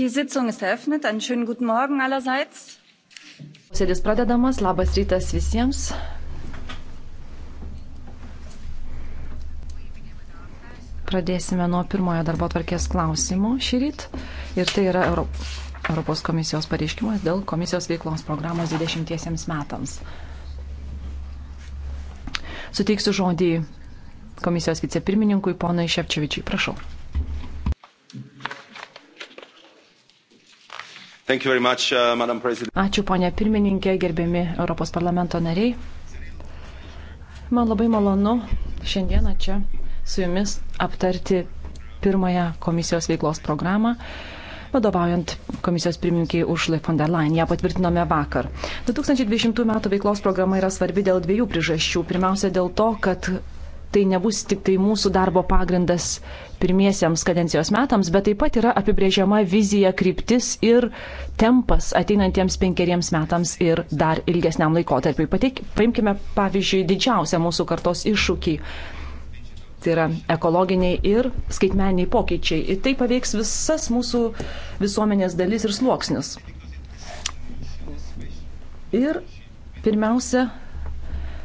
Die Sitzung ist eröffnet. Einen schönen guten Morgen allerseits. Posėdis pradedamas. Labas rytas visiems. Pradėsime nuo pirmojo darbo tvarkės klausimo šį rytą. Ir tai yra Europos komisijos pareiškimas dėl komisijos veiklos programos 20 metams. Suteiksiu žodį komisijos vicepirmininkui ponai Šepčiovičiui. Prašau. Much, uh, Ačiū, ponė pirmininkė, gerbiami Europos parlamento nariai. Man labai malonu šiandieną čia su jumis aptarti pirmąją komisijos veiklos programą, vadovaujant komisijos pirmininkiai Užlai von der Leyen. Ją patvirtinome vakar. 2020 m. veiklos programa yra svarbi dėl dviejų priežasčių. Pirmiausia, dėl to, kad tai nebus tik tai mūsų darbo pagrindas pirmiesiems kadencijos metams, bet taip pat yra apibrėžiama vizija, kryptis ir tempas ateinantiems penkeriems metams ir dar ilgesniam laikotarpiui. Pateik, paimkime pavyzdžiui didžiausią mūsų kartos iššūkį. Tai yra ekologiniai ir skaitmeniniai pokyčiai. Ir tai paveiks visas mūsų visuomenės dalis ir sluoksnius. Ir pirmiausia,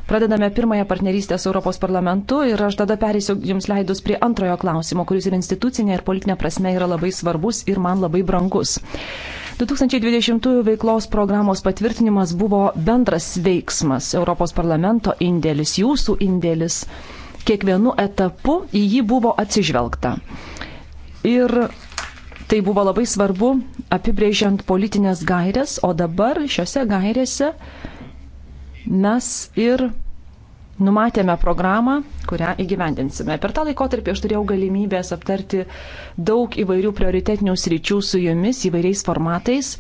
Pradedame pirmąją partnerystę su Europos parlamentu ir aš tada perėsiu jums leidus prie antrojo klausimo, kuris ir institucinė, ir politinė prasme yra labai svarbus ir man labai brangus. 2020 veiklos programos patvirtinimas buvo bendras veiksmas Europos parlamento indėlis, jūsų indėlis. Kiekvienu etapu į jį buvo atsižvelgta. Ir tai buvo labai svarbu apibrėžiant politinės gairės, o dabar šiuose gairėse mes ir numatėme programą, kurią įgyvendinsime. Per tą laikotarpį aš turėjau galimybės aptarti daug įvairių prioritetinių sričių su jumis įvairiais formatais.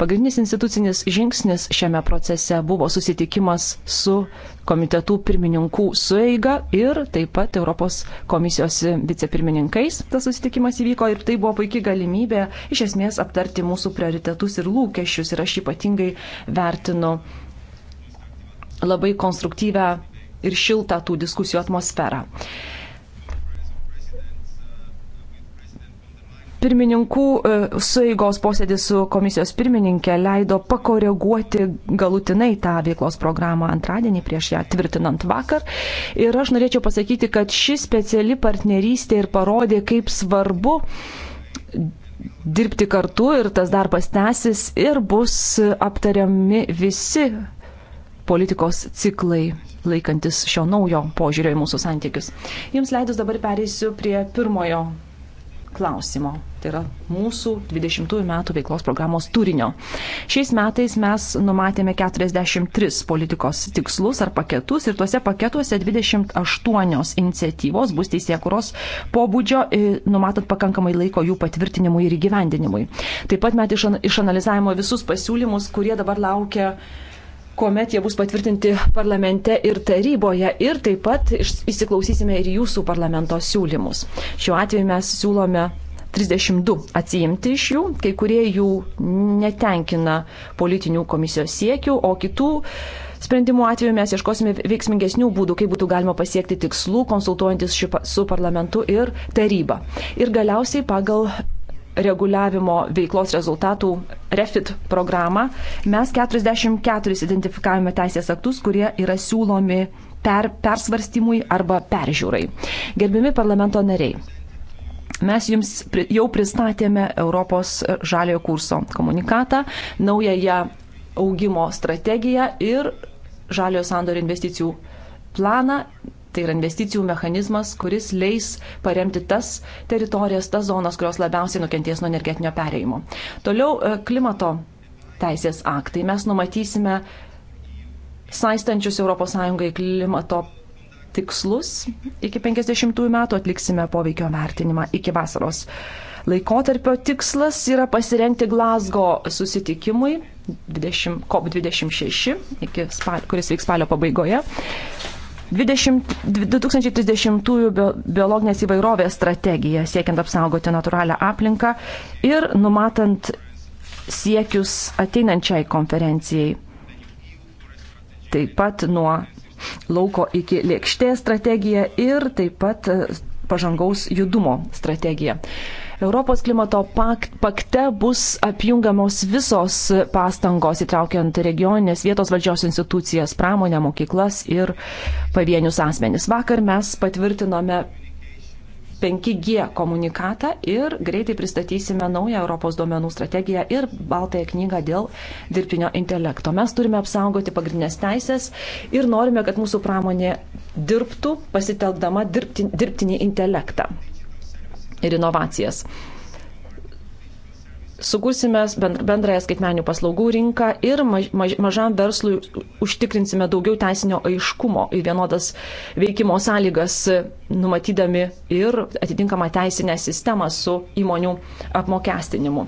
Pagrindinis institucinis žingsnis šiame procese buvo susitikimas su komitetų pirmininkų sueiga ir taip pat Europos komisijos vicepirmininkais. Tas susitikimas įvyko ir tai buvo puikiai galimybė iš esmės aptarti mūsų prioritetus ir lūkesčius ir aš ypatingai vertinu labai konstruktyvę ir šiltą tų diskusijų atmosferą. Pirmininkų e, sueigos posėdis su komisijos pirmininkė leido pakoreguoti galutinai tą veiklos programą antradienį prieš ją tvirtinant vakar. Ir aš norėčiau pasakyti, kad ši speciali partnerystė ir parodė, kaip svarbu dirbti kartu ir tas darbas tęsis ir bus aptariami visi politikos ciklai, laikantis šio naujo požiūrio į mūsų santykius. Jums leidus dabar pereisiu prie pirmojo klausimo. Tai yra mūsų 20 metų veiklos programos turinio. Šiais metais mes numatėme 43 politikos tikslus ar paketus ir tuose paketuose 28 iniciatyvos bus teisėkuros pobūdžio, numatant pakankamai laiko jų patvirtinimui ir įgyvendinimui. Taip pat mes išanalizavome visus pasiūlymus, kurie dabar laukia kuomet jie bus patvirtinti parlamente ir taryboje ir taip pat įsiklausysime ir jūsų parlamento siūlymus. Šiuo atveju mes siūlome 32 atsijimti iš jų, kai kurie jų netenkina politinių komisijos siekių, o kitų sprendimų atveju mes ieškosime veiksmingesnių būdų, kaip būtų galima pasiekti tikslų, konsultuojantis su parlamentu ir taryba. Ir galiausiai pagal reguliavimo veiklos rezultatų REFIT programą, mes 44 identifikavome teisės aktus, kurie yra siūlomi per, persvarstymui arba peržiūrai. Gerbiami parlamento nariai. Mes jums jau pristatėme Europos žaliojo kurso komunikatą, naująją augimo strategiją ir žaliojo sandorio investicijų planą Tai yra investicijų mechanizmas, kuris leis paremti tas teritorijas, tas zonas, kurios labiausiai nukentės nuo energetinio pereimo. Toliau e, klimato teisės aktai. Mes numatysime saistančius ES klimato tikslus iki 50 metų, atliksime poveikio vertinimą iki vasaros. Laikotarpio tikslas yra pasirenti Glasgo susitikimui 20, COP26, spal, kuris vyks spalio pabaigoje. 20, 2030 biologinės įvairovės strategiją, siekiant apsaugoti natūralią aplinką ir numatant siekius ateinančiai konferencijai. Taip pat nuo lauko iki lėkštės strategija ir taip pat e, pažangaus judumo strategija. Europos klimato pakte bus apjungamos visos pastangos, įtraukiant regioninės vietos valdžios institucijas, pramonę, mokyklas ir pavienius asmenis. Vakar mes patvirtinome 5G komunikatą ir greitai pristatysime naują Europos duomenų strategiją ir baltąją knygą dėl dirbtinio intelekto. Mes turime apsaugoti pagrindinės teisės ir norime, kad mūsų pramonė dirbtų pasitelkdama dirbtin, dirbtinį intelektą ir inovacijas. Sukursime bendrąją skaitmenių paslaugų rinką ir mažam verslui užtikrinsime daugiau teisinio aiškumo į vienodas veikimo sąlygas, numatydami ir atitinkamą teisinę sistemą su įmonių apmokestinimu.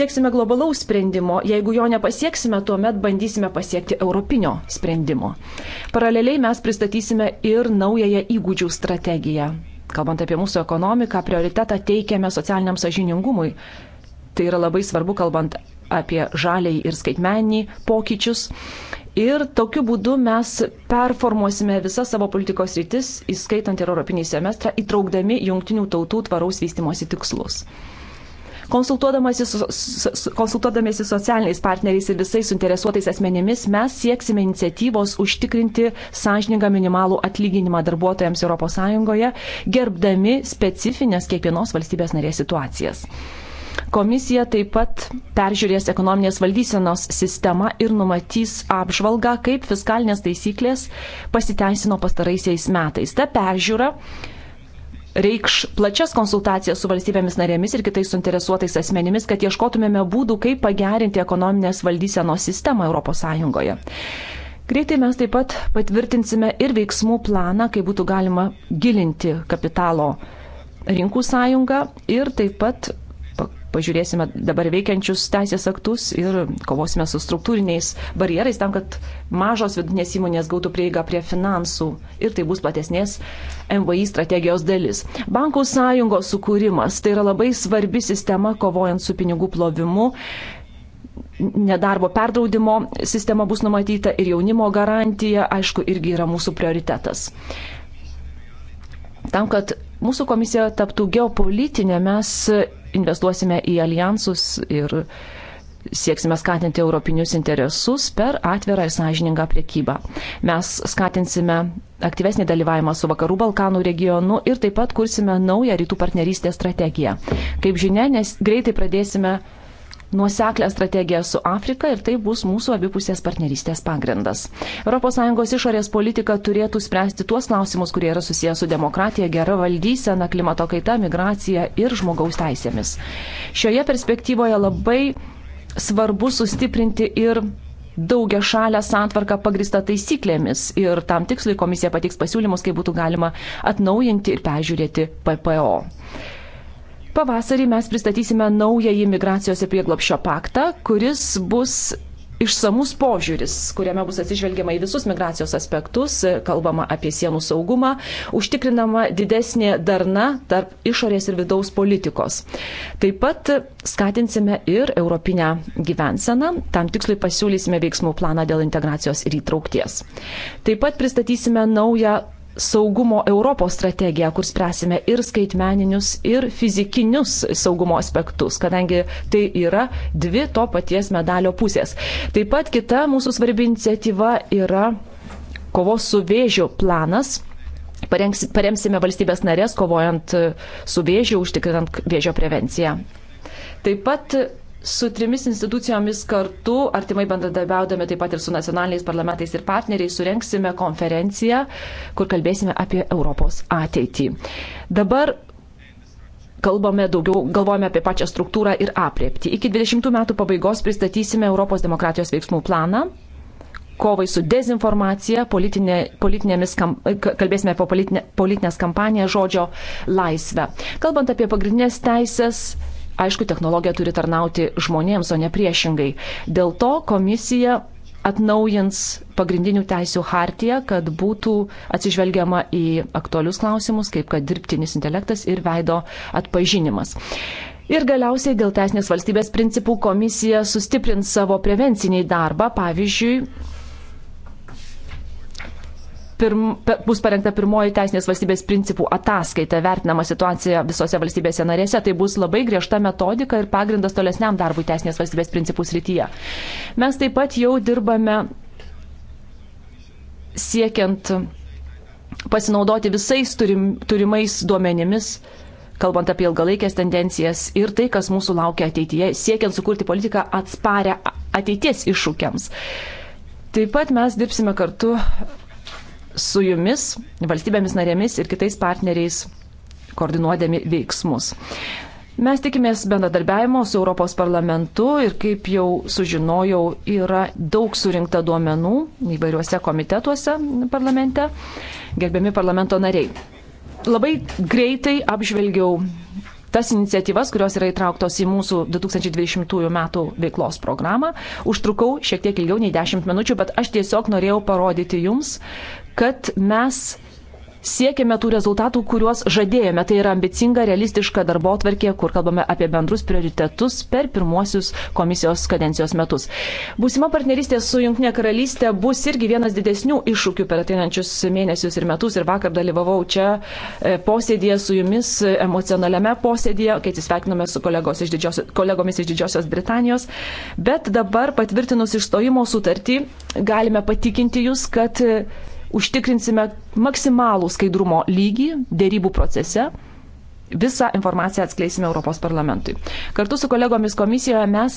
Sieksime globalaus sprendimo, jeigu jo nepasieksime, tuomet bandysime pasiekti europinio sprendimo. Paraleliai mes pristatysime ir naująją įgūdžių strategiją Kalbant apie mūsų ekonomiką, prioritetą teikiame socialiniam sažiningumui. Tai yra labai svarbu, kalbant apie žaliai ir skaitmenį pokyčius. Ir tokiu būdu mes performuosime visas savo politikos rytis, įskaitant ir Europinį semestrą, įtraukdami jungtinių tautų tvaraus vystimosi tikslus. Konsultuodamasi su, su, konsultuodamėsi socialiniais partneriais ir visais suinteresuotais asmenėmis, mes sieksime iniciatyvos užtikrinti sąžiningą minimalų atlyginimą darbuotojams ES, gerbdami specifines kiekvienos valstybės narės situacijas. Komisija taip pat peržiūrės ekonominės valdysenos sistemą ir numatys apžvalgą, kaip fiskalinės taisyklės pasiteisino pastaraisiais metais. Ta peržiūra reikš plačias konsultacijas su valstybėmis narėmis ir kitais suinteresuotais asmenimis, kad ieškotumėme būdų, kaip pagerinti ekonominės valdysenos sistemą ES. Greitai mes taip pat patvirtinsime ir veiksmų planą, kaip būtų galima gilinti kapitalo rinkų sąjungą ir taip pat pažiūrėsime dabar veikiančius teisės aktus ir kovosime su struktūriniais barjerais tam, kad mažos vidinės įmonės gautų prieigą prie finansų ir tai bus platesnės MVI strategijos dalis. Bankų sąjungos sukūrimas tai yra labai svarbi sistema kovojant su pinigų plovimu. Nedarbo perdraudimo sistema bus numatyta ir jaunimo garantija, aišku, irgi yra mūsų prioritetas. Tam, kad mūsų komisija taptų geopolitinė, mes investuosime į alijansus ir sieksime skatinti europinius interesus per atvirą ir sąžiningą priekybą. Mes skatinsime aktyvesnį dalyvavimą su Vakarų Balkanų regionu ir taip pat kursime naują rytų partnerystės strategiją. Kaip žinia, nes greitai pradėsime nuoseklę strategiją su Afrika ir tai bus mūsų abipusės partnerystės pagrindas. ES išorės politika turėtų spręsti tuos klausimus, kurie yra susijęs su demokratija, gera valdysena, klimato kaita, migracija ir žmogaus teisėmis. Šioje perspektyvoje labai svarbu sustiprinti ir daugia šalę santvarką pagristą taisyklėmis ir tam tikslui komisija patiks pasiūlymus, kaip būtų galima atnaujinti ir peržiūrėti PPO. Pavasarį mes pristatysime naująjį migracijos ir prieglopšio paktą, kuris bus išsamus požiūris, kuriame bus atsižvelgiama į visus migracijos aspektus, kalbama apie sienų saugumą, užtikrinama didesnė darna tarp išorės ir vidaus politikos. Taip pat skatinsime ir europinę gyvenseną, tam tikslui pasiūlysime veiksmų planą dėl integracijos ir įtraukties. Taip pat pristatysime naują saugumo Europos strategiją, kur spręsime ir skaitmeninius, ir fizikinius saugumo aspektus, kadangi tai yra dvi to paties medalio pusės. Taip pat kita mūsų svarbi iniciatyva yra kovos su vėžiu planas. Parengs, paremsime valstybės narės, kovojant su vėžiu, užtikrinant vėžio prevenciją. Taip pat su trimis institucijomis kartu, artimai bendradarbiaudami taip pat ir su nacionaliniais parlamentais ir partneriais, surenksime konferenciją, kur kalbėsime apie Europos ateitį. Dabar kalbame daugiau, galvojame apie pačią struktūrą ir apriepti. Iki 20 metų pabaigos pristatysime Europos demokratijos veiksmų planą. Kovai su dezinformacija, politinė, politinėmis, kam, kalbėsime apie politinę, politinės kampaniją žodžio laisvę. Kalbant apie pagrindinės teisės, aišku, technologija turi tarnauti žmonėms, o ne priešingai. Dėl to komisija atnaujins pagrindinių teisių hartiją, kad būtų atsižvelgiama į aktualius klausimus, kaip kad dirbtinis intelektas ir veido atpažinimas. Ir galiausiai dėl teisinės valstybės principų komisija sustiprins savo prevencinį darbą, pavyzdžiui, pirm, bus parengta pirmoji teisinės valstybės principų ataskaita, vertinama situacija visose valstybėse narėse. Tai bus labai griežta metodika ir pagrindas tolesniam darbui teisinės valstybės principų srityje. Mes taip pat jau dirbame siekiant pasinaudoti visais turim, turimais duomenimis, kalbant apie ilgalaikės tendencijas ir tai, kas mūsų laukia ateityje, siekiant sukurti politiką atsparę ateities iššūkiams. Taip pat mes dirbsime kartu su jumis, valstybėmis narėmis ir kitais partneriais koordinuodami veiksmus. Mes tikimės bendradarbiavimo su Europos parlamentu ir kaip jau sužinojau, yra daug surinkta duomenų įvairiuose komitetuose parlamente, gerbiami parlamento nariai. Labai greitai apžvelgiau tas iniciatyvas, kurios yra įtrauktos į mūsų 2020 m. veiklos programą. Užtrukau šiek tiek ilgiau nei 10 minučių, bet aš tiesiog norėjau parodyti jums, kad mes siekiame tų rezultatų, kuriuos žadėjome. Tai yra ambicinga, realistiška darbo atvarkė, kur kalbame apie bendrus prioritetus per pirmuosius komisijos kadencijos metus. Būsima partnerystė su Junktinė karalystė bus irgi vienas didesnių iššūkių per ateinančius mėnesius ir metus. Ir vakar dalyvavau čia e, posėdėje su jumis, e, emocionaliame posėdėje, kai atsisveikinome su iš didžiosios, kolegomis iš Didžiosios Britanijos. Bet dabar patvirtinus išstojimo sutartį, galime patikinti jūs, kad e, užtikrinsime maksimalų skaidrumo lygį dėrybų procese. Visą informaciją atskleisime Europos parlamentui. Kartu su kolegomis komisijoje mes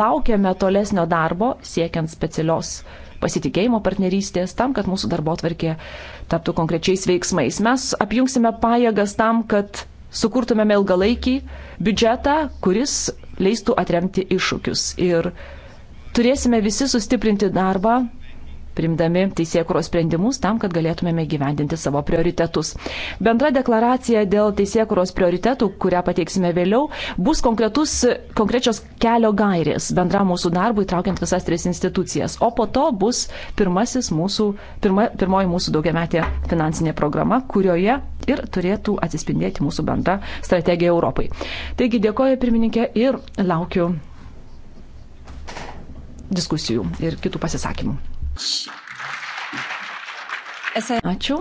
laukiame tolesnio darbo siekiant specialios pasitikėjimo partnerystės, tam, kad mūsų darbo atvarkė taptų konkrečiais veiksmais. Mes apjungsime pajėgas tam, kad sukurtumėme ilgalaikį biudžetą, kuris leistų atremti iššūkius. Ir turėsime visi sustiprinti darbą primdami teisėkuros sprendimus tam, kad galėtumėme gyvendinti savo prioritetus. Bendra deklaracija dėl teisėkuros prioritetų, kurią pateiksime vėliau, bus konkrečios kelio gairės bendra mūsų darbui, traukiant visas tris institucijas. O po to bus pirmasis mūsų, pirma, pirmoji mūsų daugiametė finansinė programa, kurioje ir turėtų atsispindėti mūsų bendra strategija Europai. Taigi dėkoju pirmininkė ir laukiu diskusijų ir kitų pasisakymų. Ačiū.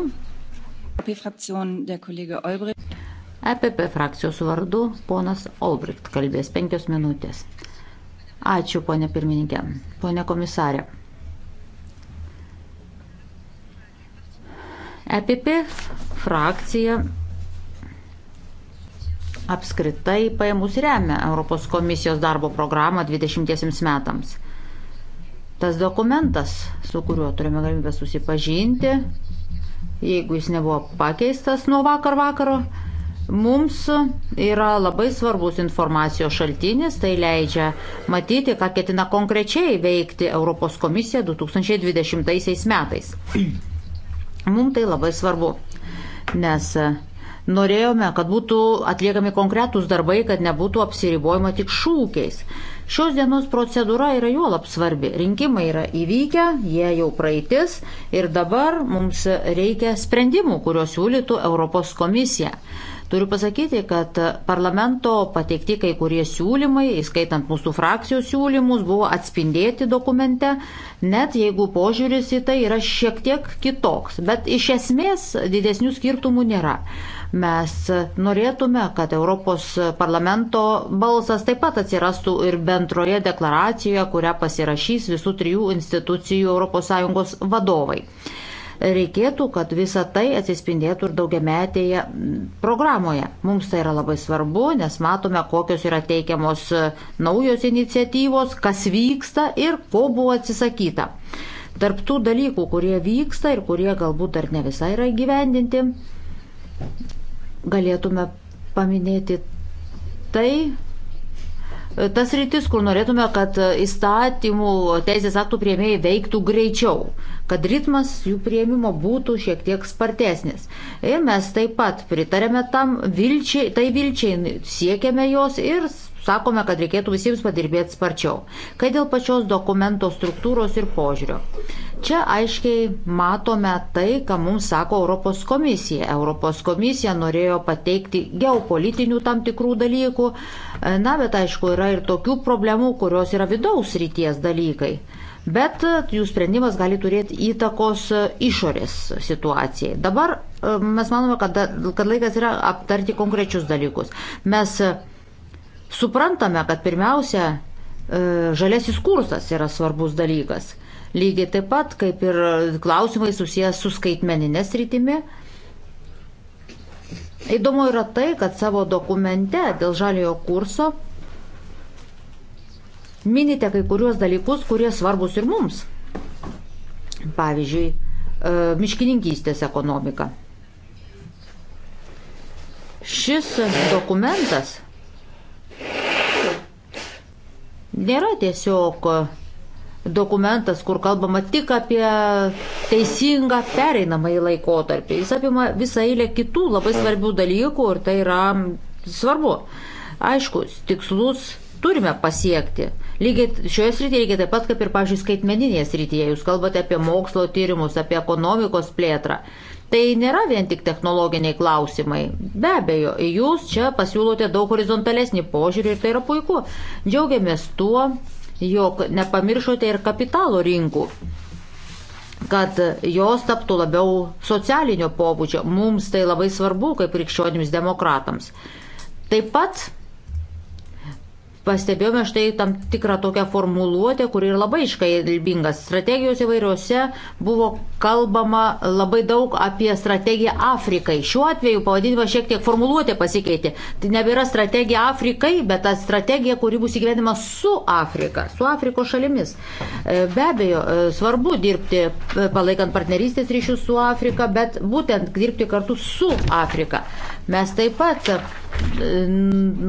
EPP e frakcijos vardu ponas Olbricht kalbės penkios minutės. Ačiū, ponė pirmininkė. Pone komisarė. EPP frakcija apskritai paėmus remia Europos komisijos darbo programą 20 metams tas dokumentas, su kuriuo turime galimybę susipažinti, jeigu jis nebuvo pakeistas nuo vakar vakaro, mums yra labai svarbus informacijos šaltinis, tai leidžia matyti, ką ketina konkrečiai veikti Europos komisija 2020 metais. Mums tai labai svarbu, nes norėjome, kad būtų atliekami konkretūs darbai, kad nebūtų apsiribojama tik šūkiais. Šios dienos procedūra yra juolap svarbi. Rinkimai yra įvykę, jie jau praeitis ir dabar mums reikia sprendimų, kuriuos siūlytų Europos komisija. Turiu pasakyti, kad parlamento pateikti kai kurie siūlymai, įskaitant mūsų frakcijos siūlymus, buvo atspindėti dokumente, net jeigu požiūris į tai yra šiek tiek kitoks. Bet iš esmės didesnių skirtumų nėra. Mes norėtume, kad Europos parlamento balsas taip pat atsirastų ir bendroje deklaracijoje, kurią pasirašys visų trijų institucijų ES vadovai reikėtų, kad visa tai atsispindėtų ir daugiametėje programoje. Mums tai yra labai svarbu, nes matome, kokios yra teikiamos e, naujos iniciatyvos, kas vyksta ir ko buvo atsisakyta. Tarptų dalykų, kurie vyksta ir kurie galbūt dar ne visai yra įgyvendinti, galėtume paminėti tai, tas rytis, kur norėtume, kad e, įstatymų teisės aktų prieimėjai veiktų greičiau, kad ritmas jų prieimimo būtų šiek tiek spartesnis. Ir e, mes taip pat pritarėme tam vilčiai, tai vilčiai siekiame jos ir sakome, kad reikėtų visiems padirbėti sparčiau. Kai dėl pačios dokumento struktūros ir požiūrio. Čia aiškiai matome tai, ką mums sako Europos komisija. Europos komisija norėjo pateikti geopolitinių tam tikrų dalykų, na, bet aišku, yra ir tokių problemų, kurios yra vidaus ryties dalykai. Bet e, jų sprendimas gali turėti įtakos e, išorės situacijai. Dabar e, mes manome, kad, kad laikas yra aptarti konkrečius dalykus. Mes suprantame, kad pirmiausia, žaliasis kursas yra svarbus dalykas lygiai taip pat kaip ir klausimai susijęs su skaitmeninės rytimi. Įdomu yra tai, kad savo dokumente dėl žaliojo kurso minite kai kuriuos dalykus, kurie svarbus ir mums. Pavyzdžiui, e, miškininkystės ekonomika. Šis dokumentas nėra tiesiog dokumentas, kur kalbama tik apie teisingą pereinamąjį laikotarpį. Jis apima visą eilę kitų labai svarbių dalykų ir tai yra svarbu. Aišku, tikslus turime pasiekti. Lygiai šioje srityje lygiai taip pat kaip ir, pavyzdžiui, skaitmeninėje srityje. Jūs kalbate apie mokslo tyrimus, apie ekonomikos plėtrą. Tai nėra vien tik technologiniai klausimai. Be abejo, jūs čia pasiūlote daug horizontalesnį požiūrį ir tai yra puiku. Džiaugiamės tuo, jog nepamiršote ir kapitalo rinkų kad jos taptų labiau socialinio pobūdžio. Mums tai labai svarbu kaip krikščionims demokratams. Taip pat pastebėjome štai tam tikrą tokią formuluotę, kuri yra labai iškalbinga. Strategijos įvairiose buvo kalbama labai daug apie strategiją Afrikai. Šiuo atveju pavadinimas šiek tiek formuluotė pasikeitė. Tai nebėra strategija Afrikai, bet ta strategija, kuri bus įgyvenima su Afrika, su Afrikos šalimis. E, be abejo, e, svarbu dirbti e, palaikant partnerystės ryšius su Afrika, bet būtent dirbti kartu su Afrika. Mes taip pat e,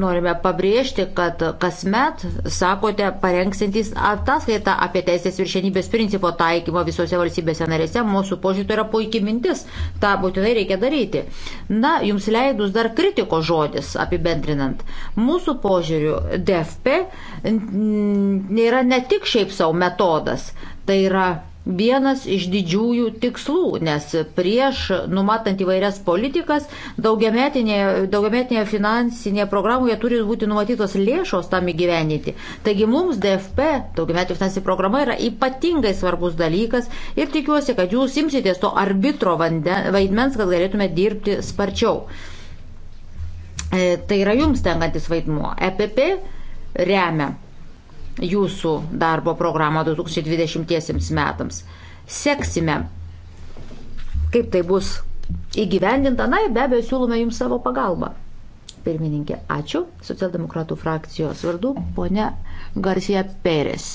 norime pabrėžti, kad kasmet, sakote, parengsintys ataskaitą apie teisės viršenybės principo taikymą visose valstybėse narėse, mūsų požiūrė yra puikiai mintis, tą būtinai reikia daryti. Na, jums leidus dar kritiko žodis apibendrinant. Mūsų požiūriu DFP nėra ne tik šiaip savo metodas, tai yra vienas iš didžiųjų tikslų, nes prieš numatant įvairias politikas daugiametinėje, daugiametinėje finansinėje programoje turi būti numatytos lėšos tam įgyveninti. Taigi mums DFP, daugiametinė finansinė programa, yra ypatingai svarbus dalykas ir tikiuosi, kad jūs imsitės to arbitro vaidmens, kad galėtume dirbti sparčiau. E, tai yra jums tenkantis vaidmuo. EPP remia jūsų darbo programą 2020 metams. Seksime, kaip tai bus įgyvendinta. Na ir be abejo, siūlome jums savo pagalbą. Pirmininkė, ačiū. Socialdemokratų frakcijos vardu, ponia Garcia Pérez.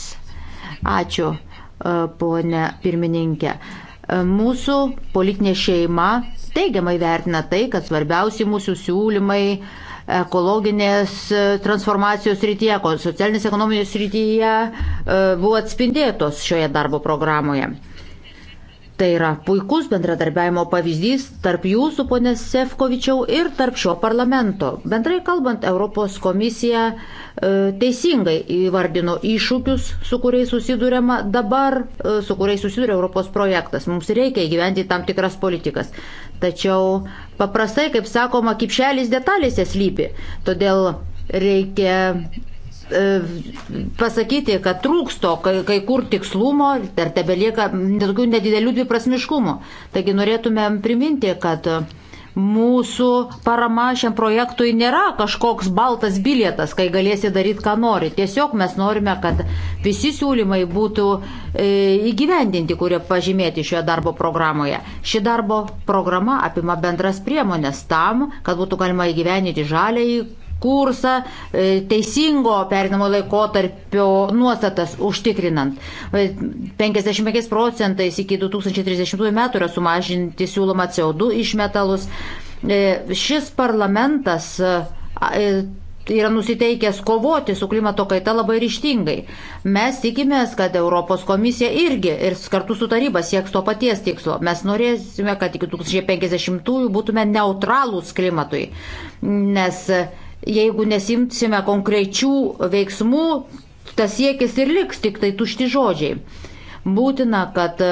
Ačiū, e, ponia pirmininkė. E, mūsų politinė šeima teigiamai vertina tai, kad svarbiausi mūsų siūlymai uh, ekologinės e, transformacijos rytyje, socialinės ekonomijos rytyje e, buvo atspindėtos šioje darbo programoje. Tai yra puikus bendradarbiavimo pavyzdys tarp jūsų, ponė Sefkovičiau, ir tarp šio parlamento. Bendrai kalbant, Europos komisija e, teisingai įvardino iššūkius, su kuriais susidurėma dabar, e, su kuriais susiduria Europos projektas. Mums reikia įgyventi tam tikras politikas. Tačiau paprastai, kaip sakoma, kipšelis detalėse slypi. Todėl reikia E, pasakyti, kad trūksto kai, kai kur tikslumo, dar tebelieka tokių nedidelių dviprasmiškumų. Taigi norėtumėm priminti, kad mūsų parama šiam projektui nėra kažkoks baltas bilietas, kai galėsi daryti, ką nori. Tiesiog mes norime, kad visi siūlymai būtų e, įgyvendinti, kurie pažymėti šioje darbo programoje. Ši darbo programa apima bendras priemonės tam, kad būtų galima įgyvendinti žaliai kursą, e, teisingo perinamo laikotarpio nuostatas užtikrinant. 55 e, procentais iki 2030 metų yra sumažinti siūloma CO2 išmetalus. E, šis parlamentas yra nusiteikęs kovoti su klimato kaita labai ryštingai. Mes tikimės, kad Europos komisija irgi ir kartu su taryba sieks to paties tikslo. Mes norėsime, kad iki 2050-ųjų būtume neutralūs klimatui, nes jeigu nesimsime konkrečių veiksmų, tas siekis ir liks tik tai tušti žodžiai. Būtina, kad e,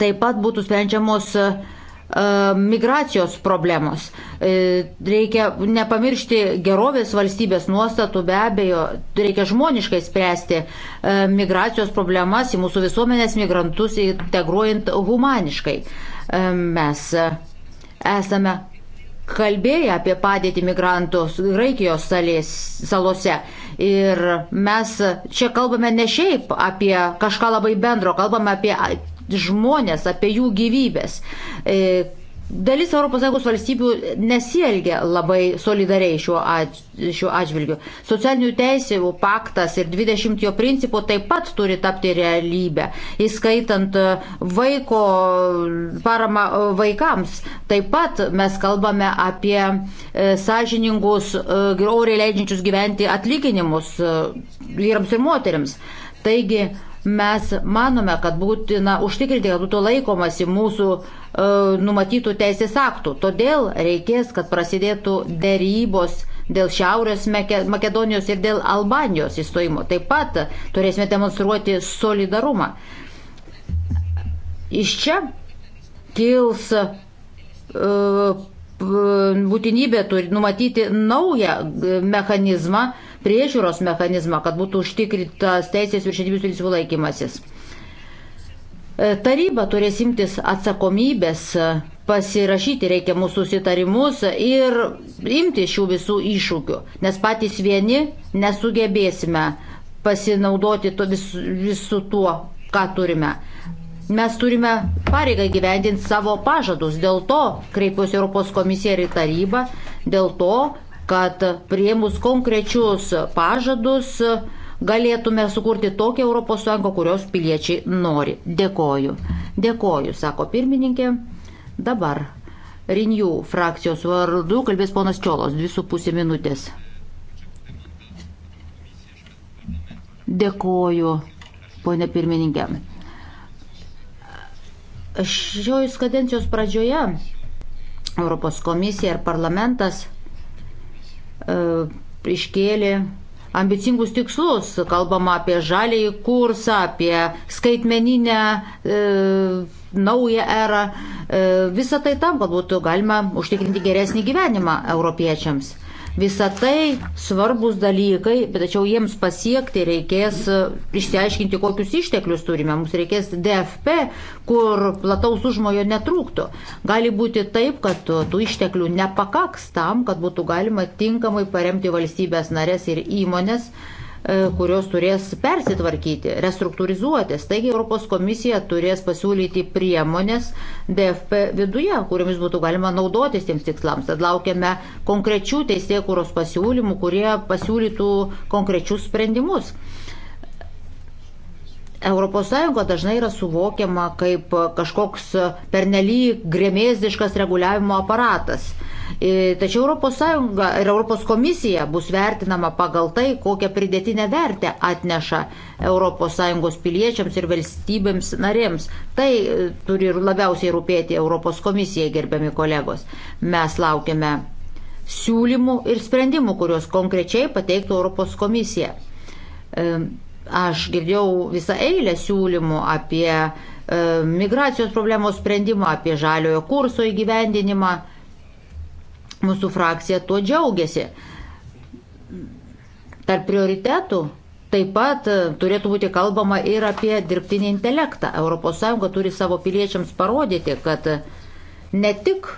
taip pat būtų sprendžiamos e, e, migracijos problemos. Reikia nepamiršti gerovės valstybės nuostatų, be abejo, reikia žmoniškai spręsti migracijos problemas į mūsų visuomenės migrantus, integruojant humaniškai. Mes esame kalbėję apie padėtį migrantų Graikijos salės, salose. Ir mes čia kalbame ne šiaip apie kažką labai bendro, kalbame apie žmonės, apie jų gyvybės. E, Dalis ES valstybių nesielgia labai solidariai šiuo, at, šiuo atžvilgiu. Socialinių teisėjų paktas ir 20 jo principų taip pat turi tapti realybę, įskaitant e, vaiko paramą e, vaikams. Taip pat mes kalbame apie e, sąžiningus, oriai leidžiančius gyventi atlyginimus vyrams ir moteriams. Taigi, Mes manome, kad būtina užtikrinti, kad būtų laikomasi mūsų e, numatytų teisės aktų. Todėl reikės, kad prasidėtų dėrybos dėl Šiaurės Makedonijos ir dėl Albanijos įstojimo. Taip pat turėsime demonstruoti solidarumą. Iš čia kils e, būtinybė turi numatyti naują e, mechanizmą, priežiūros mechanizmą, kad būtų užtikrintas teisės viršinybės principų laikymasis. E, taryba turės imtis atsakomybės, e, pasirašyti reikiamus susitarimus ir imti šių visų iššūkių, nes patys vieni nesugebėsime pasinaudoti to vis, visu tuo, ką turime mes turime pareigą gyvendinti savo pažadus. Dėl to kreipiuosi Europos komisiją ir į tarybą, dėl to kad prieimus konkrečius pažadus galėtume sukurti tokią ES, kurios piliečiai nori. Dėkoju. Dėkoju, sako pirmininkė. Dabar Rinjų frakcijos vardu kalbės ponas Čiolos, dvi su pusė minutės. Dėkoju, ponė pirmininkė. Šios kadencijos pradžioje Europos komisija ir parlamentas E, iškėlė ambicingus tikslus. Kalbama apie žalį kursą, apie skaitmeninę e, naują erą. E, Visą tai tam, kad būtų galima užtikrinti geresnį gyvenimą europiečiams. Visą tai svarbus dalykai, bet tačiau jiems pasiekti reikės e, išsiaiškinti, kokius išteklius turime. Mums reikės DFP, kur plataus užmojo netrūktų. Gali būti taip, kad tų išteklių nepakaks tam, kad būtų galima tinkamai paremti valstybės narės ir įmonės E, kurios turės persitvarkyti, restruktūrizuotis. Taigi Europos komisija turės pasiūlyti priemonės DFP viduje, kuriomis būtų galima naudotis tiems tikslams. Tad laukiame konkrečių teisėkūros pasiūlymų, kurie pasiūlytų konkrečius sprendimus. ES dažnai yra suvokiama kaip kažkoks pernelyg grėmėziškas reguliavimo aparatas E, tačiau ES ir ES komisija bus vertinama pagal tai, kokią pridėtinę vertę atneša ES piliečiams ir valstybėms narėms. Tai e, turi ir labiausiai rūpėti ES komisijai, gerbiami kolegos. Mes laukiame siūlymų ir sprendimų, kuriuos konkrečiai pateiktų Europos komisija. E, aš girdėjau visą eilę siūlymų apie migracijos problemos sprendimą, apie žaliojo kurso įgyvendinimą Mūsų frakcija tuo džiaugiasi. Tarp prioritetų taip pat e, turėtų būti kalbama ir apie dirbtinį intelektą. ES turi savo piliečiams parodyti, kad ne tik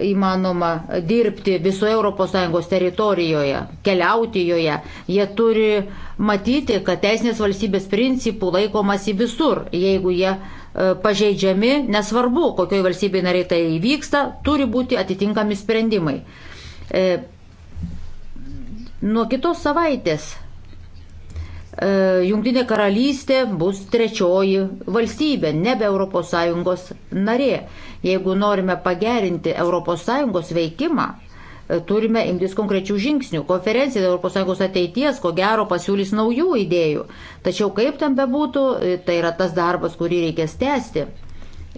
įmanoma dirbti visoje ES teritorijoje, keliauti joje. Jie turi matyti, kad teisinės valstybės principų laikomasi visur. Jeigu jie e, pažeidžiami, nesvarbu, kokioje valstybėje nariai tai įvyksta, turi būti atitinkami sprendimai. E, nuo kitos savaitės E, Junktinė karalystė bus trečioji valstybė, nebe ES narė. Jeigu norime pagerinti ES veikimą, e, turime imtis konkrečių žingsnių. Konferencija dėl ES ateities, ko gero, pasiūlys naujų idėjų. Tačiau kaip tam bebūtų, e, tai yra tas darbas, kurį reikės tęsti.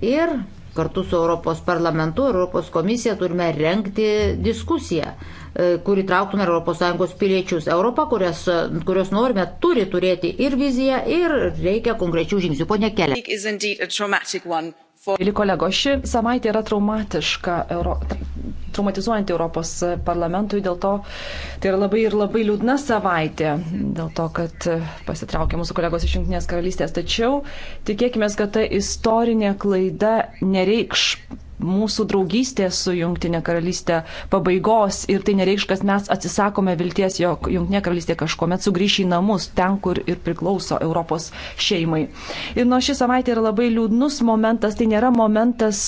Ir kartu su Europos parlamentu, Europos komisija turime renkti diskusiją E, kur įtrauktume ES piliečius. Europą, kurios, e, kurios norime, turi turėti ir viziją, ir reikia konkrečių žingsnių. Pone Kelė. Mėly kolego, ši savaitė yra traumatiška, Euro, traumatizuojanti Europos parlamentui, dėl to tai yra labai ir labai liūdna savaitė, dėl to, kad pasitraukė mūsų kolegos iš Junktinės karalystės. Tačiau tikėkime, kad ta istorinė klaida nereikš mūsų draugystės su Junktinė karalystė pabaigos ir tai nereikš, kad mes atsisakome vilties, jog Junktinė karalystė kažkuomet sugrįš į namus, ten, kur ir priklauso Europos šeimai. Ir nuo šį savaitę yra labai liūdnus momentas, tai nėra momentas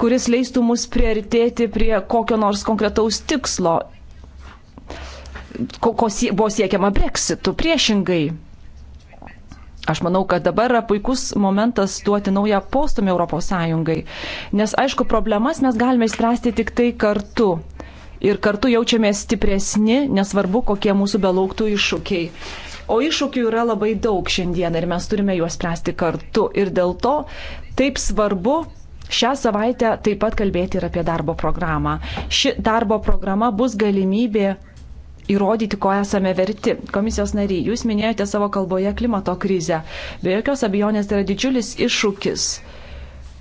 kuris leistų mus priartėti prie kokio nors konkretaus tikslo, ko, ko sie, buvo siekiama breksitų. Priešingai, Aš manau, kad dabar yra puikus momentas duoti naują postumį ES, nes aišku, problemas mes galime išspręsti tik tai kartu. Ir kartu jaučiamės stipresni, nesvarbu, kokie mūsų belauktų iššūkiai. O iššūkių yra labai daug šiandien ir mes turime juos spręsti kartu. Ir dėl to taip svarbu šią savaitę taip pat kalbėti ir apie darbo programą. Ši darbo programa bus galimybė įrodyti, ko esame verti. Komisijos nariai, jūs minėjote savo kalboje klimato krizę. Be jokios abejonės tai yra didžiulis iššūkis.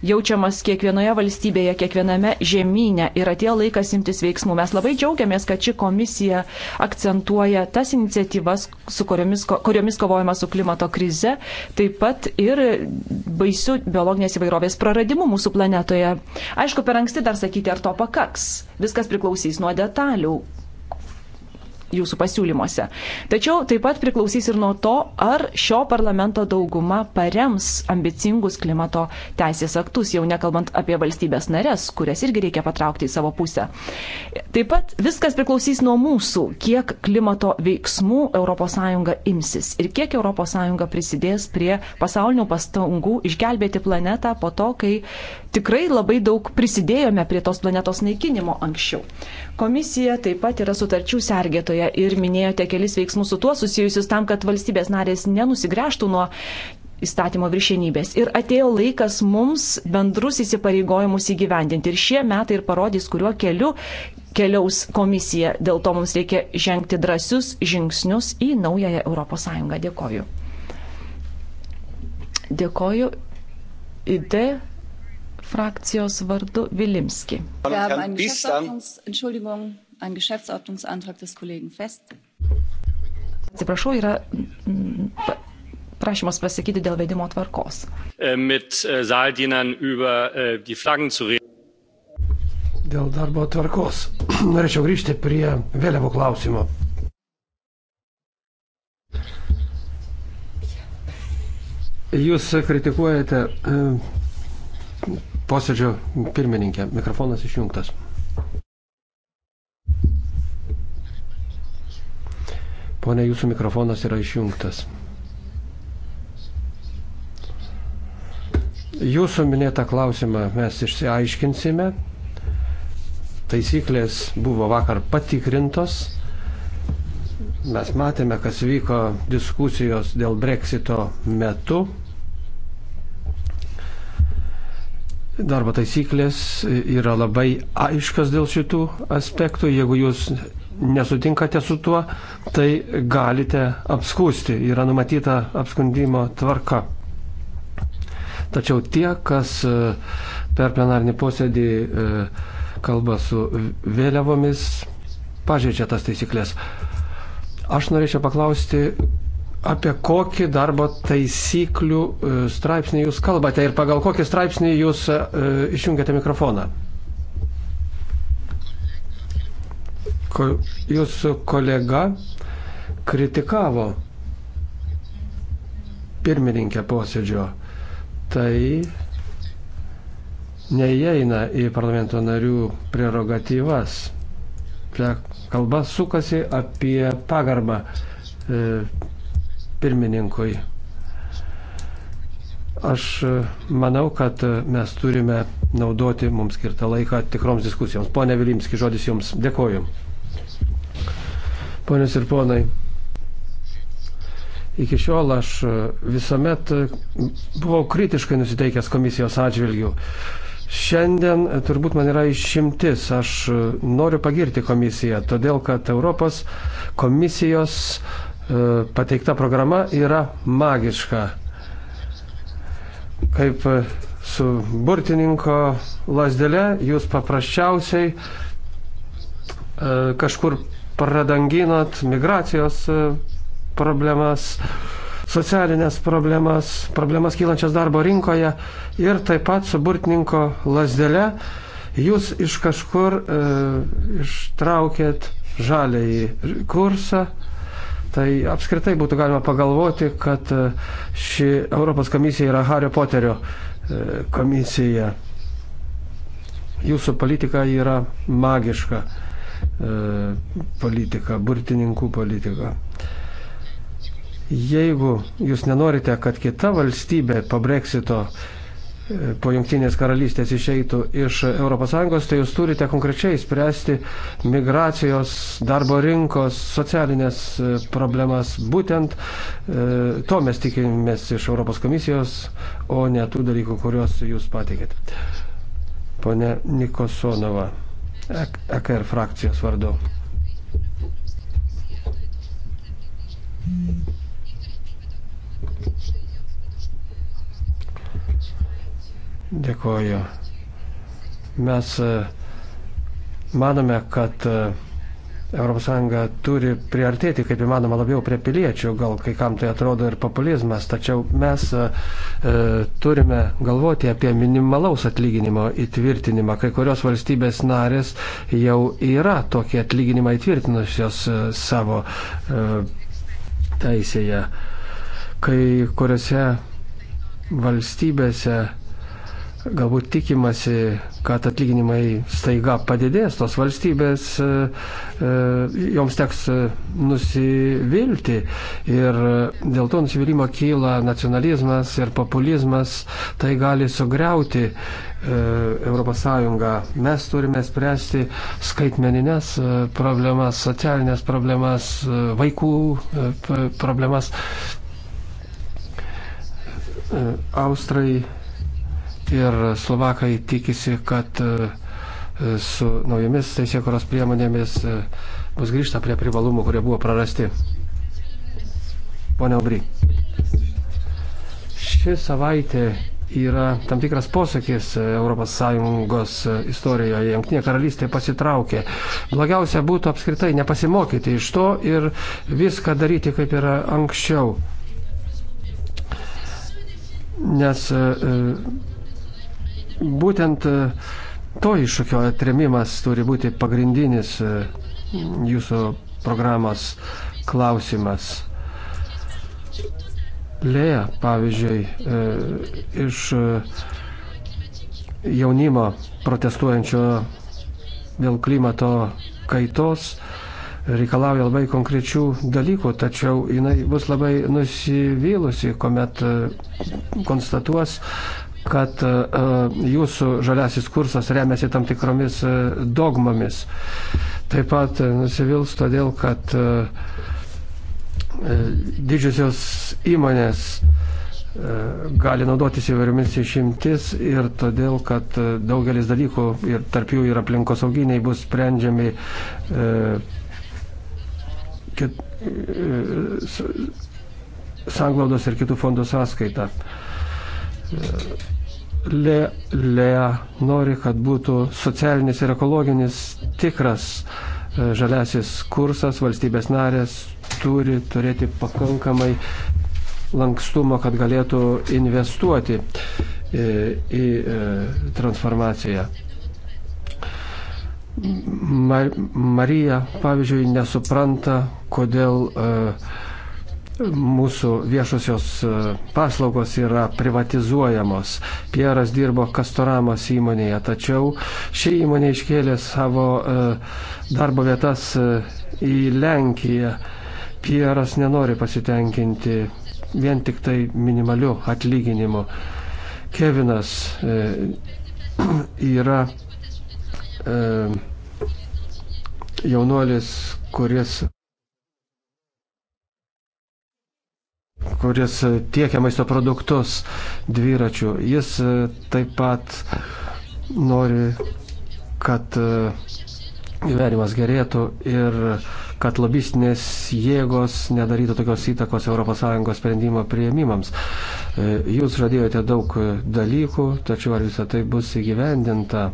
Jaučiamas kiekvienoje valstybėje, kiekviename žemynė ir atėjo laikas imtis veiksmų. Mes labai džiaugiamės, kad ši komisija akcentuoja tas iniciatyvas, su kuriomis, kuriomis kovojama su klimato krize, taip pat ir baisių biologinės įvairovės praradimu mūsų planetoje. Aišku, per anksti dar sakyti, ar to pakaks. Viskas priklausys nuo detalių jūsų pasiūlymuose. Tačiau taip pat priklausys ir nuo to, ar šio parlamento dauguma parems ambicingus klimato teisės aktus, jau nekalbant apie valstybės narės, kurias irgi reikia patraukti į savo pusę. Taip pat viskas priklausys nuo mūsų, kiek klimato veiksmų ES imsis ir kiek ES prisidės prie pasaulinių pastangų išgelbėti planetą po to, kai tikrai labai daug prisidėjome prie tos planetos naikinimo anksčiau. Komisija taip pat yra sutarčių sergėtoja ir minėjote kelis veiksmus su tuo susijusius tam, kad valstybės narės nenusigręžtų nuo įstatymo viršienybės. Ir atėjo laikas mums bendrus įsipareigojimus įgyvendinti. Ir šie metai ir parodys, kuriuo keliu keliaus komisija. Dėl to mums reikia žengti drąsius žingsnius į naująją ES. Dėkoju. Dėkoju. Idėja frakcijos vardu Vilimski. Atsiprašau, yra mm, prašymas pasakyti dėl vedimo tvarkos. Äh, äh, äh, dėl darbo tvarkos norėčiau grįžti prie vėliavų klausimo. Jūs kritikuojate posėdžio pirmininkė. Mikrofonas išjungtas. Pone, jūsų mikrofonas yra išjungtas. Jūsų minėtą klausimą mes išsiaiškinsime. Taisyklės buvo vakar patikrintos. Mes matėme, kas vyko diskusijos dėl breksito metu. Darbo taisyklės yra labai aiškas dėl šitų aspektų. Jeigu jūs nesutinkate su tuo, tai galite apskūsti. Yra numatyta apskundimo tvarka. Tačiau tie, kas e, per plenarnį posėdį e, kalba su vėliavomis, pažeidžia tas taisyklės. Aš norėčiau paklausti, apie kokį darbo taisyklių e, straipsnį jūs kalbate ir pagal kokį straipsnį jūs e, išjungiate mikrofoną? Ko, jūsų kolega kritikavo pirmininkę posėdžio. Tai neįeina į parlamento narių prerogatyvas. Čia kalba sukasi apie pagarbą e, pirmininkui. Aš e, manau, kad e, mes turime naudoti mums skirtą laiką tikroms diskusijoms. Pone Vilimski, žodis Jums. Dėkoju. Ponios ir ponai, iki šiol aš e, visuomet buvau kritiškai nusiteikęs komisijos atžvilgių. Šiandien turbūt man yra išimtis. Aš noriu pagirti komisiją, todėl kad Europos komisijos E, pateikta programa yra magiška. Kaip su burtininko lasdelė jūs paprasčiausiai e, kažkur pradanginat migracijos e, problemas, socialinės problemas, problemas kylančias darbo rinkoje ir taip pat su burtininko lasdelė jūs iš kažkur e, ištraukėt žaliai kursą, Tai apskritai būtų galima pagalvoti, kad e, ši Europos komisija yra Hario Poterio e, komisija. Jūsų politika yra magiška e, politika, burtininkų politika. Jeigu jūs nenorite, kad kita valstybė po breksito po jungtinės karalystės išeitų iš ES, tai jūs turite konkrečiai spręsti migracijos, darbo rinkos, socialinės e, problemas. Būtent e, to mes tikimės iš Europos komisijos, o ne tų dalykų, kuriuos jūs pateikėt. Pone Nikosonova, EKR frakcijos vardu. Thank you. Dėkoju. Mes e, manome, kad ES turi priartėti kaip įmanoma labiau prie piliečių, gal kai kam tai atrodo ir populizmas, tačiau mes e, e turime galvoti apie minimalaus atlyginimo įtvirtinimą. Kai kurios valstybės narės jau yra tokie atlyginimai įtvirtinusios e, savo e, teisėje. Kai kuriuose valstybėse galbūt tikimasi, kad atlyginimai staiga padidės, tos valstybės, e, e, joms teks e, nusivilti ir dėl to nusivylimą kyla nacionalizmas ir populizmas, tai gali sugriauti ES. Mes turime spręsti skaitmeninės problemas, socialinės problemas, vaikų problemas. Austrai Ir Slovakai tikisi, kad e, su naujomis teisėkuros priemonėmis e, bus grįžta prie privalumų, kurie buvo prarasti. Pone Obry. Ši savaitė yra tam tikras posakis ES istorijoje. Junktinė karalystė pasitraukė. Blogiausia būtų apskritai nepasimokyti iš to ir viską daryti, kaip yra anksčiau. Nes e, Būtent e, to iššūkio atremimas turi būti pagrindinis e, jūsų programos klausimas. Lėja, pavyzdžiui, e, iš jaunimo protestuojančio dėl klimato kaitos reikalauja labai konkrečių dalykų, tačiau jinai bus labai nusivylusi, kuomet konstatuos, kad e, e, jūsų žaliasis kursas remiasi tam tikromis e, dogmomis. Taip pat nusivils todėl, kad didžiosios įmonės gali naudotis įvairiomis išimtis ir todėl, kad daugelis dalykų ir tarp jų ir aplinkosauginiai bus sprendžiami e, kit, e, sanglaudos ir kitų fondų sąskaita. E, Le, Lea nori, kad būtų socialinis ir ekologinis tikras e, žaliasis kursas, valstybės narės turi turėti pakankamai lankstumo, kad galėtų investuoti e, į e, transformaciją. Marija, pavyzdžiui, nesupranta, kodėl uh, mūsų viešosios e, paslaugos yra privatizuojamos. Pieras dirbo Kastoramos įmonėje, tačiau ši įmonė iškėlė savo e, darbo vietas e, į Lenkiją. Pieras nenori pasitenkinti vien tik tai minimaliu atlyginimu. Kevinas yra jaunuolis, kuris kuris e, tiekia maisto produktus dviračių. Jis e, taip pat nori, kad e, gyvenimas gerėtų ir kad lobistinės jėgos nedarytų tokios įtakos ES sprendimo prieimimams. Jūs žadėjote daug dalykų, tačiau ar visą tai bus įgyvendinta?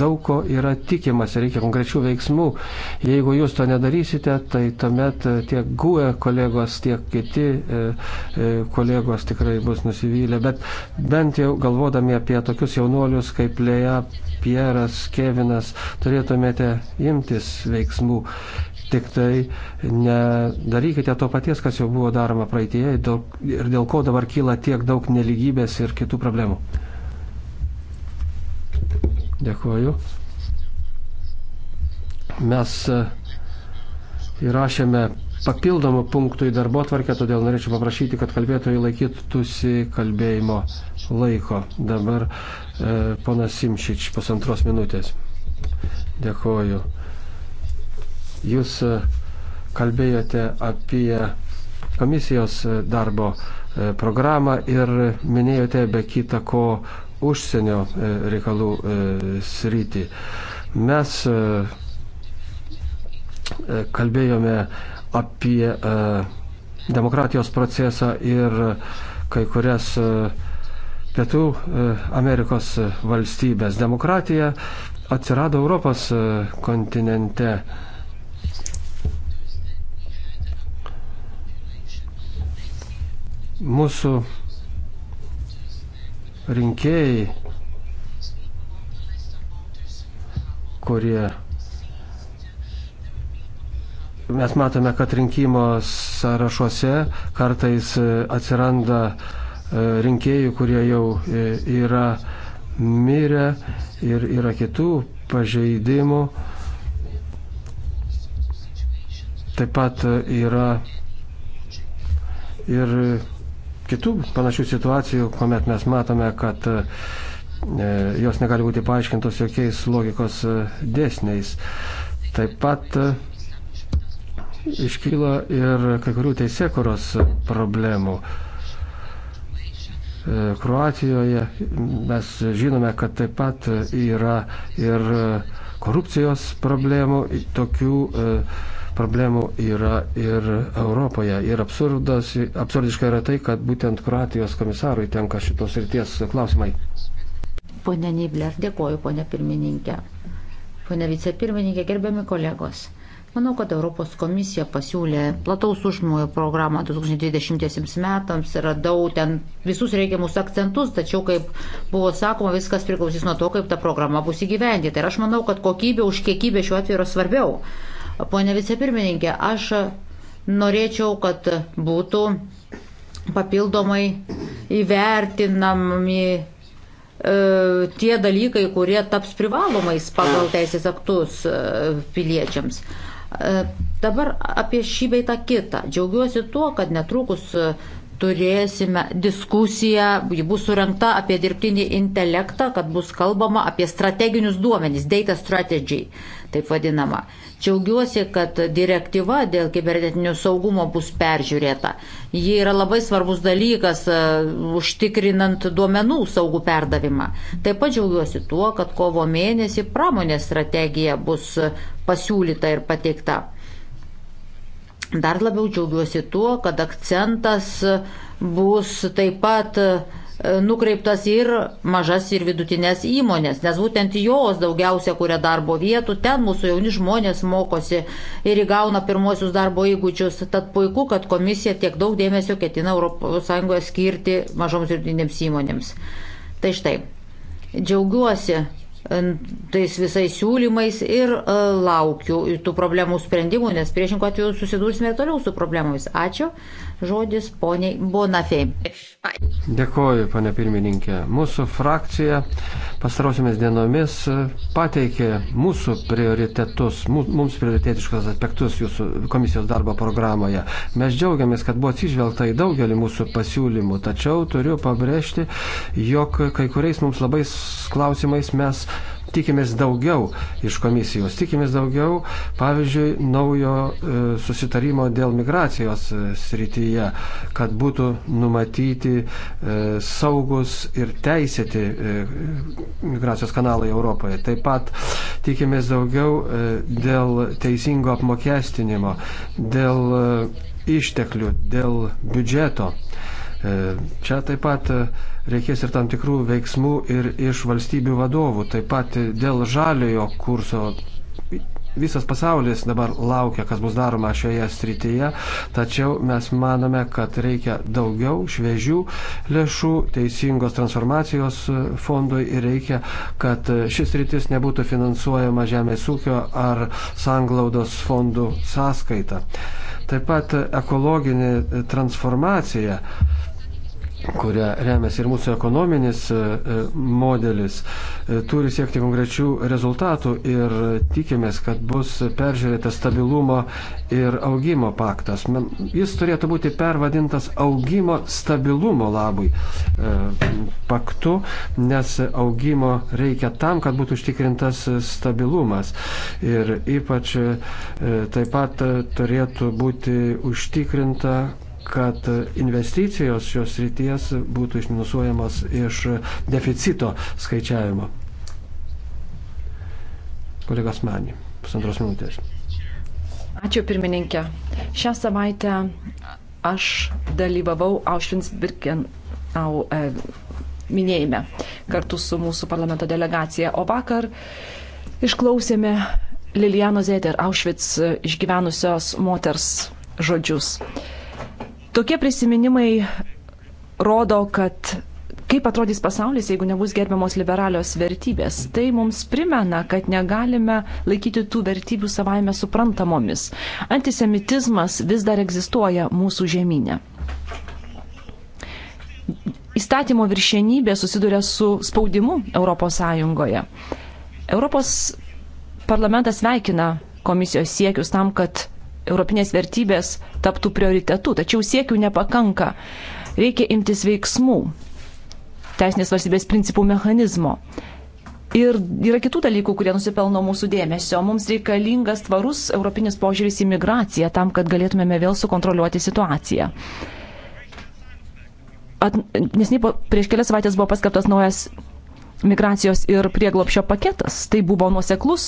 daug ko yra tikimas, reikia konkrečių veiksmų. Jeigu jūs to nedarysite, tai tuomet e, tiek GUE kolegos, tiek kiti e, e, kolegos tikrai bus nusivylę. Bet bent jau galvodami apie tokius jaunuolius kaip Lėja, Pieras, Kevinas, turėtumėte imtis veiksmų. Tik tai nedarykite to paties, kas jau buvo daroma praeitie ir dėl ko dabar kyla tiek daug neligybės ir kitų problemų. Dėkuoju. Mes e, įrašėme papildomų punktų į darbo tvarkę, todėl norėčiau paprašyti, kad kalbėtojai laikytųsi kalbėjimo laiko. Dabar e, ponas Simšič, pusantros minutės. Dėkuoju. Jūs e, kalbėjote apie komisijos e, darbo programą ir minėjote be kita ko užsienio e, reikalų e, sritį. Mes e, kalbėjome apie demokratijos procesą ir kai kurias Pietų Amerikos valstybės. Demokratija atsirado Europos kontinente. Mūsų rinkėjai, kurie Mes matome, kad rinkimo sąrašuose kartais atsiranda e, rinkėjų, kurie jau e, yra mirę ir yra kitų pažeidimų. Taip pat yra ir kitų panašių situacijų, kuomet mes matome, kad e, jos negali būti paaiškintos jokiais logikos e, dėsniais. Taip pat e, iškyla ir kai kurių teisėkuros problemų. Kroatijoje mes žinome, kad taip pat yra ir korupcijos problemų, tokių problemų yra ir Europoje. Ir absurdas, absurdiška yra tai, kad būtent Kroatijos komisarui tenka šitos ryties klausimai. Pone Nibler, dėkoju, pone pirmininkė. Pone vicepirmininkė, gerbiami kolegos. Manau, kad Europos komisija pasiūlė plataus užmojo programą 2020 metams, radau ten visus reikiamus akcentus, tačiau, kaip buvo sakoma, viskas priklausys nuo to, kaip ta programa bus įgyvendinta. Ir aš manau, kad kokybė už kiekybę šiuo atveju yra svarbiau. Pone vicepirmininkė, aš norėčiau, kad būtų papildomai įvertinami e, tie dalykai, kurie taps privalomais pagal teisės aktus e, piliečiams. E, dabar apie šį bei tą kitą. Džiaugiuosi tuo, kad netrukus turėsime diskusiją, ji bus surinkta apie dirbtinį intelektą, kad bus kalbama apie strateginius duomenys, data strategy, taip vadinama. Džiaugiuosi, kad direktyva dėl kibernetinio saugumo bus peržiūrėta. Ji yra labai svarbus dalykas e, užtikrinant duomenų saugų perdavimą. Taip pat džiaugiuosi tuo, kad kovo mėnesį pramonės strategija bus pasiūlyta ir pateikta. Dar labiau džiaugiuosi tuo, kad akcentas bus taip pat nukreiptas ir mažas ir vidutinės įmonės, nes būtent jos daugiausia kuria darbo vietų, ten mūsų jauni žmonės mokosi ir įgauna pirmosius darbo įgūdžius. Tad puiku, kad komisija tiek daug dėmesio ketina ES skirti mažoms ir vidutinėms įmonėms. Tai štai, džiaugiuosi e, tais visais siūlymais ir e, laukiu tų problemų sprendimų, nes priešinku atveju susidursime ir toliau su problemomis. Ačiū žodis poniai Bonafei. Dėkoju, ponė pirmininkė. Mūsų frakcija pastarosiamis dienomis pateikė mūsų prioritetus, mums prioritetiškus aspektus jūsų komisijos darbo programoje. Mes džiaugiamės, kad buvo atsižvelgta į daugelį mūsų pasiūlymų, tačiau turiu pabrėžti, jog kai kuriais mums labai klausimais mes tikimės daugiau iš komisijos, tikimės daugiau, pavyzdžiui, naujo e, susitarimo dėl migracijos e, srityje, kad būtų numatyti e, saugus ir teisėti migracijos kanalai Europoje. Taip pat tikimės daugiau dėl teisingo apmokestinimo, dėl išteklių, dėl biudžeto. E, čia taip pat e, reikės ir tam tikrų veiksmų ir iš valstybių vadovų. Taip pat dėl žaliojo kurso visas pasaulis dabar laukia, kas bus daroma šioje srityje, tačiau mes manome, kad reikia daugiau šviežių lėšų teisingos transformacijos fondui ir reikia, kad šis rytis nebūtų finansuojama žemės ūkio ar sanglaudos fondų sąskaita. Taip pat ekologinė transformacija kuria remiasi ir mūsų ekonominis e, e, modelis, e, turi siekti konkrečių rezultatų ir tikimės, kad bus peržiūrėtas stabilumo ir augimo paktas. Jis turėtų būti pervadintas augimo stabilumo labui paktu, nes augimo reikia tam, kad būtų užtikrintas stabilumas. Ir ypač taip pat turėtų būti užtikrinta kad investicijos šios ryties būtų išminusuojamos iš deficito skaičiavimo. Kolegas Manį, pusantros minutės. Ačiū pirmininkė. Šią savaitę aš dalyvavau Aušvins-Birkenau e, minėjime kartu su mūsų parlamento delegacija, o vakar išklausėme Liliano Zeder Aušvic išgyvenusios moters žodžius. Tokie prisiminimai rodo, kad kaip atrodys pasaulis, jeigu nebus gerbiamos liberalios vertybės. Tai mums primena, kad negalime laikyti tų vertybių savaime suprantamomis. Antisemitizmas vis dar egzistuoja mūsų žemynė. Įstatymo viršienybė susiduria su spaudimu ES. Europos parlamentas veikina komisijos siekius tam, kad europinės vertybės taptų prioritetu, tačiau siekių nepakanka. Reikia imtis veiksmų, teisinės valstybės principų mechanizmo. Ir yra kitų dalykų, kurie nusipelno mūsų dėmesio. Mums reikalingas tvarus europinis požiūris į migraciją tam, kad galėtumėme vėl sukontroliuoti situaciją. At, nes prieš kelias savaitės buvo paskaptas naujas migracijos ir prieglopšio paketas. Tai buvo nuoseklus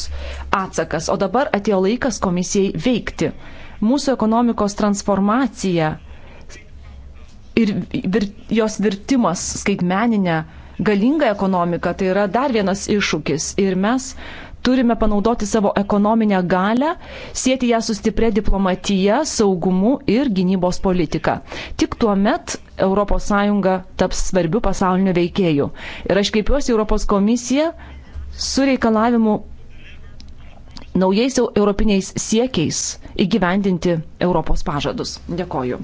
atsakas, o dabar atėjo laikas komisijai veikti. Mūsų ekonomikos transformacija ir vir, jos virtimas skaitmeninę galingą ekonomiką tai yra dar vienas iššūkis. Ir mes turime panaudoti savo ekonominę galę, sėti ją su stipria diplomatija, saugumu ir gynybos politika. Tik tuo met ES taps svarbiu pasauliniu veikėju. Ir aš kreipiuosi Europos komisiją su reikalavimu naujais europiniais siekiais įgyvendinti Europos pažadus. Dėkoju.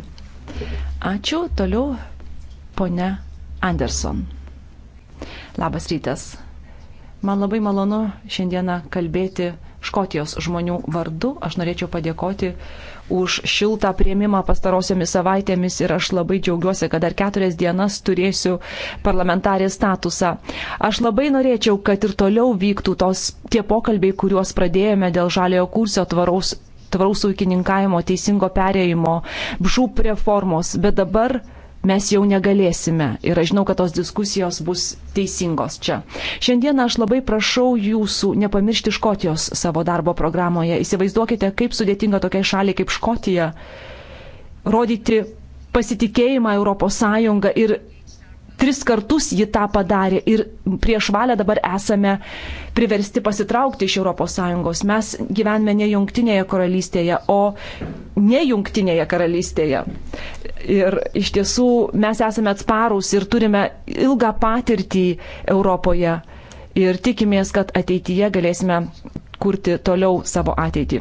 Ačiū. Toliau ponia Anderson. Labas rytas. Man labai malonu šiandieną kalbėti Škotijos žmonių vardu. Aš norėčiau padėkoti už šiltą prieimimą pastarosiomis savaitėmis ir aš labai džiaugiuosi, kad dar keturias dienas turėsiu parlamentarį statusą. Aš labai norėčiau, kad ir toliau vyktų tos tie pokalbiai, kuriuos pradėjome dėl žaliojo kurso tvaraus, tvaraus ūkininkavimo, teisingo perėjimo, bžūp reformos, bet dabar mes jau negalėsime. Ir aš žinau, kad tos diskusijos bus teisingos čia. Šiandien aš labai prašau jūsų nepamiršti Škotijos savo darbo programoje. Įsivaizduokite, kaip sudėtinga tokiai šaliai kaip Škotija rodyti pasitikėjimą ES ir Tris kartus ji tą padarė ir prieš valią dabar esame priversti pasitraukti iš ES. Mes gyvename ne jungtinėje karalystėje, o ne jungtinėje karalystėje. Ir iš tiesų mes esame atsparūs ir turime ilgą patirtį Europoje ir tikimės, kad ateityje galėsime kurti toliau savo ateitį.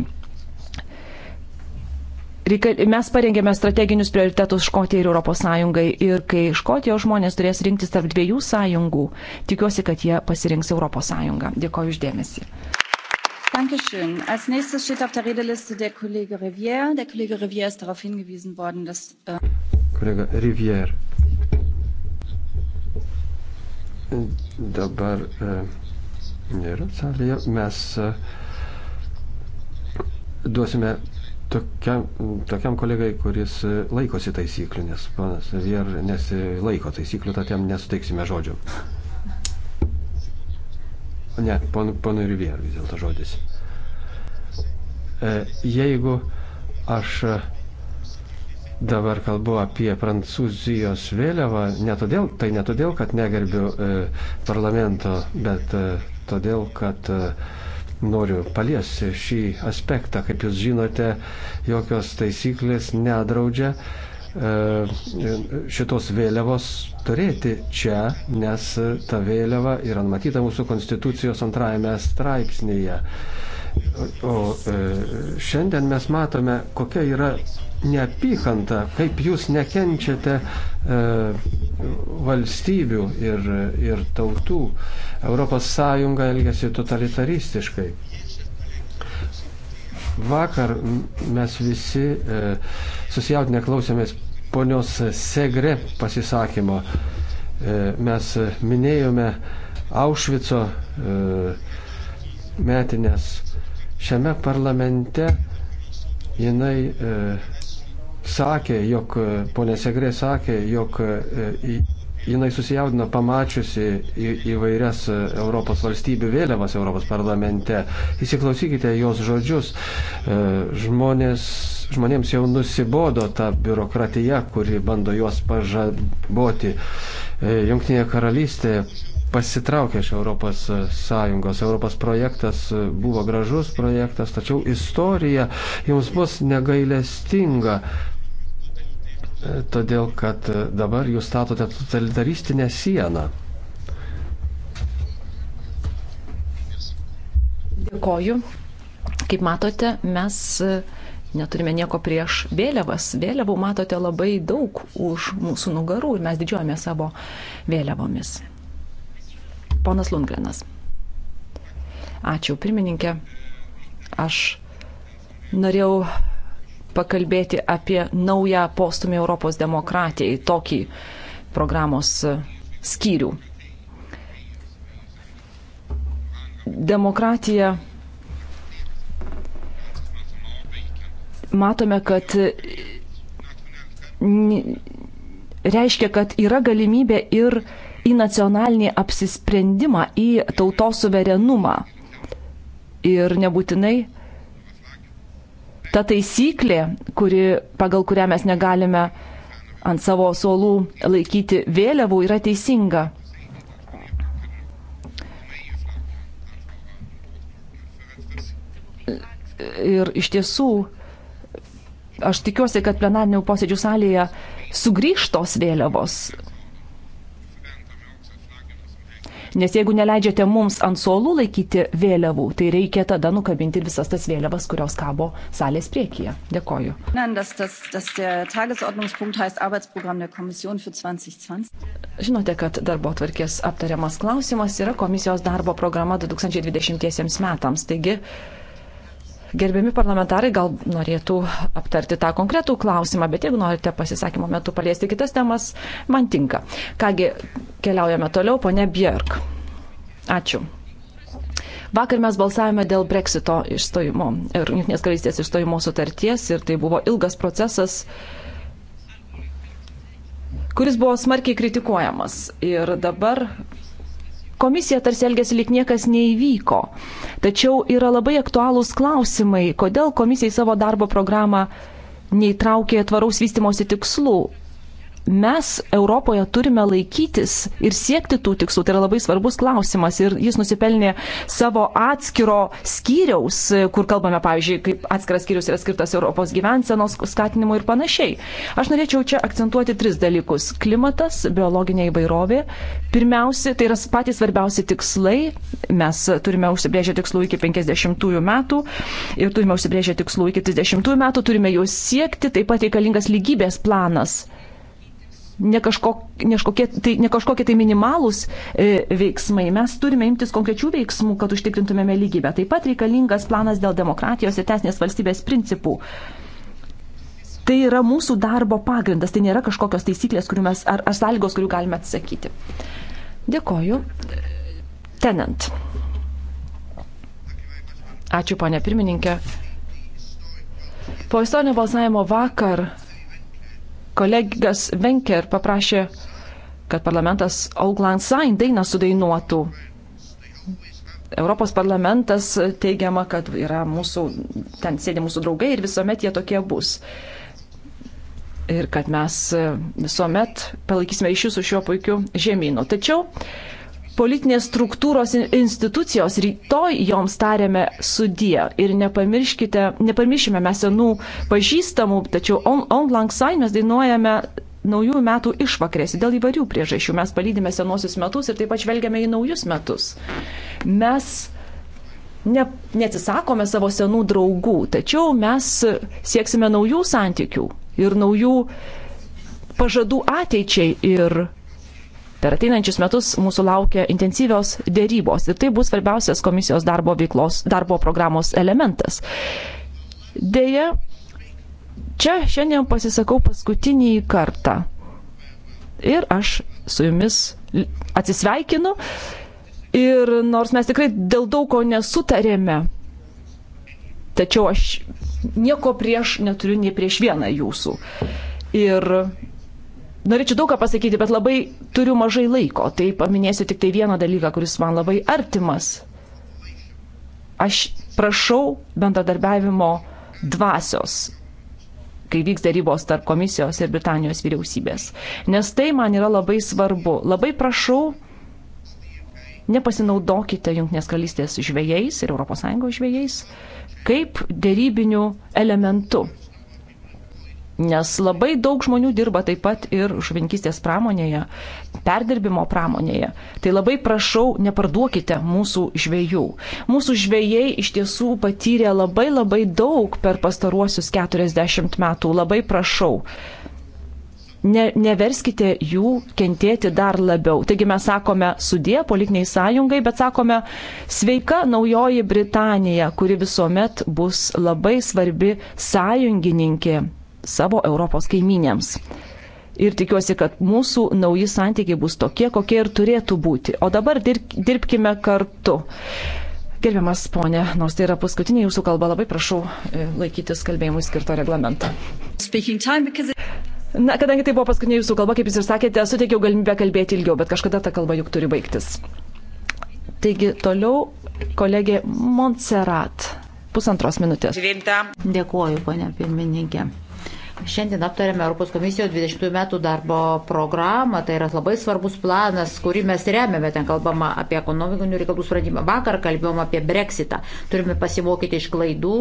Mes parengėme strateginius prioritetus Škotijai ir ES ir kai Škotijos žmonės turės rinktis tarp dviejų sąjungų, tikiuosi, kad jie pasirinks ES. Dėkoju uždėmesi. Dankeschön. Als nächstes steht auf der Redeliste der Kollege Rivière. Der Kollege Rivière ist darauf hingewiesen worden, dass. Äh Kollege Rivière. Dabar äh, nėra salėje. Mes äh, duosime tokiam, tokiam kolegai, kuris laikosi taisyklių, nes panas Vier nesilaiko taisyklių, tad jam nesuteiksime žodžio. Ne, ponui ponu Rivier vis dėlto žodis. E, jeigu aš dabar kalbu apie Prancūzijos vėliavą, ne todėl, tai ne todėl, kad negerbiu e, parlamento, bet e, todėl, kad uh, noriu paliesti šį aspektą. Kaip jūs žinote, jokios taisyklės nedraudžia e, šitos vėliavos turėti čia, nes ta vėliava yra numatyta mūsų konstitucijos antrajame straipsnėje. O e, šiandien mes matome, kokia yra neapykanta, kaip jūs nekenčiate e, valstybių ir, ir tautų. ES elgesi totalitaristiškai. Vakar mes visi e, susijaudinę klausėmės ponios Segre pasisakymo. E, mes minėjome Aušvico e, metinės šiame parlamente jinai e, sakė, jog e, ponė Segrė sakė, jog e, jinai susijaudino pamačiusi į, įvairias e, Europos valstybių vėliavas Europos parlamente. Įsiklausykite jos žodžius. E, žmonės, žmonėms jau nusibodo ta biurokratija, kuri bando juos pažaboti. E, Junktinėje karalystėje pasitraukė iš Europos Sąjungos. Europos projektas buvo gražus projektas, tačiau istorija jums bus negailestinga. Todėl, kad dabar jūs statote totalitaristinę sieną. Dėkoju. Kaip matote, mes neturime nieko prieš vėliavas. Vėliavų matote labai daug už mūsų nugarų ir mes didžiuojame savo vėliavomis. Ponas Lundgrenas. Ačiū, pirmininkė. Aš norėjau pakalbėti apie naują postumį Europos demokratijai, tokį programos skyrių. Demokratija. Matome, kad reiškia, kad yra galimybė ir į nacionalinį apsisprendimą, į tautos suverenumą. Ir nebūtinai ta taisyklė, kuri, pagal kurią mes negalime ant savo suolų laikyti vėliavų, yra teisinga. Ir iš tiesų, aš tikiuosi, kad plenarnių posėdžių salėje sugrįžtos vėliavos, Nes jeigu neleidžiate mums ant suolų laikyti vėliavų, tai reikia tada nukabinti visas tas vėliavas, kurios kabo salės priekyje. Dėkoju. Žinote, kad darbo tvarkės aptariamas klausimas yra komisijos darbo programa 2020 metams. Taigi, Gerbiami parlamentarai gal norėtų aptarti tą konkretų klausimą, bet jeigu norite pasisakymo metu paliesti kitas temas, man tinka. Kągi, keliaujame toliau, ponė Björk. Ačiū. Vakar mes balsavome dėl Brexito išstojimo ir Junktinės karalystės išstojimo sutarties ir tai buvo ilgas procesas, kuris buvo smarkiai kritikuojamas. Ir dabar komisija tarsi elgesi lyg niekas neįvyko. Tačiau yra labai aktualūs klausimai, kodėl komisija į savo darbo programą neįtraukė tvaraus vystimosi tikslų mes Europoje turime laikytis ir siekti tų tikslų. Tai yra labai svarbus klausimas ir jis nusipelnė savo atskiro skyriaus, kur kalbame, pavyzdžiui, kaip atskiras skyrius yra skirtas Europos gyvensenos skatinimui ir panašiai. Aš norėčiau čia akcentuoti tris dalykus - klimatas, biologinė įvairovė. Pirmiausia, tai yra patys svarbiausi tikslai. Mes turime užsibrėžę tikslų iki 50 metų ir turime užsibrėžę tikslų iki 30 metų, turime juos siekti, taip pat reikalingas lygybės planas ne, kažko, ne, kažkokie, tai, ne kažkokie tai minimalūs e, veiksmai. Mes turime imtis konkrečių veiksmų, kad užtikrintumėme lygybę. Taip pat reikalingas planas dėl demokratijos ir tesnės valstybės principų. Tai yra mūsų darbo pagrindas, tai nėra kažkokios taisyklės mes, ar, ar sąlygos, kurių galime atsakyti. Dėkoju. Tenant. Ačiū, ponė pirmininkė. Po istorinio balsavimo vakar kolegas Venker paprašė, kad parlamentas Augland Sein dainą sudainuotų. Europos parlamentas teigiama, kad yra mūsų, ten sėdi mūsų draugai ir visuomet jie tokie bus. Ir kad mes visuomet palaikysime ryšius su šiuo puikiu žemynu. Tačiau politinės struktūros institucijos, rytoj joms tarėme sudie. Ir nepamirškite, nepamiršime mes senų pažįstamų, tačiau on, on lang sign mes dainuojame naujų metų išvakarėse dėl įvairių priežasčių. Mes palydime senuosius metus ir taip pat žvelgiame į naujus metus. Mes ne, neatsisakome savo senų draugų, tačiau mes sieksime naujų santykių ir naujų pažadų ateičiai ir Per ateinančius metus mūsų laukia intensyvios dėrybos ir tai bus svarbiausias komisijos darbo, veiklos, darbo programos elementas. Deja, čia šiandien pasisakau paskutinį kartą. Ir aš su jumis atsisveikinu. Ir nors mes tikrai dėl daug ko nesutarėme, tačiau aš nieko prieš neturiu nei prieš vieną jūsų. Ir Norėčiau daug ką pasakyti, bet labai turiu mažai laiko, tai paminėsiu tik tai vieną dalyką, kuris man labai artimas. Aš prašau bendradarbiavimo dvasios, kai vyks darybos tarp komisijos ir Britanijos vyriausybės, nes tai man yra labai svarbu. Labai prašau, nepasinaudokite Junktinės karalystės žvėjais ir ES žvėjais kaip dėrybiniu elementu nes labai daug žmonių dirba taip pat ir žuvinkystės pramonėje, perdirbimo pramonėje. Tai labai prašau, neparduokite mūsų žvėjų. Mūsų žvėjai iš tiesų patyrė labai labai daug per pastaruosius 40 metų. Labai prašau. Ne, neverskite jų kentėti dar labiau. Taigi mes sakome sudė politiniai sąjungai, bet sakome sveika naujoji Britanija, kuri visuomet bus labai svarbi sąjungininkė savo Europos kaiminėms. Ir tikiuosi, kad mūsų nauji santykiai bus tokie, kokie ir turėtų būti. O dabar dirbkime kartu. Gerbiamas ponė, nors tai yra paskutinė jūsų kalba, labai prašau e, laikytis kalbėjimui skirto reglamento. Na, kadangi tai buvo paskutinė jūsų kalba, kaip jūs ir sakėte, suteikiau galimybę kalbėti ilgiau, bet kažkada ta kalba juk turi baigtis. Taigi toliau kolegė Montserrat. Pusantros minutės. Dėkuoju, ponia pirmininkė. Šiandien aptarėme Europos komisijos 20 metų darbo programą, tai yra labai svarbus planas, kurį mes remiame, ten kalbama apie ekonominių reikalų sprendimą. Vakar kalbėjom apie breksitą, turime pasimokyti iš klaidų.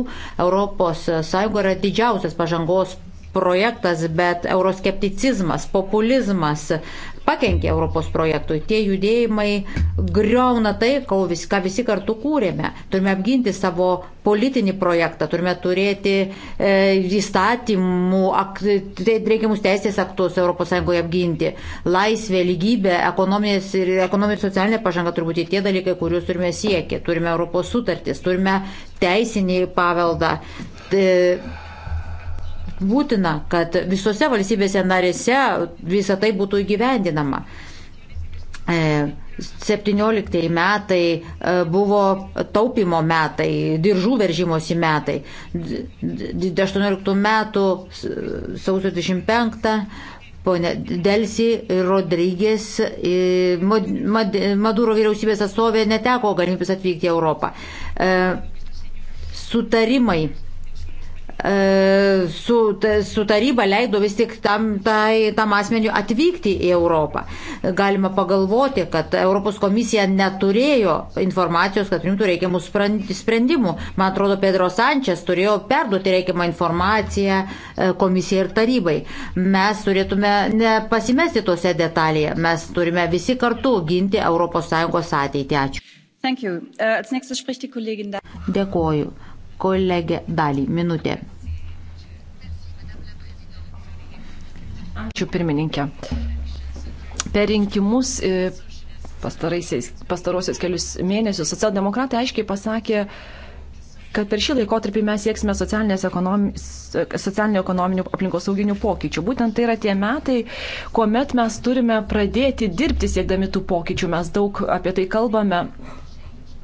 ES yra didžiausias pažangos projektas, bet euroskepticizmas, populizmas pakenkė Europos projektui. Tie judėjimai greuna tai, vis, ką visi kartu kūrėme. Turime apginti savo politinį projektą, turime turėti e, įstatymų, ak, reikiamus teisės aktus ES apginti. Laisvė, lygybė, ekonominės ir ekonominė socialinė pažanga turbūt tie dalykai, kuriuos turime siekti. Turime Europos sutartis, turime teisinį paveldą. E, būtina, kad visose valstybėse narėse visa tai būtų įgyvendinama. 17 e, metai e, buvo taupimo metai, diržų veržimosi metai. 18 metų sausio 25 Pone Delsi Rodrygės, Maduro vyriausybės atstovė neteko galimybės atvykti į Europą. E, sutarimai E, su, su taryba leido vis tik tam, tai, tam asmeniu atvykti į Europą. Galima pagalvoti, kad Europos komisija neturėjo informacijos, kad rimtų reikiamų sprendimų. Man atrodo, Pedro Sančias turėjo perduoti reikiamą informaciją e, komisijai ir tarybai. Mes turėtume nepasimesti tose detalėje. Mes turime visi kartu ginti ES ateitį. Ačiū. Uh, Dėkoju. Kolegė Dali, minutė. Ačiū pirmininkė. Per rinkimus e, pastarosius kelius mėnesius socialdemokratai aiškiai pasakė, kad per šį laikotarpį mes sieksime ekonomi, socialinio ekonominių aplinkos sauginių pokyčių. Būtent tai yra tie metai, kuomet mes turime pradėti dirbti siekdami tų pokyčių. Mes daug apie tai kalbame,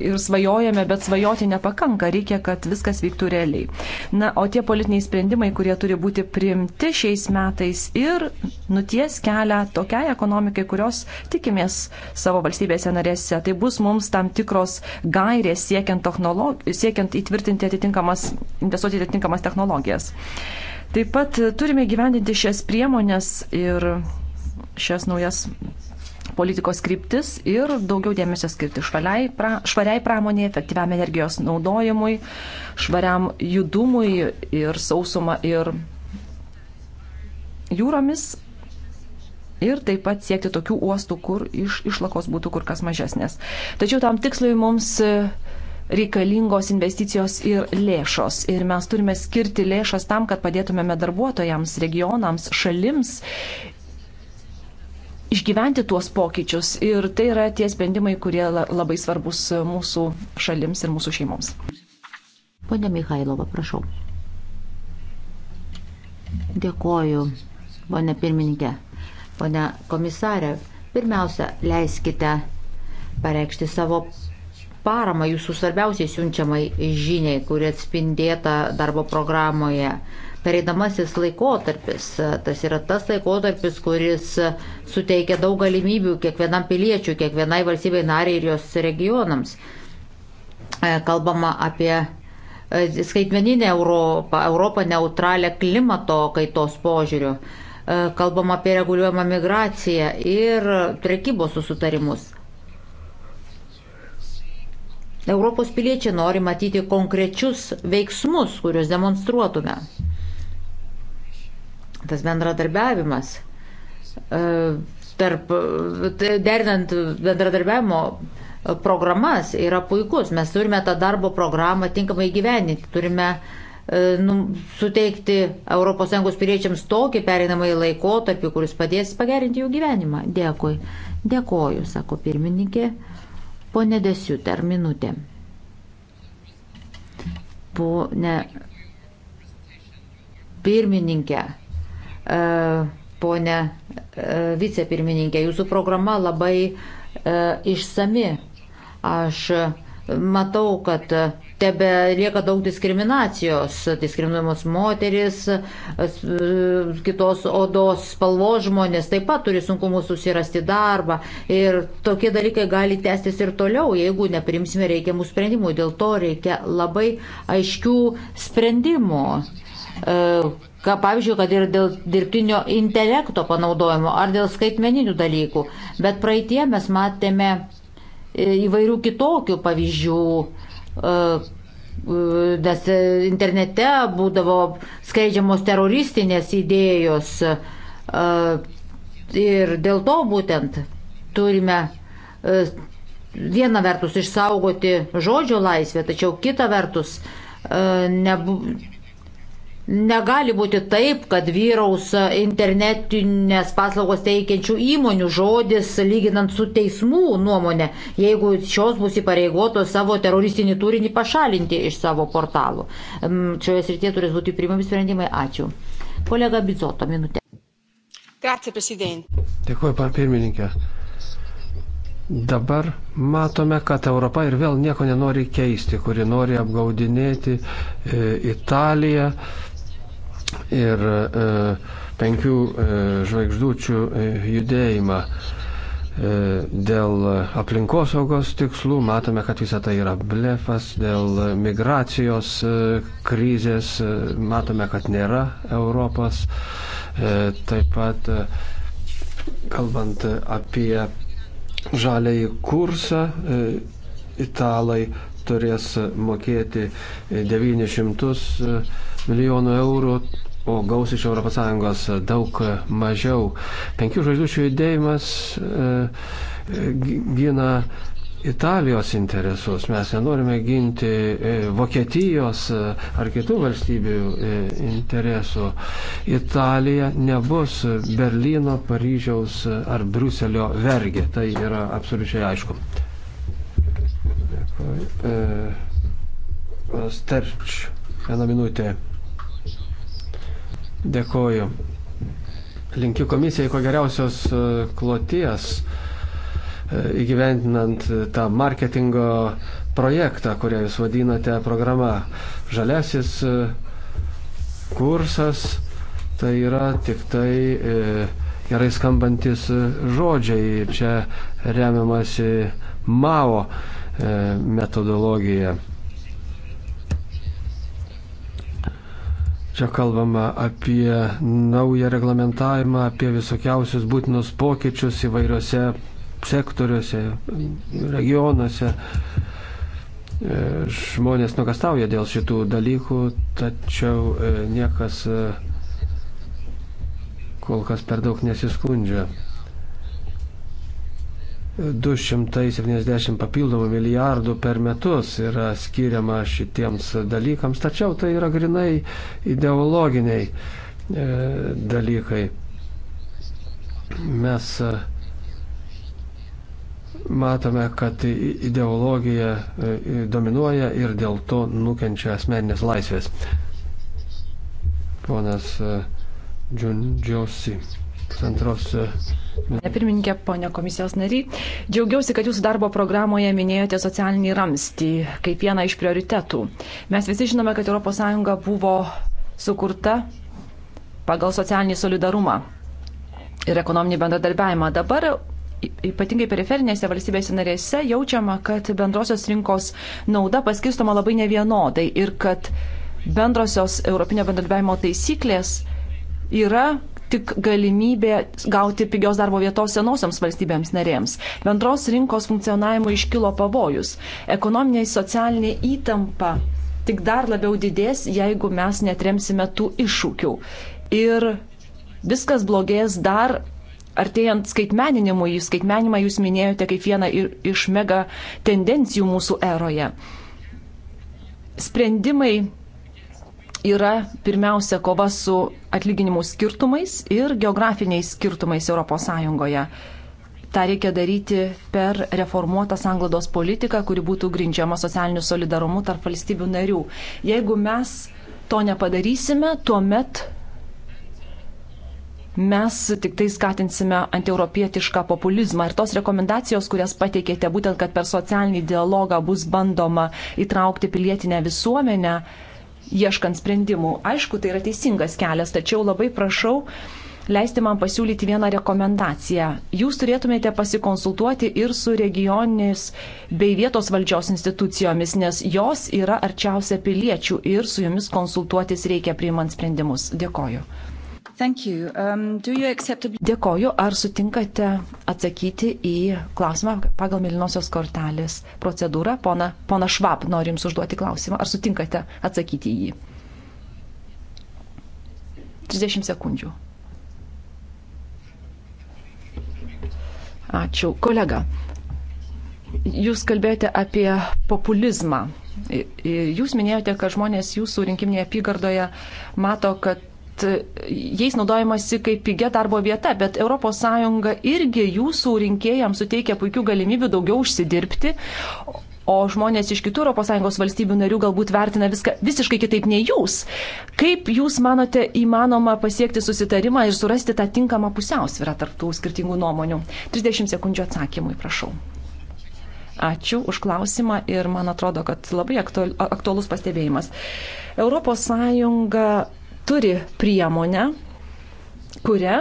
ir svajojame, bet svajoti nepakanka, reikia, kad viskas vyktų realiai. Na, o tie politiniai sprendimai, kurie turi būti priimti šiais metais ir nuties kelią tokiai ekonomikai, kurios tikimės savo valstybėse narėse, tai bus mums tam tikros gairės siekiant, siekiant įtvirtinti atitinkamas, investuoti atitinkamas technologijas. Taip pat turime gyvendinti šias priemonės ir šias naujas politikos kryptis ir daugiau dėmesio skirti švaliai, pra, švariai pramonėje, efektyviam energijos naudojimui, švariam judumui ir sausumą ir jūromis. Ir taip pat siekti tokių uostų, kur iš, išlakos būtų kur kas mažesnės. Tačiau tam tikslui mums reikalingos investicijos ir lėšos. Ir mes turime skirti lėšas tam, kad padėtumėme darbuotojams, regionams, šalims išgyventi tuos pokyčius. Ir tai yra tie sprendimai, kurie labai svarbus mūsų šalims ir mūsų šeimoms. Pone Mikhailova, prašau. Dėkoju, pone pirmininkė, pone komisarė. Pirmiausia, leiskite pareikšti savo paramą jūsų svarbiausiai siunčiamai žiniai, kuri atspindėta darbo programoje pereinamasis laikotarpis. Tas yra tas laikotarpis, kuris suteikia daug galimybių kiekvienam piliečiui, kiekvienai valstybei nariai ir jos regionams. E, kalbama apie e, skaitmeninę Europą, Europą neutralią klimato kaitos požiūrių. E, kalbama apie reguliuojamą migraciją ir prekybos susitarimus. Europos piliečiai nori matyti konkrečius veiksmus, kuriuos demonstruotume tas bendradarbiavimas e, tarp, tai derinant bendradarbiavimo programas yra puikus. Mes turime tą darbo programą tinkamai gyveninti, turime e, nu, suteikti ES piliečiams tokį pereinamąjį laikotarpį, kuris padės pagerinti jų gyvenimą. Dėkui. Dėkoju, sako pirmininkė. Pone Desiuter, minutė. Pone pirmininkė E, ponė e, vicepirmininkė, jūsų programa labai e, išsami. Aš matau, kad tebe lieka daug diskriminacijos, diskriminuojamos moteris, kitos odos spalvos žmonės taip pat turi sunkumų susirasti darbą ir tokie dalykai gali tęstis ir toliau, jeigu neprimsime reikiamų sprendimų. Dėl to reikia labai aiškių sprendimų Ka, pavyzdžiui, kad ir dėl dirbtinio intelekto panaudojimo ar dėl skaitmeninių dalykų. Bet praeitie mes matėme e, įvairių kitokių pavyzdžių, e, e, nes internete būdavo skleidžiamos teroristinės idėjos ir dėl to būtent turime vieną vertus išsaugoti žodžio laisvę, tačiau kitą vertus nebu, Negali būti taip, kad vyraus internetinės paslaugos teikiančių įmonių žodis lyginant su teismų nuomonė, jeigu šios bus įpareigotos savo teroristinį turinį pašalinti iš savo portalų. Mm, šioje srityje turės būti priimami sprendimai. Ačiū. Kolega Bizoto, minutė. Grazie, prezidentė. Dėkuoju, pan pirmininkė. Dabar matome, kad Europa ir vėl nieko nenori keisti, kuri nori apgaudinėti e, Italiją ir e, penkių e, žvaigždučių e, judėjimą. E, dėl aplinkosaugos tikslų matome, kad visa tai yra blefas, dėl migracijos e, krizės e, matome, kad nėra Europos. E, taip pat, e, kalbant apie žaliai kursą, e, italai turės mokėti 900 e, milijonų eurų, o gaus iš ES daug mažiau. Penkių žvaigždučių judėjimas e, gina Italijos interesus, mes nenorime ginti e, Vokietijos e, ar kitų valstybių e, interesų. Italija nebus Berlyno, Paryžiaus ar Bruselio vergė, tai yra absoliučiai aišku. Sterč, vieną minutę. Dėkoju. Linkiu komisijai ko geriausios e, kloties e, įgyvendinant tą marketingo projektą, kurią jūs vadinate programa Žalesis e, kursas. Tai yra tik tai gerai skambantis žodžiai. Čia remiamasi Mao metodologija. Čia kalbama apie naują reglamentavimą, apie visokiausius būtinus pokyčius įvairiose sektoriuose, regionuose. E, žmonės nukastauja dėl šitų dalykų, tačiau e, niekas e, kol kas per daug nesiskundžia. 270 papildomų milijardų per metus yra skiriama šitiems dalykams, tačiau tai yra grinai ideologiniai e, dalykai. Mes e, matome, kad ideologija e, dominuoja ir dėl to nukenčia asmeninės laisvės. Ponas Džiunčiausi. E, Džiun pusantros. E, ne pirmininkė, ponia komisijos nariai, džiaugiausi, kad jūsų darbo programoje minėjote socialinį ramstį kaip vieną iš prioritetų. Mes visi žinome, kad ES buvo sukurta pagal socialinį solidarumą ir ekonominį bendradarbiavimą. Dabar ypatingai periferinėse valstybėse narėse jaučiama, kad bendrosios rinkos nauda paskirstoma labai nevienodai ir kad bendrosios Europinio bendradarbiavimo taisyklės yra tik galimybė gauti pigios darbo vietos senosiams valstybėms narėms. Bendros rinkos funkcionavimo iškilo pavojus. Ekonominė ir socialinė įtampa tik dar labiau didės, jeigu mes netremsime tų iššūkių. Ir viskas blogės dar artėjant skaitmeninimui, skaitmenimą jūs minėjote kaip vieną iš mega tendencijų mūsų eroje. Sprendimai yra pirmiausia kova su atlyginimų skirtumais ir geografiniais skirtumais ES. Ta reikia daryti per reformuotą sanglados politiką, kuri būtų grindžiama socialiniu solidarumu tarp valstybių narių. Jeigu mes to nepadarysime, tuomet mes tik tai skatinsime antieuropietišką populizmą. Ir tos rekomendacijos, kurias pateikėte, būtent, kad per socialinį dialogą bus bandoma įtraukti pilietinę visuomenę, ieškant sprendimų. Aišku, tai yra teisingas kelias, tačiau labai prašau leisti man pasiūlyti vieną rekomendaciją. Jūs turėtumėte pasikonsultuoti ir su regioninis bei vietos valdžios institucijomis, nes jos yra arčiausia piliečių ir su jumis konsultuotis reikia priimant sprendimus. Dėkoju. Um, accept... Dėkoju, ar sutinkate atsakyti į klausimą pagal Melinosios kortelės procedūrą? Pona, pona Švab, noriu Jums užduoti klausimą. Ar sutinkate atsakyti į jį? 30 sekundžių. Ačiū. Kolega, jūs kalbėjote apie populizmą. Jūs minėjote, kad žmonės jūsų rinkiminėje apygardoje mato, kad jais naudojamasi kaip pigia darbo vieta, bet ES irgi jūsų rinkėjams suteikia puikių galimybių daugiau užsidirbti. O žmonės iš kitų ES valstybių narių galbūt vertina viską visiškai kitaip nei jūs. Kaip jūs manote įmanoma pasiekti susitarimą ir surasti tą tinkamą pusiausvyrą tarptų skirtingų nuomonių? 30 sekundžių atsakymui, prašau. Ačiū už klausimą ir man atrodo, kad labai aktual, aktualus pastebėjimas. ES turi priemonę, kuria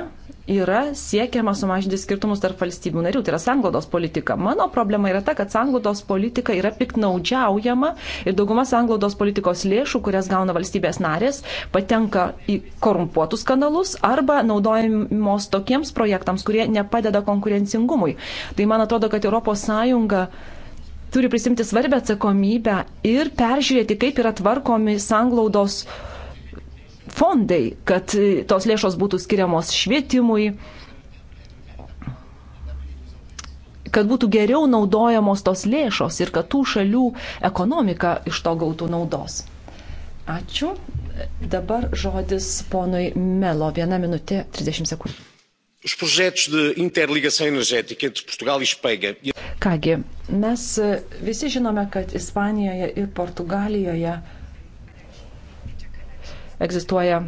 yra siekiama sumažinti skirtumus tarp valstybių narių. Tai yra sanglodos politika. Mano problema yra ta, kad sanglodos politika yra piknaudžiaujama ir dauguma sanglodos politikos lėšų, kurias gauna valstybės narės, patenka į korumpuotus kanalus arba naudojamos tokiems projektams, kurie nepadeda konkurencingumui. Tai man atrodo, kad ES turi prisimti svarbę atsakomybę ir peržiūrėti, kaip yra tvarkomi sanglaudos politika fondai, kad e, tos lėšos būtų skiriamos švietimui, kad būtų geriau naudojamos tos lėšos ir kad tų šalių ekonomika iš to gautų naudos. Ačiū. Dabar žodis ponui Melo. Viena minutė 30 sekundžių. Os projetos de interligação energética entre Portugal e Espanha. Kągi, mes e, visi žinome, kad Ispanijoje ir Portugalijoje uh, egzistuoja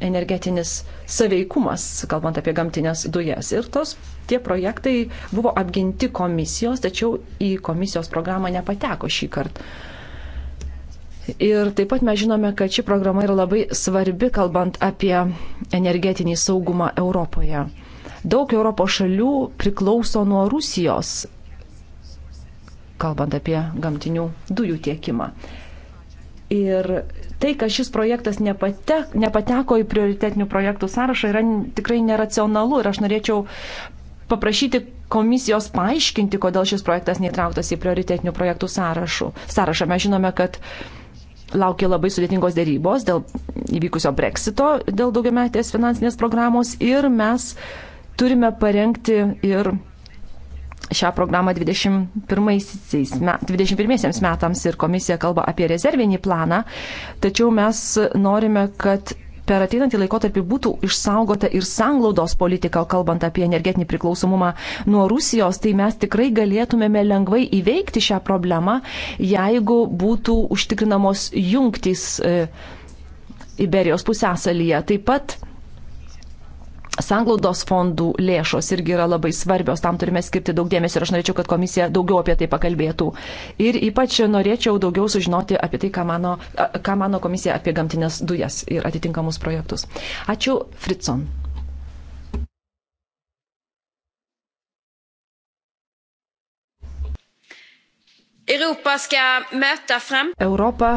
energetinis saveikumas, kalbant apie gamtinės dujas. Ir tos, tie projektai buvo apginti komisijos, tačiau į komisijos programą nepateko šį kartą. Ir taip pat mes žinome, kad ši programa yra labai svarbi, kalbant apie energetinį saugumą Europoje. Daug Europos šalių priklauso nuo Rusijos, kalbant apie gamtinių dujų tiekimą. Ir tai, kad šis projektas nepatek, nepateko į prioritetinių projektų sąrašą, yra tikrai neracionalu. Ir aš norėčiau paprašyti komisijos paaiškinti, kodėl šis projektas neįtrauktas į prioritetinių projektų sąrašų. sąrašą. Mes žinome, kad laukia labai sudėtingos dėrybos dėl įvykusio breksito, dėl daugiametės finansinės programos ir mes turime parengti ir šią programą 21, met, 21 metams ir komisija kalba apie rezervinį planą, tačiau mes norime, kad per ateinantį laikotarpį būtų išsaugota ir sanglaudos politika, kalbant apie energetinį priklausomumą nuo Rusijos, tai mes tikrai galėtumėme lengvai įveikti šią problemą, jeigu būtų užtikrinamos jungtys e, Iberijos pusėsalyje. Taip pat sanglaudos fondų lėšos irgi yra labai svarbios, tam turime skirti daug dėmesio ir aš norėčiau, kad komisija daugiau apie tai pakalbėtų. Ir ypač norėčiau daugiau sužinoti apie tai, ką mano, ką mano komisija apie gamtinės dujas ir atitinkamus projektus. Ačiū, Fritson. Europa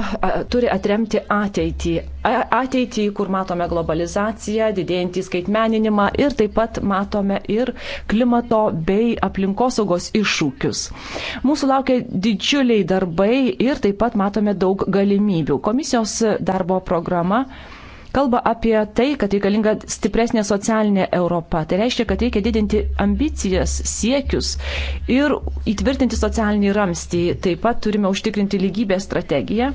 turi atremti ateitį. Ateitį, kur matome globalizaciją, didėjantį skaitmeninimą ir taip pat matome ir klimato bei aplinkosaugos iššūkius. Mūsų laukia didžiuliai darbai ir taip pat matome daug galimybių. Komisijos darbo programa kalba apie tai, kad reikalinga stipresnė socialinė Europa. Tai reiškia, kad reikia didinti ambicijas, siekius ir įtvirtinti socialinį ramstį. Taip pat turime užtikrinti lygybės strategiją.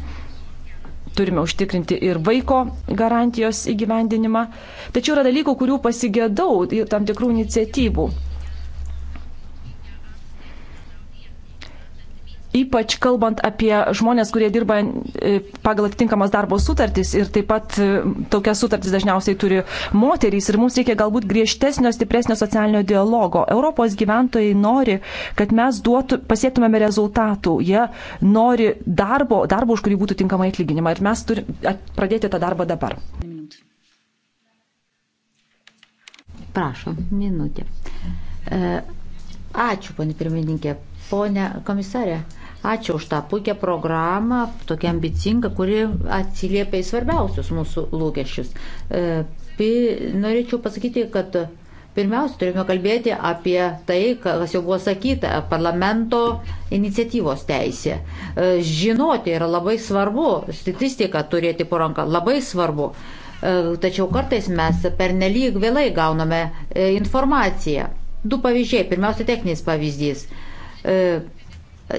Turime užtikrinti ir vaiko garantijos įgyvendinimą. Tačiau yra dalykų, kurių pasigėdau, tam tikrų iniciatyvų. ypač kalbant apie žmonės, kurie dirba e, pagal atitinkamas darbo sutartys ir taip pat e, tokias sutartys dažniausiai turi moterys ir mums reikia galbūt griežtesnio, stipresnio socialinio dialogo. Europos gyventojai nori, kad mes duotų, pasiektumėme rezultatų. Jie nori darbo, darbo, už kurį būtų tinkamai atlyginimą ir mes turime pradėti tą darbą dabar. Prašom, minutė. E, ačiū, ponė pirmininkė. Pone komisarė, Ačiū už tą puikią programą, tokia ambicinga, kuri atsiliepia į svarbiausius mūsų lūkesčius. E, pi, norėčiau pasakyti, kad pirmiausia turime kalbėti apie tai, kas jau buvo sakyta, parlamento iniciatyvos teisė. E, žinoti yra labai svarbu, statistiką turėti po ranką labai svarbu e, tačiau kartais mes pernelyg vėlai gauname informaciją. Du pavyzdžiai. Pirmiausia, techninis pavyzdys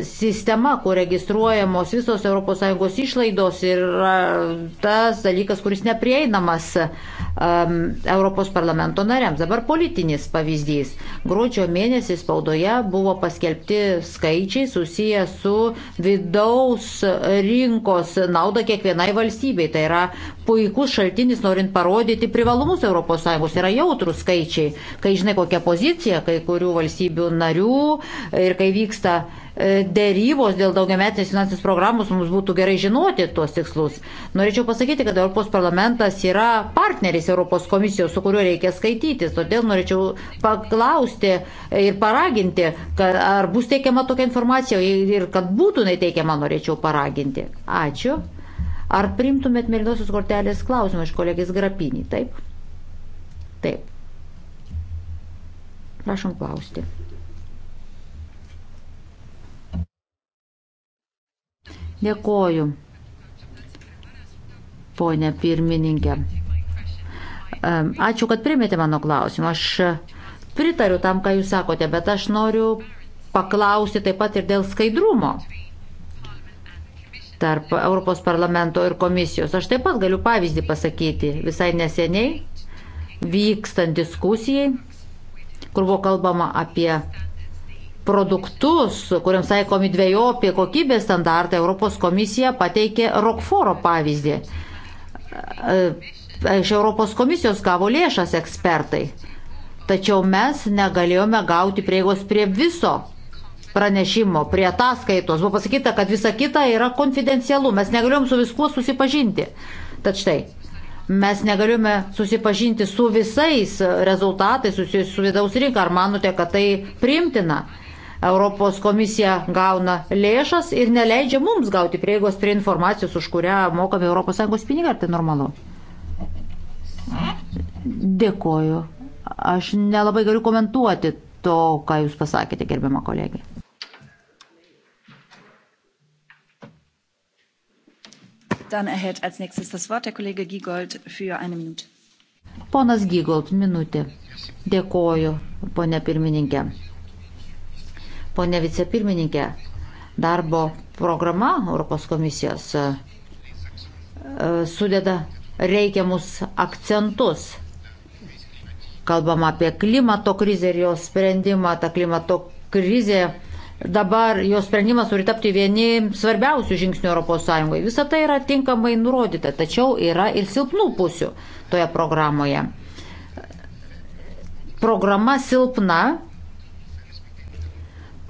sistema, kur registruojamos visos ES išlaidos yra tas dalykas, kuris neprieinamas um, Europos parlamento nariams. Dabar politinis pavyzdys. Gruodžio mėnesį spaudoje buvo paskelbti skaičiai susiję su vidaus rinkos nauda kiekvienai valstybei. Tai yra puikus šaltinis, norint parodyti privalumus ES. Yra jautrų skaičiai, kai žinai kokia pozicija kai kurių valstybių narių ir kai vyksta E, dėrybos dėl daugiametės finansinės programos mums būtų gerai žinoti tuos tikslus. Norėčiau pasakyti, kad Europos parlamentas yra partneris Europos komisijos, su kuriuo reikia skaitytis. Todėl norėčiau paklausti ir paraginti, kad, ar bus teikiama tokia informacija ir kad būtų neteikiama, norėčiau paraginti. Ačiū. Ar primtumėt mėlynosios kortelės klausimą iš kolegės Grapinį? Taip. Taip. Prašom klausti. Dėkoju, ponė pirmininkė. Ačiū, kad primėte mano klausimą. Aš pritariu tam, ką jūs sakote, bet aš noriu paklausti taip pat ir dėl skaidrumo tarp Europos parlamento ir komisijos. Aš taip pat galiu pavyzdį pasakyti. Visai neseniai vykstant diskusijai, kur buvo kalbama apie produktus, kuriams taikomi dviejopie kokybės standartai, Europos komisija pateikė Rokforo pavyzdį. E, iš Europos komisijos gavo lėšas ekspertai, tačiau mes negalėjome gauti prieigos prie viso pranešimo, prie ataskaitos. Buvo pasakyta, kad visa kita yra konfidencialu, mes negalėjom su viskuo susipažinti. Tad štai, mes negalime susipažinti su visais rezultatais susijusiu su vidaus rinka. Ar manote, kad tai primtina? Europos komisija gauna lėšas ir neleidžia mums gauti prieigos prie informacijos, už kurią mokame ES pinigą. Ar tai normalu? Dėkoju. Aš nelabai galiu komentuoti to, ką Jūs pasakėte, gerbiama kolegė. Dann erhält als nächstes das Wort der Kollege Giegold für eine Minute. Ponas Gygold, minutė. Dėkoju, ponė pirmininkė. Pone vicepirmininkė, darbo programa Europos komisijos e, sudeda reikiamus akcentus. Kalbam apie klimato krizę ir jos sprendimą. Ta klimato krizė dabar, jos sprendimas turi tapti vieni svarbiausių žingsnių ES. Visa tai yra tinkamai nurodyta, tačiau yra ir silpnų pusių toje programoje. Programa silpna,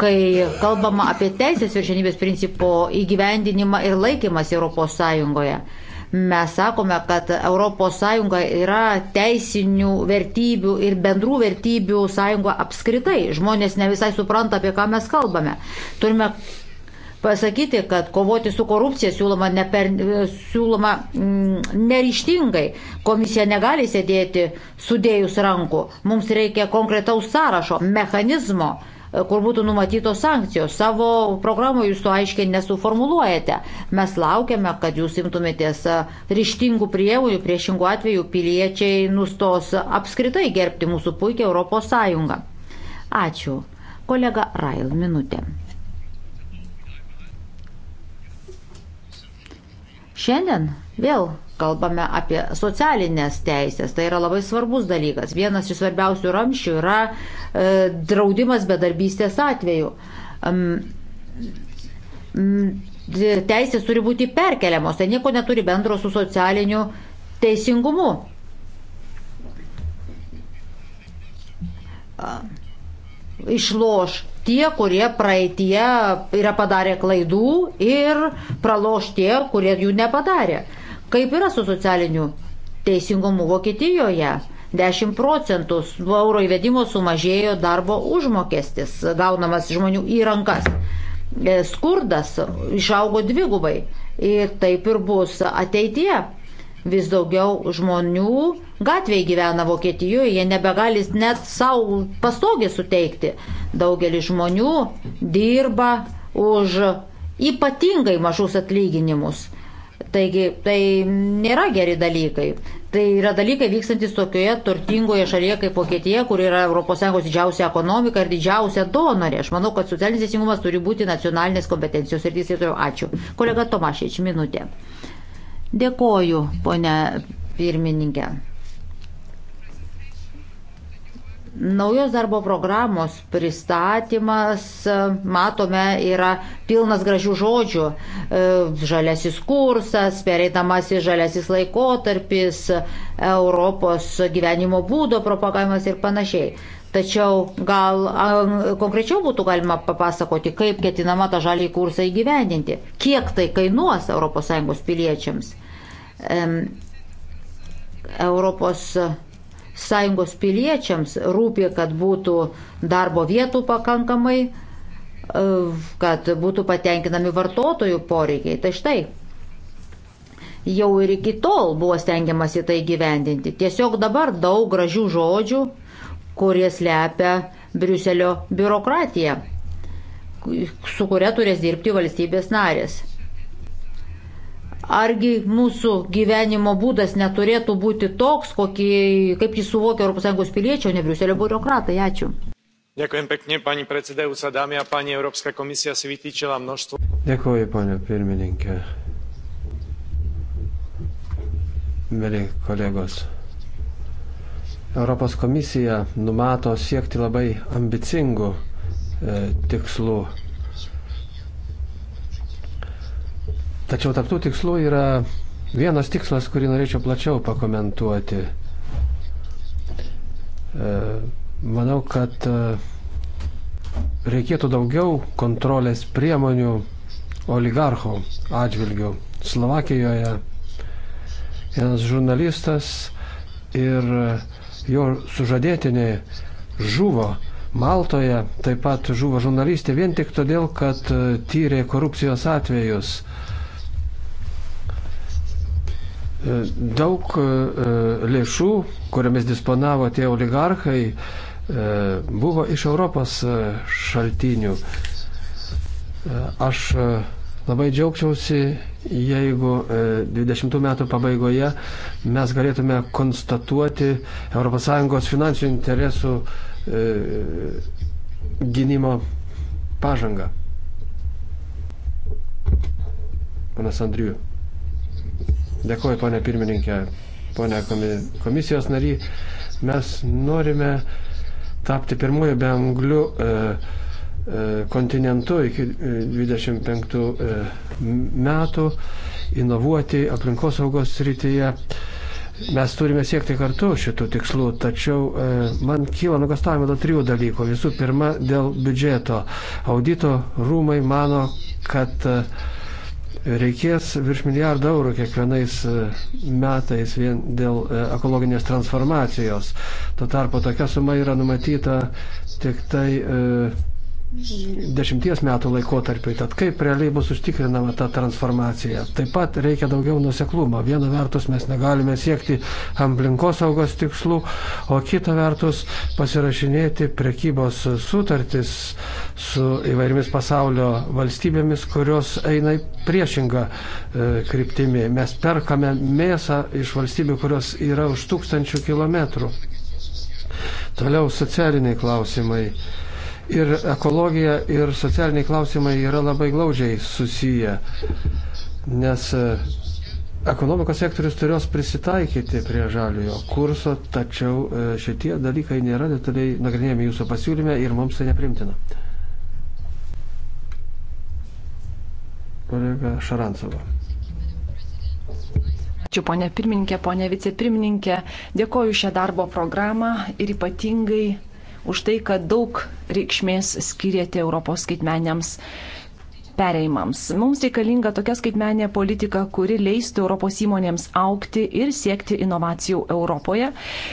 kai kalbama apie teisės viršenybės principo įgyvendinimą ir laikymas ES. Mes sakome, kad ES yra teisinių vertybių ir bendrų vertybių sąjunga apskritai. Žmonės ne visai supranta, apie ką mes kalbame. Turime pasakyti, kad kovoti su korupcija siūloma, neper, siūloma mm, neryštingai. Komisija negali sėdėjti sudėjus rankų. Mums reikia konkretaus sąrašo, mechanizmo E, kur būtų numatytos sankcijos. Savo programoje jūs to aiškiai nesuformuluojate. Mes laukiame, kad jūs imtumėtės e, ryštingų priemonių, priešingų atveju piliečiai nustos apskritai gerbti mūsų puikia Europos Sąjungą. Ačiū. Kolega Rail, minutė. Šiandien vėl kalbame apie socialinės teisės. Tai yra labai svarbus dalykas. Vienas iš svarbiausių ramščių yra e, draudimas bedarbystės atveju. Um, teisės turi būti perkeliamos, tai nieko neturi bendro su socialiniu teisingumu. Išloš tie, kurie praeitie yra padarę klaidų ir praloš tie, kurie jų nepadarė. Kaip yra su socialiniu teisingumu Vokietijoje? 10 procentų euro įvedimo sumažėjo darbo užmokestis, gaunamas žmonių į rankas. E, skurdas išaugo dvigubai ir taip ir bus ateityje. Vis daugiau žmonių gatvėje gyvena Vokietijoje, jie nebegali net savo pastogį suteikti. Daugelis žmonių dirba už ypatingai mažus atlyginimus. Taigi tai nėra geri dalykai. Tai yra dalykai vykstantis tokioje turtingoje šalyje kaip Vokietija, kur yra ES didžiausia ekonomika ir didžiausia donorė. Aš manau, kad socialinis teisingumas turi būti nacionalinės kompetencijos ir teisėtojų. Ačiū. Kolega Tomašėč, minutė. Dėkoju, ponia pirmininkė. Naujos darbo programos pristatymas, e, matome, yra pilnas gražių žodžių. E, žalesis kursas, pereitamasis žalesis laikotarpis, Europos gyvenimo būdo propagavimas ir panašiai. Tačiau gal konkrečiau būtų galima papasakoti, kaip ketinama tą žalį kursą įgyvendinti, kiek tai kainuos ES piliečiams. Europos sąjungos piliečiams rūpi, kad būtų darbo vietų pakankamai, e, kad būtų patenkinami vartotojų poreikiai. Tai štai, jau ir iki tol buvo stengiamasi tai gyvendinti. Tiesiog dabar daug gražių žodžių, kurie slepia Briuselio biurokratiją, su kuria turės dirbti valstybės narės. Argi mūsų gyvenimo būdas neturėtų būti toks, kokį, kaip jį suvokia ES piliečio, ne Briuselio biurokratai? Ačiū. Ďakujem pekne, pani predsedajúca, dámy a páni, Európska komisia si vytýčila množstvo. Ďakujem, pani pirmininkė. Mėly kolegos, Europos komisija numato siekti labai ambicingų e, tikslų Tačiau taptų tikslų yra vienas tikslas, kurį norėčiau plačiau pakomentuoti. E, manau, kad e, reikėtų daugiau kontrolės priemonių oligarchų atžvilgių. Slovakijoje vienas žurnalistas ir jo sužadėtinė žuvo Maltoje, taip pat žuvo žurnalistė vien tik todėl, kad e, tyrė korupcijos atvejus. Uh, Daug e, e, lėšų, kuriamis disponavo tie oligarchai, e, buvo iš Europos šaltinių. Aš labai džiaugčiausi, jeigu 20 metų pabaigoje mes galėtume konstatuoti ES finansinių interesų gynimo pažangą. Panas Andriu. Dėkuoju, ponė pirmininkė, ponė komisijos nary. Mes norime tapti pirmuoju be anglių e, e, kontinentu iki 25 e, e, metų, inovuoti aplinkosaugos srityje. Mes turime siekti kartu šitų tikslų, tačiau e, man kyla nugastavimo dėl trijų dalykų. Visų pirma, dėl biudžeto. Audito rūmai mano, kad e, Reikės virš milijardo eurų kiekvienais e, metais vien dėl e, ekologinės transformacijos. Tuo tarpu tokia suma yra numatyta tik tai e, dešimties metų laikotarpiui, tad kaip realiai bus užtikrinama ta transformacija. Taip pat reikia daugiau nuseklumo. Viena vertus mes negalime siekti aplinkosaugos tikslų, o kita vertus pasirašinėti prekybos sutartis su įvairiomis pasaulio valstybėmis, kurios eina į priešingą e, kryptimį. Mes perkame mėsą iš valstybių, kurios yra už tūkstančių kilometrų. Toliau socialiniai klausimai Ir ekologija ir socialiniai klausimai yra labai glaudžiai susiję, nes e, ekonomikos sektorius turės prisitaikyti prie žaliojo kurso, tačiau e, šitie dalykai nėra detaliai nagrinėjami jūsų pasiūlyme ir mums tai neprimtina. Kolega Šarancova. Ačiū ponė pirmininkė, ponė vicepirmininkė. Dėkoju šią darbo programą ir ypatingai už tai, kad daug reikšmės skiriate Europos skaitmeniams pereimams. Mums reikalinga tokia skaitmenė politika, kuri leistų Europos įmonėms aukti ir siekti inovacijų Europoje.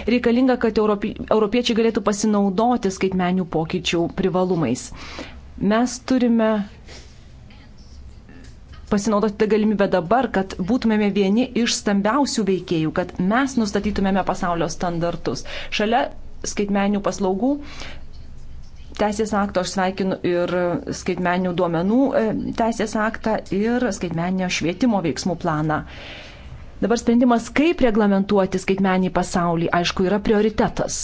Reikalinga, kad europi, europiečiai galėtų pasinaudoti skaitmenių pokyčių privalumais. Mes turime pasinaudoti tą galimybę dabar, kad būtumėme vieni iš stambiausių veikėjų, kad mes nustatytumėme pasaulio standartus. Šalia skaitmeninių paslaugų. Teisės akto aš sveikinu ir skaitmeninių duomenų e, teisės aktą ir skaitmeninio švietimo veiksmų planą. Dabar sprendimas, kaip reglamentuoti skaitmenį pasaulį, aišku, yra prioritetas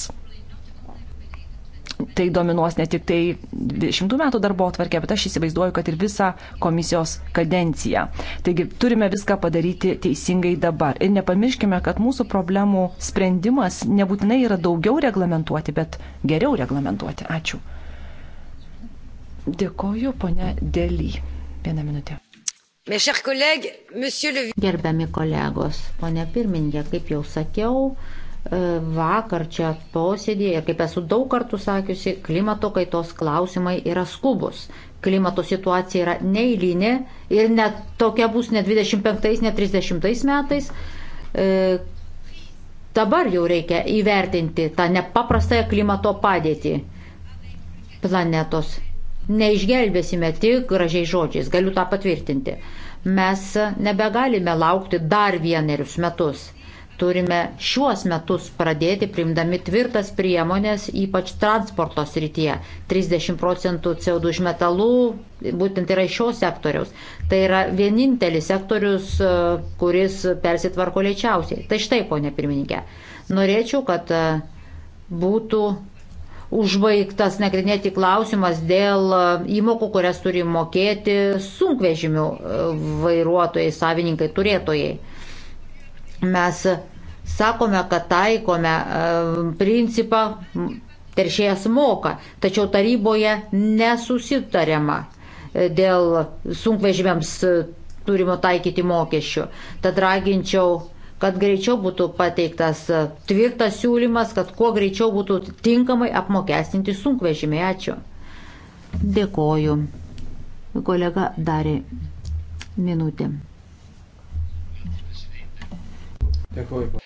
tai dominuos ne tik tai 20 metų darbo atvarkė, bet aš įsivaizduoju, kad ir visą komisijos kadenciją. Taigi turime viską padaryti teisingai dabar. Ir nepamirškime, kad mūsų problemų sprendimas nebūtinai yra daugiau reglamentuoti, bet geriau reglamentuoti. Ačiū. Dėkoju, ponia Dėly. Vieną minutę. Gerbiami kolegos, ponia pirmininkė, kaip jau sakiau, E, vakar čia posėdėje ir kaip esu daug kartų sakiusi, klimato kaitos klausimai yra skubus. Klimato situacija yra neįlynė ir net tokia bus ne 25, ne 30 metais. E, dabar jau reikia įvertinti tą nepaprastąją klimato padėtį planetos. Neišgelbėsime tik gražiai žodžiais, galiu tą patvirtinti. Mes nebegalime laukti dar vienerius metus turime šiuos metus pradėti primdami tvirtas priemonės, ypač transporto srityje. 30 procentų CO2 iš metalų būtent yra iš šio sektoriaus. Tai yra vienintelis sektorius, e, kuris persitvarko lėčiausiai. Tai štai, ponė pirmininkė, norėčiau, kad e, būtų užbaigtas nagrinėti klausimas dėl e, įmokų, kurias turi mokėti sunkvežimių vairuotojai, savininkai, turėtojai mes sakome, kad taikome e, principą teršėjas moka, tačiau taryboje nesusitariama e, dėl sunkvežimiams e, turimo taikyti mokesčių. Tad raginčiau, kad greičiau būtų pateiktas tvirtas siūlymas, kad kuo greičiau būtų tinkamai apmokestinti sunkvežimiai. Ačiū. Dėkoju. Kolega darė minutė. Dėkuoju.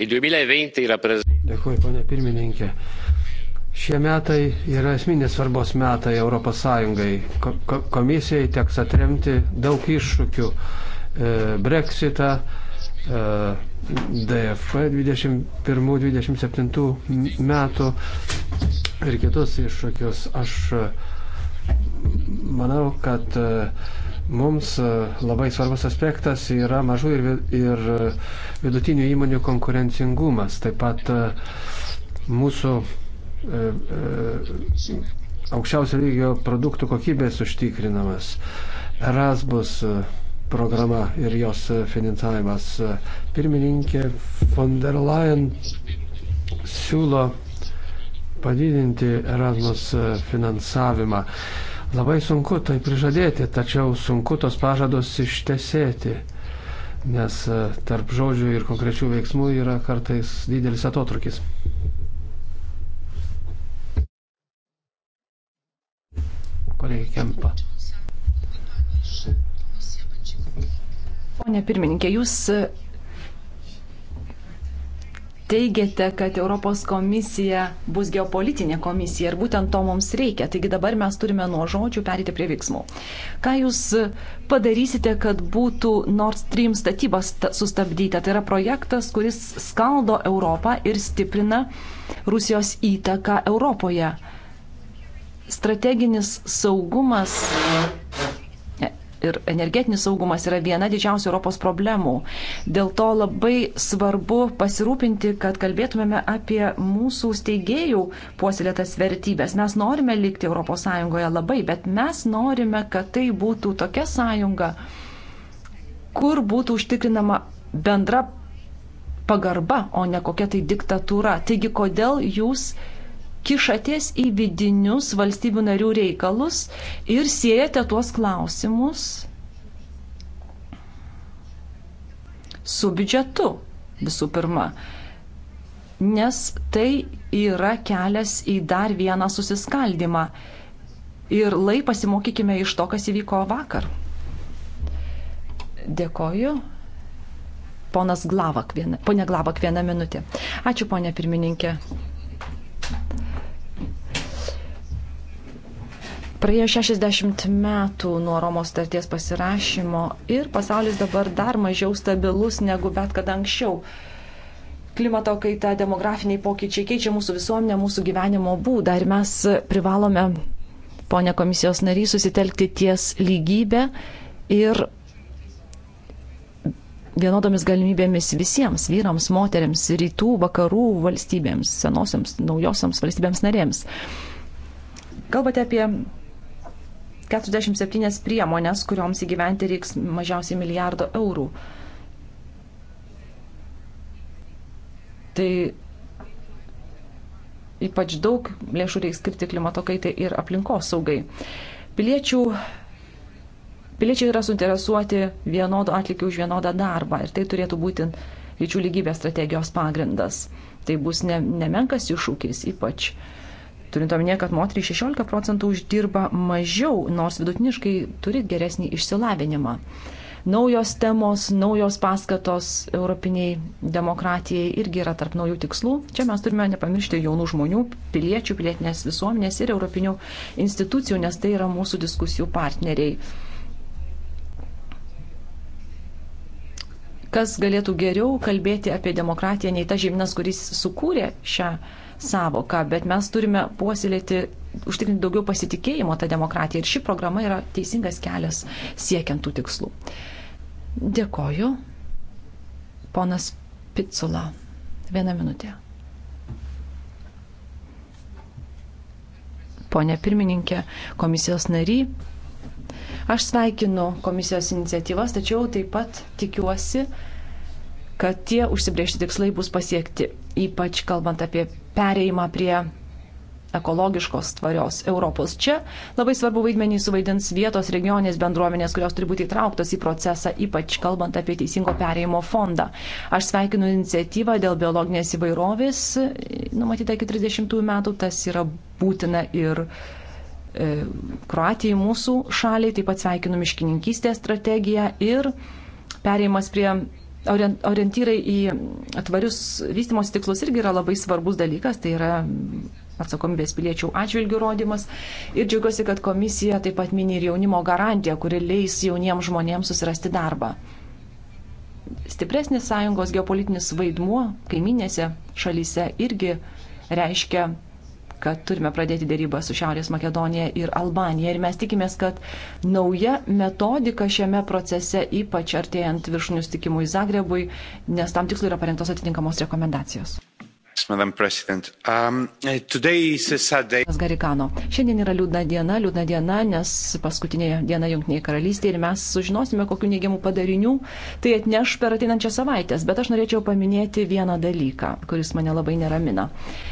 Dėkuoju, ponė pirmininkė. Šie metai yra esminės svarbos metai ES. Komisijai teks atremti daug iššūkių. E, Brexitą, e, DFP 21-27 metų ir kitus iššūkius. Aš e, manau, kad uh, Mums e, labai svarbus aspektas yra mažų ir, ir e, vidutinių įmonių konkurencingumas. Taip pat e, mūsų e, e, aukščiausio lygio produktų kokybės užtikrinamas. Erasmus programa ir jos finansavimas. Pirmininkė von der Leyen siūlo padidinti Erasmus finansavimą. Labai sunku tai prižadėti, tačiau sunku tos pažados ištesėti, nes e, tarp žodžių ir konkrečių veiksmų yra kartais didelis atotrukis. Kolegė Kempa. Pone pirmininkė, jūs teigiate, kad Europos komisija bus geopolitinė komisija ir būtent to mums reikia. Taigi dabar mes turime nuo žodžių perėti prie veiksmų. Ką jūs padarysite, kad būtų Nord Stream statybas sustabdyta? Tai yra projektas, kuris skaldo Europą ir stiprina Rusijos įtaką Europoje. Strateginis saugumas ir energetinis saugumas yra viena didžiausių Europos problemų. Dėl to labai svarbu pasirūpinti, kad kalbėtumėme apie mūsų steigėjų puoselėtas vertybės. Mes norime likti ES labai, bet mes norime, kad tai būtų tokia sąjunga, kur būtų užtikrinama bendra pagarba, o ne kokia tai diktatūra. Taigi, kodėl jūs kišatės į vidinius valstybių narių reikalus ir siejate tuos klausimus su biudžetu visų pirma. Nes tai yra kelias į dar vieną susiskaldimą. Ir lai pasimokykime iš to, kas įvyko vakar. Dėkoju. Ponas Glavak, viena, ponia Glavak, vieną minutę. Ačiū, ponia pirmininkė. Praėjo 60 metų nuo Romos starties pasirašymo ir pasaulis dabar dar mažiau stabilus negu bet kada anksčiau. Klimato kaita, demografiniai pokyčiai keičia mūsų visuomenę, mūsų gyvenimo būdą ir mes privalome, ponė komisijos nary, susitelkti ties lygybę ir vienodomis galimybėmis visiems vyrams, moteriams, rytų, vakarų valstybėms, senosiams, naujosiams valstybėms narėms. Kalbate apie 47 priemonės, kurioms įgyventi reiks mažiausiai milijardo eurų. Tai ypač daug lėšų reiks skirti klimato kaitai ir aplinkos saugai. Piliečių, piliečiai yra suinteresuoti vienodo atlikį už vienodą darbą ir tai turėtų būti lyčių lygybės strategijos pagrindas. Tai bus ne, nemenkas iššūkis, ypač uh, Turint omenyje, kad moteriai 16 procentų uždirba mažiau, nors vidutiniškai turi geresnį išsilavinimą. Naujos temos, naujos paskatos europiniai demokratijai irgi yra tarp naujų tikslų. Čia mes turime nepamiršti jaunų žmonių, piliečių, pilietinės visuomenės ir europinių institucijų, nes tai yra mūsų diskusijų partneriai. Kas galėtų geriau kalbėti apie demokratiją nei ta žemynas, kuris sukūrė šią demokratiją? savoką, bet mes turime puoselėti, užtikrinti daugiau pasitikėjimo tą demokratiją ir ši programa yra teisingas kelias siekiant tų tikslų. Dėkoju. Ponas Picula. Vieną minutę. Pone pirmininkė, komisijos nary, Aš sveikinu komisijos iniciatyvas, tačiau taip pat tikiuosi, kad tie užsibriežti tikslai bus pasiekti, ypač kalbant apie pereimą prie ekologiškos tvarios Europos. Čia labai svarbu vaidmenį suvaidins vietos regioninės bendruomenės, kurios turi būti įtrauktos į procesą, ypač kalbant apie teisingo perėjimo fondą. Aš sveikinu iniciatyvą dėl biologinės įvairovės, numatyta iki 30 metų, tas yra būtina ir e, Kroatijai mūsų šaliai, taip pat sveikinu miškininkystės strategiją ir perėjimas prie orientyrai į tvarius vystimos tikslus irgi yra labai svarbus dalykas, tai yra atsakomybės piliečių atžvilgių rodimas. Ir džiaugiuosi, kad komisija taip pat mini ir jaunimo garantiją, kuri leis jauniems žmonėms susirasti darbą. Stipresnis sąjungos geopolitinis vaidmuo kaiminėse šalyse irgi reiškia kad turime pradėti dėrybą su Šiaurės Makedonija ir Albanija. Ir mes tikimės, kad nauja metodika šiame procese, ypač artėjant viršūnių stikimui Zagrebui, nes tam tikslui yra parengtos atitinkamos rekomendacijos. Madam President, um, today is a sad day. Garikano. Šiandien yra liūdna diena, liūdna diena, nes paskutinė diena Junktinėje karalystėje ir mes sužinosime, kokiu neigiamu padariniu tai atneš per ateinančią savaitę. Bet aš norėčiau paminėti vieną dalyką, kuris mane labai neramina. Uh,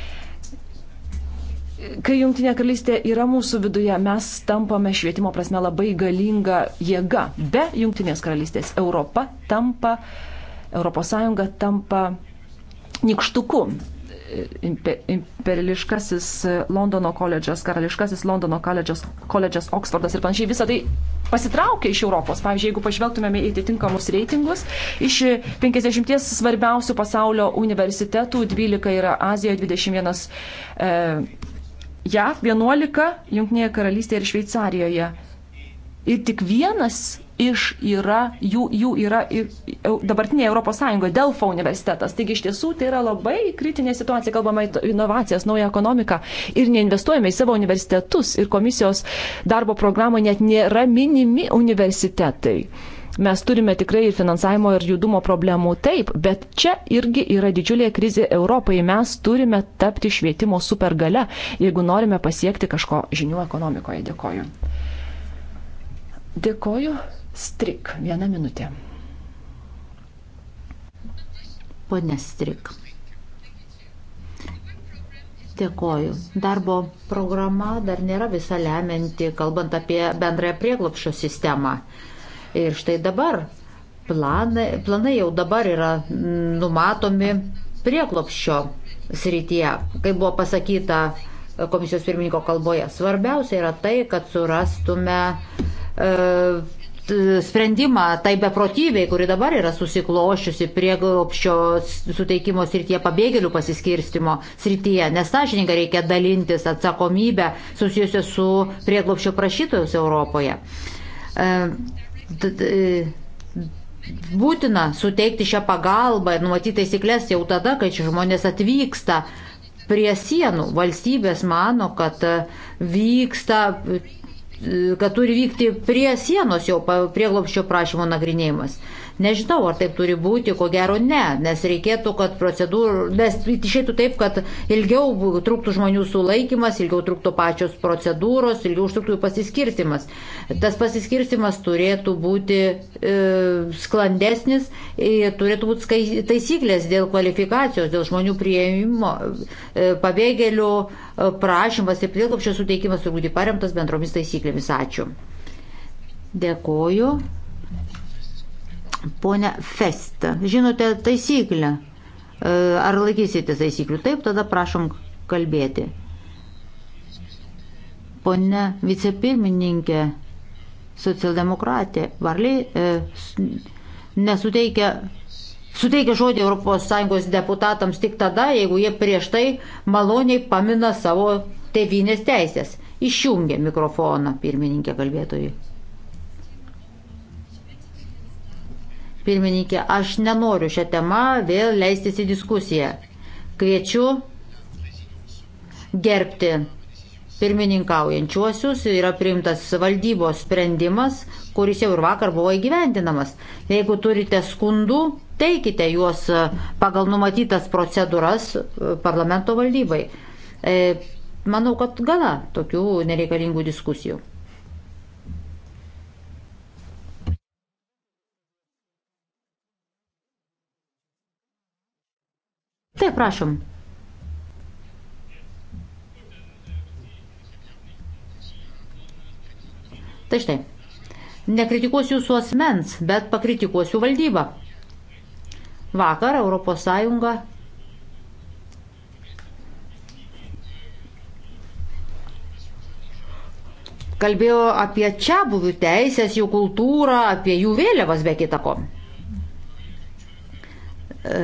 kai Junktinė karalystė yra mūsų viduje, mes tampame švietimo prasme labai galinga jėga. Be Junktinės karalystės Europa tampa, ES tampa nikštuku. Imperiališkasis Londono koledžas, karališkasis Londono koledžas, koledžas Oksfordas ir panašiai, visą tai pasitraukia iš Europos. Pavyzdžiui, jeigu pažvelgtumėme į atitinkamus reitingus, iš 50 svarbiausių pasaulio universitetų 12 yra Azijoje, 21 e, JAV 11, Junktinėje karalystėje ir Šveicarijoje. Ir tik vienas iš yra, jų, jų yra ir dabartinėje Europos Sąjungoje, Delfo universitetas. Taigi iš tiesų tai yra labai kritinė situacija, kalbame į inovacijas, naują ekonomiką ir neinvestuojame į savo universitetus ir komisijos darbo programoje net nėra minimi universitetai. Mes turime tikrai ir finansavimo, ir judumo problemų, taip, bet čia irgi yra didžiulė krizė Europai. Mes turime tapti švietimo supergale, jeigu norime pasiekti kažko žinių ekonomikoje. Dėkoju. Dėkoju. Strik. Vieną minutę. Pone Strik. Dėkoju. Darbo programa dar nėra visa lemianti, kalbant apie bendrąją prieglopšio sistemą. Ir štai dabar planai, planai jau dabar yra numatomi prieklopščio srityje, kaip buvo pasakyta komisijos pirmininko kalboje. Svarbiausia yra tai, kad surastume e, sprendimą tai beprotybei, kuri dabar yra susiklošiusi prieglopščio suteikimo srityje, pabėgėlių pasiskirstimo srityje. Nesažininkai reikia dalintis atsakomybę susijusią su prieglopščio prašytojus Europoje. E, būtina suteikti šią pagalbą ir numatyti taisyklės jau tada, kai žmonės atvyksta prie sienų. Valstybės mano, kad vyksta kad turi vykti prie sienos jau prieglopščio prašymo nagrinėjimas. Nežinau, ar taip turi būti, ko gero ne, nes reikėtų, kad procedūrų, nes išėtų taip, kad ilgiau truktų žmonių sulaikimas, ilgiau truktų pačios procedūros, ilgiau užtruktų jų pasiskirstimas. Tas pasiskirstimas turėtų būti e, sklandesnis, e, turėtų būti skai, taisyklės dėl kvalifikacijos, dėl žmonių prieimimo, e, pabėgėlių e, prašymas ir prieglopščio suteikimas turi būti paremtas bendromis taisyklėmis. Ačiū. Dėkoju. Pone Fest, žinote taisyklę. E, ar laikysite taisyklių? Taip, tada prašom kalbėti. Pone vicepirmininkė, socialdemokratė, varliai e, nesuteikia. Suteikia žodį ES deputatams tik tada, jeigu jie prieš tai maloniai pamina savo tevinės teisės. Išjungia mikrofoną pirmininkė kalbėtojai. Pirmininkė, aš nenoriu šią temą vėl leistis į diskusiją. Kviečiu gerbti pirmininkaujančiuosius yra priimtas valdybos sprendimas, kuris jau ir vakar buvo įgyvendinamas. Jeigu turite skundų, teikite juos pagal numatytas procedūras e, parlamento valdybai. E, manau, kad gana tokių nereikalingų diskusijų. Taip, prašom. Tai štai, nekritikuosiu jūsų asmens, bet pakritikuosiu valdybą. Vakar ES kalbėjo apie čia buvių teisės, jų kultūrą, apie jų vėliavas be kitako. E,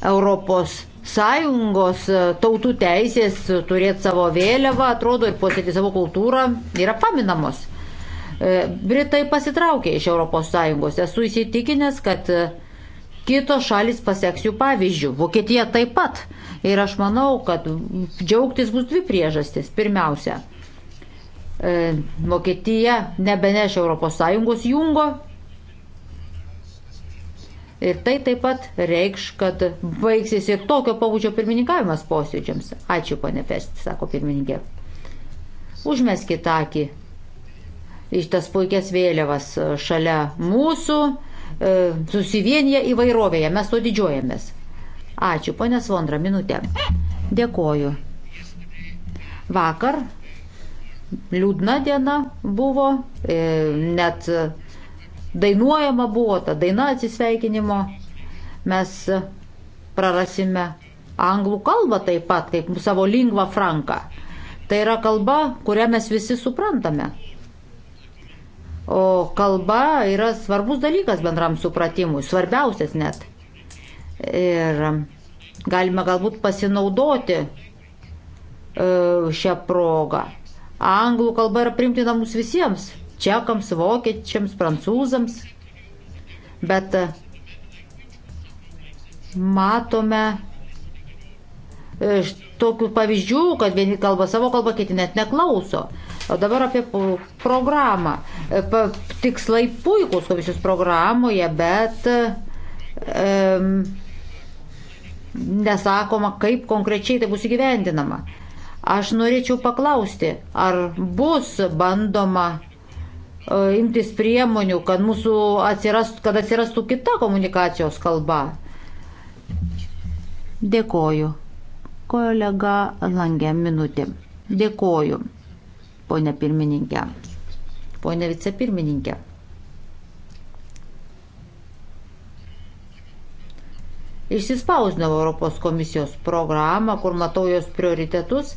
Europos Sąjungos e, tautų teisės turėti savo vėliavą, atrodo, ir puoselėti savo kultūrą yra paminamos. E, Britai pasitraukė iš ES. Esu įsitikinęs, kad e, kitos šalis paseks jų pavyzdžių. Vokietija taip pat. Ir aš manau, kad džiaugtis bus dvi priežastys. Pirmiausia, Vokietija nebeneš ES jungo Ir tai taip pat reikš, kad baigsis ir tokio pabudžio pirmininkavimas posėdžiams. Ačiū, ponė Pesti, sako pirmininkė. Užmeskit akį į tas puikias vėliavas šalia mūsų, e, susivienyje įvairovėje, mes to didžiuojamės. Ačiū, ponė Svondra, minutė. Dėkoju. Vakar liūdna diena buvo, e, net Dainuojama buvo ta daina atsisveikinimo. Mes prarasime anglų kalbą taip pat, kaip savo lingvą franką. Tai yra kalba, kurią mes visi suprantame. O kalba yra svarbus dalykas bendram supratimui, svarbiausias net. Ir galime galbūt pasinaudoti e, šią progą. Anglų kalba yra primtina mums visiems čekams, vokiečiams, prancūzams, bet e, matome e, tokių pavyzdžių, kad vieni kalba savo kalbą, kiti net neklauso. O dabar apie programą. E, tikslai puikūs komisijos programoje, bet um, nesakoma, kaip konkrečiai tai bus įgyvendinama. Aš norėčiau paklausti, ar bus bandoma E, imtis priemonių, kad, atsirast, kad atsirastų kita komunikacijos kalba. Dėkoju. Kolega Langė minutė. Dėkoju, ponė pirmininkė. Ponė vicepirmininkė. Išsispausdinau Europos komisijos programą, kur matau jos prioritetus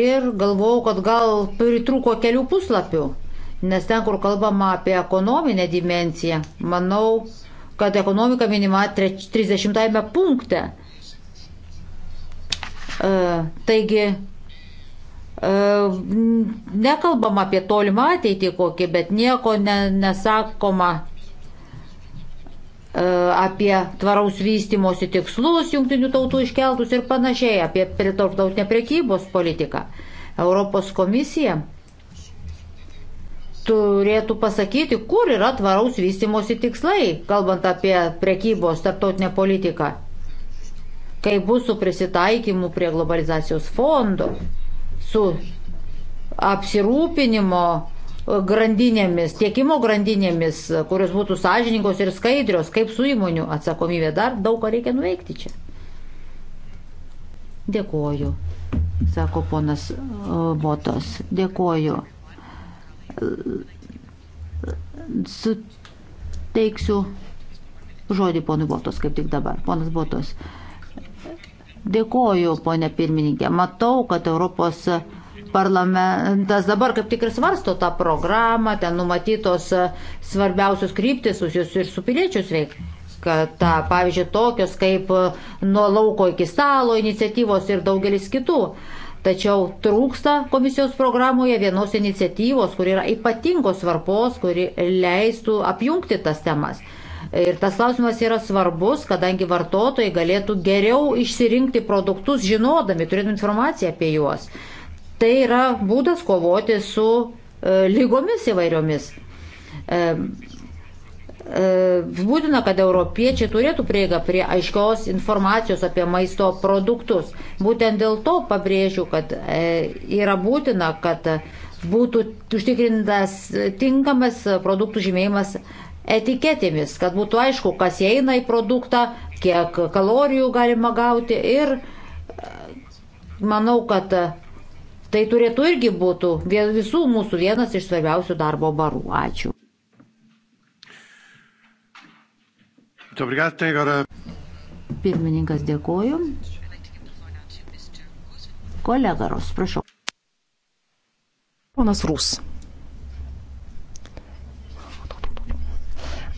ir galvojau, kad gal pritrūko kelių puslapių. Nes ten, kur kalbama apie ekonominę dimenciją, manau, kad ekonomika minima 30 punkte. E, taigi, e, nekalbama apie tolimą ateitį kokį, bet nieko ne, nesakoma e, apie tvaraus vystimosi tikslus jungtinių tautų iškeltus ir panašiai, apie tarptautinę priekybos politiką. Europos komisija turėtų pasakyti, kur yra tvaraus vystimosi tikslai, kalbant apie prekybos tarptautinę politiką. Kai bus su prisitaikymu prie globalizacijos fondo, su apsirūpinimo grandinėmis, tiekimo grandinėmis, kurios būtų sąžiningos ir skaidrios, kaip su įmonių atsakomybė. Dar daug ką reikia nuveikti čia. Dėkoju, sako ponas e, Botas. Dėkoju suteiksiu žodį ponui Botos, kaip tik dabar. Ponas Botos, dėkoju, ponė pirmininkė. Matau, kad Europos parlamentas dabar kaip tik ir svarsto tą programą, ten numatytos svarbiausios kryptis susijusius ir su piliečių sveikata. Pavyzdžiui, tokios kaip nuo lauko iki stalo iniciatyvos ir daugelis kitų tačiau trūksta komisijos programoje vienos iniciatyvos, kur yra ypatingos svarbos, kuri leistų apjungti tas temas. Ir tas klausimas yra svarbus, kadangi vartotojai galėtų geriau išsirinkti produktus, žinodami, turėdami informaciją apie juos. Tai yra būdas kovoti su e, lygomis įvairiomis. E, E, būtina, kad europiečiai turėtų prieigą prie aiškios informacijos apie maisto produktus. Būtent dėl to pabrėžiu, kad e, yra būtina, kad būtų užtikrintas tinkamas produktų žymėjimas etiketėmis, kad būtų aišku, kas įeina į produktą, kiek kalorijų galima gauti ir e, manau, kad tai turėtų irgi būtų visų mūsų vienas iš svarbiausių darbo barų. Ačiū. Pirmininkas dėkoju. Kolega Rus, prašau. Ponas Rus.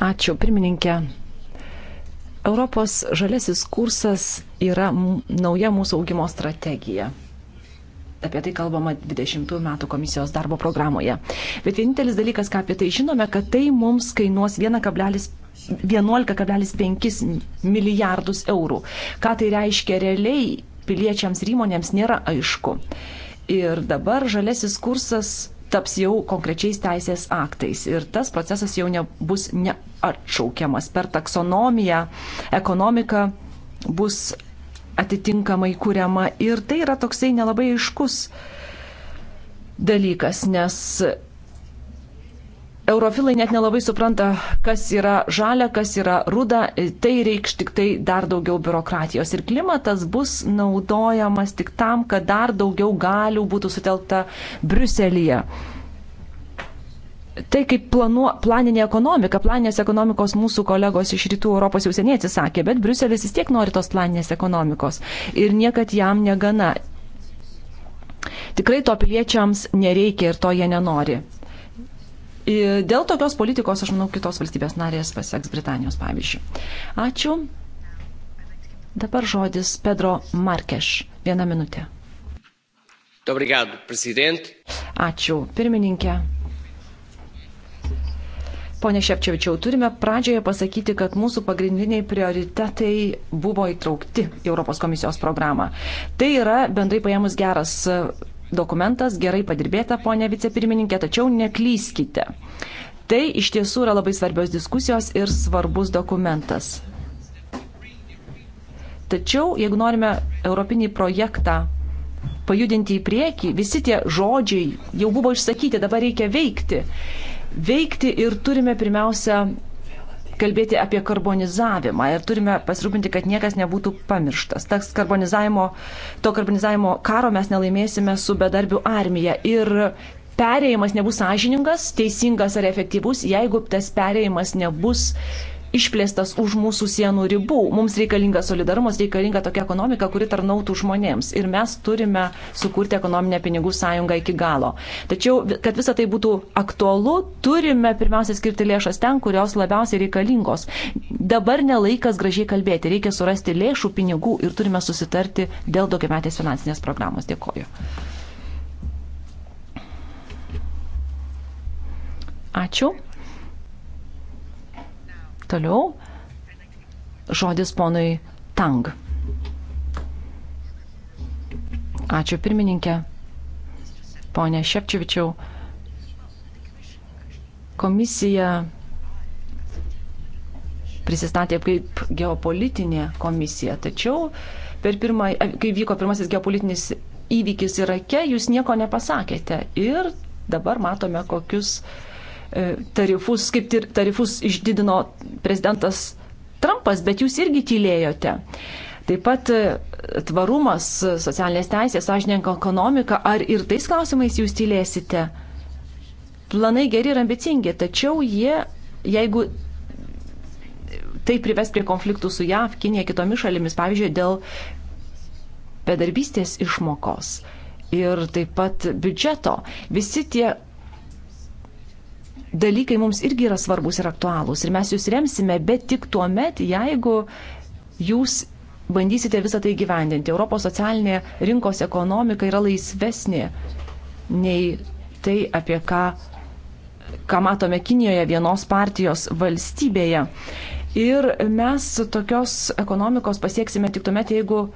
Ačiū, pirmininkė. Europos žalesis kursas yra nauja mūsų augimo strategija. Apie tai kalbama 20 metų komisijos darbo programoje. Bet vienintelis dalykas, ką apie tai žinome, kad tai mums kainuos 1,5 11,5 milijardus eurų. Ką tai reiškia realiai piliečiams ir įmonėms nėra aišku. Ir dabar žalesis kursas taps jau konkrečiais teisės aktais. Ir tas procesas jau nebus neatšaukiamas. Per taksonomiją ekonomika bus atitinkamai kuriama. Ir tai yra toksai nelabai aiškus dalykas, nes Eurofilai net nelabai supranta, kas yra žalia, kas yra ruda, tai reikš tik tai dar daugiau biurokratijos. Ir klimatas bus naudojamas tik tam, kad dar daugiau galių būtų sutelkta Briuselyje. Tai kaip planu, planinė ekonomika, planinės ekonomikos mūsų kolegos iš rytų Europos jau seniai atsisakė, bet Briuselis vis tiek nori tos planinės ekonomikos ir niekad jam negana. Tikrai to piliečiams nereikia ir to jie nenori. Dėl tokios politikos, aš manau, kitos valstybės narės pasieks Britanijos pavyzdžių. Ačiū. Dabar žodis Pedro Markeš. Vieną minutę. Obrigado, Ačiū, pirmininkė. Pone Šepčiavičiau, turime pradžioje pasakyti, kad mūsų pagrindiniai prioritetai buvo įtraukti į Europos komisijos programą. Tai yra bendrai paėmus geras dokumentas, gerai padirbėta, ponė vicepirmininkė, tačiau neklyskite. Tai iš tiesų yra labai svarbios diskusijos ir svarbus dokumentas. Tačiau, jeigu norime europinį projektą pajudinti į priekį, visi tie žodžiai jau buvo išsakyti, dabar reikia veikti. Veikti ir turime pirmiausia kalbėti apie karbonizavimą ir turime pasirūpinti, kad niekas nebūtų pamirštas. Tas karbonizavimo, to karbonizavimo karo mes nelaimėsime su bedarbių armija ir perėjimas nebus sąžiningas, teisingas ar efektyvus, jeigu tas perėjimas nebus išplėstas už mūsų sienų ribų. Mums reikalinga solidarumas, reikalinga tokia ekonomika, kuri tarnautų žmonėms. Ir mes turime sukurti ekonominę pinigų sąjungą iki galo. Tačiau, kad visa tai būtų aktualu, turime pirmiausia skirti lėšas ten, kurios labiausiai reikalingos. Dabar nelaikas gražiai kalbėti. Reikia surasti lėšų, pinigų ir turime susitarti dėl daugiametės finansinės programos. Dėkoju. Ačiū. Toliau žodis ponui Tang. Ačiū pirmininkė. Pone Šepčiovičiau, komisija prisistatė kaip geopolitinė komisija, tačiau per pirmą, kai vyko pirmasis geopolitinis įvykis Irake, jūs nieko nepasakėte ir dabar matome, kokius uh, E, tarifus, kaip ir tarifus išdidino prezidentas Trumpas, bet jūs irgi tylėjote. Taip pat e, tvarumas, socialinės teisės, sąžininka ekonomika, ar ir tais klausimais jūs tylėsite? Planai geri ir ambicingi, tačiau jie, jeigu tai prives prie konfliktų su JAV, Kinė, kitomis šalimis, pavyzdžiui, dėl bedarbystės išmokos ir taip pat biudžeto, visi tie dalykai mums irgi yra svarbus ir aktualūs. Ir mes jūs remsime, bet tik tuo met, jeigu jūs bandysite visą tai gyvendinti. Europos socialinė rinkos ekonomika yra laisvesnė nei tai, apie ką, ką matome Kinijoje vienos partijos valstybėje. Ir mes tokios ekonomikos pasieksime tik tuomet, jeigu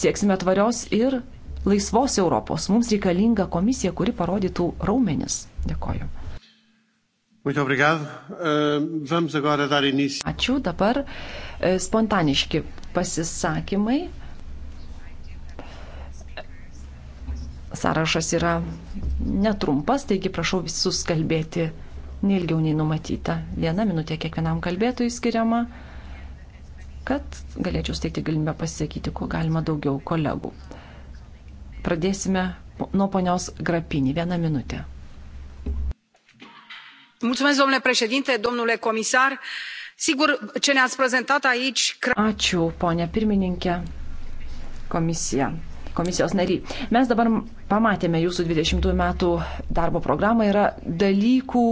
sieksime tvarios ir laisvos Europos. Mums reikalinga komisija, kuri parodytų raumenis. Dėkoju. Muito obrigado. Uh, vamos agora dar início. Ačiū. Dabar eh, spontaniški pasisakymai. Sąrašas yra netrumpas, taigi prašau visus kalbėti neilgiau nei numatyta. Viena minutė kiekvienam kalbėtojui skiriama, kad galėčiau steigti galimybę pasisakyti, kuo galima daugiau kolegų. Pradėsime nuo ponios Grapinį. Vieną minutę domnule președinte domnule comisar sigur ce ne ați prezentat aici. ačiū pone pirmininke komisija komisijos nary mes dabar pamatėme jūsų dvidešimtųjų metų darbo programą yra dalykų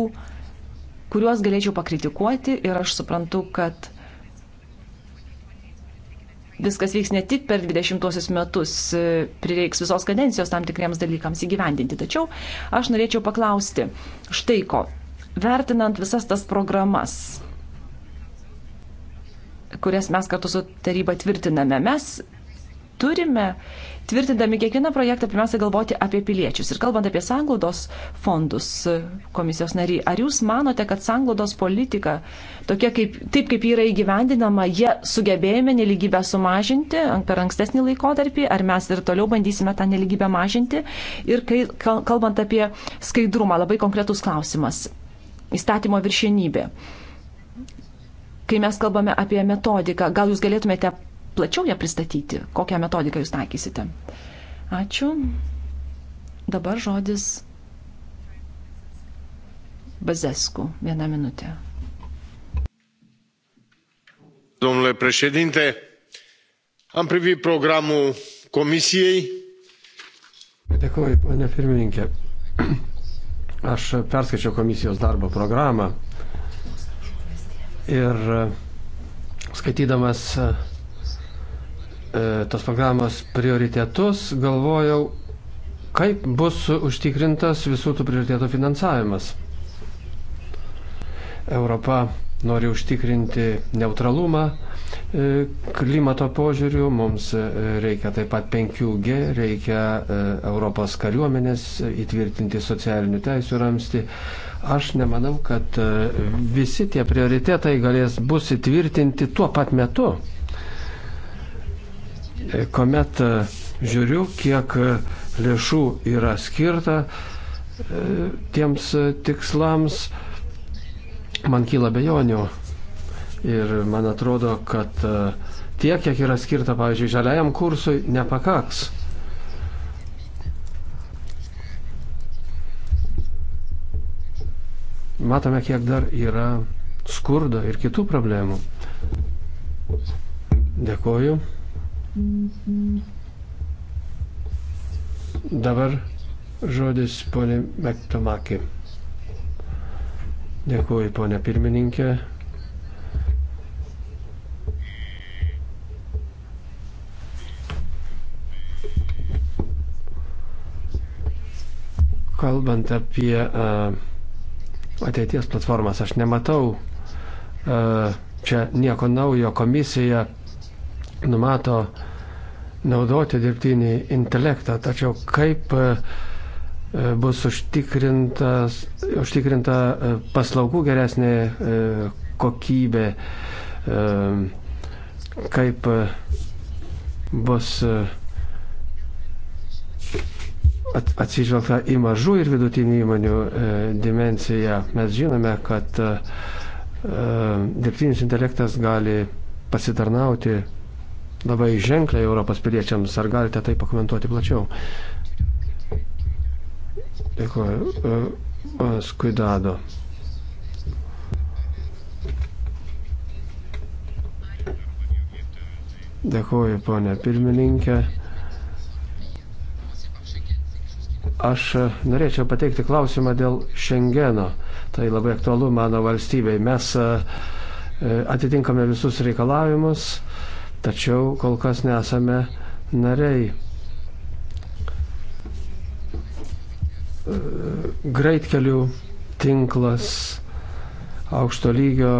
kuriuos galėčiau pakritikuoti ir aš suprantu kad viskas vyks ne tik per 20-osius metus, prireiks visos kadencijos tam tikriems dalykams įgyvendinti. Tačiau aš norėčiau paklausti štai ko vertinant visas tas programas, kurias mes kartu su taryba tvirtiname, mes turime, tvirtindami kiekvieną projektą, pirmiausia galvoti apie piliečius. Ir kalbant apie sanglaudos fondus, komisijos nariai, ar jūs manote, kad sanglaudos politika, tokia kaip, taip kaip yra įgyvendinama, jie sugebėjome neligybę sumažinti per ankstesnį laikotarpį, ar mes ir toliau bandysime tą neligybę mažinti? Ir kai, kalbant apie skaidrumą, labai konkretus klausimas įstatymo viršienybė. Kai mes kalbame apie metodiką, gal jūs galėtumėte plačiau ją pristatyti, kokią metodiką jūs taikysite. Ačiū. Dabar žodis Bazescu. Viena minutė. Domnule președinte, am privit programul Komisijai. Dėkuoju, pane pirmininkė. Aš perskaičiau komisijos darbo programą ir e, skaitydamas e, e, tos programos prioritetus galvojau, kaip bus užtikrintas visų tų prioritetų finansavimas. Europa nori užtikrinti neutralumą e, klimato požiūrių, mums e, reikia taip pat 5G, reikia e, Europos kariuomenės įtvirtinti socialinių teisų ramsti. Aš nemanau, kad visi tie prioritetai galės bus įtvirtinti tuo pat metu, kuomet žiūriu, kiek lėšų yra skirta tiems tikslams man kyla bejonių. Ir man atrodo, kad e, tiek, kiek yra skirta, pavyzdžiui, žaliajam kursui, nepakaks. Matome, kiek dar yra skurdo ir kitų problemų. Dėkoju. Dabar žodis ponė Mektomakė. Dėkuoju, ponė pirmininkė. Kalbant apie uh, ateities platformas, aš nematau uh, čia nieko naujo. Komisija numato naudoti dirbtinį intelektą, tačiau kaip uh, E, bus užtikrinta e, paslaugų geresnė e, kokybė, kaip bus atsižvelgta į mažų ir vidutinių įmonių dimenciją. Mes žinome, kad dirbtinis intelektas gali pasitarnauti labai ženkliai Europos piliečiams. Ar galite tai pakomentuoti plačiau? Dėkuoju. E, Panas Kuidado. Dėkuoju, ponė pirmininkė. Aš norėčiau pateikti klausimą dėl Šengeno. Tai labai aktualu mano valstybei. Mes e, e, atitinkame visus reikalavimus, tačiau kol kas nesame nariai. greitkelių tinklas, aukšto lygio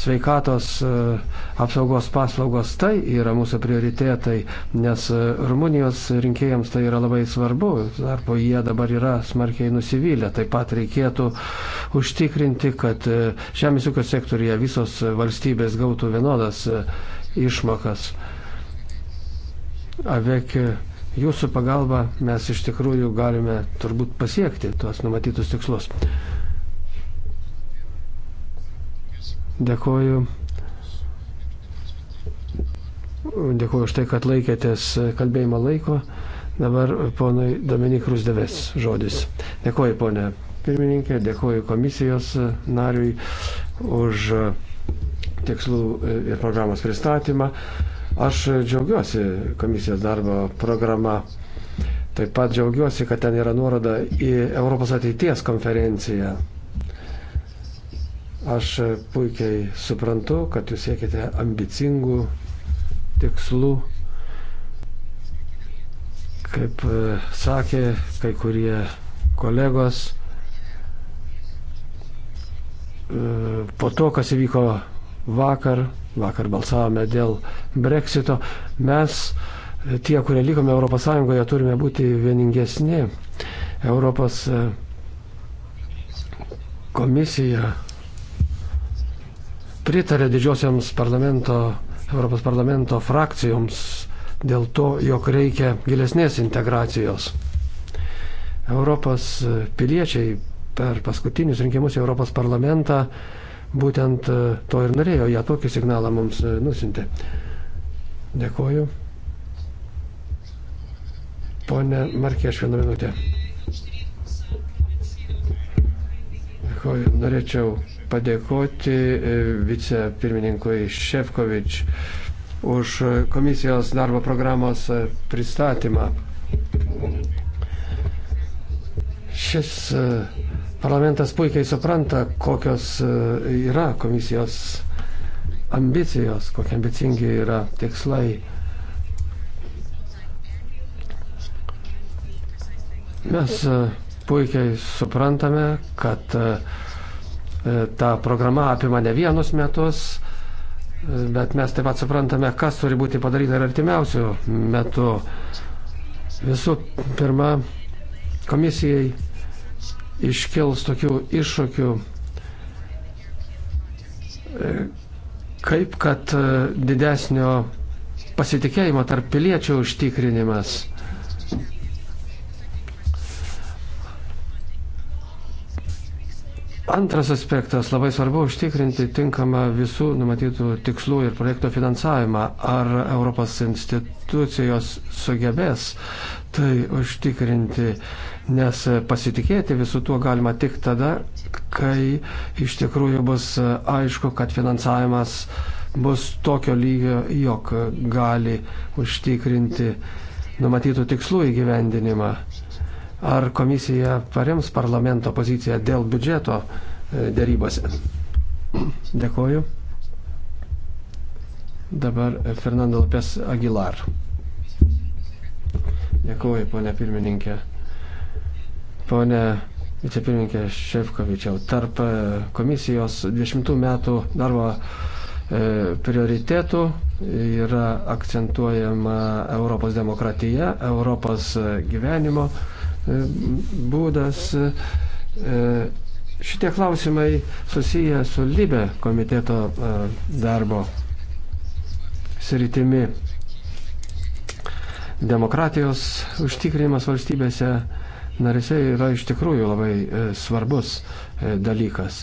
sveikatos e, apsaugos paslaugos tai yra mūsų prioritetai, nes e, Rumunijos rinkėjams tai yra labai svarbu, arba jie dabar yra smarkiai nusivylę. Taip pat reikėtų užtikrinti, kad e, žemės ūkio sektorija visos valstybės gautų vienodas išmokas. Avec Jūsų pagalba mes iš tikrųjų galime turbūt pasiekti tuos numatytus tikslus. Dėkoju. Dėkuoju už tai, kad laikėtės kalbėjimo laiko. Dabar ponui Dominik Rusdevės žodis. Dėkuoju, ponė pirmininkė, dėkuoju komisijos nariui už tikslų ir programos pristatymą. Aš džiaugiuosi komisijos darbo programa. Taip pat džiaugiuosi, kad ten yra nuoroda į Europos ateities konferenciją. Aš puikiai suprantu, kad jūs siekite ambicingų tikslų. Kaip e, sakė kai kurie kolegos, e, po to, kas įvyko vakar, vakar balsavome dėl breksito, mes tie, kurie likome ES, turime būti vieningesni. Europos e, komisija pritarė didžiosiams parlamento, Europos parlamento frakcijoms dėl to, jog reikia gilesnės integracijos. Europos e, piliečiai per paskutinius rinkimus į Europos parlamentą būtent e, to ir norėjo, jie tokį signalą mums e, nusintė. Dėkoju. Pone Markieš, vieną minutę. Dėkoju. Norėčiau padėkoti e, vicepirmininkui Šefkovič už komisijos darbo programos pristatymą. Šis uh, Parlamentas puikiai supranta, kokios e, yra komisijos ambicijos, kokie ambicingi yra tikslai. Mes e, puikiai suprantame, kad e, ta programa apima ne vienus metus, bet mes taip pat suprantame, kas turi būti padaryta ir artimiausių metų. Visų pirma, komisijai iškils tokių iššūkių, e, kaip kad e, didesnio pasitikėjimo tarp piliečių užtikrinimas. Antras aspektas - labai svarbu užtikrinti tinkamą visų numatytų tikslų ir projekto finansavimą. Ar Europos institucijos sugebės tai užtikrinti? Nes e, pasitikėti visų tuo galima tik tada, kai iš tikrųjų bus e, aišku, kad finansavimas bus tokio lygio, jog gali užtikrinti numatytų tikslų įgyvendinimą. Ar komisija parems parlamento poziciją dėl biudžeto e, dėrybose? Dėkoju. Dabar Fernando Lopes Aguilar. Dėkoju, ponia pirmininkė. Pone vicepirmininkė Šefkovičiau, tarp e, komisijos 20 metų darbo e, prioritėtų yra akcentuojama Europos demokratija, Europos gyvenimo e, būdas. Šitie klausimai susiję su Libe komiteto darbo sritimi. Demokratijos užtikrinimas valstybėse narėse yra iš tikrųjų labai e, svarbus e, dalykas.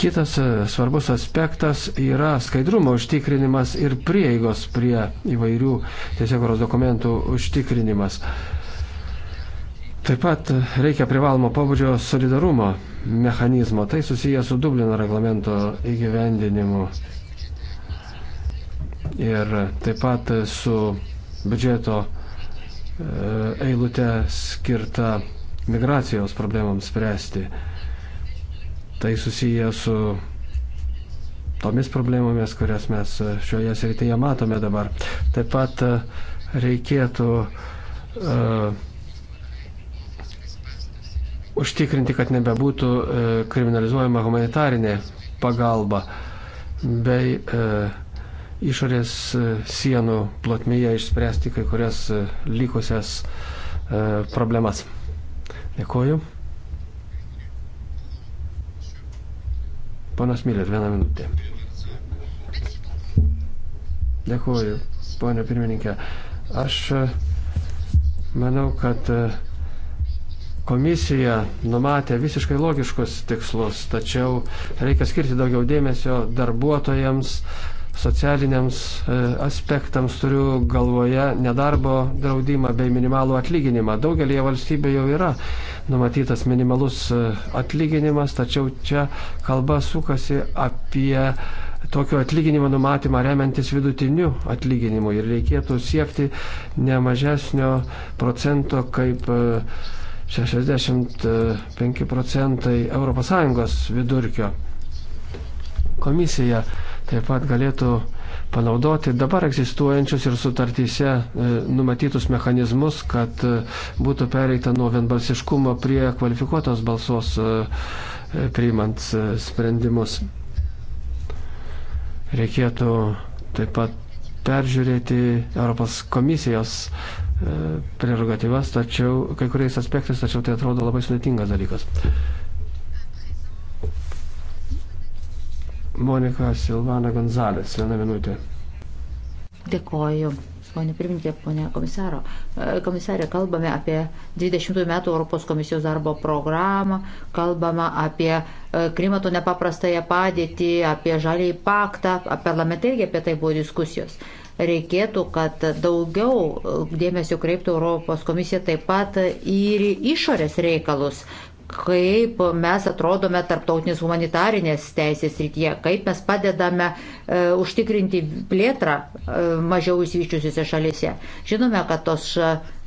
Kitas e, svarbus aspektas yra skaidrumo užtikrinimas ir prieigos prie įvairių tiesiogros dokumentų užtikrinimas. Taip pat reikia privalomo pabudžio solidarumo mechanizmo. Tai susiję su Dublino reglamento įgyvendinimu. Ir taip pat su biudžeto eilutė skirta migracijos problemams spręsti. Tai susiję su tomis problemomis, kurias mes šioje srityje matome dabar. Taip pat e, reikėtų uh, užtikrinti, kad nebebūtų uh, kriminalizuojama humanitarinė pagalba bei uh, išorės sienų plotmėje išspręsti kai kurias likusias problemas. Dėkoju. Panas Mylės, vieną minutę. Dėkuoju, ponė pirmininkė. Aš e, manau, kad e, komisija numatė visiškai logiškus tikslus, tačiau reikia skirti daugiau dėmesio darbuotojams, socialiniams e, aspektams turiu galvoje nedarbo draudimą bei minimalų atlyginimą. Daugelie valstybių jau yra numatytas minimalus e, atlyginimas, tačiau čia kalba sukasi apie tokio atlyginimo numatymą remiantis vidutiniu atlyginimu ir reikėtų siekti ne mažesnio procento kaip 65 e, procentai ES vidurkio. Komisija taip pat galėtų panaudoti dabar egzistuojančius ir sutartyse e, numatytus mechanizmus, kad e, būtų pereita nuo vienbalsiškumo prie kvalifikuotos balsos e, priimant sprendimus. Reikėtų taip pat peržiūrėti Europos komisijos prerogatyvas, tačiau kai kuriais aspektais, tačiau tai atrodo labai sudėtingas dalykas. Monika Silvana Gonzalės, vieną minutę. Dėkoju. Pone pirmininkė, pone komisaro. E, komisarė, kalbame apie 20 metų Europos komisijos darbo programą, kalbame apie e, klimato nepaprastąją padėtį, apie žalį paktą, parlamente irgi apie tai buvo diskusijos. Reikėtų, kad daugiau e, dėmesio kreiptų Europos komisija taip pat ir išorės reikalus, kaip mes atrodome tarptautinės humanitarinės teisės rytyje, kaip mes padedame e, užtikrinti plėtrą e, mažiau įsivyščiusiuose šalise. Žinome, kad tos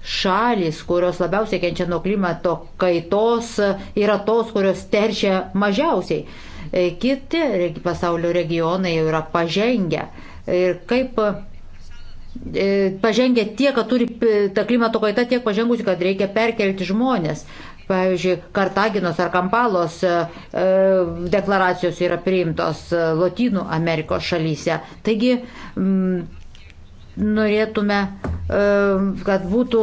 šalis, kurios labiausiai kenčia nuo klimato kaitos, yra tos, kurios teršia mažiausiai. E, kiti regi, pasaulio regionai jau yra pažengę. Ir kaip e, pažengę tiek, kad turi ta klimato kaita tiek pažengusi, kad reikia perkelti žmonės. Pavyzdžiui, Kartaginos ar Kampalos e, e, deklaracijos yra priimtos e, Latinų Amerikos šalyse. Taigi, mm, norėtume, kad būtų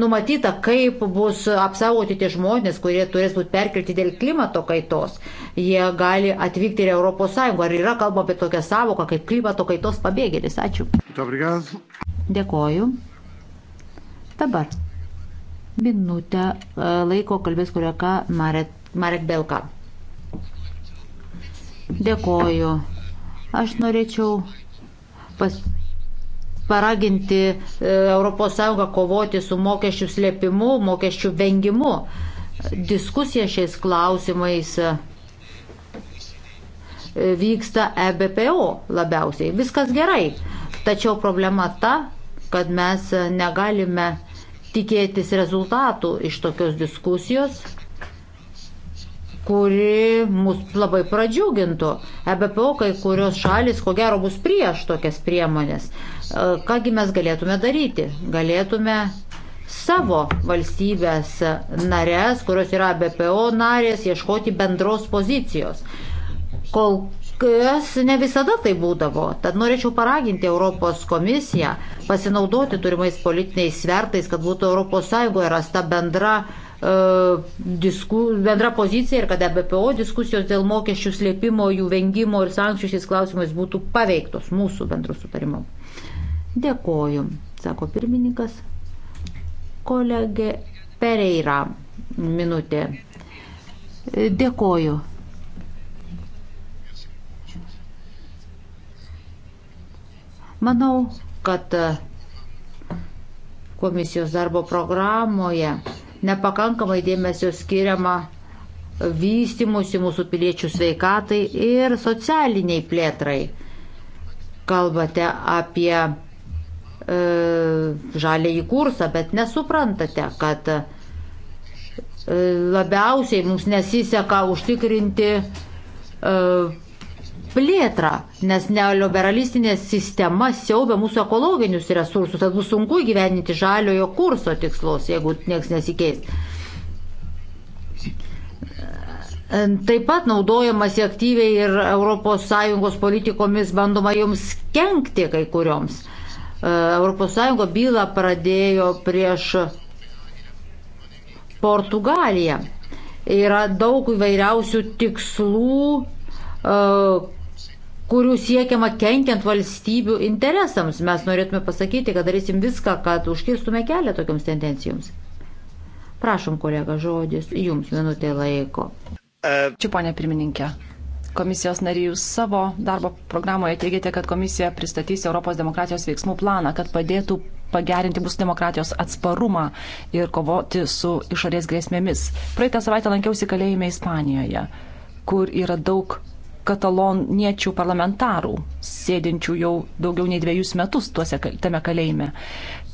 numatyta, kaip bus apsaugoti tie žmonės, kurie turės būti perkelti dėl klimato kaitos. Jie gali atvykti ir ES. Ar yra kalba apie tokią savoką kaip klimato kaitos pabėgėlis? Ačiū. Dėkoju. Dabar Minutę e, laiko kalbės kolega Marek, Marek Belka. Dėkoju. Aš norėčiau pas, paraginti ES kovoti su mokesčių slėpimu, mokesčių vengimu. Diskusija šiais klausimais e, vyksta EBPO labiausiai. Viskas gerai. Tačiau problema ta, kad mes e, negalime tikėtis rezultatų iš tokios diskusijos, kuri mus labai pradžiugintų. EBPO kai kurios šalis, ko gero, bus prieš tokias priemonės. E, kągi mes galėtume daryti? Galėtume savo valstybės narės, kurios yra e BPO narės, ieškoti bendros pozicijos. Kol kas ne visada tai būdavo. Tad norėčiau paraginti Europos komisiją pasinaudoti turimais politiniais svertais, kad būtų ES rasta bendra, uh, disku, bendra pozicija ir kad e BPO diskusijos dėl mokesčių slėpimo, jų vengimo ir sankcijų šiais klausimais būtų paveiktos mūsų bendru sutarimu. Dėkoju, sako pirmininkas. Kolegė Pereira, minutė. Dėkoju. Manau, kad e, komisijos darbo programoje nepakankamai dėmesio skiriama vystimusi mūsų piliečių sveikatai ir socialiniai plėtrai. Kalbate apie e, žalį į kursą, bet nesuprantate, kad e, labiausiai mums nesiseka užtikrinti e, plėtrą, nes neoliberalistinė sistema siaubia mūsų ekologinius resursus, tad bus sunku gyveninti žaliojo kurso tikslus, jeigu nieks nesikeis. Taip pat naudojamasi aktyviai ir ES politikomis bandoma joms kenkti kai kurioms. ES bylą pradėjo prieš Portugaliją. Yra daug įvairiausių tikslų, kurių siekiama kenkiant valstybių interesams. Mes norėtume pasakyti, kad darysim viską, kad užkirstume kelią tokiams tendencijoms. Prašom, kolega, žodis, jums minutė laiko. Čia, ponė pirmininkė, komisijos nariai, jūs savo darbo programoje teigiate, kad komisija pristatys Europos demokratijos veiksmų planą, kad padėtų pagerinti mūsų demokratijos atsparumą ir kovoti su išorės grėsmėmis. Praeitą savaitę lankiausi kalėjime Ispanijoje, kur yra daug kataloniečių parlamentarų, sėdinčių jau daugiau nei dviejus metus tuose, tame kalėjime.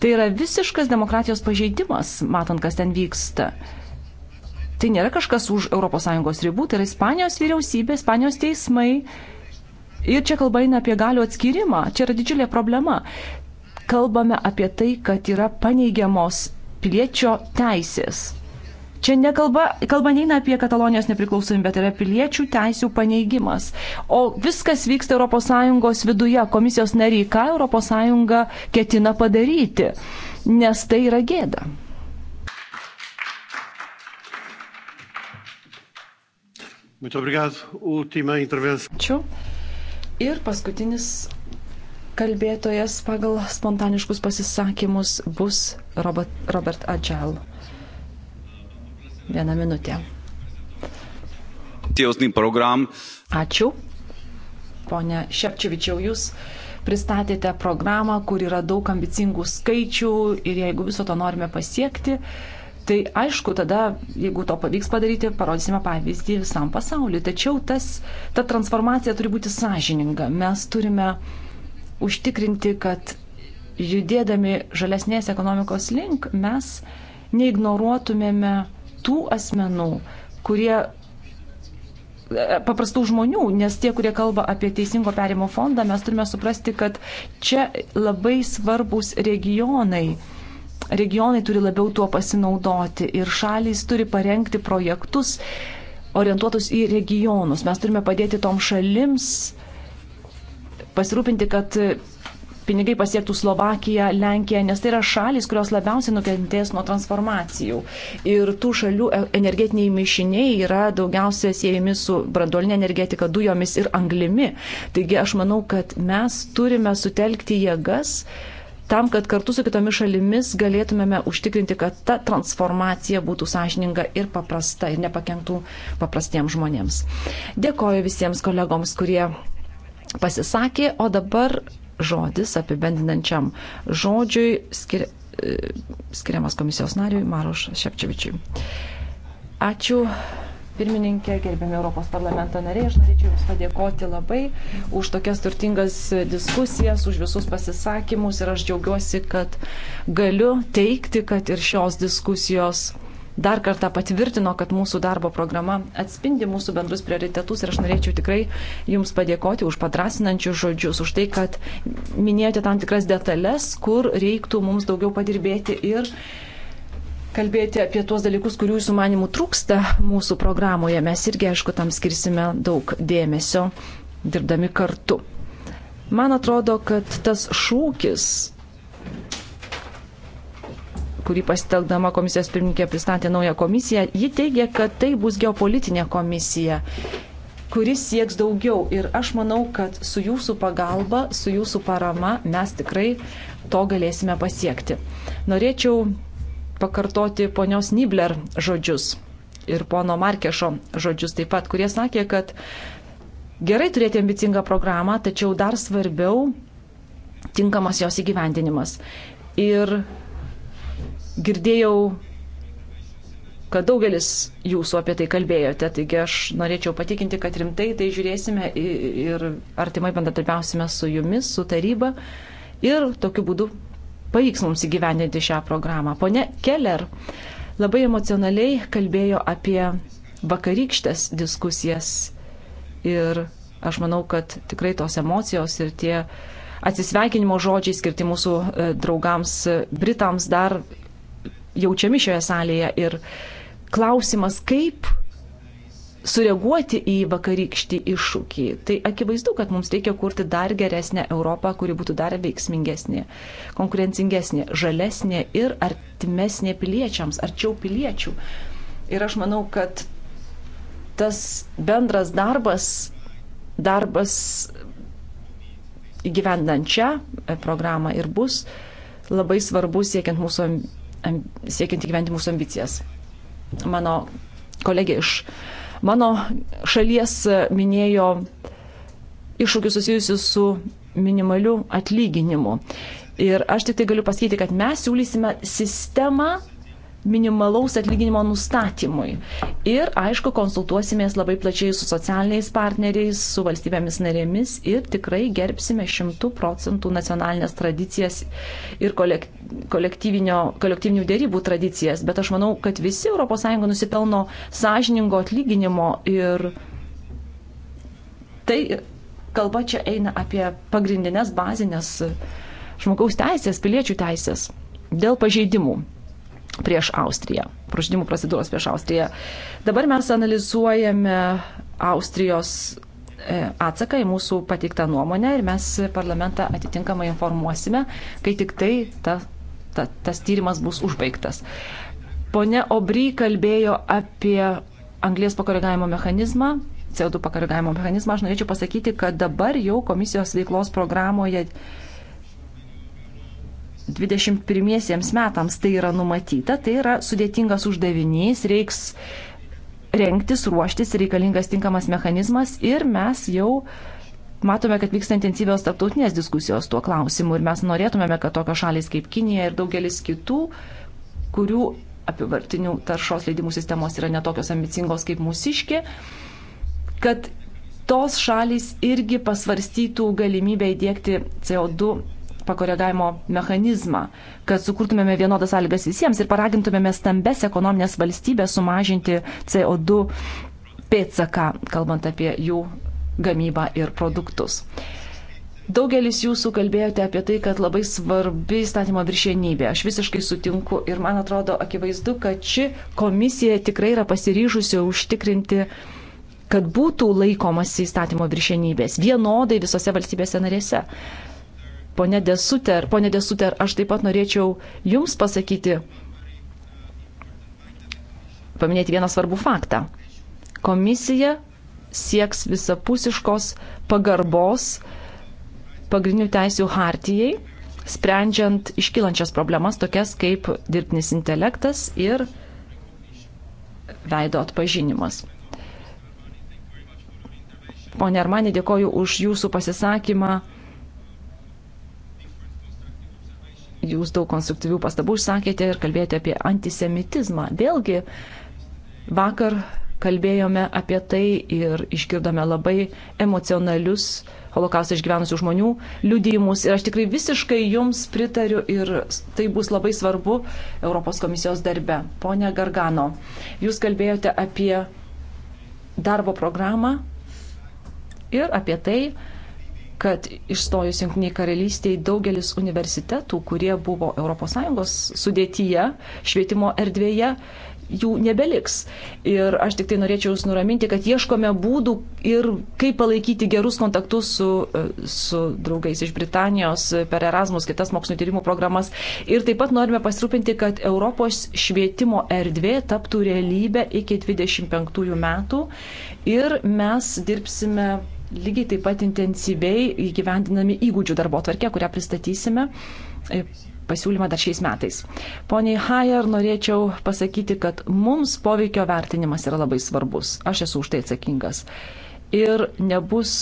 Tai yra visiškas demokratijos pažeidimas, matant, kas ten vyksta. Tai nėra kažkas už ES ribų, tai yra Ispanijos vyriausybė, Ispanijos teismai. Ir čia kalba eina apie galių atskirimą, čia yra didžiulė problema. Kalbame apie tai, kad yra paneigiamos piliečio teisės Čia nekalba, kalba neina apie Katalonijos nepriklausomybę, tai yra piliečių teisų paneigimas. O viskas vyksta ES viduje, komisijos nariai, ką ES ketina padaryti, nes tai yra gėda. Ačiū. Ir paskutinis kalbėtojas pagal spontaniškus pasisakymus bus Robert, Robert Adžel. Vieną minutę. Ačiū. Pone Šepčiovičiau, jūs pristatėte programą, kur yra daug ambicingų skaičių ir jeigu viso to norime pasiekti, tai aišku, tada, jeigu to pavyks padaryti, parodysime pavyzdį visam pasauliu. Tačiau tas, ta transformacija turi būti sąžininga. Mes turime užtikrinti, kad judėdami žalesnės ekonomikos link mes neignoruotumėme tų asmenų, kurie e, paprastų žmonių, nes tie, kurie kalba apie teisingo perimo fondą, mes turime suprasti, kad čia labai svarbus regionai. Regionai turi labiau tuo pasinaudoti ir šalys turi parengti projektus orientuotus į regionus. Mes turime padėti tom šalims pasirūpinti, kad pinigai pasiektų Slovakiją, Lenkiją, nes tai yra šalis, kurios labiausiai nukentės nuo transformacijų. Ir tų šalių e, energetiniai mišiniai yra daugiausia siejami su brandolinė energetika, dujomis ir anglimi. Taigi aš manau, kad mes turime sutelkti jėgas tam, kad kartu su kitomis šalimis galėtumėme užtikrinti, kad ta transformacija būtų sąžininga ir paprasta ir nepakenktų paprastiems žmonėms. Dėkoju visiems kolegoms, kurie pasisakė, o dabar žodis apibendinančiam žodžiui skir, skiriamas komisijos nariui Maroš Šepčevičiui. Ačiū. Pirmininkė, gerbiami Europos parlamento nariai, aš norėčiau Jums padėkoti labai už tokias turtingas diskusijas, už visus pasisakymus ir aš džiaugiuosi, kad galiu teikti, kad ir šios diskusijos uh, dar kartą patvirtino, kad mūsų darbo programa atspindi mūsų bendrus prioritetus ir aš norėčiau tikrai Jums padėkoti už padrasinančius žodžius, už tai, kad minėjote tam tikras detalės, kur reiktų mums daugiau padirbėti ir kalbėti apie tuos dalykus, kurių jūsų manimų trūksta mūsų programoje. Mes irgi, aišku, tam skirsime daug dėmesio, dirbdami kartu. Man atrodo, kad tas šūkis kurį pasitelkdama komisijos pirmininkė pristatė naują komisiją, ji teigia, kad tai bus geopolitinė komisija kuris sieks daugiau. Ir aš manau, kad su jūsų pagalba, su jūsų parama mes tikrai to galėsime pasiekti. Norėčiau pakartoti ponios Nibler žodžius ir pono Markešo žodžius taip pat, kurie sakė, kad gerai turėti ambicingą programą, tačiau dar svarbiau tinkamas jos įgyvendinimas. Ir Girdėjau, kad daugelis jūsų apie tai kalbėjote, taigi aš norėčiau patikinti, kad rimtai tai žiūrėsime ir artimai bendratarpiausime su jumis, su taryba ir tokiu būdu pavyks mums įgyvendinti šią programą. Pone Keller labai emocionaliai kalbėjo apie vakarykštės diskusijas ir aš manau, kad tikrai tos emocijos ir tie atsisveikinimo žodžiai skirti mūsų e, draugams e, Britams dar jaučiami šioje salėje. Ir klausimas, kaip sureaguoti į vakarykštį iššūkį. Tai akivaizdu, kad mums reikia kurti dar geresnę Europą, kuri būtų dar veiksmingesnė, konkurencingesnė, žalesnė ir artimesnė piliečiams, arčiau piliečių. Ir aš manau, kad tas bendras darbas, darbas įgyvendant šią programą ir bus labai svarbus siekiant mūsų siekiant įgyventi mūsų ambicijas. Mano kolegė iš mano šalies minėjo iššūkius susijusius su minimaliu atlyginimu. Ir aš tik tai galiu pasakyti, kad mes siūlysime sistemą, minimalaus atlyginimo nustatymui. Ir, aišku, konsultuosimės labai plačiai su socialiniais partneriais, su valstybėmis narėmis ir tikrai gerbsime šimtų procentų nacionalinės tradicijas ir kolektyvinių dėrybų tradicijas. Bet aš manau, kad visi ES nusipelno sąžiningo atlyginimo ir tai kalba čia eina apie pagrindinės bazinės žmogaus teisės, piliečių teisės dėl pažeidimų prieš Austriją, pražydimų procedūros prieš Austriją. Dabar mes analizuojame Austrijos e, atsaką į mūsų pateiktą nuomonę ir mes parlamentą atitinkamai informuosime, kai tik tai ta, ta, tas tyrimas bus užbaigtas. Pone Obry kalbėjo apie anglės pakoregavimo mechanizmą, CO2 pakoregavimo mechanizmą. Aš norėčiau pasakyti, kad dabar jau komisijos veiklos programoje 21 metams tai yra numatyta, tai yra sudėtingas uždavinys, reiks rengtis, ruoštis, reikalingas tinkamas mechanizmas ir mes jau matome, kad vyksta intensyvios tarptautinės diskusijos tuo klausimu ir mes norėtumėme, kad tokios šalis kaip Kinija ir daugelis kitų, kurių apivartinių taršos leidimų sistemos yra netokios ambicingos kaip mūsiški, kad tos šalys irgi pasvarstytų galimybę įdėkti CO2 pakoregavimo mechanizmą, kad sukurtumėme vienodas sąlygas visiems ir paragintumėme stambes ekonominės valstybės sumažinti CO2 pėtsaką, kalbant apie jų gamybą ir produktus. Daugelis jūsų kalbėjote apie tai, kad labai svarbi įstatymo viršienybė. Aš visiškai sutinku ir man atrodo akivaizdu, kad ši komisija tikrai yra pasiryžusi užtikrinti, kad būtų laikomasi įstatymo viršienybės vienodai visose valstybėse narėse. Pone Desuter, pone Desuter, aš taip pat norėčiau Jums pasakyti, paminėti vieną svarbų faktą. Komisija sieks visapusiškos pagarbos pagrindinių teisių hartijai, sprendžiant iškylančias problemas, tokias kaip dirbtinis intelektas ir veido atpažinimas. Pone Armani, dėkoju už Jūsų pasisakymą jūs daug konstruktyvių pastabų išsakėte ir kalbėjote apie antisemitizmą. Vėlgi, vakar kalbėjome apie tai ir išgirdome labai emocionalius holokaustą išgyvenusių žmonių liudijimus. Ir aš tikrai visiškai jums pritariu ir tai bus labai svarbu Europos komisijos darbe. Pone Gargano, jūs kalbėjote apie darbo programą ir apie tai, kad išstojus Junktiniai karalystiai daugelis universitetų, kurie buvo ES sudėtyje, švietimo erdvėje, jų nebeliks. Ir aš tik tai norėčiau Jūs nuraminti, kad ieškome būdų ir kaip palaikyti gerus kontaktus su, su draugais iš Britanijos per Erasmus, kitas mokslinio tyrimų programas. Ir taip pat norime pasirūpinti, kad Europos švietimo erdvė taptų realybę iki 25 metų. Ir mes dirbsime lygiai taip pat intensyviai įgyvendinami įgūdžių darbo tvarkė, kurią pristatysime e, pasiūlymą dar šiais metais. Poniai Hajer, norėčiau pasakyti, kad mums poveikio vertinimas yra labai svarbus. Aš esu už tai atsakingas. Ir nebus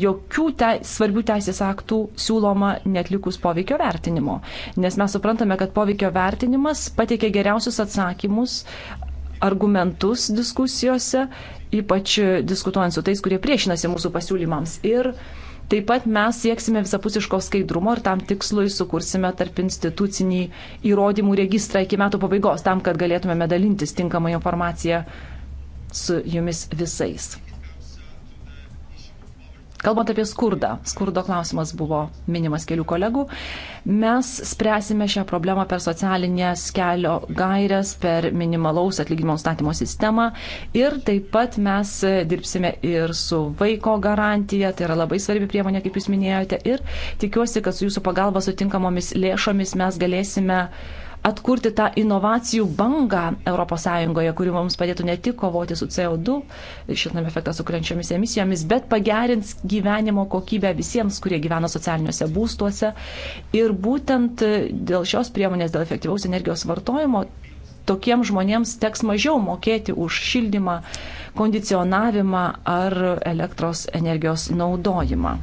jokių te, svarbių teisės aktų siūloma netlikus poveikio vertinimo. Nes mes suprantame, kad poveikio vertinimas pateikia geriausius atsakymus argumentus diskusijose, ypač diskutuojant su tais, kurie priešinasi mūsų pasiūlymams. Ir taip pat mes sieksime visapusiško skaidrumo ir tam tikslui sukursime tarp institucinį įrodymų registrą iki metų pabaigos, tam, kad galėtumėme dalintis tinkamą informaciją su jumis visais. Kalbant apie skurdą, skurdo klausimas buvo minimas kelių kolegų, mes spręsime šią problemą per socialinės kelio gairias, per minimalaus atlyginimo nustatymo sistemą ir taip pat mes dirbsime ir su vaiko garantija, tai yra labai svarbi priemonė, kaip jūs minėjote, ir tikiuosi, kad su jūsų pagalba sutinkamomis lėšomis mes galėsime uh, atkurti tą inovacijų bangą ES, kuri mums padėtų ne tik kovoti su CO2, šiltnamio efektą sukrenčiomis emisijomis, bet pagerins gyvenimo kokybę visiems, kurie gyvena socialiniuose būstuose. Ir būtent dėl šios priemonės, dėl efektyvaus energijos vartojimo, tokiems žmonėms teks mažiau mokėti už šildymą, kondicionavimą ar elektros energijos naudojimą.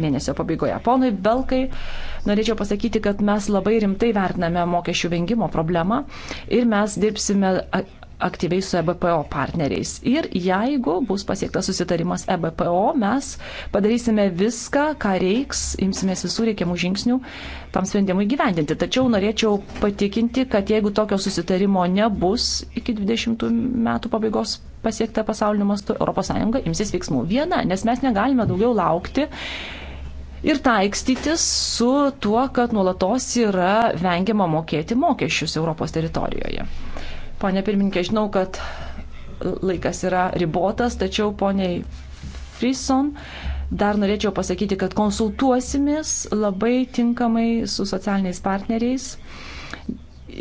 Mėnesio pabaigoje. Ponui Belkai, uh, norėčiau pasakyti, kad mes labai rimtai vertiname mokesčių vengimo problemą ir mes dirbsime aktyviai su EBPO partneriais. Ir jeigu bus pasiektas susitarimas EBPO, mes padarysime viską, ką reiks, imsimės visų reikiamų žingsnių tam sprendimui gyvendinti. Tačiau norėčiau patikinti, kad jeigu tokio susitarimo nebus iki 20 metų pabaigos pasiekta pasaulio mastu, ES imsis veiksmų. Viena, nes mes negalime daugiau laukti ir taikstytis su tuo, kad nuolatos yra vengiama mokėti mokesčius Europos teritorijoje. Pone pirmininkė, žinau, kad laikas yra ribotas, tačiau poniai Frison dar norėčiau pasakyti, kad konsultuosimės labai tinkamai su socialiniais partneriais.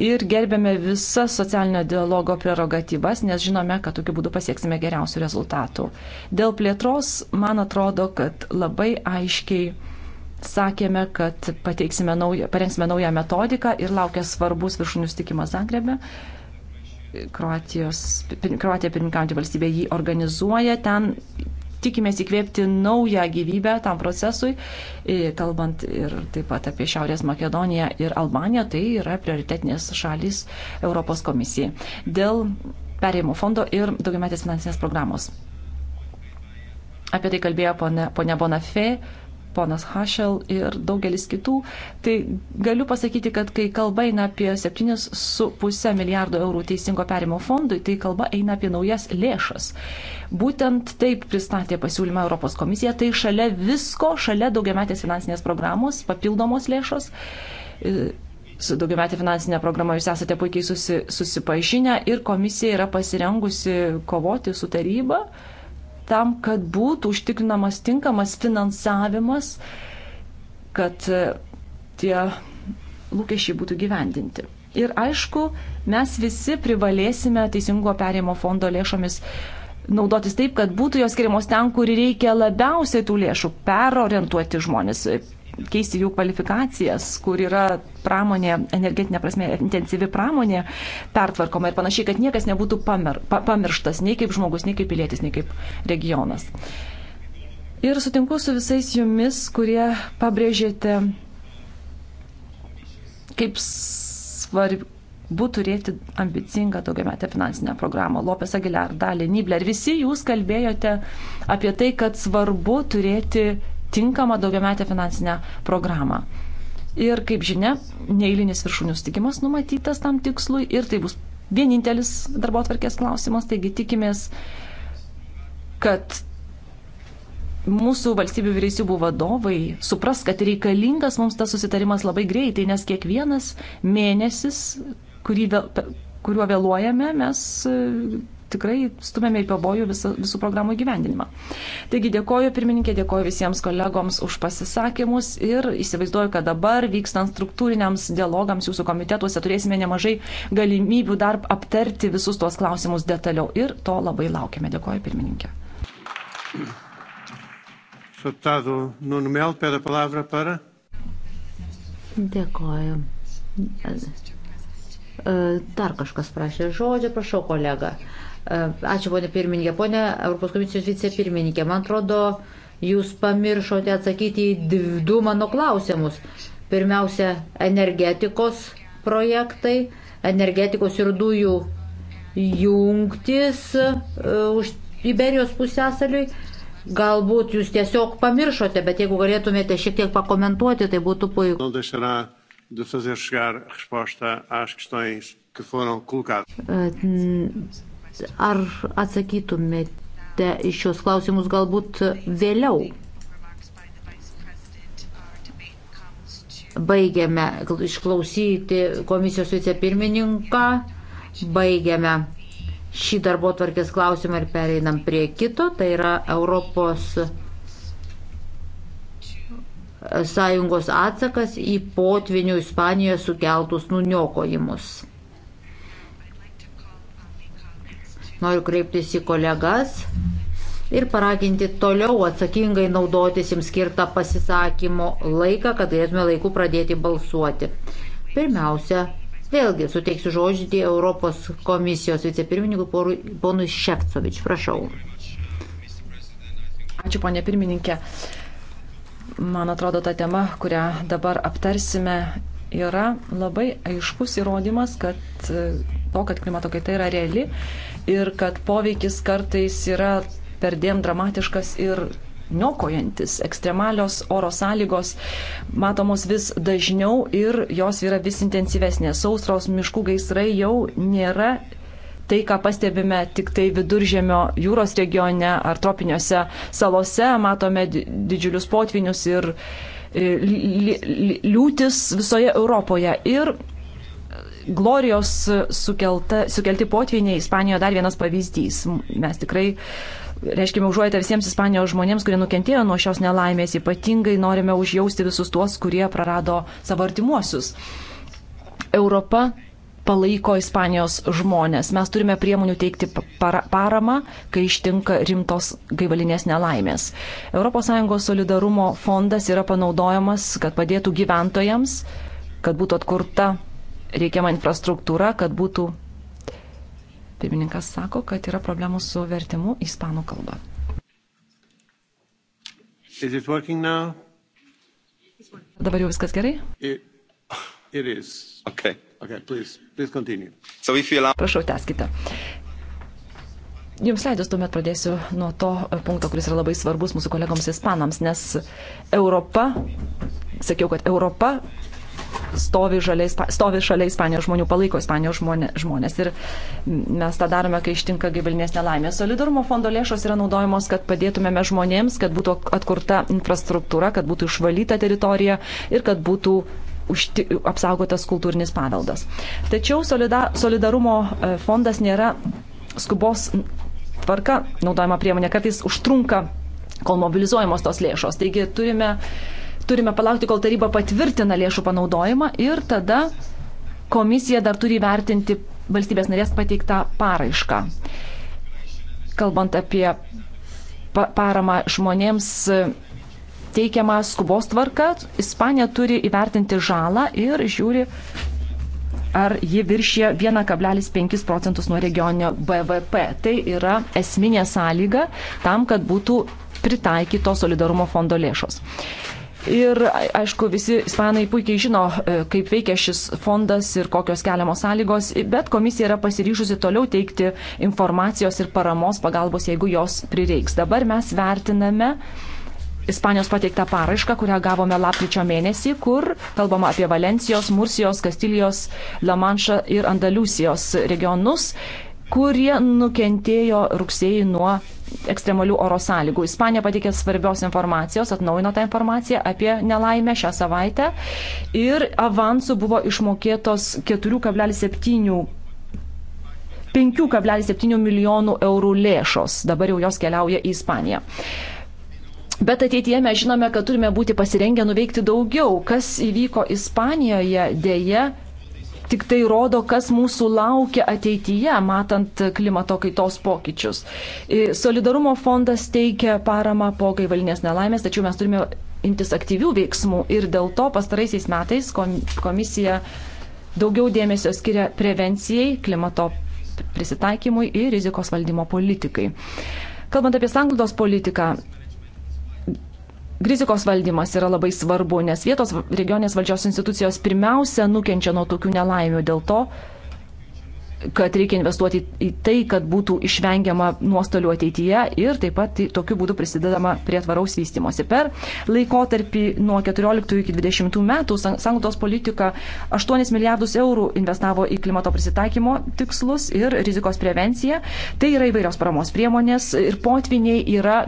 Ir gerbėme visas socialinio dialogo prerogatyvas, nes žinome, kad tokiu būdu pasieksime geriausių rezultatų. Dėl plėtros, man atrodo, kad labai aiškiai sakėme, kad naują, parengsime naują metodiką ir laukia svarbus viršūnių stikimas Zagrebe. Kroatijos, Kroatija pirmininkaujantį valstybę jį organizuoja. Ten tikimės įkvėpti naują gyvybę tam procesui, kalbant ir taip pat apie Šiaurės Makedoniją ir Albaniją, tai yra prioritetinės šalis Europos komisijai. Dėl perėjimo fondo ir daugiametės finansinės programos. Apie tai kalbėjo ponia Bonafė. Pone ponas Hašel ir daugelis kitų, tai galiu pasakyti, kad kai kalba eina apie 7,5 milijardo eurų teisingo perimo fondui, tai kalba eina apie naujas lėšas. Būtent taip pristatė pasiūlymą Europos komisija, tai šalia visko, šalia daugiametės finansinės programos, papildomos lėšos. E, su daugiametė finansinė programa jūs esate puikiai susi, susipažinę ir komisija yra pasirengusi kovoti su taryba. Uh, tam, kad būtų užtikrinamas tinkamas finansavimas, kad e, tie lūkesčiai būtų gyvendinti. Ir aišku, mes visi privalėsime teisingo perėjimo fondo lėšomis naudotis taip, kad būtų jos skiriamos ten, kur reikia labiausiai tų lėšų, perorientuoti žmonės, keisti jų kvalifikacijas, kur yra pramonė, energetinė prasme, intensyvi pramonė pertvarkoma ir panašiai, kad niekas nebūtų pamer, pa, pamirštas nei kaip žmogus, nei kaip pilietis, nei kaip regionas. Ir sutinku su visais jumis, kurie pabrėžėte, kaip svarbu turėti ambicingą daugiametę finansinę programą. Lopes Agilar, Dalė, Niblė. Ir visi jūs kalbėjote apie tai, kad svarbu turėti tinkamą daugiametę finansinę programą. Ir kaip žinia, neįlinis viršūnių sutikimas numatytas tam tikslui ir tai bus vienintelis darbo atvarkės klausimas, taigi tikimės, kad mūsų valstybių vyriausybių vadovai supras, kad reikalingas mums tas susitarimas labai greitai, nes kiekvienas mėnesis, vėl, kuriuo vėluojame, mes tikrai stumėme į pavojų visų, visų programų įgyvendinimą. Taigi dėkoju pirmininkė, dėkoju visiems kolegoms už pasisakymus ir įsivaizduoju, kad dabar vykstant struktūriniams dialogams jūsų komitetuose turėsime nemažai galimybių dar aptarti visus tuos klausimus detaliau ir to labai laukiame. Dėkoju pirmininkė. Sr. Deputado Nuno Melo pede a palavra para. Dėkoju. Dar kažkas prašė žodžio, prašau kolega. Ačiū, ponė pirmininkė. Pone Europos komisijos vicepirmininkė, man atrodo, jūs pamiršote atsakyti į du mano klausimus. Pirmiausia, energetikos projektai, energetikos ir dujų jungtis e, už Iberijos pusęsaliui. Galbūt jūs tiesiog pamiršote, bet jeigu galėtumėte šiek tiek pakomentuoti, tai būtų puiku. Ar atsakytumėte iš šios klausimus galbūt vėliau? Baigiame išklausyti komisijos vicepirmininką, baigiame šį darbo tvarkės klausimą ir pereinam prie kito, tai yra Europos sąjungos atsakas į potvinių Ispanijoje sukeltus nuniokojimus. Noriu kreiptis į kolegas ir paraginti toliau atsakingai naudotis jums skirtą pasisakymo laiką, kad galėtume laiku pradėti balsuoti. Pirmiausia, vėlgi suteiksiu žodį Europos komisijos vicepirmininkui ponui Šefcovič. Prašau. Ačiū, ponė pirmininkė. Man atrodo, ta tema, kurią dabar aptarsime, yra labai aiškus įrodymas, kad e, to, kad klimato kaita yra reali ir kad poveikis kartais yra perdėm dramatiškas ir niokojantis. Ekstremalios oro sąlygos matomos vis dažniau ir jos yra vis intensyvesnės. Sausros miškų gaisrai jau nėra tai, ką pastebime tik tai viduržėmio jūros regione ar tropiniuose salose, matome didžiulius potvinius ir uh, E, liūtis visoje Europoje. Ir Glorijos sukelta, sukelti potviniai Ispanijoje dar vienas pavyzdys. Mes tikrai reiškime užuojate visiems Ispanijos žmonėms, kurie nukentėjo nuo šios nelaimės, ypatingai norime užjausti visus tuos, kurie prarado savo artimuosius. Europa palaiko Ispanijos žmonės. Mes turime priemonių teikti paramą, kai ištinka rimtos gaivalinės nelaimės. ES solidarumo fondas yra panaudojamas, kad padėtų gyventojams, kad būtų atkurta reikiama infrastruktūra, kad būtų. Pirmininkas sako, kad yra problemų su vertimu į ispanų kalbą. Dabar jau viskas gerai? It, it is. Okay. Okay, please, please continue. so allow... Prašau, teskite. Jums leidus tuomet pradėsiu nuo to punkto, kuris yra labai svarbus mūsų kolegoms ispanams, nes Europa, sakiau, kad Europa stovi, žalia, stovi šalia Ispanijos žmonių, palaiko Ispanijos žmonė, žmonės. Ir mes tą darome, kai ištinka gyvulinės nelaimės. Solidarumo fondo lėšos yra naudojamos, kad padėtumėme žmonėms, kad būtų atkurta infrastruktūra, kad būtų išvalyta teritorija ir kad būtų užti, apsaugotas kultūrinis paveldas. Tačiau solida, solidarumo e, fondas nėra skubos tvarka naudojama priemonė, kartais užtrunka, kol mobilizuojamos tos lėšos. Taigi turime, turime palaukti, kol taryba patvirtina lėšų panaudojimą ir tada komisija dar turi vertinti valstybės narės pateiktą paraišką. Kalbant apie paramą žmonėms teikiama skubos tvarka, Ispanija turi įvertinti žalą ir žiūri, ar ji viršė 1,5 procentus nuo regioninio BVP. Tai yra esminė sąlyga tam, kad būtų pritaikytos solidarumo fondo lėšos. Ir aišku, visi ispanai puikiai žino, e, kaip veikia šis fondas ir kokios keliamos sąlygos, bet komisija yra pasiryžusi toliau teikti informacijos ir paramos pagalbos, jeigu jos prireiks. Dabar mes vertiname uh, Ispanijos pateiktą paraišką, kurią gavome lapkričio mėnesį, kur kalbama apie Valencijos, Mursijos, Kastilijos, Lamanšą ir Andaliusijos regionus, kurie nukentėjo rugsėjai nuo ekstremalių oro sąlygų. Ispanija patikė svarbios informacijos, atnaujino tą informaciją apie nelaimę šią savaitę ir avansų buvo išmokėtos 4,7 5,7 milijonų eurų lėšos. Dabar jau jos keliauja į Ispaniją. Bet ateityje mes žinome, kad turime būti pasirengę nuveikti daugiau. Kas įvyko Ispanijoje dėje, tik tai rodo, kas mūsų laukia ateityje, matant klimato kaitos pokyčius. Solidarumo fondas teikia paramą po gaivalinės nelaimės, tačiau mes turime imtis aktyvių veiksmų ir dėl to pastaraisiais metais komisija daugiau dėmesio skiria prevencijai, klimato prisitaikymui ir rizikos valdymo politikai. Kalbant apie sanglaudos politiką, Rizikos valdymas yra labai svarbu, nes vietos regioninės valdžios institucijos pirmiausia nukenčia nuo tokių nelaimių. Dėl to kad reikia investuoti į tai, kad būtų išvengiama nuostolių ateityje ir taip pat tai tokiu būdu prisidedama prie tvaraus vystimosi. Per laikotarpį nuo 14 iki 20 metų sanglaudos politika 8 milijardus eurų investavo į klimato prisitaikymo tikslus ir rizikos prevenciją. Tai yra įvairios paramos priemonės ir potviniai yra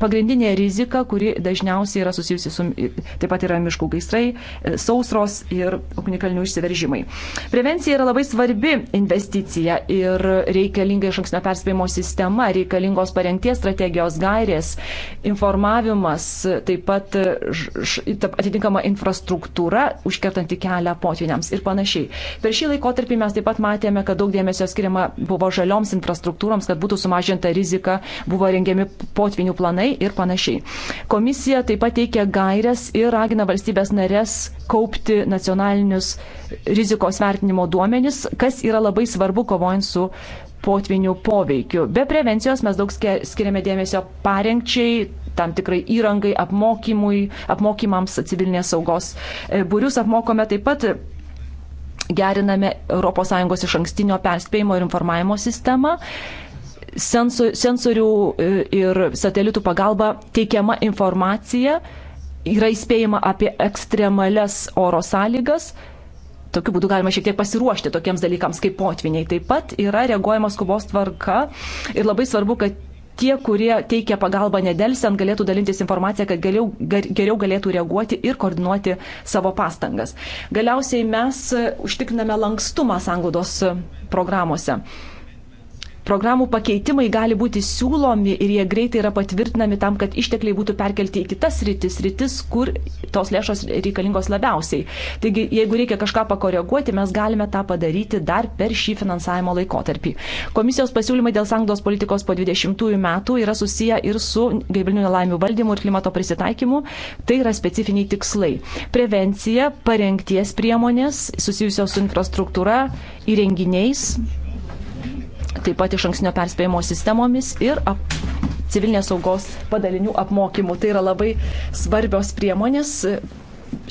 pagrindinė rizika, kuri dažniausiai yra susijusi su taip pat yra miškų gaisrai, e, sausros ir ugnikalnių išsiveržimai. Prevencija yra labai svarbi investicija investicija ir reikalinga iš anksnio perspėjimo sistema, reikalingos parengties strategijos gairės, informavimas, taip pat atitinkama infrastruktūra užkertanti kelią potviniams ir panašiai. Per šį laikotarpį mes taip pat matėme, kad daug dėmesio skiriama buvo žalioms infrastruktūroms, kad būtų sumažinta rizika, buvo rengiami potvinių planai ir panašiai. Komisija taip pat teikia gairias ir ragina valstybės narės kaupti nacionalinius rizikos vertinimo duomenis, kas yra labai svarbu svarbu kovojant su potvinių poveikiu. Be prevencijos mes daug skiriame dėmesio parengčiai, tam tikrai įrangai, apmokymui, apmokymams civilinės saugos. E, būrius apmokome taip pat geriname ES iš ankstinio perspėjimo ir informavimo sistemą. Sensu, sensorių e, ir satelitų pagalba teikiama informacija yra įspėjama apie ekstremales oro sąlygas, Tokiu būdu galima šiek tiek pasiruošti tokiems dalykams kaip potviniai. Taip pat yra reaguojama skubos tvarka ir labai svarbu, kad tie, kurie teikia pagalbą nedelsiant, galėtų dalintis informaciją, kad geriau, geriau galėtų reaguoti ir koordinuoti savo pastangas. Galiausiai mes užtikriname lankstumą sanglaudos programuose programų pakeitimai gali būti siūlomi ir jie greitai yra patvirtinami tam, kad ištekliai būtų perkelti į kitas rytis, rytis, kur tos lėšos reikalingos labiausiai. Taigi, jeigu reikia kažką pakoreguoti, mes galime tą padaryti dar per šį finansavimo laikotarpį. Komisijos pasiūlymai dėl sanglos politikos po 20 metų yra susiję ir su gaivalinių nelaimių valdymu ir klimato prisitaikymu. Tai yra specifiniai tikslai. Prevencija, parengties priemonės susijusios su infrastruktūra, įrenginiais taip pat išankstinio perspėjimo sistemomis ir ap, civilinės saugos padalinių apmokymų. Tai yra labai svarbios priemonės e,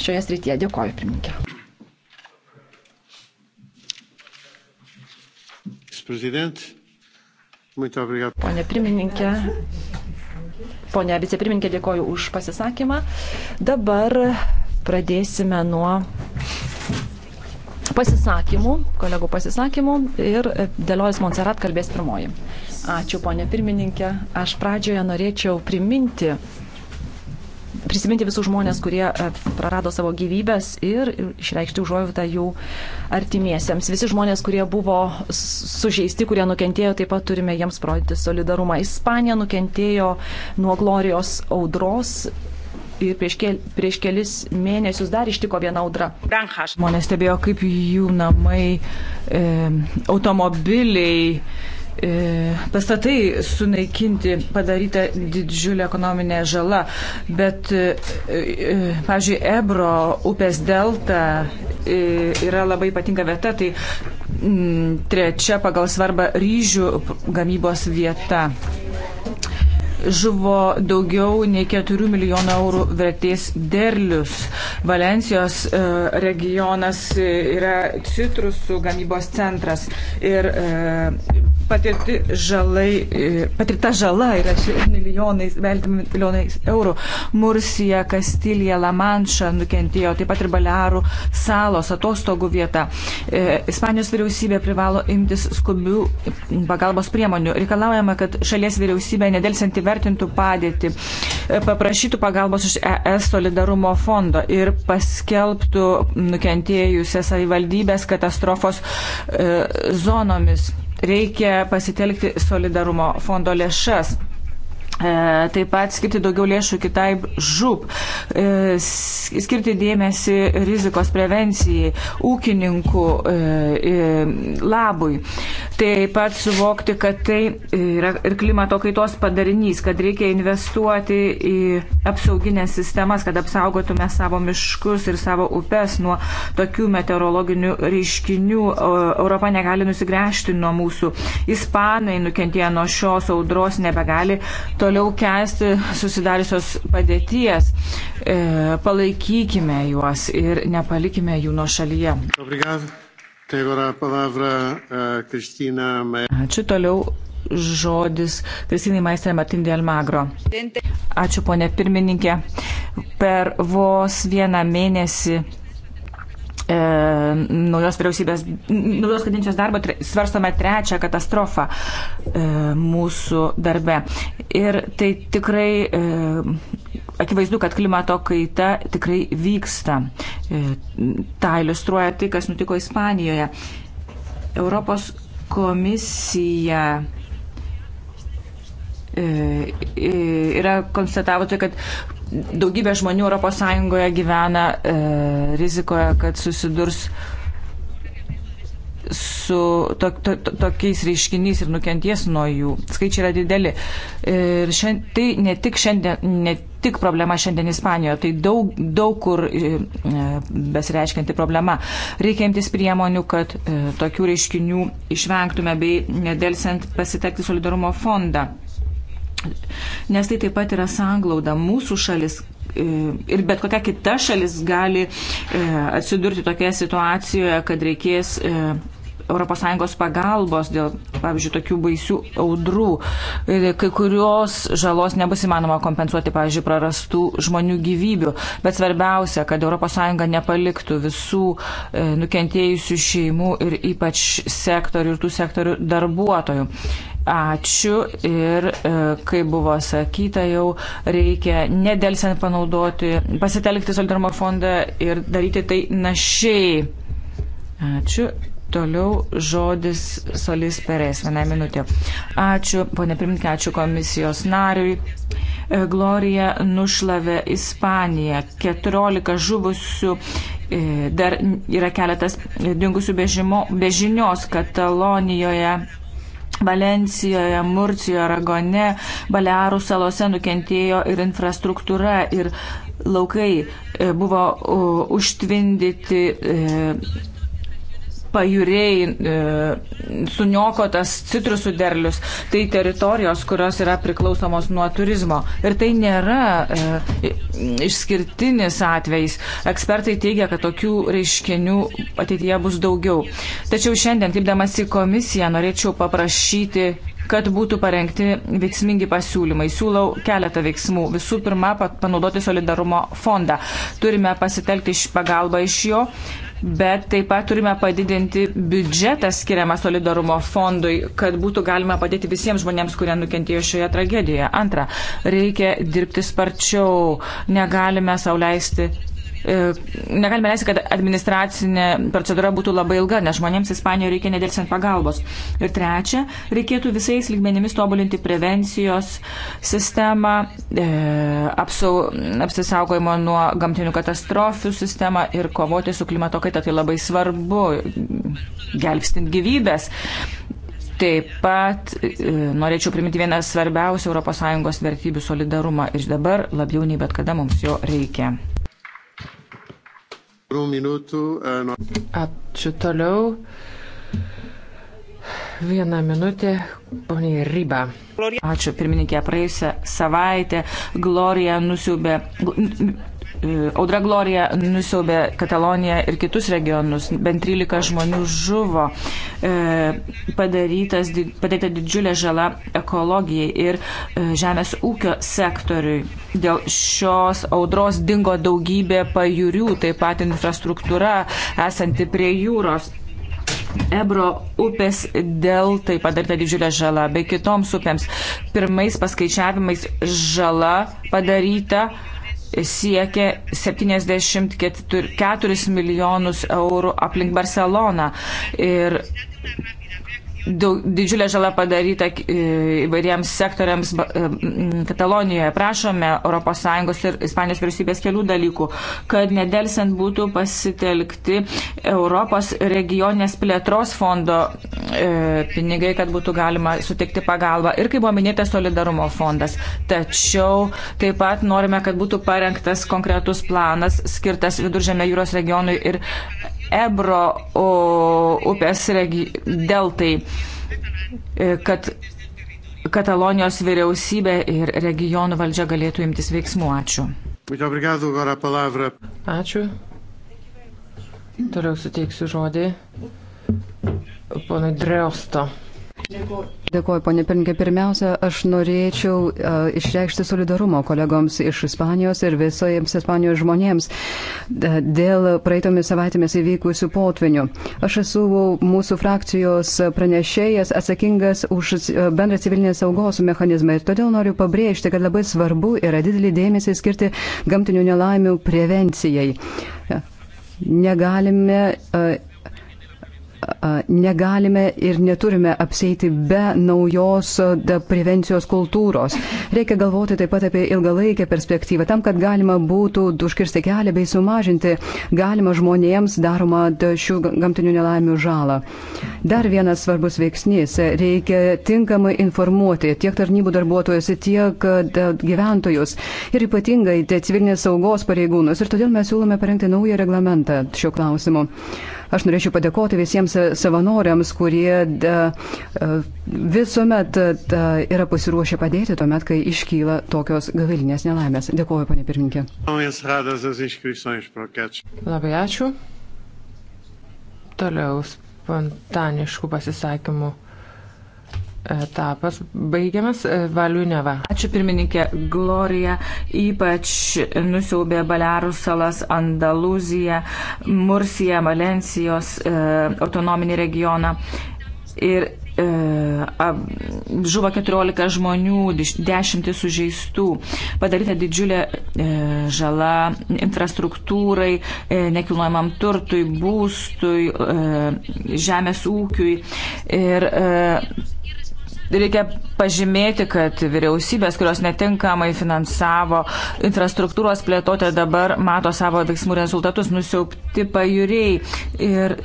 šioje srityje. Dėkoju, pirmininkė. Pone pirmininkė, Pone vicepirmininkė, dėkoju už pasisakymą. Dabar pradėsime nuo pasisakymų, kolegų pasisakymų ir e, Dėliojas Monserat kalbės pirmoji. Ačiū, ponė pirmininkė. Aš pradžioje norėčiau priminti, prisiminti visus žmonės, kurie e, prarado savo gyvybės ir išreikšti užuojautą jų artimiesiems. Visi žmonės, kurie buvo sužeisti, kurie nukentėjo, taip pat turime jiems parodyti solidarumą. Ispanija nukentėjo nuo glorijos audros ir prieš, kel, prieš kelis mėnesius dar ištiko viena audra. Žmonės stebėjo, kaip jų namai, e, automobiliai, e, pastatai sunaikinti, padaryta didžiulė ekonominė žala. Bet, e, e, pavyzdžiui, Ebro upės delta e, yra labai ypatinga vieta, tai m, trečia pagal svarbą ryžių gamybos vieta žuvo daugiau nei 4 milijonų eurų vertės derlius. Valencijos e, regionas yra citrusų gamybos centras ir e, patirti žalai, e, patirta žala yra milijonais, beveik milijonais eurų. Mursija, Kastilija, Lamanša nukentėjo, taip pat ir Balearų salos atostogų vieta. E, Ispanijos vyriausybė privalo imtis skubių pagalbos priemonių. Reikalaujama, kad šalies vyriausybė nedelsiant įvertintų padėtį, e, paprašytų pagalbos iš ES solidarumo fondo ir paskelbtų nukentėjusią savivaldybės katastrofos zonomis reikia pasitelkti solidarumo fondo lėšas. E, taip pat skirti daugiau lėšų kitai žūp, e, skirti dėmesį rizikos prevencijai, ūkininkų e, labui. Taip pat suvokti, kad tai yra ir klimato kaitos padarinys, kad reikia investuoti į apsauginės sistemas, kad apsaugotume savo miškus ir savo upes nuo tokių meteorologinių reiškinių. Europa negali nusigręžti nuo mūsų. Ispanai nukentėjo nuo šios audros, nebegali toliau toliau kesti susidariusios padėties. E, palaikykime juos ir nepalikime jų nuo šalyje. Eh, Ačiū toliau žodis Kristinai Maistrė Martindė Almagro. Ačiū ponė pirmininkė. Per vos vieną mėnesį e, naujos vyriausybės, naujos kadencijos darbo tre, svarstome trečią katastrofą e, mūsų darbe. Ir tai tikrai e, akivaizdu, kad klimato kaita tikrai vyksta. E, tą iliustruoja tai, kas nutiko Ispanijoje. Europos komisija E, yra konstatavote, kad daugybė žmonių ES gyvena e, rizikoje, kad susidurs su to, to, to, tokiais reiškiniais ir nukenties nuo jų. Skaičiai yra dideli. Ir šiandien, tai ne tik, šiandien, ne tik problema šiandien Ispanijoje, tai daug, daug kur e, besireiškinti problema. Reikia imtis priemonių, kad e, tokių reiškinių išvengtume bei nedelsiant pasitekti solidarumo fondą nes tai taip pat yra sanglauda. Mūsų šalis e, ir bet kokia kita šalis gali e, atsidurti tokioje situacijoje, kad reikės ES pagalbos dėl, pavyzdžiui, tokių baisių audrų. E, kai kurios žalos nebus įmanoma kompensuoti, pavyzdžiui, prarastų žmonių gyvybių. Bet svarbiausia, kad ES nepaliktų visų nukentėjusių šeimų ir ypač sektorių ir tų sektorių darbuotojų. Ačiū ir, e, kaip buvo sakyta, jau reikia nedelsiant panaudoti, pasitelkti solidarumo fondą ir daryti tai našiai. Ačiū. Toliau žodis Solis Perės, vieną minutę. Ačiū, ponė Primkė, ačiū komisijos nariui. E, Glorija nušlavė Ispaniją. 14 žuvusių e, dar yra keletas dingusių be žinios Katalonijoje Valencijoje, Murcijoje, Ragone, Balearų salose nukentėjo ir infrastruktūra, ir laukai e, buvo užtvindyti e, pajūriai e, suniokotas citrusų derlius, tai teritorijos, kurios yra priklausomos nuo turizmo. Ir tai nėra e, išskirtinis atvejis. Ekspertai teigia, kad tokių reiškinių ateityje bus daugiau. Tačiau šiandien, kreipdamas į komisiją, norėčiau paprašyti kad būtų parengti veiksmingi pasiūlymai. Siūlau keletą veiksmų. Visų pirma, panaudoti solidarumo fondą. Turime pasitelkti iš pagalbą iš jo bet taip pat turime padidinti biudžetą skiriamą solidarumo fondui, kad būtų galima padėti visiems žmonėms, kurie nukentėjo šioje tragedijoje. Antra, reikia dirbti sparčiau, negalime sauliaisti E, negalime leisti, kad administracinė procedūra būtų labai ilga, nes žmonėms Ispanijoje reikia nedėlsiant pagalbos. Ir trečia, reikėtų visais lygmenimis tobulinti prevencijos sistemą, e, apsau, apsisaugojimo nuo gamtinių katastrofių sistemą ir kovoti su klimato kaita. Tai labai svarbu, gelbstint gyvybės. Taip pat e, norėčiau priminti vieną svarbiausių ES vertybių solidarumą ir dabar labiau nei bet kada mums jo reikia. Eh, Ačiū toliau. Vieną minutę, ponė Ryba. Ačiū, pirmininkė, praėjusią savaitę Glorija nusiubė, E, Audra Glorija nusiaubė Kataloniją ir kitus regionus. Bent 13 žmonių žuvo. E, padaryta didžiulė žala ekologijai ir e, žemės ūkio sektoriui. Dėl šios audros dingo daugybė pajūrių, taip pat infrastruktūra esanti prie jūros. Ebro upės deltai padaryta didžiulė žala, bei kitoms upėms. Pirmais paskaičiavimais žala padaryta siekia 74 milijonus eurų aplink Barceloną. Ir daug, didžiulė žala padaryta e, įvairiems sektoriams e, Katalonijoje. Prašome ES ir Ispanijos vyriausybės kelių dalykų, kad nedelsiant būtų pasitelkti Europos regioninės plėtros fondo e, pinigai, kad būtų galima sutikti pagalbą. Ir kaip buvo minėta, solidarumo fondas. Tačiau taip pat norime, kad būtų parengtas konkretus planas skirtas Viduržėmė jūros regionui ir Ebro upės regi, deltai, e, kad Katalonijos vyriausybė ir regionų valdžia galėtų imtis veiksmų. Ačiū. Ačiū. Toliau suteiksiu žodį ponui Dreosto. Dėkuoju, ponė Pirinkė. Pirmiausia, aš norėčiau uh, išreikšti solidarumo kolegoms iš Ispanijos ir visojams Ispanijos žmonėms e, dėl praeitomis savaitėmis įvykusių potvinių. Aš esu mūsų frakcijos pranešėjas atsakingas už e, bendrą civilinės saugos mechanizmą ir todėl noriu pabrėžti, kad labai svarbu yra didelį dėmesį skirti gamtinių nelaimių prevencijai. Negalime. Uh, negalime ir neturime apseiti be naujos prevencijos kultūros. Reikia galvoti taip pat apie ilgalaikę perspektyvą, tam, kad galima būtų užkirsti kelią bei sumažinti galima žmonėms daromą šių gamtinių nelaimių žalą. Dar vienas svarbus veiksnys - reikia tinkamai informuoti tiek tarnybų darbuotojus, tiek gyventojus ir ypatingai civilinės saugos pareigūnus. Ir todėl mes siūlome parengti naują reglamentą šiuo klausimu. Aš norėčiau padėkoti visiems e, savanoriams, kurie da, e, visuomet e, da, yra pasiruošę padėti tuomet, kai iškyla tokios gavilinės nelaimės. Dėkuoju, ponė pirmininkė. Labai ačiū. Toliau spontaniškų pasisakymų etapas baigiamas e, Valiuneva. Ačiū pirmininkė Glorija, ypač nusiaubė Balearų salas, Andaluziją, Mursiją, Valencijos e, autonominį regioną. Ir e, ab, žuvo 14 žmonių, dešimtis sužeistų, padaryta didžiulė e, žala infrastruktūrai, e, nekilnojamam turtui, būstui, e, žemės ūkiui. Ir, e, Reikia pažymėti, kad vyriausybės, kurios netinkamai finansavo infrastruktūros plėtotę, dabar mato savo veiksmų rezultatus nusiaupti pajūriai. Ir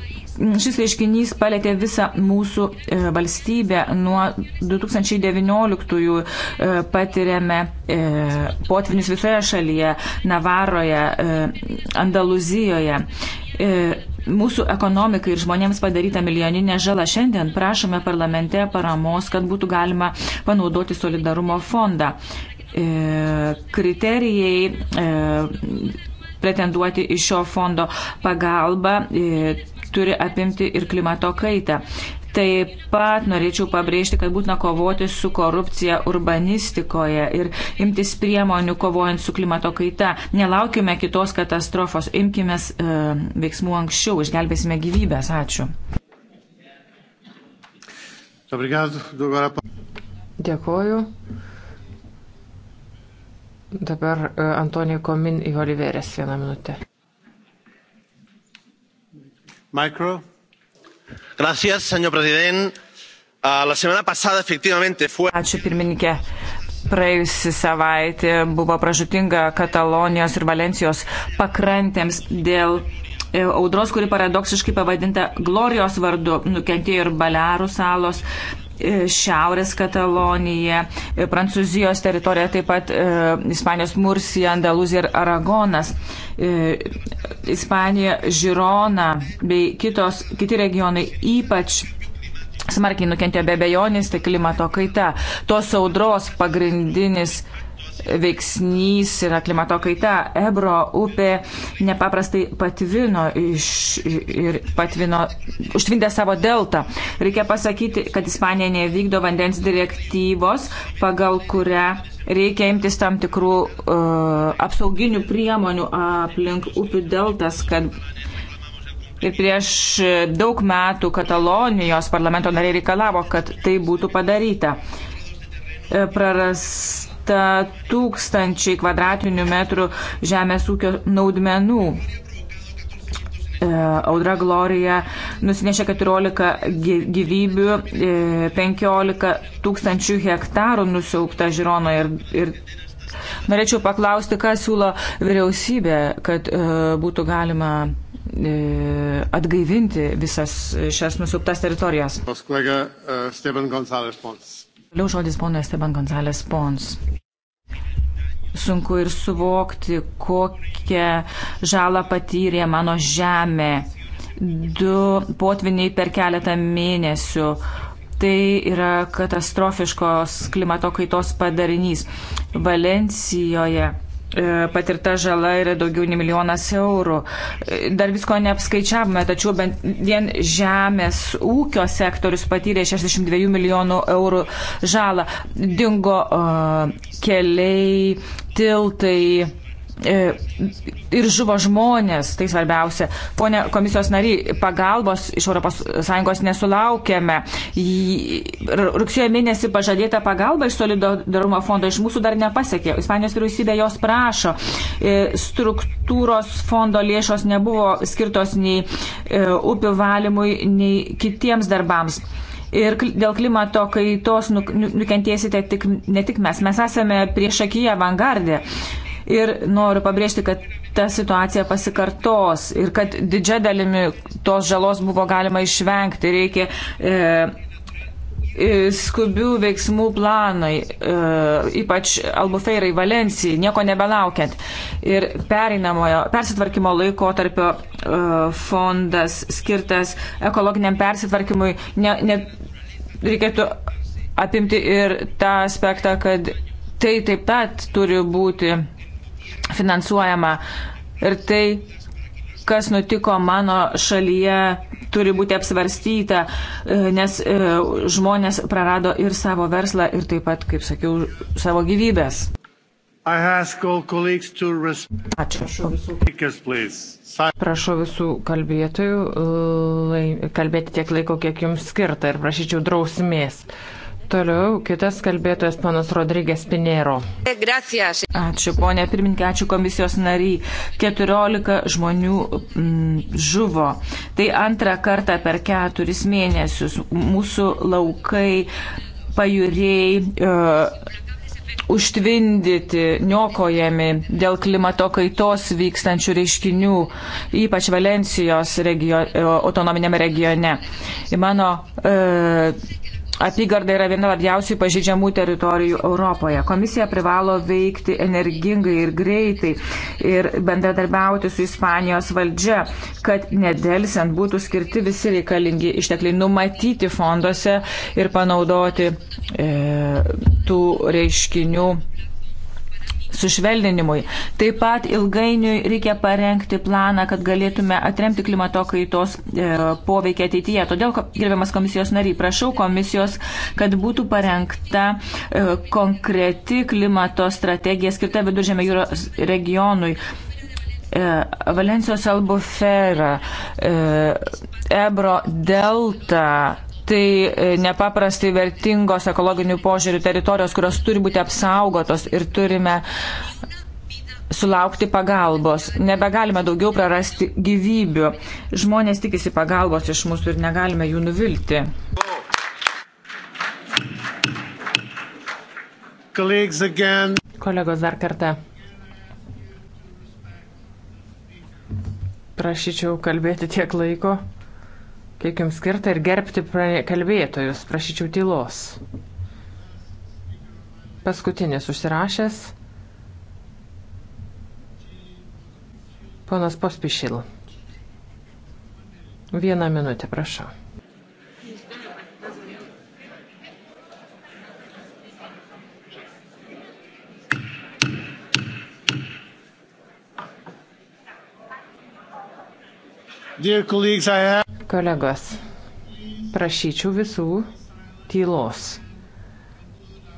šis reiškinys palėtė visą mūsų e, valstybę. Nuo 2019-ųjų e, patiriame e, potvinius visoje šalyje, Navaroje, Andaluzijoje mūsų ekonomikai ir žmonėms padaryta milijoninė žala. Šiandien prašome parlamente paramos, kad būtų galima panaudoti solidarumo fondą. E, kriterijai e, pretenduoti iš šio fondo pagalbą e, turi apimti ir klimato kaitą. Taip pat norėčiau pabrėžti, kad būtina kovoti su korupcija urbanistikoje ir imtis priemonių kovojant su klimato kaita. Nelaukime kitos katastrofos, imkime e, veiksmų anksčiau, išgelbėsime gyvybės. Ačiū. Dėkoju. Dabar e, Antonija Komin į Oliverės vieną minutę. Micro señor presidente ah, la semana pasada efectivamente fue. ačiū pirmininke praėjusi savaitė buvo pražutinga katalonijos ir valensijos pakrantėms dėl e, audros kuri paradoksiškai pavadinta glorijos vardu nukentėjo ir balearų salos E, Šiaurės Katalonija, e, Prancūzijos teritorija, taip pat e, Ispanijos Mursija, Andaluzija ir Aragonas, e, Ispanija, Žirona bei kitos, kiti regionai ypač smarkiai nukentėjo be bejonės, tai klimato kaita. Tos audros pagrindinis veiksnys yra klimato kaita. Ebro upė nepaprastai patvino iš, ir patvino, užtvindė savo deltą. Reikia pasakyti, kad Ispanija nevykdo vandens direktyvos, pagal kurią reikia imtis tam tikrų uh, apsauginių priemonių aplink upių deltas, kad Ir prieš daug metų Katalonijos parlamento nariai reikalavo, kad tai būtų padaryta. E, praras išmesta tūkstančiai kvadratinių metrų žemės ūkio naudmenų. E, Audra Glorija nusinešė 14 gyvybių, 15 e, tūkstančių hektarų nusiaupta Žirono ir, ir norėčiau paklausti, ką siūlo vyriausybė, kad e, būtų galima atgaivinti visas šias nusiauptas teritorijas. Paskui Steven Gonzalez Pons. Toliau žodis pono Esteban Gonzalės Pons sunku ir suvokti, kokią žalą patyrė mano žemė. Du potviniai per keletą mėnesių. Tai yra katastrofiškos klimato kaitos padarinys. Valencijoje E, patirta žala yra daugiau nei milijonas eurų. E, dar visko neapskaičiavome, tačiau bent vien žemės ūkio sektorius patyrė 62 milijonų eurų žalą. Dingo uh, keliai, tiltai E, ir žuvo žmonės, tai svarbiausia. Pone komisijos nariai, pagalbos iš ES nesulaukėme. Rugsėjo mėnesį pažadėta pagalba iš solidarumo fondo iš mūsų dar nepasiekė. Ispanijos vyriausybė jos prašo. E, struktūros fondo lėšos nebuvo skirtos nei e, upių valymui, nei kitiems darbams. Ir dėl klimato kaitos nu, nu, nukentėsite tik, ne tik mes, mes esame prieš akiją avangardė. Ir noriu pabrėžti, kad ta situacija pasikartos ir kad didžia dalimi tos žalos buvo galima išvengti. Reikia e, e skubių veiksmų planai, e, ypač Albufeirai, Valencijai, nieko nebelaukiant. Ir persitvarkymo laiko tarpio e, fondas skirtas ekologiniam persitvarkymui ne, ne, reikėtų apimti ir tą aspektą, kad tai taip pat turi būti finansuojama. Ir tai, kas nutiko mano šalyje, turi būti apsvarstyta, e, nes e, žmonės prarado ir savo verslą, ir taip pat, kaip sakiau, savo gyvybės. Ačiū. Prašau visų kalbėtojų lai, kalbėti tiek laiko, kiek jums skirta ir prašyčiau drausmės. Uh, Toliau kitas kalbėtojas panas Rodrygės Pinero. Ačiū, ponė pirmininkė, ačiū komisijos nariai. 14 žmonių mm, žuvo. Tai antrą kartą per keturis mėnesius mūsų laukai, pajūriai. Uh, užtvindyti, niokojami dėl klimato kaitos vykstančių reiškinių, ypač Valencijos regio, e, autonominėme regione. Į mano e, apygarda yra viena labiausiai pažydžiamų teritorijų Europoje. Komisija privalo veikti energingai ir greitai ir bendradarbiauti su Ispanijos valdžia, kad nedelsiant būtų skirti visi reikalingi ištekliai numatyti fonduose ir panaudoti e, tų reiškinių sušvelninimui. Taip pat ilgainiui reikia parengti planą, kad galėtume atremti klimato kaitos e, poveikį ateityje. Todėl, gerbiamas komisijos nariai, prašau komisijos, kad būtų parengta e, konkreti klimato strategija skirta viduržėmė jūros regionui. E, Valencijos albufera, e, Ebro delta, tai e, nepaprastai vertingos ekologinių požiūrių teritorijos, kurios turi būti apsaugotos ir turime sulaukti pagalbos. Nebegalime daugiau prarasti gyvybių. Žmonės tikisi pagalbos iš mūsų ir negalime jų nuvilti. Kolegos dar kartą. Prašyčiau kalbėti tiek laiko kiek jums skirta ir gerbti kalbėtojus. Prašyčiau tylos. Paskutinis užsirašęs. Ponas Pospišil. Vieną minutę, prašau. Kolegos, prašyčiau visų tylos,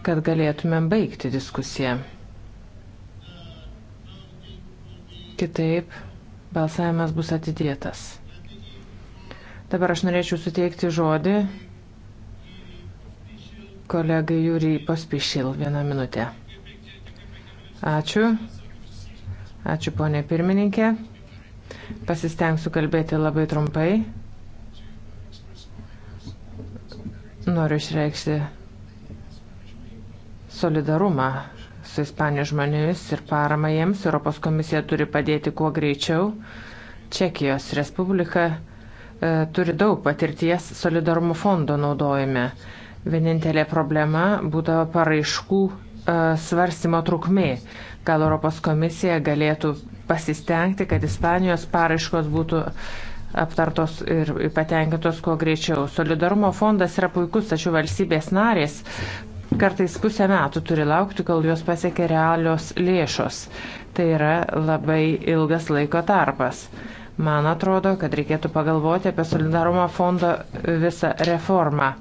kad galėtumėm baigti diskusiją. Kitaip balsavimas bus atidėtas. Dabar aš norėčiau suteikti žodį kolegai Jūrijai Paspišil vieną minutę. Ačiū. Ačiū ponė pirmininkė. Pasistengsiu kalbėti labai trumpai. Noriu išreikšti solidarumą su Ispanijos žmonėmis ir paramą jiems. Europos komisija turi padėti kuo greičiau. Čekijos Respublika e, turi daug patirties solidarumo fondo naudojime. Vienintelė problema būdavo paraiškų e, svarstymo trukmė. Gal Europos komisija galėtų pasistengti, kad Ispanijos paraiškos būtų aptartos ir patenkintos kuo greičiau. Solidarumo fondas yra puikus, tačiau valstybės narės kartais pusę metų turi laukti, kol juos pasiekia realios lėšos. Tai yra labai ilgas laiko tarpas. Man atrodo, kad reikėtų pagalvoti apie solidarumo fondo visą reformą.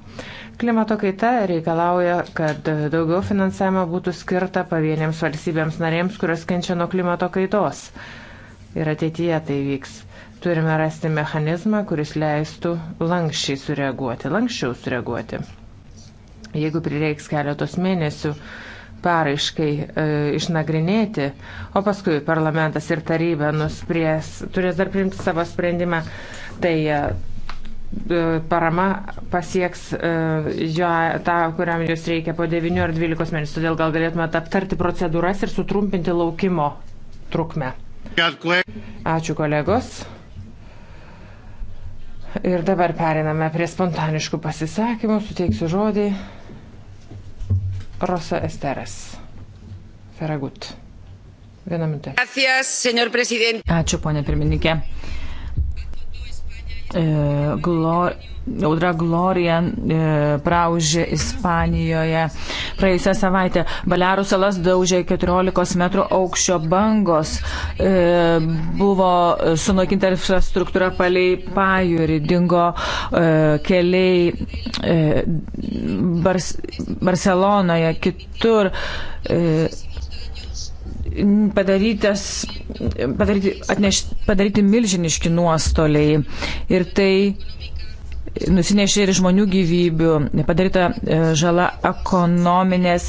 Klimato kaita reikalauja, kad daugiau finansavimo būtų skirta pavieniams valstybėms narėms, kurios kenčia nuo klimato kaitos. Ir ateityje tai vyks. Turime rasti mechanizmą, kuris leistų lankščiai sureaguoti, lankščiau sureaguoti. Jeigu prireiks keletos mėnesių, paraiškai e, išnagrinėti, o paskui parlamentas ir taryba nuspręs, turės dar priimti savo sprendimą, tai e, E, parama pasieks e, jo, tą, kuriam jos reikia po 9 ar 12 mėnesių. Todėl gal galėtume aptarti procedūras ir sutrumpinti laukimo trukmę. Ačiū kolegos. Ir dabar periname prie spontaniškų pasisakymų. Suteiksiu žodį Rosa Esteras. Feragut. Vieną minutę. Ačiū, ponė pirmininkė. E, glor, audra Glorija e, praužė Ispanijoje. Praėjusią savaitę Balearų salas daužė 14 m aukščio bangos. E, buvo sunaikinta infrastruktūra palei pajūrį, dingo e, keliai e, Bars, Barcelonoje, kitur. E, padarytas, padaryti, atneš, padaryti milžiniški nuostoliai ir tai nusinešė ir žmonių gyvybių, padaryta e, žala ekonominės,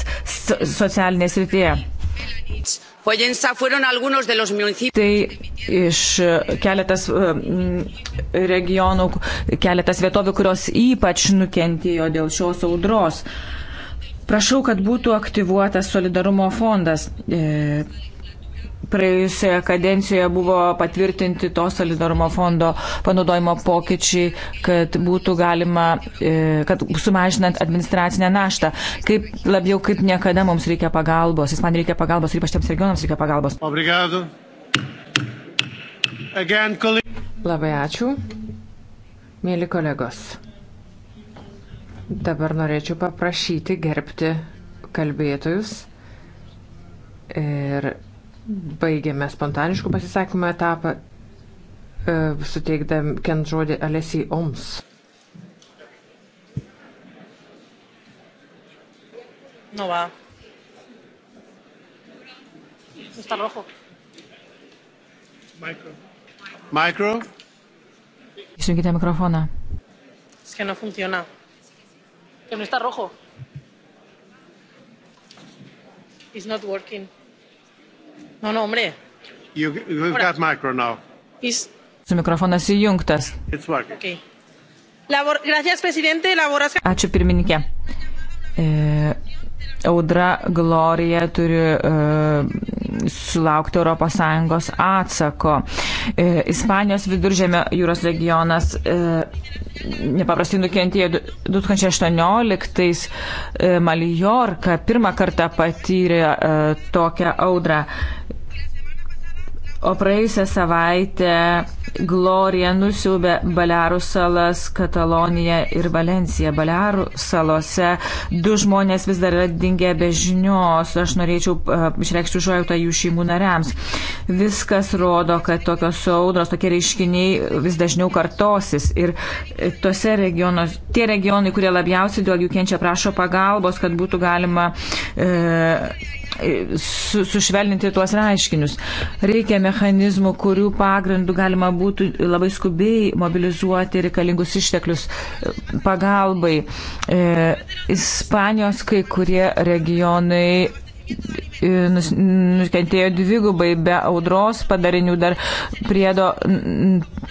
socialinės rytėje. Tai iš e, keletas e, regionų, keletas vietovių, kurios ypač nukentėjo dėl šios audros. Uh, Prašau, kad būtų aktyvuotas solidarumo fondas. E, praėjusioje kadencijoje buvo patvirtinti to solidarumo fondo panaudojimo pokyčiai, kad būtų galima, e, kad sumažinant administracinę naštą. Kaip labiau kaip niekada mums reikia pagalbos, jis man reikia pagalbos, ypač tiems regionams reikia pagalbos. Obrigado. Again, Labai ačiū, mėly kolegos. Dabar norėčiau paprašyti gerbti kalbėtojus. Ir baigėme spontaniškų pasisakymų etapą, e, suteikdam kent žodį Alesijai Oms. No va. Está rojo. Micro. Micro. Išjungite mikrofoną. Es que no funciona. Que no está rojo. It's not working. No, no, hombre. You, you've got micro now. Is... Su mikrofonas įjungtas. It's working. Okay. Labor... Gracias, presidente. Laboras... Ačiū pirmininkė. E eh, audra Glorija turi e, sulaukti ES atsako. E, Ispanijos viduržėmio jūros regionas e, nepaprastai nukentėjo 2018 e, Maliorka pirmą kartą patyrė e, tokią audrą. E, O praėjusią savaitę Glorija nusiubė Balearų salas, Kataloniją ir Valenciją. Balearų salose du žmonės vis dar yra dingę be žinios. Aš norėčiau uh, išreikšti užuojautą jų šeimų nariams. Viskas rodo, kad tokios audros, tokie reiškiniai vis dažniau kartosis. Ir e, tose regionos, tie regionai, kurie labiausiai dėl jų kenčia, prašo pagalbos, kad būtų galima. Uh, su, sušvelninti tuos reiškinius. Reikia mechanizmų, kurių pagrindų galima būtų labai skubiai mobilizuoti reikalingus išteklius e, pagalbai. E, Ispanijos kai kurie regionai e, nukentėjo dvigubai be audros padarinių dar priedo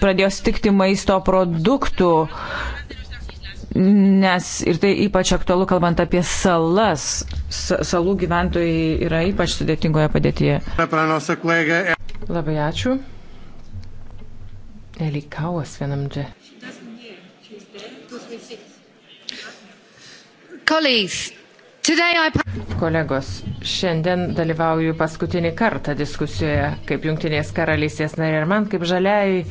pradėjo stikti maisto produktų, nes ir tai ypač aktualu kalbant apie salas. Salų gyventojai yra ypač sudėtingoje padėtyje. Labai ačiū. Elikauas vienam džia. Colleagues, Kolegos, šiandien dalyvauju paskutinį kartą diskusijoje kaip Junktinės karalystės narė ir man kaip žaliai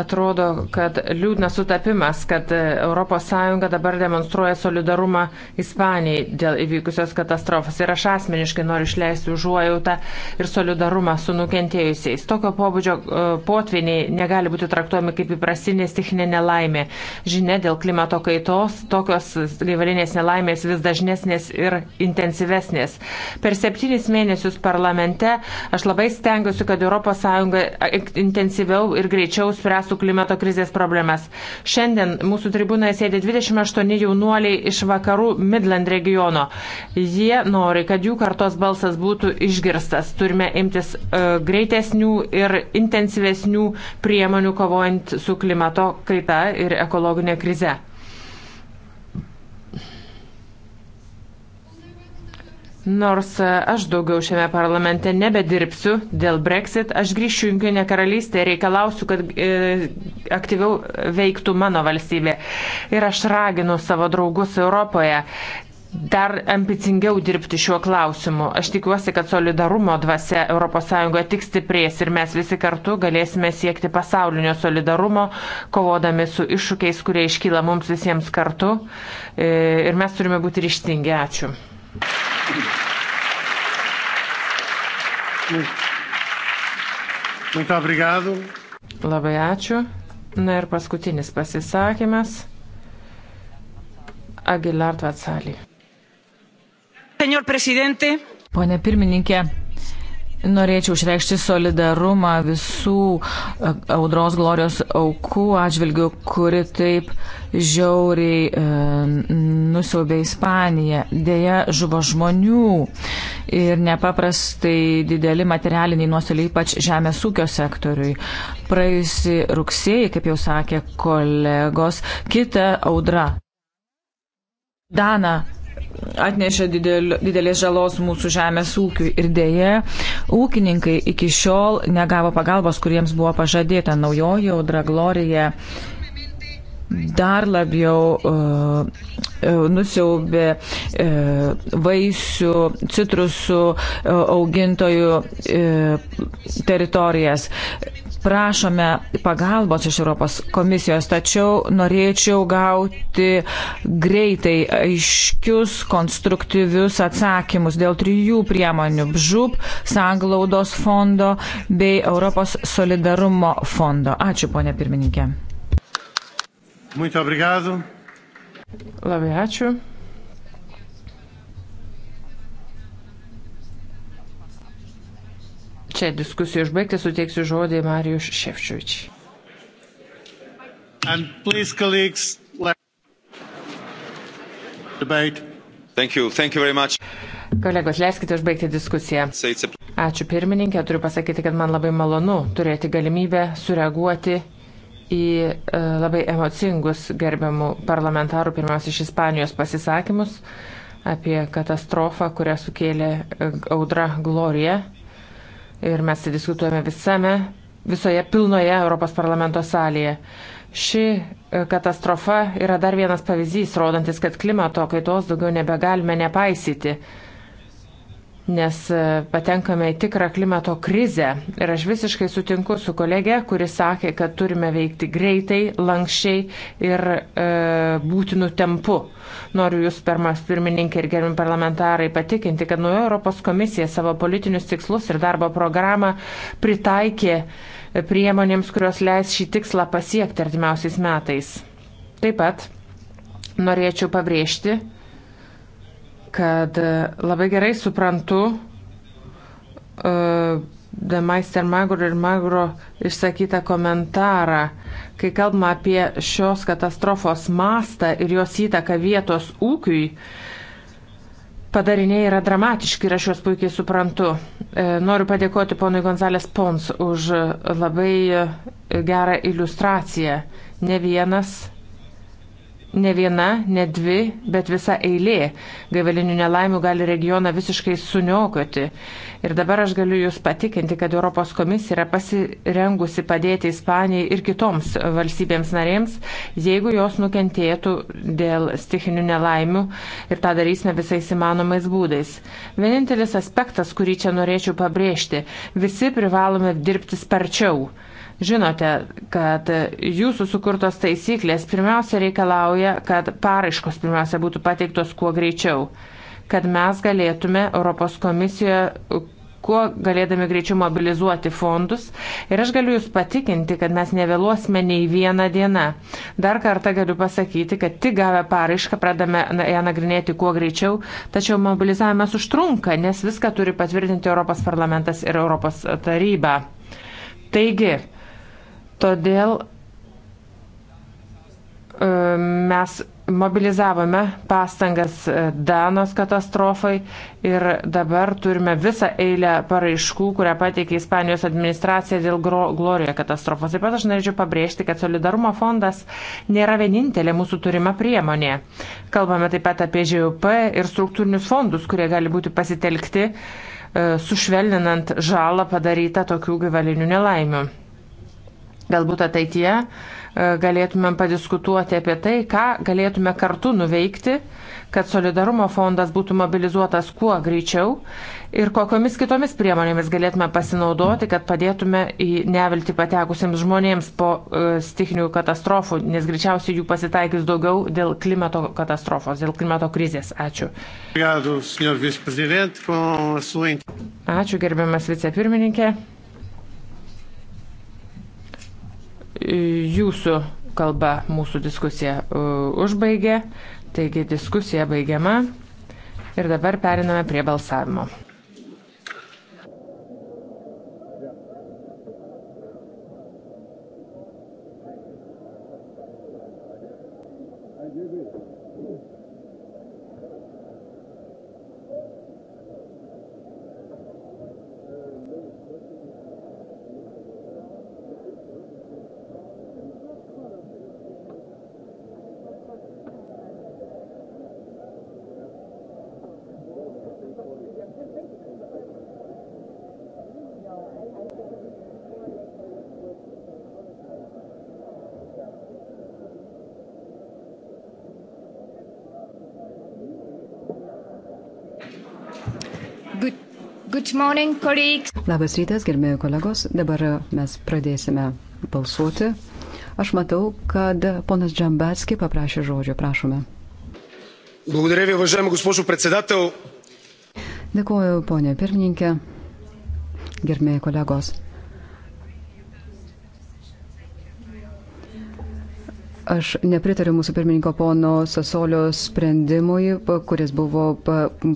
atrodo, kad liūdnas sutapimas, kad ES dabar demonstruoja solidarumą Ispanijai dėl įvykusios katastrofos ir aš asmeniškai noriu išleisti užuojautą ir solidarumą su nukentėjusiais. Tokio pobūdžio e, potviniai negali būti traktuojami kaip įprastinė stichinė nelaimė. Žinia dėl klimato kaitos, tokios gaivalinės nelaimės vis dažnesnės ir intensyvesnės. Per septynis mėnesius parlamente aš labai stengiuosi, kad ES intensyviau ir greičiau spręstų klimato krizės problemas. Šiandien mūsų tribūnoje sėdi 28 jaunuoliai iš vakarų Midland regiono. Jie nori, kad jų kartos balsas būtų išgirstas. Turime imtis uh, greitesnių ir intensyvesnių priemonių kovojant su klimato kaita ir ekologinė krize. Nors e, aš daugiau šiame parlamente nebedirbsiu dėl Brexit, aš grįšiu Junkinė karalystė ir reikalausiu, kad e, aktyviau veiktų mano valstybė. Ir aš raginu savo draugus Europoje dar ambicingiau dirbti šiuo klausimu. Aš tikiuosi, kad solidarumo dvasia ES tik stiprės ir mes visi kartu galėsime siekti pasaulinio solidarumo, kovodami su iššūkiais, kurie iškyla mums visiems kartu. E, ir mes turime būti ryštingi. Ačiū. Muito obrigado. Labai ačiū. Na ir paskutinis pasisakymas. Agilar Tvatsalį. Pone pirmininkė, Norėčiau išreikšti solidarumą visų e, audros glorijos aukų atžvilgių, kuri taip žiauriai e, nusiaubė Ispaniją. Deja, žuvo žmonių ir nepaprastai dideli materialiniai nuostoliai, ypač žemės ūkio sektoriui. Praėjusi rugsėjai, kaip jau sakė kolegos, kita audra. Dana atnešė didel, didelės žalos mūsų žemės ūkiui ir dėje ūkininkai iki šiol negavo pagalbos, kuriems buvo pažadėta naujoji audra Glorija. Dar labiau uh, nusiaubė uh, vaisių, citrusų uh, augintojų uh, teritorijas. Uh, prašome pagalbos iš Europos komisijos, tačiau norėčiau gauti greitai aiškius, konstruktyvius atsakymus dėl trijų priemonių - BŽUP, Sanglaudos fondo bei Europos solidarumo fondo. Ačiū, ponė pirmininkė. Labai ačiū. čia diskusiją užbaigti, suteiksiu žodį Marijus Šefčiovič. Thank you. Thank you very much. Kolegos, leiskite užbaigti diskusiją. Ačiū pirmininkė, turiu pasakyti, kad man labai malonu turėti galimybę sureaguoti į e, labai emocingus gerbiamų parlamentarų, pirmiausia iš Ispanijos pasisakymus apie katastrofą, kurią sukėlė e, audra Glorija ir mes tai diskutuojame visame, visoje pilnoje Europos parlamento salėje. Ši e, katastrofa yra dar vienas pavyzdys, rodantis, kad klimato kaitos daugiau nebegalime nepaisyti nes e, patenkame į tikrą klimato krizę. Ir aš visiškai sutinku su kolege, kuris sakė, kad turime veikti greitai, lankščiai ir e, būtinų tempu. Noriu Jūs, pirmas pirmininkė ir gerbim parlamentarai, patikinti, kad nauja Europos komisija savo politinius tikslus ir darbo programą pritaikė priemonėms, kurios leis šį tikslą pasiekti artimiausiais metais. Taip pat norėčiau pabrėžti, kad e, labai gerai suprantu uh, e, Demaister Magro ir Magro išsakytą komentarą, kai kalbama apie šios katastrofos mastą ir jos įtaką vietos ūkiui. Padariniai yra dramatiški ir aš juos puikiai suprantu. E, noriu padėkoti ponui Gonzalės Pons už labai gerą iliustraciją. Ne vienas ne viena, ne dvi, bet visa eilė gaivalinių nelaimių gali regioną visiškai suniokoti. Ir dabar aš galiu Jūs patikinti, kad Europos komisija yra pasirengusi padėti Ispanijai ir kitoms valstybėms narėms, jeigu jos nukentėtų dėl stichinių nelaimių ir tą darysime visais įmanomais būdais. Vienintelis aspektas, kurį čia norėčiau pabrėžti - visi privalome dirbti sparčiau. Žinote, kad jūsų sukurtos taisyklės pirmiausia reikalauja, kad paraiškos pirmiausia būtų pateiktos kuo greičiau, kad mes galėtume Europos komisijoje kuo galėdami greičiau mobilizuoti fondus. Ir aš galiu Jūs patikinti, kad mes nevėluosime nei vieną dieną. Dar kartą galiu pasakyti, kad tik gavę paraišką pradame ją nagrinėti kuo greičiau, tačiau mobilizavimas užtrunka, nes viską turi patvirtinti Europos parlamentas ir Europos taryba. Taigi, Todėl e, mes mobilizavome pastangas e, Danos katastrofai ir dabar turime visą eilę paraiškų, kurią pateikė Ispanijos administracija dėl Glorijoje katastrofos. Taip pat aš norėčiau pabrėžti, kad solidarumo fondas nėra vienintelė mūsų turima priemonė. Kalbame taip pat apie ŽUP ir struktūrinius fondus, kurie gali būti pasitelkti e, sušvelninant žalą padarytą tokių gyvalinių nelaimių. Galbūt ateityje e, galėtumėm padiskutuoti apie tai, ką galėtume kartu nuveikti, kad solidarumo fondas būtų mobilizuotas kuo greičiau ir kokiomis kitomis priemonėmis galėtume pasinaudoti, kad padėtume į nevilti patekusiems žmonėms po e, stichinių katastrofų, nes greičiausiai jų pasitaikys daugiau dėl klimato katastrofos, dėl klimato krizės. Ačiū. Ačiū gerbiamas vicepirmininkė. jūsų kalba mūsų diskusiją e, užbaigė, taigi diskusija baigiama ir dabar periname prie balsavimo. Good morning, colleagues. Labas rytas, gerbėjai kolegos. Dabar mes pradėsime balsuoti. Aš matau, kad ponas Džambatski paprašė žodžio. Prašome. Благодаря ви, уважаема госпожо председател. Dėkuoju, ponė pirmininkė, gerbėjai kolegos. Aš nepritariu mūsų pirmininko pono Sasolio sprendimui, kuris buvo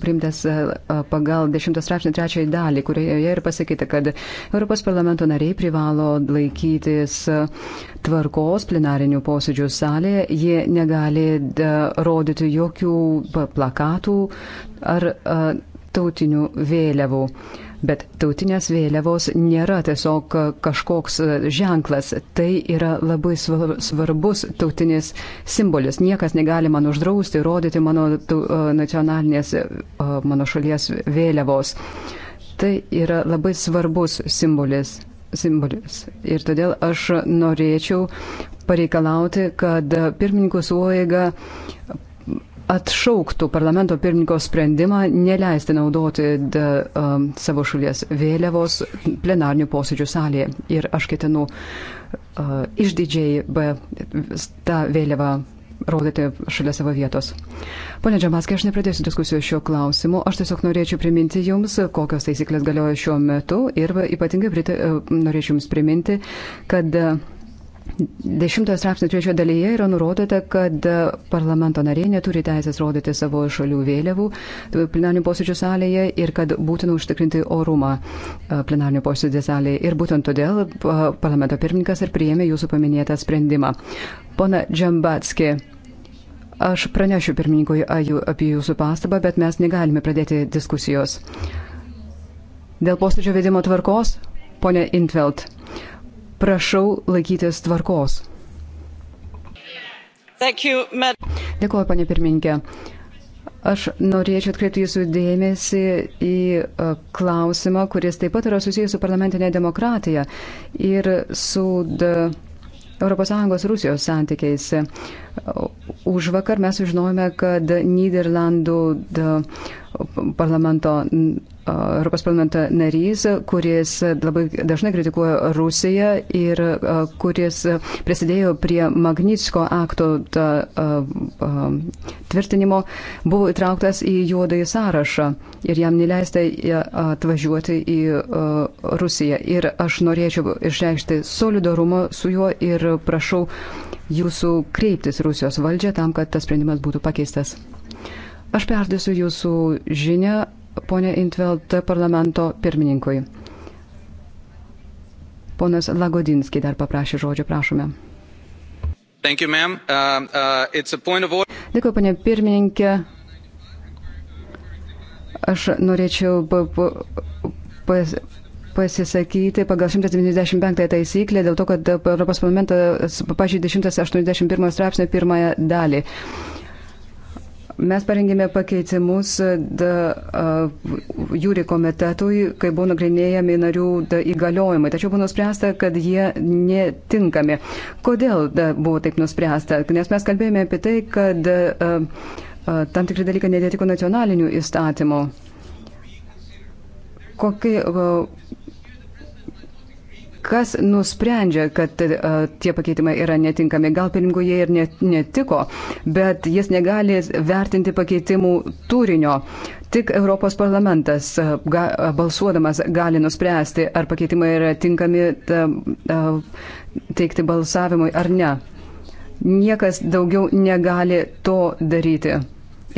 priimtas e, e, pagal 10 straipsnį trečiąjį dalį, kurioje ir pasakyta, kad Europos parlamento nariai privalo laikytis e, tvarkos plenarinių posėdžių salėje, jie negali rodyti jokių plakatų ar tautinių vėliavų. Bet tautinės vėliavos nėra tiesiog kažkoks ženklas, tai yra labai svarbus tautinis simbolis. Niekas negali man uždrausti, rodyti mano nacionalinės, mano šalies vėliavos. Tai yra labai svarbus simbolis simbolis. Ir todėl aš norėčiau pareikalauti, kad pirmininkų suoiga atšauktų parlamento pirmininko sprendimą neleisti naudoti de, um, savo šalies vėliavos plenarnių posėdžių salėje. Ir aš ketinu uh, išdidžiai tą vėliavą rodyti šalia savo vietos. Pone Džamaskė, aš nepradėsiu diskusijos šiuo klausimu, aš tiesiog norėčiau priminti Jums, kokios taisyklės galioja šiuo metu ir ypatingai prita, uh, norėčiau Jums priminti, kad uh, Dešimtojo straipsnio trečiojo dalyje yra nurodyta, kad parlamento nariai neturi teisės rodyti savo šalių vėliavų plenarnių posėdžių salėje ir kad būtina užtikrinti orumą e, plenarnių posėdžių salėje. Ir būtent todėl e, parlamento pirmininkas ir priėmė jūsų paminėtą sprendimą. Pona Džambatski. Aš pranešiu pirmininkui apie jūsų pastabą, bet mes negalime pradėti diskusijos. Dėl posėdžio vedimo tvarkos, ponė Intveld. Uh, Prašau laikytis tvarkos. Dėkuoju, panė pirmininkė. Aš norėčiau atkreipti jūsų dėmesį į e, klausimą, kuris taip pat yra susijęs su parlamentinė demokratija ir su ES Rusijos santykiais. Už vakar mes sužinojome, kad Niderlandų parlamento Europos parlamento narys, kuris labai dažnai kritikuoja Rusiją ir kuris prisidėjo prie Magnitsko akto ta, tvirtinimo, buvo įtrauktas į juodąjį sąrašą ir jam neleista atvažiuoti į Rusiją. Ir aš norėčiau išreikšti solidarumą su juo ir prašau jūsų kreiptis Rusijos valdžią tam, kad tas sprendimas būtų pakeistas. Aš perdėsiu jūsų žinę ponė Intveld parlamento pirmininkui. Ponas Lagodinski dar paprašė žodžio, prašome. You, uh, uh, of... Dėkui, panė pirmininkė. Aš norėčiau pas, pasisakyti pagal 195 taisyklę dėl to, kad Europos parlamentas pažydė 181 straipsnio pirmąją dalį. Uh, Mes parengėme pakeitimus da, uh, jūri komitetui, kai buvo nagrinėjami narių da, įgaliojimai, tačiau buvo nuspręsta, kad jie netinkami. Kodėl da, buvo taip nuspręsta? Nes mes kalbėjome apie tai, kad uh, uh, tam tikri dalykai nedėtiko nacionalinių įstatymų. Kokie, uh, kas nusprendžia, kad uh, tie pakeitimai yra netinkami. Gal pirmingų jie ir net, netiko, bet jis negali vertinti pakeitimų turinio. Tik Europos parlamentas uh, ga, e, balsuodamas gali nuspręsti, ar pakeitimai yra tinkami uh, teikti balsavimui ar ne. Niekas daugiau negali to daryti.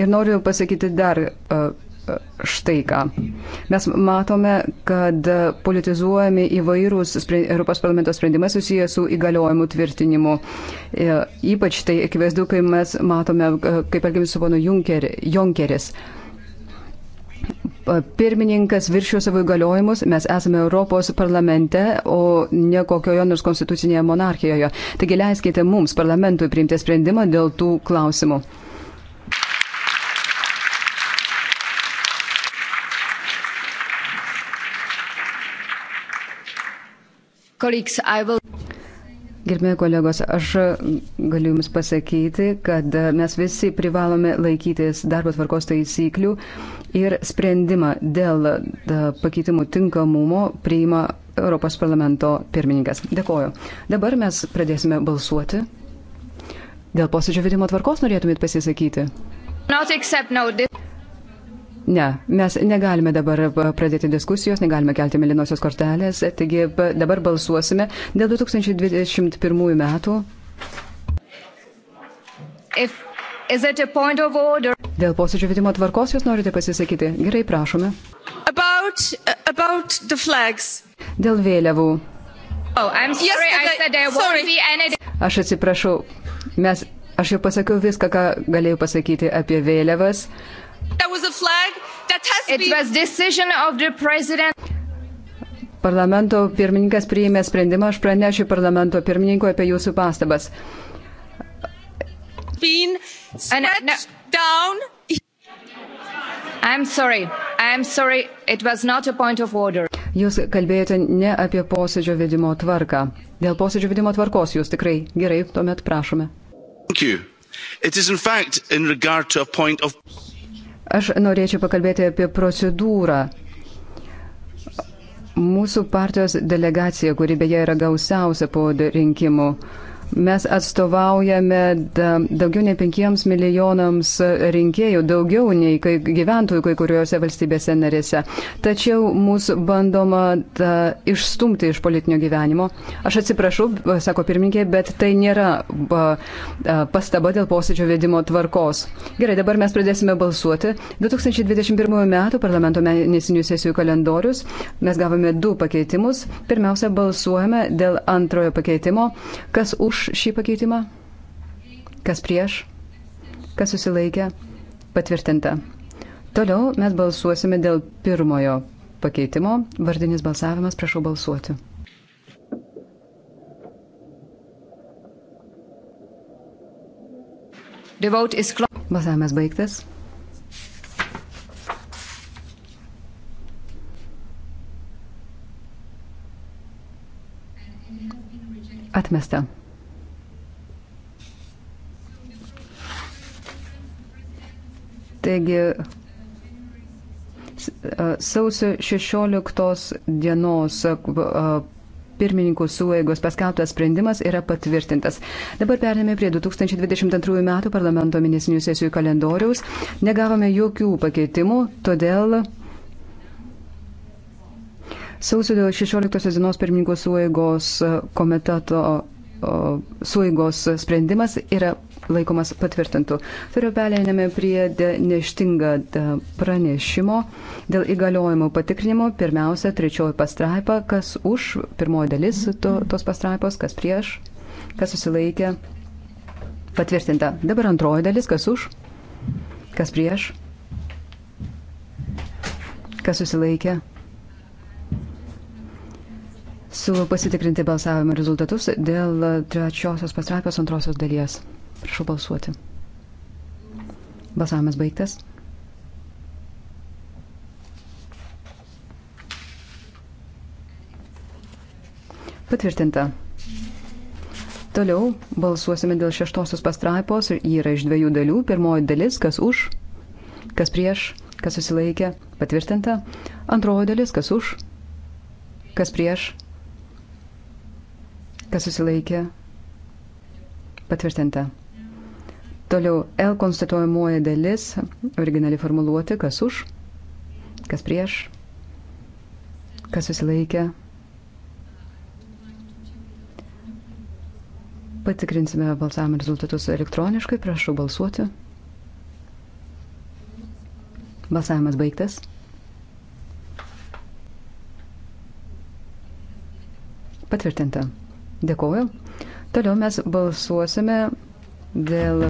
Ir noriu pasakyti dar uh, štai ką. Mes matome, kad politizuojami įvairūs Europos parlamento sprendimai susiję su įgaliojimu tvirtinimu. E, ypač tai akivaizdu, kai mes matome, e, kaip elgiamis su ponu Junkeris. Pirmininkas viršijo savo įgaliojimus, mes esame Europos parlamente, o ne kokioje nors konstitucinėje monarchijoje. Taigi leiskite mums, parlamentui, priimti sprendimą dėl tų klausimų. Will... Gerbėjai kolegos, aš galiu Jums pasakyti, kad mes visi privalome laikytis darbo tvarkos taisyklių ir sprendimą dėl pakeitimų tinkamumo priima Europos parlamento pirmininkas. Dėkoju. Dabar mes pradėsime balsuoti. Dėl posėdžio vedimo tvarkos norėtumėt pasisakyti? Not except, no, this... Ne, mes negalime dabar e, pradėti diskusijos, negalime kelti melinosios kortelės, taigi dabar balsuosime dėl 2021 metų. If, dėl posėdžio vedimo tvarkos jūs norite pasisakyti? Gerai, prašome. About, about dėl vėliavų. Oh, sorry, yes, sorry. Aš atsiprašau, mes, aš jau pasakiau viską, ką galėjau pasakyti apie vėliavas. Uh, Parlamento pirmininkas priėmė sprendimą, aš pranešiu parlamento pirmininkui apie jūsų pastabas. Uh, I'm sorry. I'm sorry. Jūs kalbėjote ne apie posėdžio vedimo tvarką. Dėl posėdžio vedimo tvarkos jūs tikrai gerai, tuomet prašome. Of... Aš norėčiau pakalbėti apie procedūrą. Mūsų partijos delegacija, kuri beje yra gausiausia po rinkimų, uh, Mes atstovaujame daugiau nei penkiems milijonams rinkėjų, daugiau nei kai gyventojų kai kuriuose valstybėse narėse. Tačiau mūsų bandoma da, išstumti iš politinio gyvenimo. Aš atsiprašau, sako pirmininkė, bet tai nėra ba, pastaba dėl posėdžio vedimo tvarkos. Gerai, dabar mes pradėsime balsuoti. 2021 m. parlamento mėnesinių sesijų kalendorius. Mes gavome du pakeitimus. Pirmiausia, balsuojame dėl antrojo pakeitimo. Kas už už šį pakeitimą? Kas prieš? Kas susilaikė? Patvirtinta. Toliau mes balsuosime dėl pirmojo pakeitimo. Vardinis balsavimas, prašau balsuoti. Balsavimas baigtas. Atmesta. Taigi, sausio 16 dienos pirmininkų sueigos paskelbtas sprendimas yra patvirtintas. Dabar perėmėme prie 2022 m. parlamento mėnesinių sesijų kalendoriaus. Negavome jokių pakeitimų, todėl sausio 16 dienos pirmininkų sueigos komiteto suigos sprendimas yra laikomas patvirtintų. Toliau pereiname prie neštingą pranešimo dėl įgaliojimų patikrinimo. Pirmiausia, trečioji pastraipa, kas už, pirmoji dalis to, tos pastraipos, kas prieš, kas susilaikė. Patvirtinta. Dabar antroji dalis, kas už, kas prieš, kas susilaikė. Siūlau pasitikrinti balsavimo rezultatus dėl trečiosios pastraipos antrosios dalies. Prašau balsuoti. Balsavimas baigtas. Patvirtinta. Toliau balsuosime dėl šeštosios pastraipos ir yra iš dviejų dalių. Pirmoji dalis, kas už, kas prieš, kas susilaikė, patvirtinta. Antroji dalis, kas už, kas prieš, Kas susilaikė? Patvirtinta. Toliau L konstatuojamoji dalis, originali formuluoti, kas už, kas prieš, kas susilaikė. Patikrinsime balsavimo rezultatus elektroniškai, prašau balsuoti. Balsavimas baigtas. Patvirtinta. Dėkuoju. Toliau mes balsuosime dėl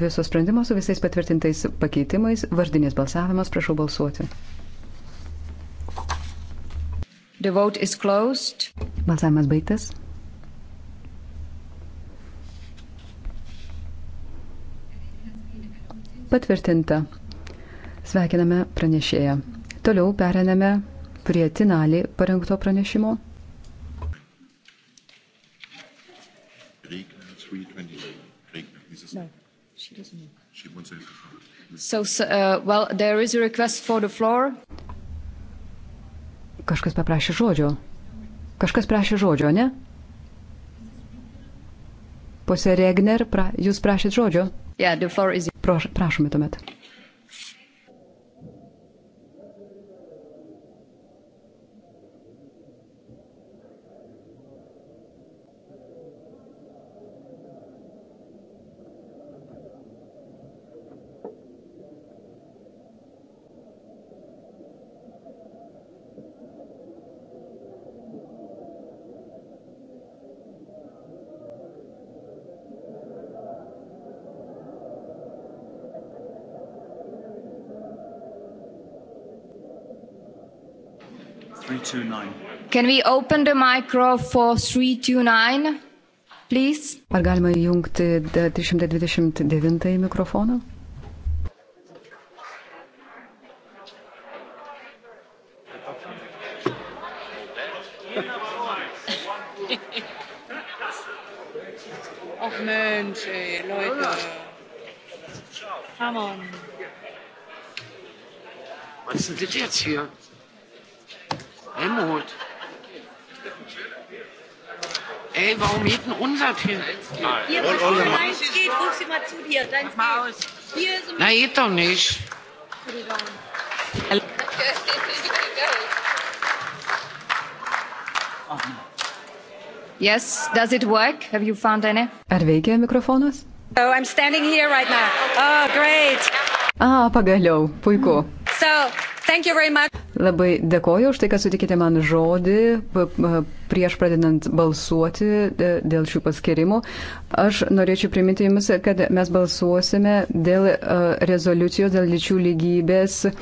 viso sprendimo su visais patvirtintais pakeitimais. Vardinės balsavimas, prašau balsuoti. Balsavimas baigtas. Patvirtinta. Sveikiname pranešėją. Toliau periname prie Tinalį parengto pranešimo. She wants it. So, uh, well, there is a request for the floor. Kažkas paprašė žodžio. Kažkas prašė žodžio, ne? Pose Regner, pra, jūs prašėt žodžio? Yeah, the floor is... Praš, prašome tuomet. 329. Can we open the micro for 329, please? Ar galima įjungti 329 mikrofoną? Ach Mensch, ey, Leute. Come on. Was ist denn das jetzt hier? Warum geht denn unser Telefon? Hier, was Olga, meins geht, ruf sie mal zu dir. Deins mal aus. Hier ist um Na, geht doch nicht. Yes, does it work? Have you found any? Ar veikia mikrofonas? Oh, I'm standing here right now. Oh, great. Ah, pagaliau, puiku. Mm. So, Labai dėkoju už tai, kad sutikite man žodį prieš pradedant balsuoti e, dėl šių paskirimų. Aš norėčiau priminti Jums, kad mes balsuosime dėl e, rezoliucijos dėl lyčių lygybės. E,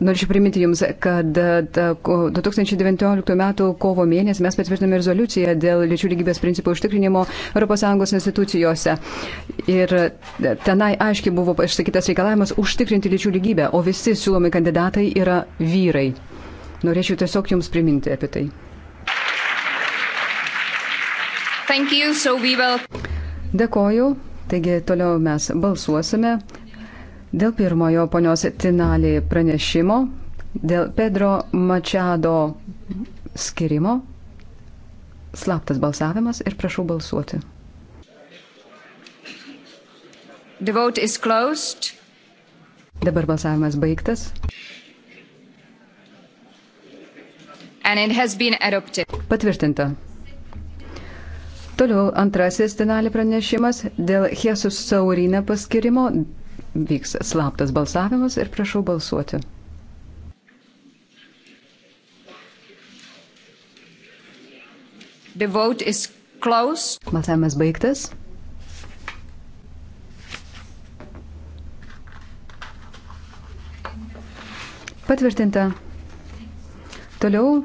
norėčiau priminti Jums, kad 2019 m. kovo mėnesį mes patvirtiname rezoliuciją dėl lyčių lygybės principų užtikrinimo ES institucijose. Ir tenai aiškiai buvo išsakytas reikalavimas užtikrinti lyčių lygybę, o visi siūlomi kandidatai yra vyrai. Norėčiau tiesiog Jums priminti apie tai. Thank you, so we will. Dėkoju. Taigi toliau mes balsuosime dėl pirmojo ponios Tinalį pranešimo, dėl Pedro Mačiado skirimo. Slaptas balsavimas ir prašau balsuoti. The vote is closed. Dabar balsavimas baigtas. Patvirtinta. Toliau antrasis tenalį pranešimas dėl Jėzus Saurina paskirimo. Vyks slaptas balsavimas ir prašau balsuoti. Balsavimas baigtas. Patvirtinta. Toliau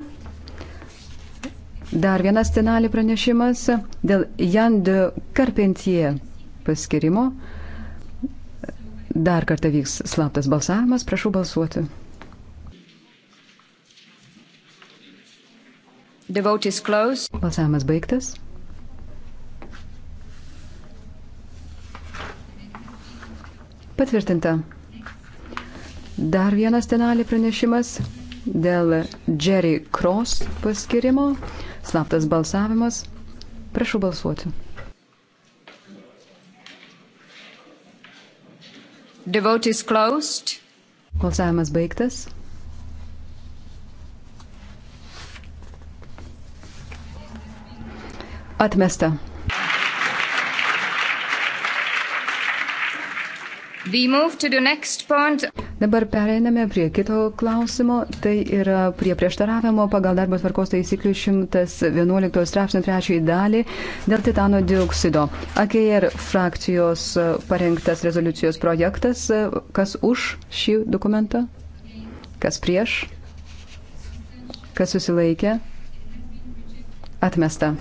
Dar vienas tenalį pranešimas dėl Jand Karpentie paskirimo. Dar kartą vyks slaptas balsavimas, prašau balsuoti. Balsavimas baigtas. Patvirtinta. Dar vienas tenalį pranešimas dėl Jerry Cross paskirimo. Slaptas balsavimas. Prašau balsuoti. The vote is closed. Balsavimas baigtas. Atmesta. Dabar pereiname prie kito klausimo, tai yra prie prieštaravimo pagal darbo tvarkos taisyklių 111 straipsnio trečiai dalį dėl titano dioksido. AKR frakcijos parengtas rezoliucijos projektas, kas už šį dokumentą, kas prieš, kas susilaikė, atmesta.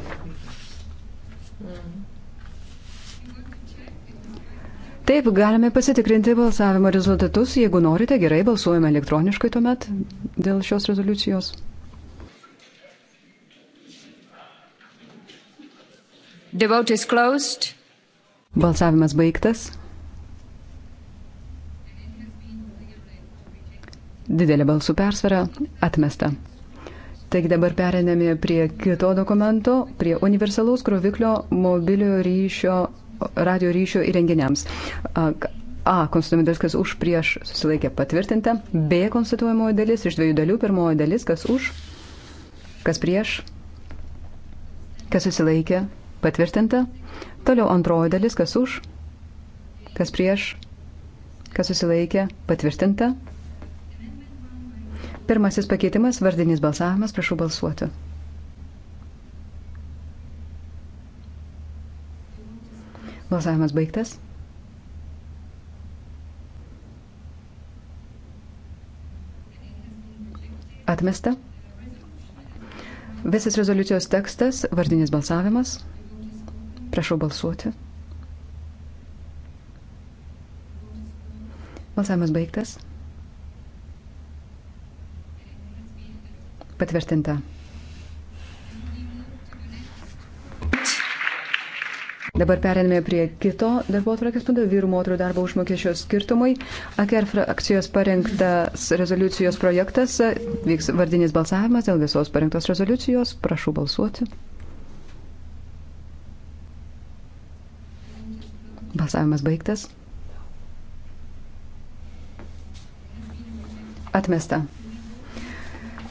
Taip, galime pasitikrinti balsavimo rezultatus. Jeigu norite, gerai, balsuojame elektroniškai tuomet dėl šios rezoliucijos. Balsavimas baigtas. Didelė balsų persvara atmesta. Taigi dabar periname prie kito dokumento, prie universalaus kroviklio mobiliojo ryšio radio ryšio įrenginiams. A. Konstituojamoji dalis, kas už prieš susilaikė patvirtinta. B. Konstituojamoji dalis iš dviejų dalių. Pirmoji dalis, kas už, kas prieš, kas susilaikė patvirtinta. Toliau antroji dalis, kas už, kas prieš, kas susilaikė patvirtinta. Pirmasis pakeitimas, vardinis balsavimas, prašau balsuoti. Balsavimas baigtas. Atmesta. Visas rezoliucijos tekstas, vardinis balsavimas. Prašau balsuoti. Balsavimas baigtas. Patvirtinta. Dabar perėmėme prie kito darbo atvarkės punkto - vyrų moterų darbo užmokesčio skirtumai. AKR frakcijos parengtas rezoliucijos projektas. Vyks vardinis balsavimas dėl visos parengtos rezoliucijos. Prašau balsuoti. Balsavimas baigtas. Atmesta.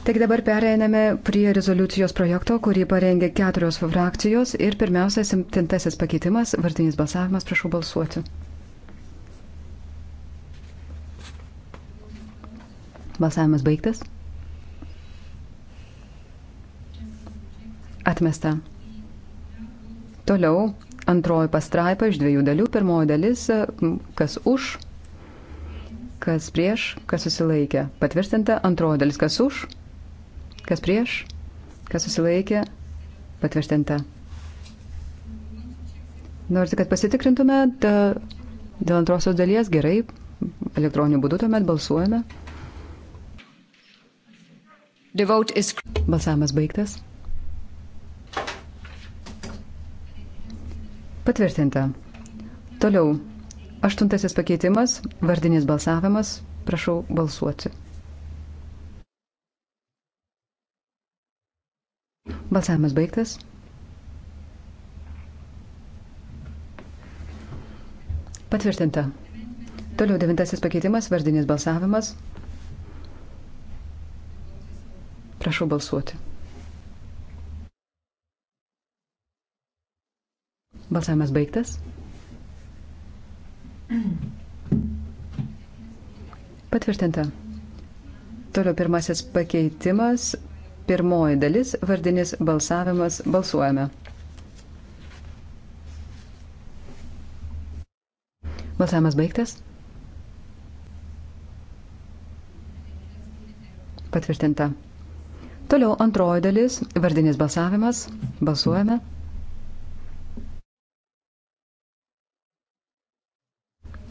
Taigi dabar pereiname prie rezoliucijos projekto, kurį parengė keturios frakcijos ir pirmiausia, septintasis pakeitimas, vardinis balsavimas, prašau balsuoti. Balsavimas baigtas. Atmesta. Toliau antroji pastraipa iš dviejų dalių. Pirmoji dalis, kas už, kas prieš, kas susilaikė. Patvirtinta antroji dalis, kas už Kas prieš? Kas susilaikė? Patvirtinta. Norite, kad pasitikrintume dėl antrosios dalies, gerai, elektroniniu būdu tuomet balsuojame. Is... Balsavimas baigtas. Patvirtinta. Toliau. Aštuntasis pakeitimas, vardinis balsavimas. Prašau balsuoti. Balsavimas baigtas. Patvirtinta. Toliau devintasis pakeitimas, vardinis balsavimas. Prašau balsuoti. Balsavimas baigtas. Patvirtinta. Toliau pirmasis pakeitimas, Pirmoji dalis - vardinis balsavimas. Balsuojame. Balsavimas baigtas. Patvirtinta. Toliau antroji dalis - vardinis balsavimas. Balsuojame.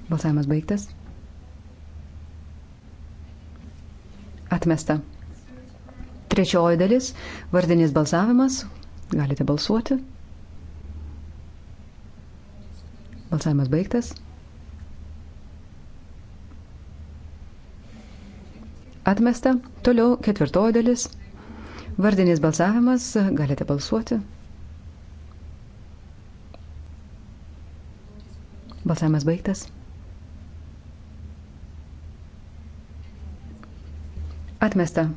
Balsavimas baigtas. Atmesta. Trečioji dalis - vardinis balsavimas. Galite balsuoti. Balsavimas baigtas. Atmesta. Toliau ketvirtoji dalis. Vardinis balsavimas. Galite balsuoti. Balsavimas baigtas. Atmesta.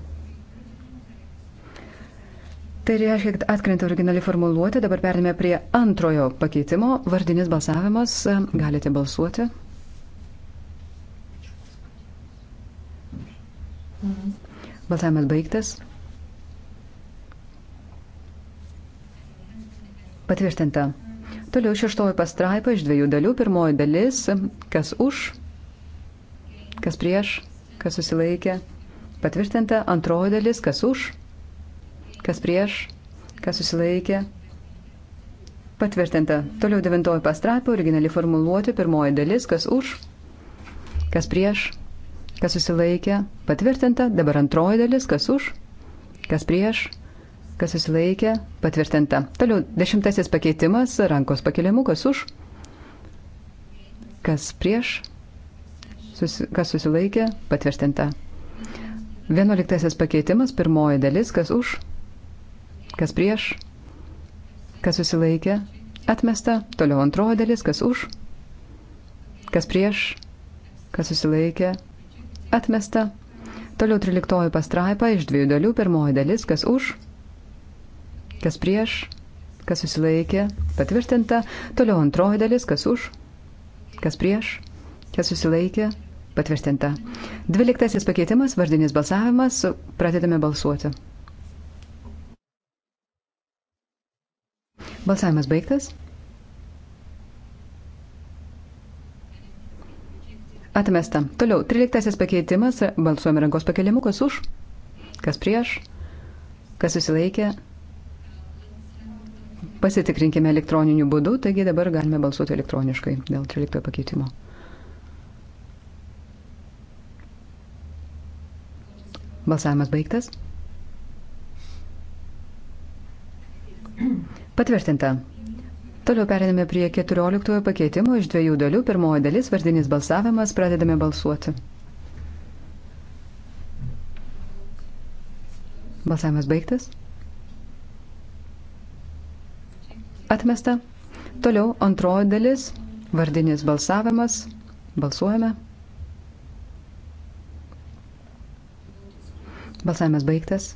Tai reiškia, kad atkrenta originali formuluotė, dabar perėmė prie antrojo pakeitimo, vardinis balsavimas, galite balsuoti. Balsavimas baigtas. Patvirtinta. Toliau šeštoji pastraipa iš dviejų dalių. Pirmoji dalis, kas už, kas prieš, kas susilaikė. Patvirtinta. Antroji dalis, kas už, kas prieš, kas susilaikė. Patvirtinta. Toliau devintoji pastraipa, originali formuluoti, pirmoji dalis, kas už, kas prieš, kas susilaikė. Patvirtinta. Dabar antroji dalis, kas už, kas prieš, kas susilaikė. Patvirtinta. Toliau dešimtasis pakeitimas, rankos pakelimu, kas už, kas prieš, susi, kas susilaikė. Patvirtinta. Vienuoliktasis pakeitimas, pirmoji dalis, kas už, kas prieš, kas susilaikė, atmesta. Toliau antroji dalis, kas už, kas prieš, kas susilaikė, atmesta. Toliau 13 pastraipa iš dviejų dalių. Pirmoji dalis, kas už, kas prieš, kas susilaikė, patvirtinta. Toliau antroji dalis, kas už, kas prieš, kas susilaikė, patvirtinta. 12 pakeitimas, vardinis balsavimas, pradedame balsuoti. Balsavimas baigtas. Atmesta. Toliau, 13 pakeitimas. Balsuojame rankos pakelimu, kas už, kas prieš, kas susilaikė. Pasitikrinkime elektroniniu būdu, taigi dabar galime balsuoti elektroniškai dėl 13 pakeitimo. Balsavimas baigtas. Patvirtinta. Toliau periname prie 14 pakeitimo iš dviejų dalių. Pirmoji dalis - vardinis balsavimas. Pradedame balsuoti. Balsavimas baigtas. Atmesta. Toliau antroji dalis - vardinis balsavimas. Balsuojame. Balsavimas baigtas.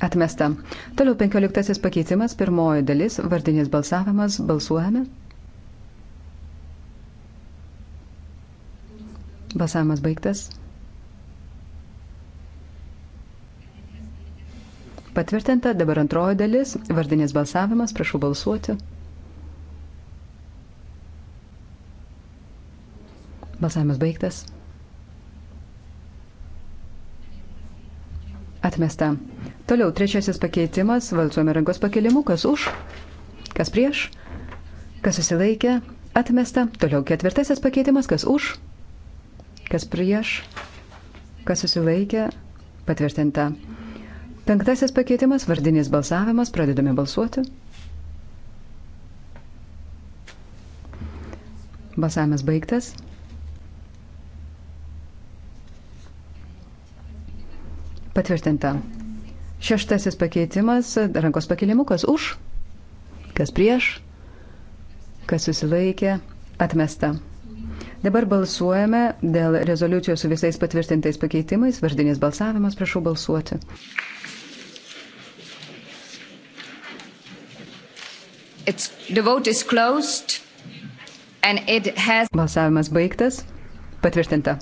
Atmesta. Toliau penkioliktasis pakeitimas, pirmoji dalis, vardinis balsavimas, balsuojame. Balsavimas baigtas. Patvirtinta, dabar antroji dalis, vardinis balsavimas, prašau balsuoti. Balsavimas baigtas. Atmesta. Toliau trečiasis pakeitimas valsuojame rankos pakelimu, kas už, kas prieš, kas susilaikė, atmesta. Toliau ketvirtasis pakeitimas, kas už, kas prieš, kas susilaikė, patvirtinta. Penktasis pakeitimas, vardinis balsavimas, pradedame balsuoti. Balsavimas baigtas. Patvirtinta. Šeštasis pakeitimas, rankos pakelimu, kas už, kas prieš, kas susilaikė, atmesta. Dabar balsuojame dėl rezoliucijos su visais patvirtintais pakeitimais. Vardinis balsavimas, prašau balsuoti. It's, the vote is closed and it has. Balsavimas baigtas. Patvirtinta.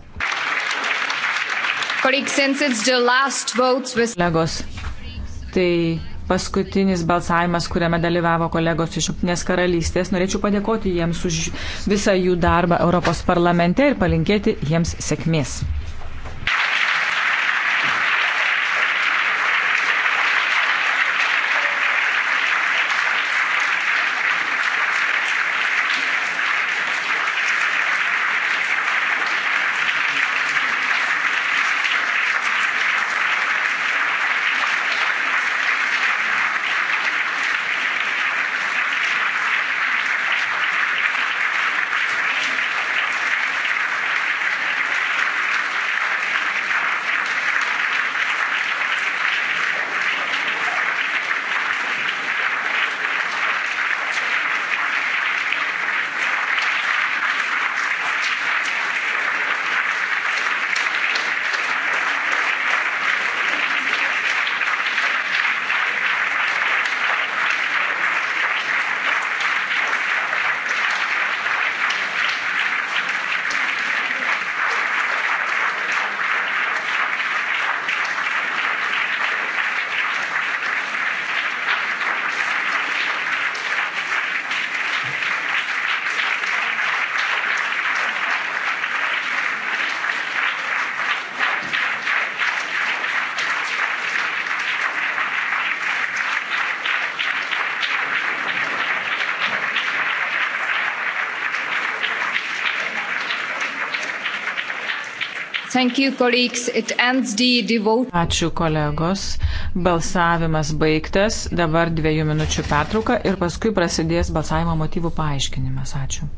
Kolegos, tai paskutinis balsavimas, kuriame dalyvavo kolegos iš Junktinės karalystės. Norėčiau padėkoti jiems už visą jų darbą Europos parlamente ir palinkėti jiems sėkmės. You, Ačiū kolegos. Balsavimas baigtas. Dabar dviejų minučių pertrauka ir paskui prasidės balsavimo motyvų paaiškinimas. Ačiū.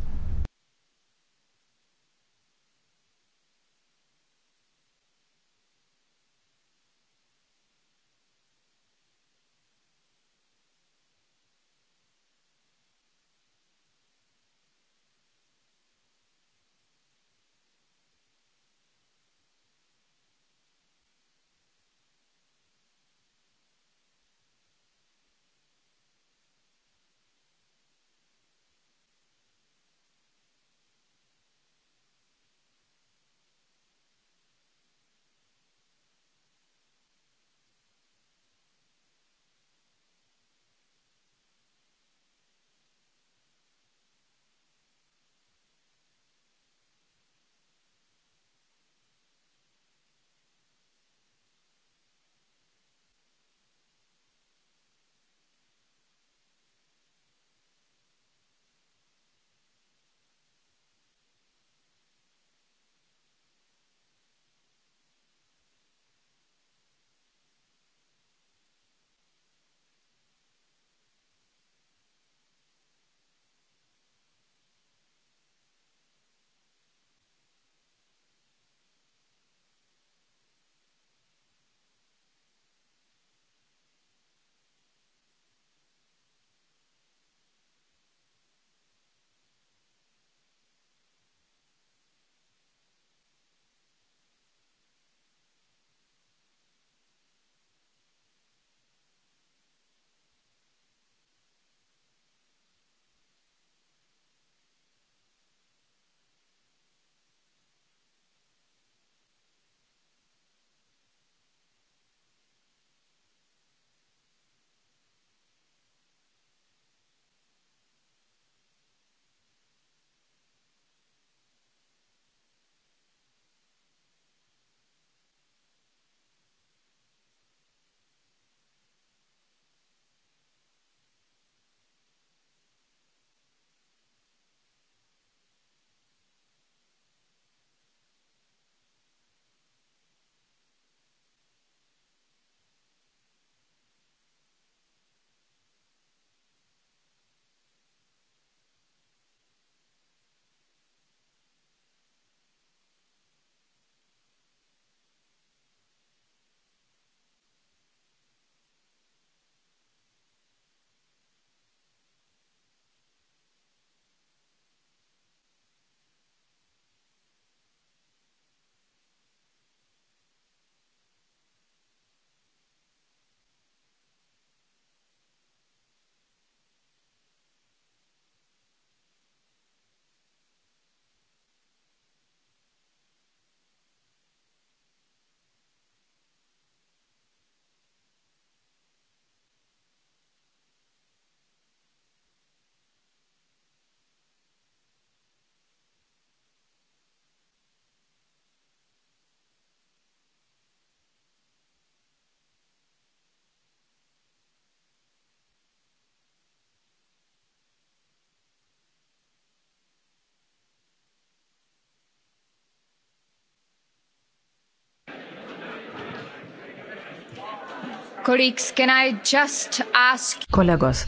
Kolegos,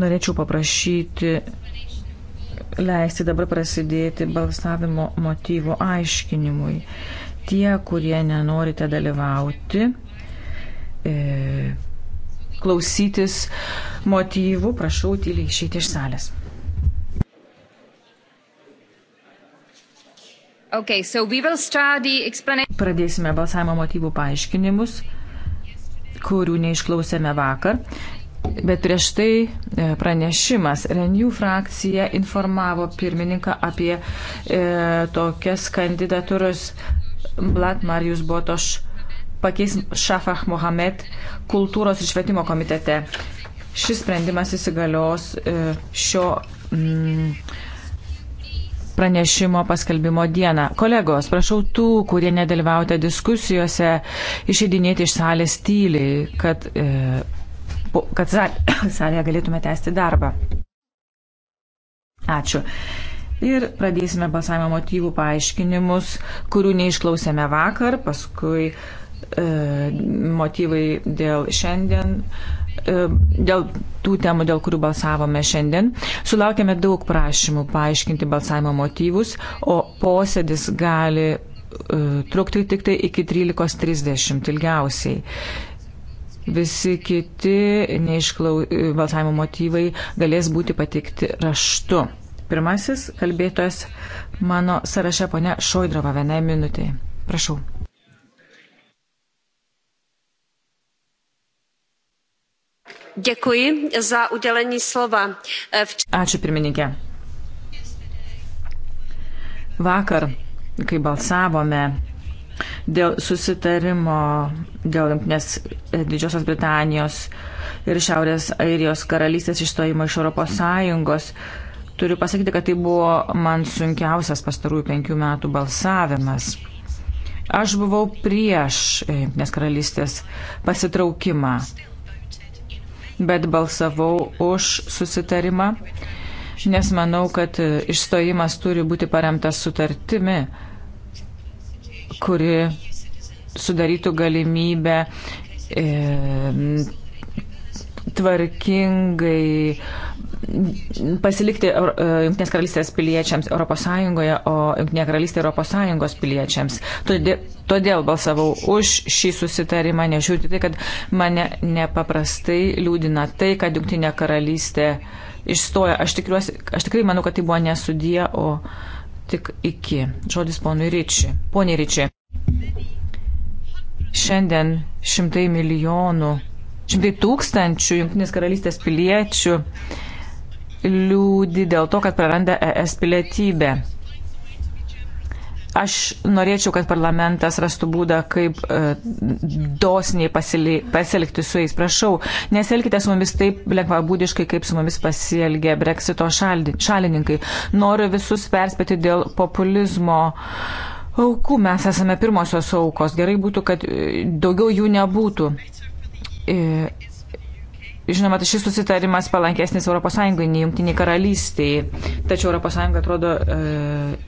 norėčiau paprašyti leisti dabar prasidėti balsavimo motyvų aiškinimui. Tie, kurie nenorite dalyvauti, e, klausytis motyvų, prašau tyliai išeiti iš salės. Okay, so Pradėsime balsavimo motyvų paaiškinimus kurių neišklausėme vakar. Bet prieš tai e, pranešimas. Renijų frakcija informavo pirmininką apie e, tokias kandidatūras Blat Marijus Botoš pakeis Šafah Mohamed kultūros ir švietimo komitete. Šis sprendimas įsigalios e, šio. Mm, pranešimo paskelbimo dieną. Kolegos, prašau tų, kurie nedalyvaujate diskusijose, išeidinėti iš salės tyliai, kad, e, kad salėje galėtume tęsti darbą. Ačiū. Ir pradėsime balsavimo motyvų paaiškinimus, kurių neišklausėme vakar, paskui e, motyvai dėl šiandien. E, E, dėl tų temų, dėl kurių balsavome šiandien. Sulaukėme daug prašymų paaiškinti balsavimo motyvus, o posėdis gali e, trukti tik tai iki 13.30 ilgiausiai. Visi kiti neišklau, e, balsavimo motyvai galės būti patikti raštu. Pirmasis kalbėtojas mano sąraše ponia Šoidrava vienai minutiai. Prašau. Dėkui za udelenį slovą. E, Ačiū pirmininkė. Vakar, kai balsavome dėl susitarimo dėl Junktinės e, Didžiosios Britanijos ir Šiaurės Airijos karalystės išstojimo iš Europos Sąjungos, turiu pasakyti, kad tai buvo man sunkiausias pastarųjų penkių metų balsavimas. Aš buvau prieš e, Junktinės karalystės pasitraukimą bet balsavau už susitarimą, nes manau, kad išstojimas turi būti paremtas sutartimi, kuri sudarytų galimybę e, tvarkingai pasilikti e, Junktinės karalystės piliečiams ES, o Junktinė karalystė ES piliečiams. Todėl, todėl balsavau už šį susitarimą, nežiūrėti tai, kad mane nepaprastai liūdina tai, kad Junktinė karalystė išstoja. Aš, tikriuosi, aš tikrai manau, kad tai buvo nesudie, o tik iki. Žodis ponui Ryčiui. Pone Ryčiui. Šiandien šimtai milijonų, šimtai tūkstančių Junktinės karalystės piliečių liūdi dėl to, kad praranda ES pilietybę. Aš norėčiau, kad parlamentas rastų būdą, kaip e, dosniai pasielgti su jais. Prašau, nesielkite su mumis taip lengvabūdiškai, kaip su mumis pasielgė breksito šaldi, šalininkai. Noriu visus perspėti dėl populizmo aukų. Mes esame pirmosios aukos. Gerai būtų, kad e, daugiau jų nebūtų. E, Žinoma, tai šis susitarimas palankesnis ES nei Junktiniai karalystiai, tačiau ES atrodo e,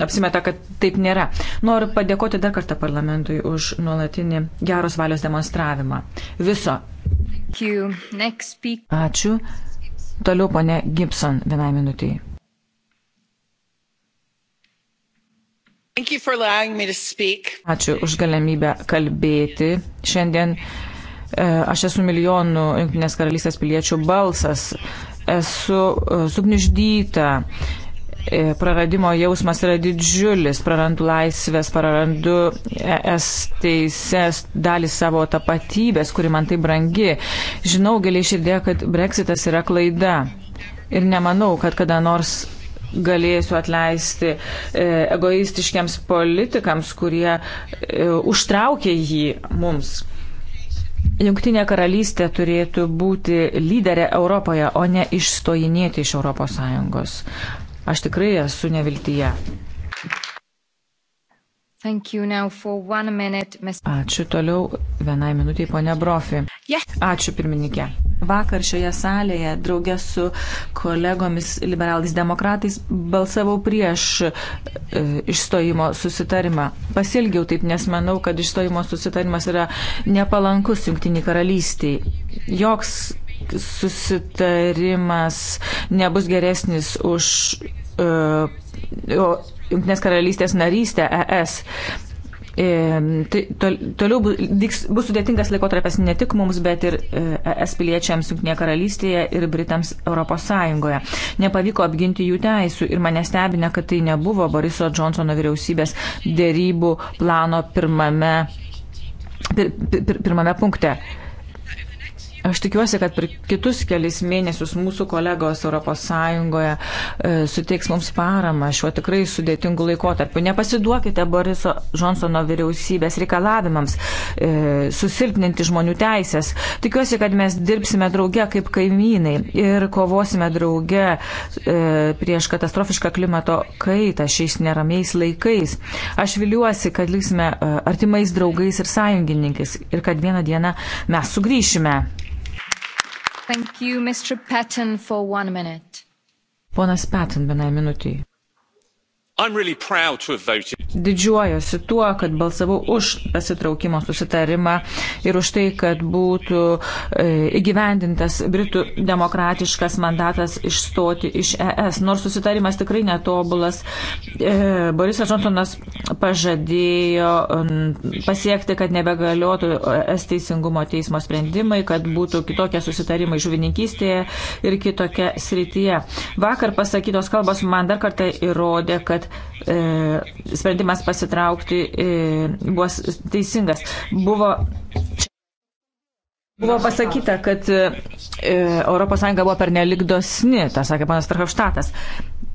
apsimeta, kad taip nėra. Noriu padėkoti dar kartą parlamentui už nuolatinį geros valios demonstravimą. Viso. Ačiū. Toliau ponė Gibson vienai minutiai. Ačiū už galimybę kalbėti šiandien. E, aš esu milijonų Junktinės karalystės piliečių balsas. Esu e, sugniždyta. E, praradimo jausmas yra didžiulis. Prarandu laisvės, prarandu es teises, dalį savo tapatybės, kuri man tai brangi. Žinau giliai širdė, kad breksitas yra klaida. Ir nemanau, kad kada nors galėsiu atleisti egoistiškiams politikams, kurie užtraukė jį mums. Junktinė karalystė turėtų būti lyderė Europoje, o ne išstojinėti iš ES. Aš tikrai esu neviltyje. Minute, Ačiū toliau vienai minutiai, ponia Brofi. Ačiū pirmininkė. Vakar šioje salėje draugė su kolegomis liberalais demokratais balsavau prieš e, išstojimo susitarimą. Pasilgiau taip, nes manau, kad išstojimo susitarimas yra nepalankus Junktiniai karalystiai. Joks susitarimas nebus geresnis už. E, Junktinės karalystės narystę ES. E, tai toliau bus, bus sudėtingas laikotarpis ne tik mums, bet ir e, es piliečiams Junktinėje karalystėje ir Britams Europos Sąjungoje. Nepavyko apginti jų teisų ir mane stebina, kad tai nebuvo Boriso Johnsono vyriausybės dėrybų plano pirmame, pir, pir, pirmame punkte. Aš tikiuosi, kad per kitus kelias mėnesius mūsų kolegos ES e, suteiks mums paramą šiuo tikrai sudėtingu laikotarpiu. Nepasiduokite Boriso Johnsono vyriausybės reikalavimams e, susilpninti žmonių teisės. Tikiuosi, kad mes dirbsime drauge kaip kaimynai ir kovosime drauge e, prieš katastrofišką klimato kaitą šiais neramiais laikais. Aš viliuosi, kad liksime e, artimais draugais ir sąjungininkais ir kad vieną dieną mes sugrįšime. Thank you, Mr. Patton, for one minute. Ponas Patton, vienai minutiai. Really Didžiuojuosi tuo, kad balsavau už pasitraukimo susitarimą ir už tai, kad būtų e, įgyvendintas Britų demokratiškas mandatas išstoti iš ES. Nors susitarimas tikrai netobulas, e, Borisas Džonsonas pažadėjo pasiekti, kad nebegaliotų ES teisingumo teismo sprendimai, kad būtų kitokie susitarimai žuvininkystėje ir kitokia srityje. Vakar pasakytos kalbos man dar kartą įrodė, kad e, sprendimas pasitraukti e, buvo teisingas. Buvo, buvo pasakyta, kad e, ES buvo pernelik dosni, tą sakė panas Tarhofštatas.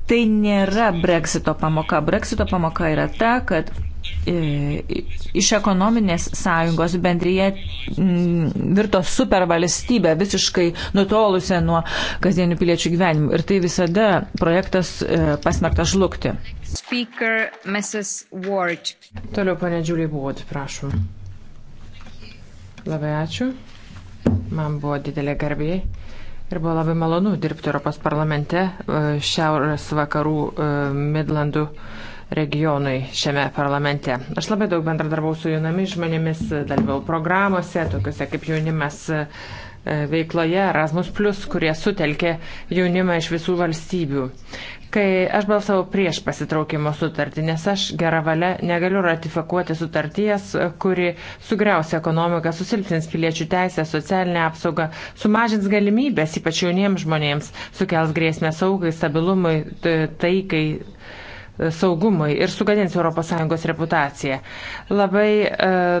Tai nėra breksito pamoka. Breksito pamoka yra ta, kad E, iš ekonominės sąjungos bendryje mm, virto supervalstybę, visiškai nutolusią nuo kasdienių piliečių gyvenimų. Ir tai visada projektas e, pasmerktas žlugti. Speaker, Toliau, ponė Džiulė, buvo, prašom. Labai ačiū. Man buvo didelė garbė. Ir buvo labai malonu dirbti Europos parlamente e, šiaurės vakarų Midlandų uh, regionui šiame parlamente. Aš labai daug bendradarbiau su jaunami žmonėmis, dalyvau programuose, tokiuose kaip jaunimas e, veikloje Erasmus, kurie sutelkė jaunimą iš visų valstybių. Kai aš balsavau prieš pasitraukimo sutartį, nes aš gerą valią negaliu ratifikuoti sutarties, kuri sugriaus ekonomiką, susilpsins piliečių teisę, socialinę apsaugą, sumažins galimybės, ypač jauniems žmonėms, sukels grėsmę saugai, stabilumui, taikai saugumui ir sugadins ES reputaciją. Labai e,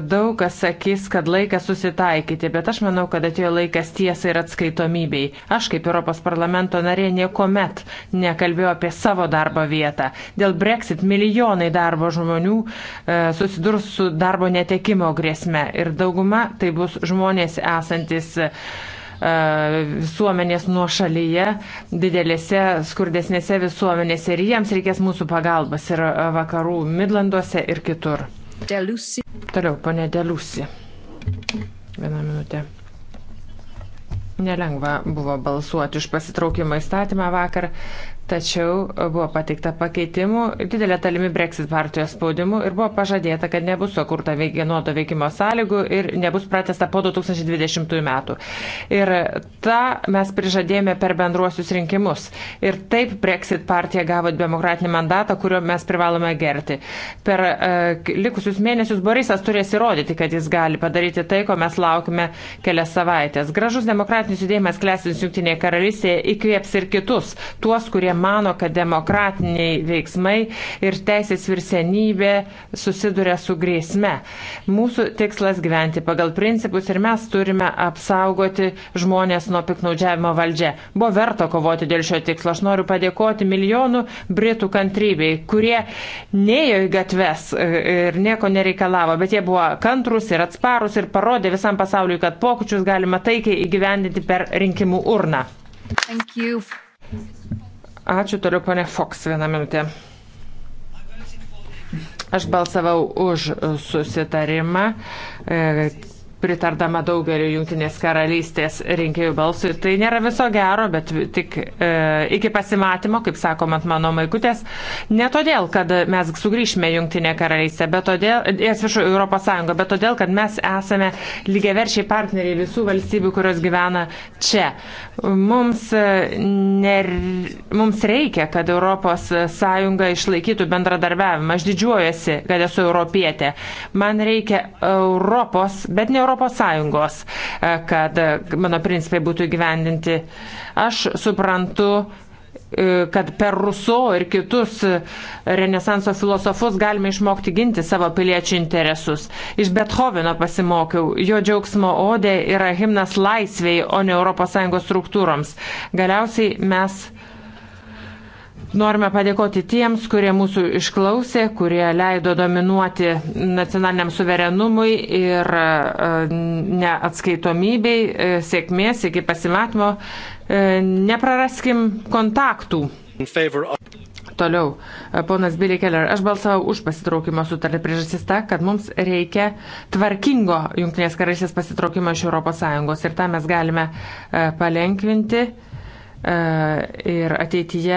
daug kas sakys, kad laikas susitaikyti, bet aš manau, kad atėjo laikas tiesai ir atskaitomybei. Aš kaip Europos parlamento narė nieko met nekalbėjau apie savo darbo vietą. Dėl Brexit milijonai darbo žmonių e, susidurs su darbo netekimo grėsme ir dauguma tai bus žmonės esantis E, visuomenės nuo šalyje, didelėse, skurdesnėse visuomenėse ir jiems reikės mūsų pagalbas ir e, vakarų Midlanduose ir kitur. Deliusi. Toliau, ponė Deliusi. Vieną minutę. Nelengva buvo balsuoti už pasitraukimo įstatymą vakar, Tačiau e, buvo pateikta pakeitimų, didelė dalimi Brexit partijos spaudimu ir buvo pažadėta, kad nebus sukurta vienodo veikimo sąlygų ir nebus pratesta po 2020 metų. Ir tą mes prižadėjome per bendruosius rinkimus. Ir taip Brexit partija gavo demokratinį mandatą, kurio mes privalome gerti. Per uh, likusius mėnesius Borisas turės įrodyti, kad jis gali padaryti tai, ko mes laukime kelias savaitės. Gražus demokratinis judėjimas klesins Junktinėje karalystėje įkvėps ir kitus, tuos, kurie mano, kad demokratiniai veiksmai ir teisės virsenybė susiduria su grėsme. Mūsų tikslas gyventi pagal principus ir mes turime apsaugoti žmonės nuo piknaudžiavimo valdžia. Buvo verta kovoti dėl šio tikslo. Aš noriu padėkoti milijonų Britų kantrybei, kurie neėjo į gatves e, ir nieko nereikalavo, bet jie buvo kantrus ir atsparus ir parodė visam pasauliu, kad pokyčius galima taikiai įgyvendinti per rinkimų urną. Thank you. Ačiū toliau, ponė Fox, vieną minutę. Aš balsavau už susitarimą. E, pritardama daugeliu Junktinės karalystės rinkėjų balsų. Tai nėra viso gero, bet tik e, iki pasimatymo, kaip sakom ant mano maikutės, ne todėl, kad mes sugrįšime Junktinė karalystė, bet todėl, e, atsiprašau, Europos Sąjunga, bet todėl, kad mes esame lygiaverčiai partneriai visų valstybių, kurios gyvena čia. Mums, e, ner, mums reikia, kad Europos Sąjunga išlaikytų bendradarbiavimą. Aš didžiuojasi, kad esu europietė. Man reikia Europos, bet ne Europos. ES, e, kad e, mano principai būtų įgyvendinti. Aš suprantu, e, kad per Ruso ir kitus Renesanso filosofus galime išmokti ginti savo piliečių interesus. Iš Bethoveno pasimokiau, jo džiaugsmo odė yra himnas laisviai, o ne ES struktūroms. Galiausiai mes Norime padėkoti tiems, kurie mūsų išklausė, kurie leido dominuoti nacionaliniam suverenumui ir e, neatskaitomybei. E, sėkmės iki pasimatymo. E, nepraraskim kontaktų. Toliau, ponas Billy Keller, aš balsavau už pasitraukimo sutartį priežastis ta, kad mums reikia tvarkingo Junktinės karalystės pasitraukimo iš ES ir tą mes galime palengvinti E, ir ateityje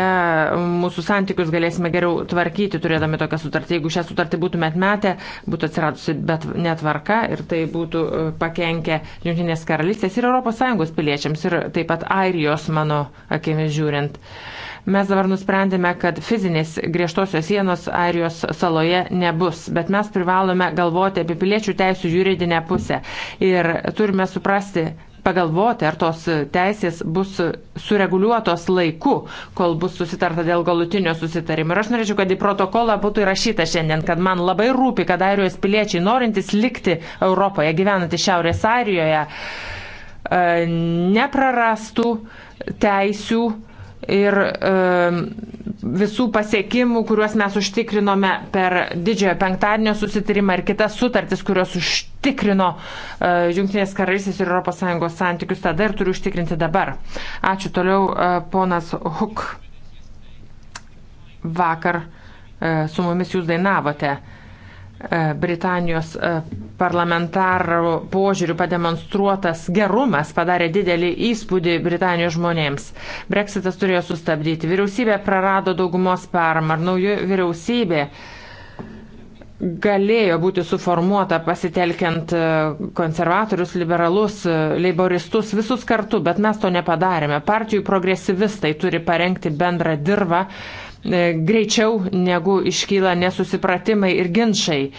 mūsų santykius galėsime geriau tvarkyti, turėdami tokią sutartį. Jeigu šią sutartį būtume atmetę, būtų atsiradusi bet netvarka ir tai būtų e, pakenkę Junktinės karalystės ir ES piliečiams ir taip pat Airijos, mano akimis žiūrint. Mes dabar nusprendėme, kad fizinės griežtosios sienos Airijos saloje nebus, bet mes privalome galvoti apie piliečių teisų juridinę pusę. Ir turime suprasti, pagalvoti, ar tos teisės bus sureguliuotos laiku, kol bus susitarta dėl galutinio susitarimo. Ir aš norėčiau, kad į protokolą būtų įrašyta šiandien, kad man labai rūpi, kad airijos piliečiai norintys likti Europoje, gyvenantys Šiaurės Airijoje, e, neprarastų teisių ir e, visų pasiekimų, kuriuos mes užtikrinome per didžiojo penktadienio susitarimą ir kitas sutartis, kurios užtikrino e, Junktinės karalystės ir ES santykius tada ir turiu užtikrinti dabar. Ačiū toliau, e, ponas Huk. Vakar e, su mumis jūs dainavote. E, E, Britanijos e, parlamentarų požiūrių pademonstruotas gerumas padarė didelį įspūdį Britanijos žmonėms. Brexitas turėjo sustabdyti. Vyriausybė prarado daugumos paramą. Ar nauja vyriausybė galėjo būti suformuota pasitelkiant e, konservatorius, liberalus, leiboristus visus kartu, bet mes to nepadarėme. Partijų progresyvistai turi parengti bendrą dirbą E, greičiau negu iškyla nesusipratimai ir ginčiai.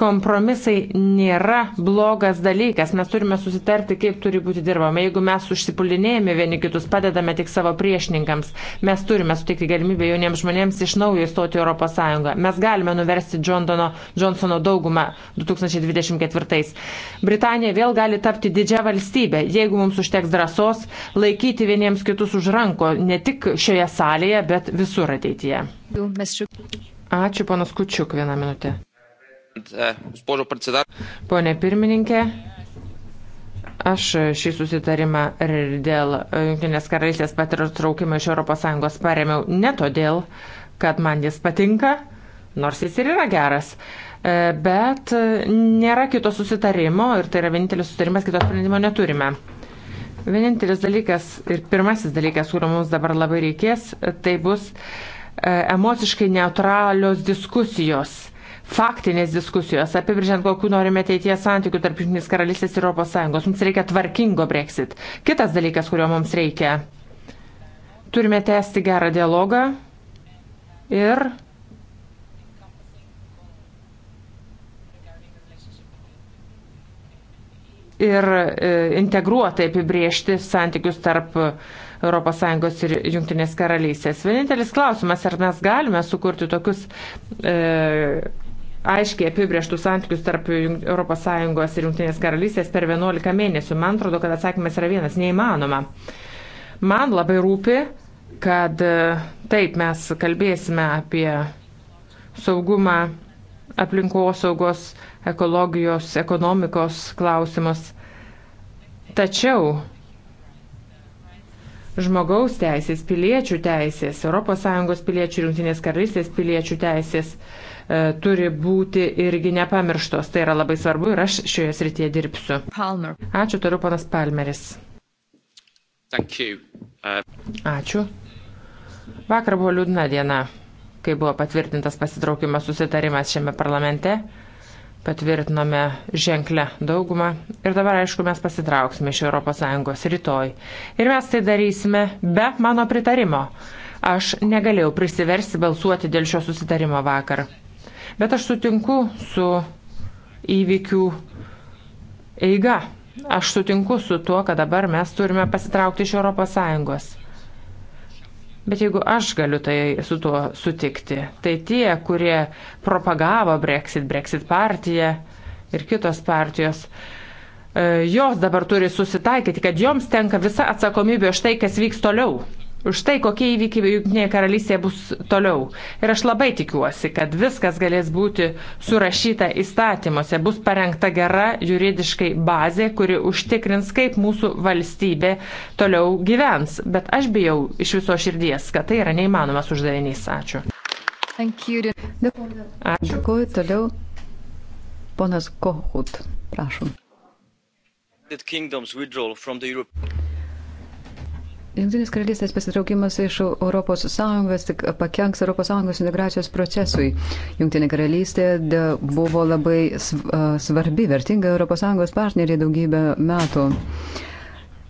Kompromisai nėra blogas dalykas. Mes turime susitarti, kaip turi būti dirbama. Jeigu mes užsipulinėjame vieni kitus, padedame tik savo priešininkams, mes turime suteikti galimybę jauniems žmonėms iš naujo įstoti Europos Sąjungą. Mes galime nuversti Johnsono, Johnsono daugumą 2024. Britanija vėl gali tapti didžią valstybę, jeigu mums užteks drąsos laikyti vieniems kitus už ranko, ne tik šioje salėje, bet visur ateityje. Siriją. Ačiū, ponas Kučiuk, vieną minutę. Pone pirmininkė, Aš šį susitarimą dėl Junktinės karalystės patraukimo iš ES paremiau ne todėl, kad man jis patinka, nors jis ir yra geras, e, bet nėra kito susitarimo ir tai yra vienintelis susitarimas, kito sprendimo neturime. Vienintelis dalykas ir pirmasis dalykas, kurio mums dabar labai reikės, tai bus uh, E, emociškai neutralios diskusijos, faktinės diskusijos, apibrėžiant, kokiu norime ateities santykių tarp Junktinės karalystės ir ES. Mums reikia tvarkingo Brexit. Kitas dalykas, kurio mums reikia. Turime tęsti gerą dialogą ir ir e, integruotai apibriežti santykius tarp uh, ES ir Junktinės karalystės. Vienintelis klausimas, ar mes galime sukurti tokius e, aiškiai apibrieštų santykius tarp ES ir Junktinės karalystės per 11 mėnesių. Man atrodo, kad atsakymas yra vienas - neįmanoma. Man labai rūpi, kad e, taip mes kalbėsime apie saugumą, aplinkosaugos, ekologijos, ekonomikos klausimus. Tačiau žmogaus teisės, piliečių teisės, ES piliečių ir Junktinės karalystės piliečių teisės e, turi būti irgi nepamirštos. Tai yra labai svarbu ir aš šioje srityje dirbsiu. Palmer. Ačiū, turiu panas Palmeris. Uh... Ačiū. Vakar buvo liūdna diena, kai buvo patvirtintas pasitraukimas susitarimas šiame parlamente patvirtinome ženklę daugumą ir dabar, aišku, mes pasitrauksime iš ES rytoj. Ir mes tai darysime be mano pritarimo. Aš negalėjau prisiversti balsuoti dėl šio susitarimo vakar. Bet aš sutinku su įvykių eiga. Aš sutinku su tuo, kad dabar mes turime pasitraukti iš ES. Bet jeigu aš galiu tai su tuo sutikti, tai tie, kurie propagavo Brexit, Brexit partija ir kitos partijos, e, jos dabar turi susitaikyti, kad joms tenka visa atsakomybė už tai, kas vyks toliau už tai, kokie įvykiai Junktinėje karalystėje bus toliau. Ir aš labai tikiuosi, kad viskas galės būti surašyta įstatymuose, bus parengta gera juridiškai bazė, kuri užtikrins, kaip mūsų valstybė toliau gyvens. Bet aš bijau iš viso širdies, kad tai yra neįmanomas uždavinys. Ačiū. Dėkuoju toliau. Ponas Kohut, prašom. Junktinės karalystės pasitraukimas iš ES tik pakenks ES integracijos procesui. Junktinė karalystė buvo labai svarbi, vertinga ES partneriai daugybę metų.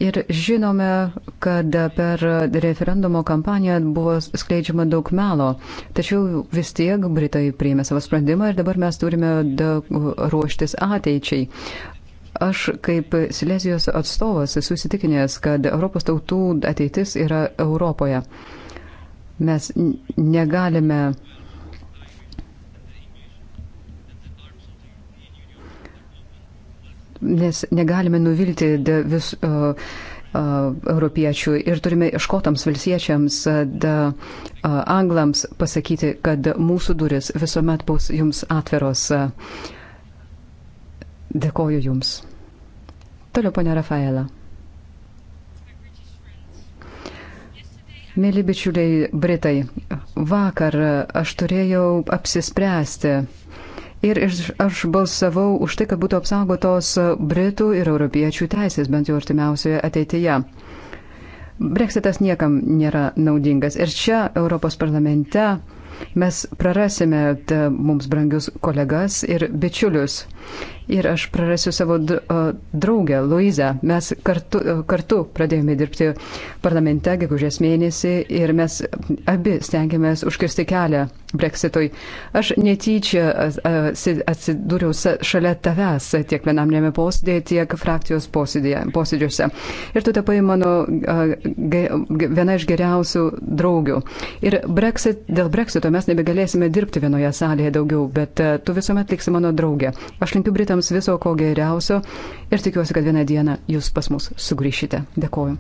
Ir žinome, kad per referendumo kampaniją buvo skleidžiama daug melo, tačiau vis tiek Britai priėmė savo sprendimą ir dabar mes turime ruoštis ateičiai. Aš kaip Silesijos atstovas esu įsitikinęs, kad Europos tautų ateitis yra Europoje. Mes negalime nes negalime nuvilti vis uh, uh, europiečių ir turime škotams, valsiečiams, da, uh, anglams pasakyti, kad mūsų duris visuomet bus jums atviros. Dėkoju jums. Toliau, ponia Rafaela. Mėly bičiuliai Britai, vakar aš turėjau apsispręsti ir aš balsavau už tai, kad būtų apsaugotos Britų ir europiečių teisės, bent jau artimiausioje ateityje. Brexitas niekam nėra naudingas ir čia Europos parlamente mes prarasime mums brangius kolegas ir bičiulius ir aš prarasiu savo draugę Luizą. Mes kartu, kartu pradėjome dirbti parlamente gegužės mėnesį ir mes abi stengiamės užkirsti kelią breksitui. Aš netyčia atsidūriau šalia tavęs tiek plenamnėme posėdėje, tiek frakcijos posėdžiuose. Ir tu tapai mano viena iš geriausių draugių. Ir Brexit, dėl breksito mes nebegalėsime dirbti vienoje salėje daugiau, bet tu visuomet liksi mano draugė. Aš linkiu Britanijos. Britams viso ko geriausio ir tikiuosi, kad vieną dieną jūs pas mus sugrįšite. Dėkoju.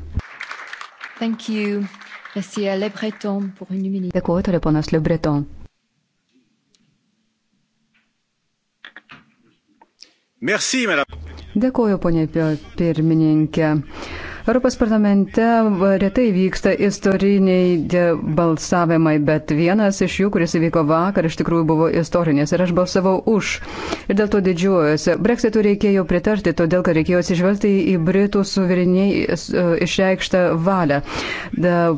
Dėkoju toliau, ponas Lebreton. Dėkoju, ponė pirmininkė. Europos parlamente retai vyksta istoriniai e, balsavimai, bet vienas iš jų, kuris įvyko vakar, iš tikrųjų buvo istorinis ir aš balsavau už. Ir dėl to didžiuojuosi. Brexitų reikėjo pritarti, todėl kad reikėjo atsižvelgti į Britų suvereniai e, išreikštą valią. Da,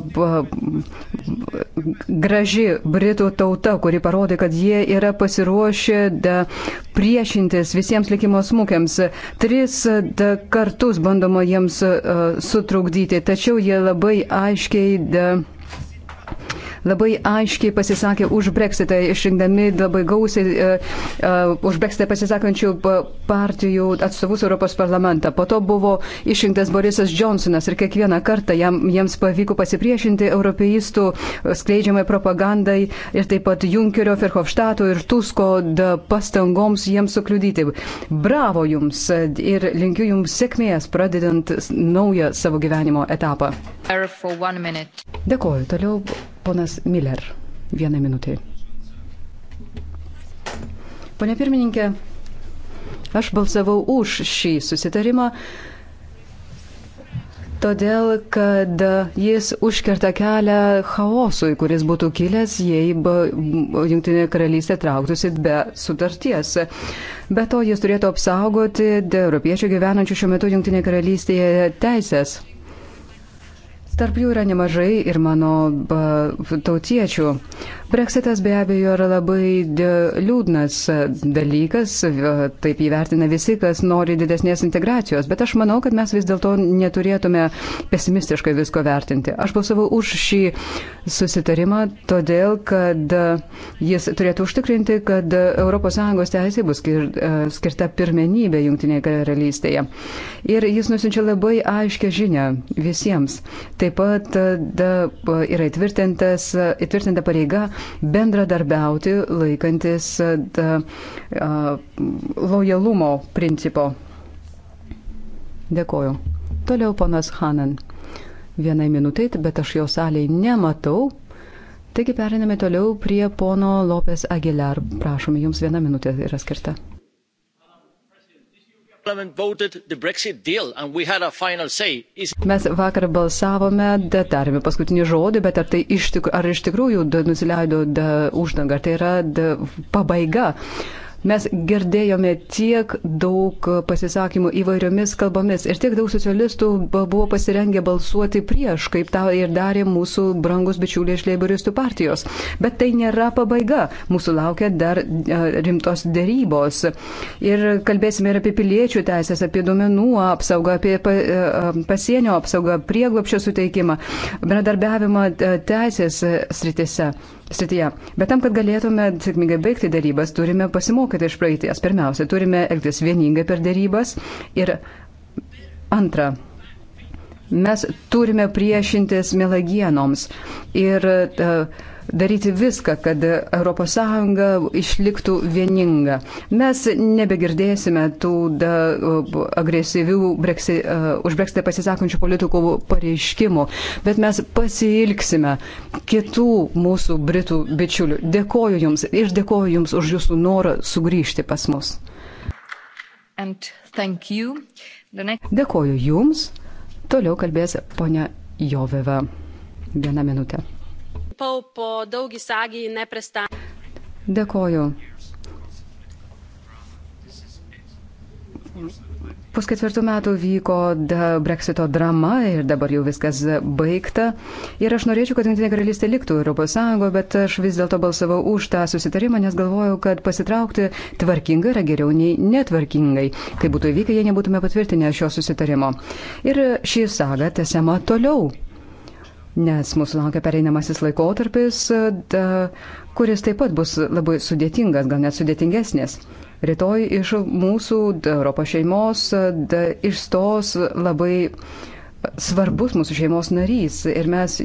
graži Britų tauta, kuri parodė, kad jie yra pasiruošę da, priešintis visiems likimo smūkiams. Tris da, kartus bandoma jiems uh, sutrukdyti, tačiau jie labai aiškiai labai aiškiai pasisakė už Brexitą, išrinkdami labai gausiai uh, uh, už Brexitą pasisakančių e, partijų atstovus Europos parlamentą. Po to buvo išrinktas Borisas Johnsonas ir kiekvieną kartą jam, jiems pavyko pasipriešinti europeistų skleidžiamai propagandai ir taip pat Junkerio, Ferhofštato ir Tusko pastangoms jiems sukliudyti. Bravo jums ir linkiu jums sėkmės pradedant naują savo gyvenimo etapą. Dėkuoju. Toliau Ponas Miller, vieną minutę. Pone pirmininkė, aš balsavau už šį susitarimą, todėl kad jis užkerta kelią chaosui, kuris būtų kilęs, jei Junktinė karalystė trauktųsi be sutarties. Be to, jis turėtų apsaugoti europiečių gyvenančių šiuo metu Junktinė karalystėje teisės. Tarp jų yra nemažai ir mano tautiečių. Brexitas be abejo yra labai liūdnas dalykas, taip įvertina visi, kas nori didesnės integracijos, bet aš manau, kad mes vis dėlto neturėtume pesimistiškai visko vertinti. Aš balsavau už šį susitarimą, todėl kad jis turėtų užtikrinti, kad ES teisė bus skirta pirmenybė Junktinėje karalystėje. Ir jis nusinčia labai aiškę žinę visiems. Taip pat da, yra įtvirtinta pareiga bendradarbiauti laikantis e, lojalumo principo. Dėkoju. Toliau ponas Hanan. Vienai minutai, bet aš jo salėje nematau. Taigi periname toliau prie pono Lopės Aguilar. Prašom, jums viena minutė yra skirta. Mes vakar balsavome, darėme paskutinį žodį, bet ar, tai iš, tikr, ar iš tikrųjų nusileido uždanga, ar tai yra pabaiga. Uh, Mes girdėjome tiek daug pasisakymų įvairiomis kalbomis ir tiek daug socialistų buvo pasirengę balsuoti prieš, kaip tą ir darė mūsų brangus bičiuliai iš leiboristų partijos. Bet tai nėra pabaiga. Mūsų laukia dar e, rimtos dėrybos. Ir kalbėsime ir apie piliečių teisės, apie duomenų apsaugą, apie e, e, pasienio apsaugą, prieglopščio suteikimą, bendradarbiavimą teisės sritise srityje. Bet tam, kad galėtume sėkmingai baigti darybas, turime pasimokyti iš praeities. Pirmiausia, turime elgtis vieningai per darybas. Ir antra, mes turime priešintis melagienoms. Ir uh, daryti viską, kad ES išliktų vieninga. Mes nebegirdėsime tų da, agresyvių breksi, uh, už breksitą pasisakančių politikų pareiškimų, bet mes pasilgsime kitų mūsų britų bičiulių. Dėkoju Jums ir dėkoju Jums už Jūsų norą sugrįžti pas mus. Next... Dėkoju Jums. Toliau kalbės ponia Joveva. Vieną minutę. Dėkoju. Pusketvirtų metų vyko Brexito drama ir dabar jau viskas baigta. Ir aš norėčiau, kad Junktinė karalystė liktų ES, bet aš vis dėlto balsavau už tą susitarimą, nes galvojau, kad pasitraukti tvarkingai yra geriau nei netvarkingai, kai būtų įvykę, jei nebūtume patvirtinę šio susitarimo. Ir šį sagą tęsiama toliau nes mūsų laukia pereinamasis laikotarpis, da, kuris taip pat bus labai sudėtingas, gal net sudėtingesnis. Rytoj iš mūsų da, Europos šeimos da, išstos labai svarbus mūsų šeimos narys ir mes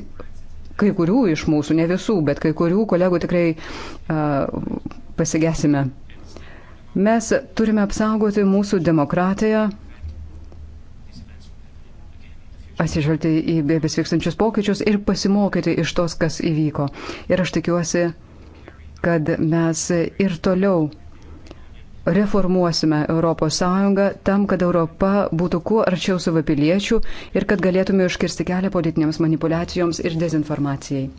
kai kurių iš mūsų, ne visų, bet kai kurių kolegų tikrai uh, pasigesime. Mes turime apsaugoti mūsų demokratiją pasižvelgti į besvykstančius pokyčius ir pasimokyti iš tos, kas įvyko. Ir aš tikiuosi, kad mes ir toliau reformuosime ES tam, kad Europa būtų kuo arčiau savo piliečių ir kad galėtume užkirsti kelią politinėms manipulacijoms ir dezinformacijai.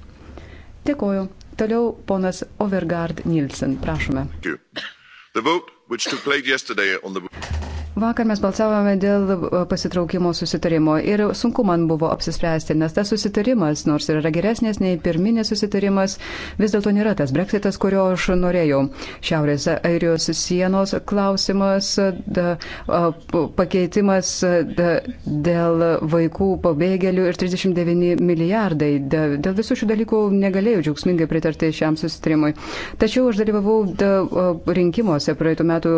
Dėkoju. Toliau ponas Overgard Nilsen, prašome. The... Vakar mes balsavome dėl e, pasitraukimo susitarimo ir sunku man buvo apsispręsti, nes tas susitarimas, nors ir yra geresnės nei pirminis susitarimas, vis dėlto nėra tas breksitas, kurio aš norėjau. Šiaurės airijos sienos klausimas, da, pakeitimas da, dėl vaikų pabėgėlių ir 39 milijardai. Da, dėl visų šių dalykų negalėjau džiaugsmingai pritarti šiam susitarimui. Tačiau aš dalyvavau da, rinkimuose praeitų metų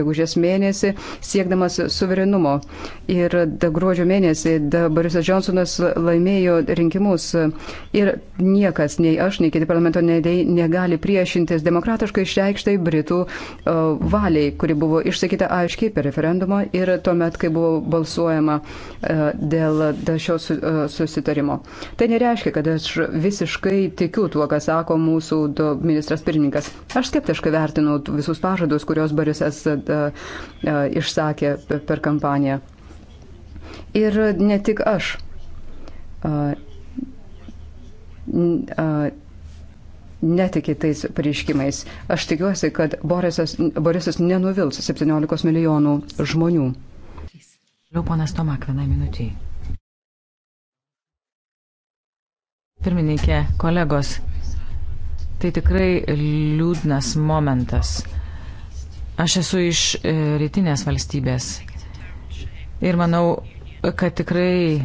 gegužės mėnesį siekdamas suverenumo. Ir gruodžio mėnesį Borisas Johnsonas laimėjo rinkimus ir niekas, nei aš, nei kiti parlamento nedėjai, negali priešintis demokratiškai išreikštai Britų valiai, kuri buvo išsakyta aiškiai per referendumą ir tuomet, kai buvo balsuojama dėl, dėl šio susitarimo. Tai nereiškia, kad aš visiškai tikiu tuo, ką sako mūsų ministras pirmininkas. Aš skeptiškai vertinu visus pažadus, kuriuos Borisas E, išsakė per kampaniją. Ir ne tik aš. E, e, Netikė tais pareiškimais. Aš tikiuosi, kad Borisas, Borisas nenuvils 17 milijonų žmonių. Liau ponas Tomak, vieną minutį. Pirmininkė, kolegos, tai tikrai liūdnas momentas. Aš esu iš e, rytinės valstybės ir manau, kad tikrai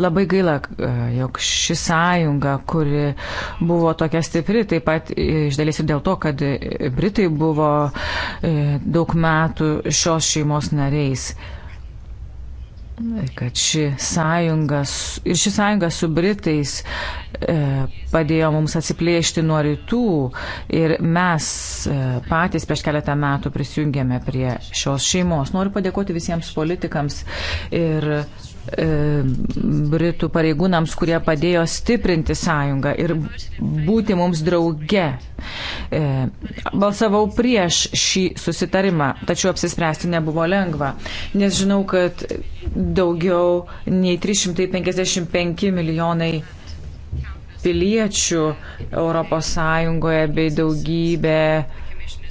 labai gaila, e, jog ši sąjunga, kuri buvo tokia stipri, taip pat e, iš dalies ir dėl to, kad Britai buvo daug metų šios šeimos nariais kad ši sąjunga ir ši sąjunga su Britais e, padėjo mums atsiplėšti nuo rytų ir mes e, patys prieš keletą metų prisijungėme prie šios šeimos. Noriu padėkoti visiems politikams ir E, Britų pareigūnams, kurie padėjo stiprinti sąjungą ir būti mums drauge. E, balsavau prieš šį susitarimą, tačiau apsispręsti nebuvo lengva, nes žinau, kad daugiau nei 355 milijonai piliečių ES bei daugybė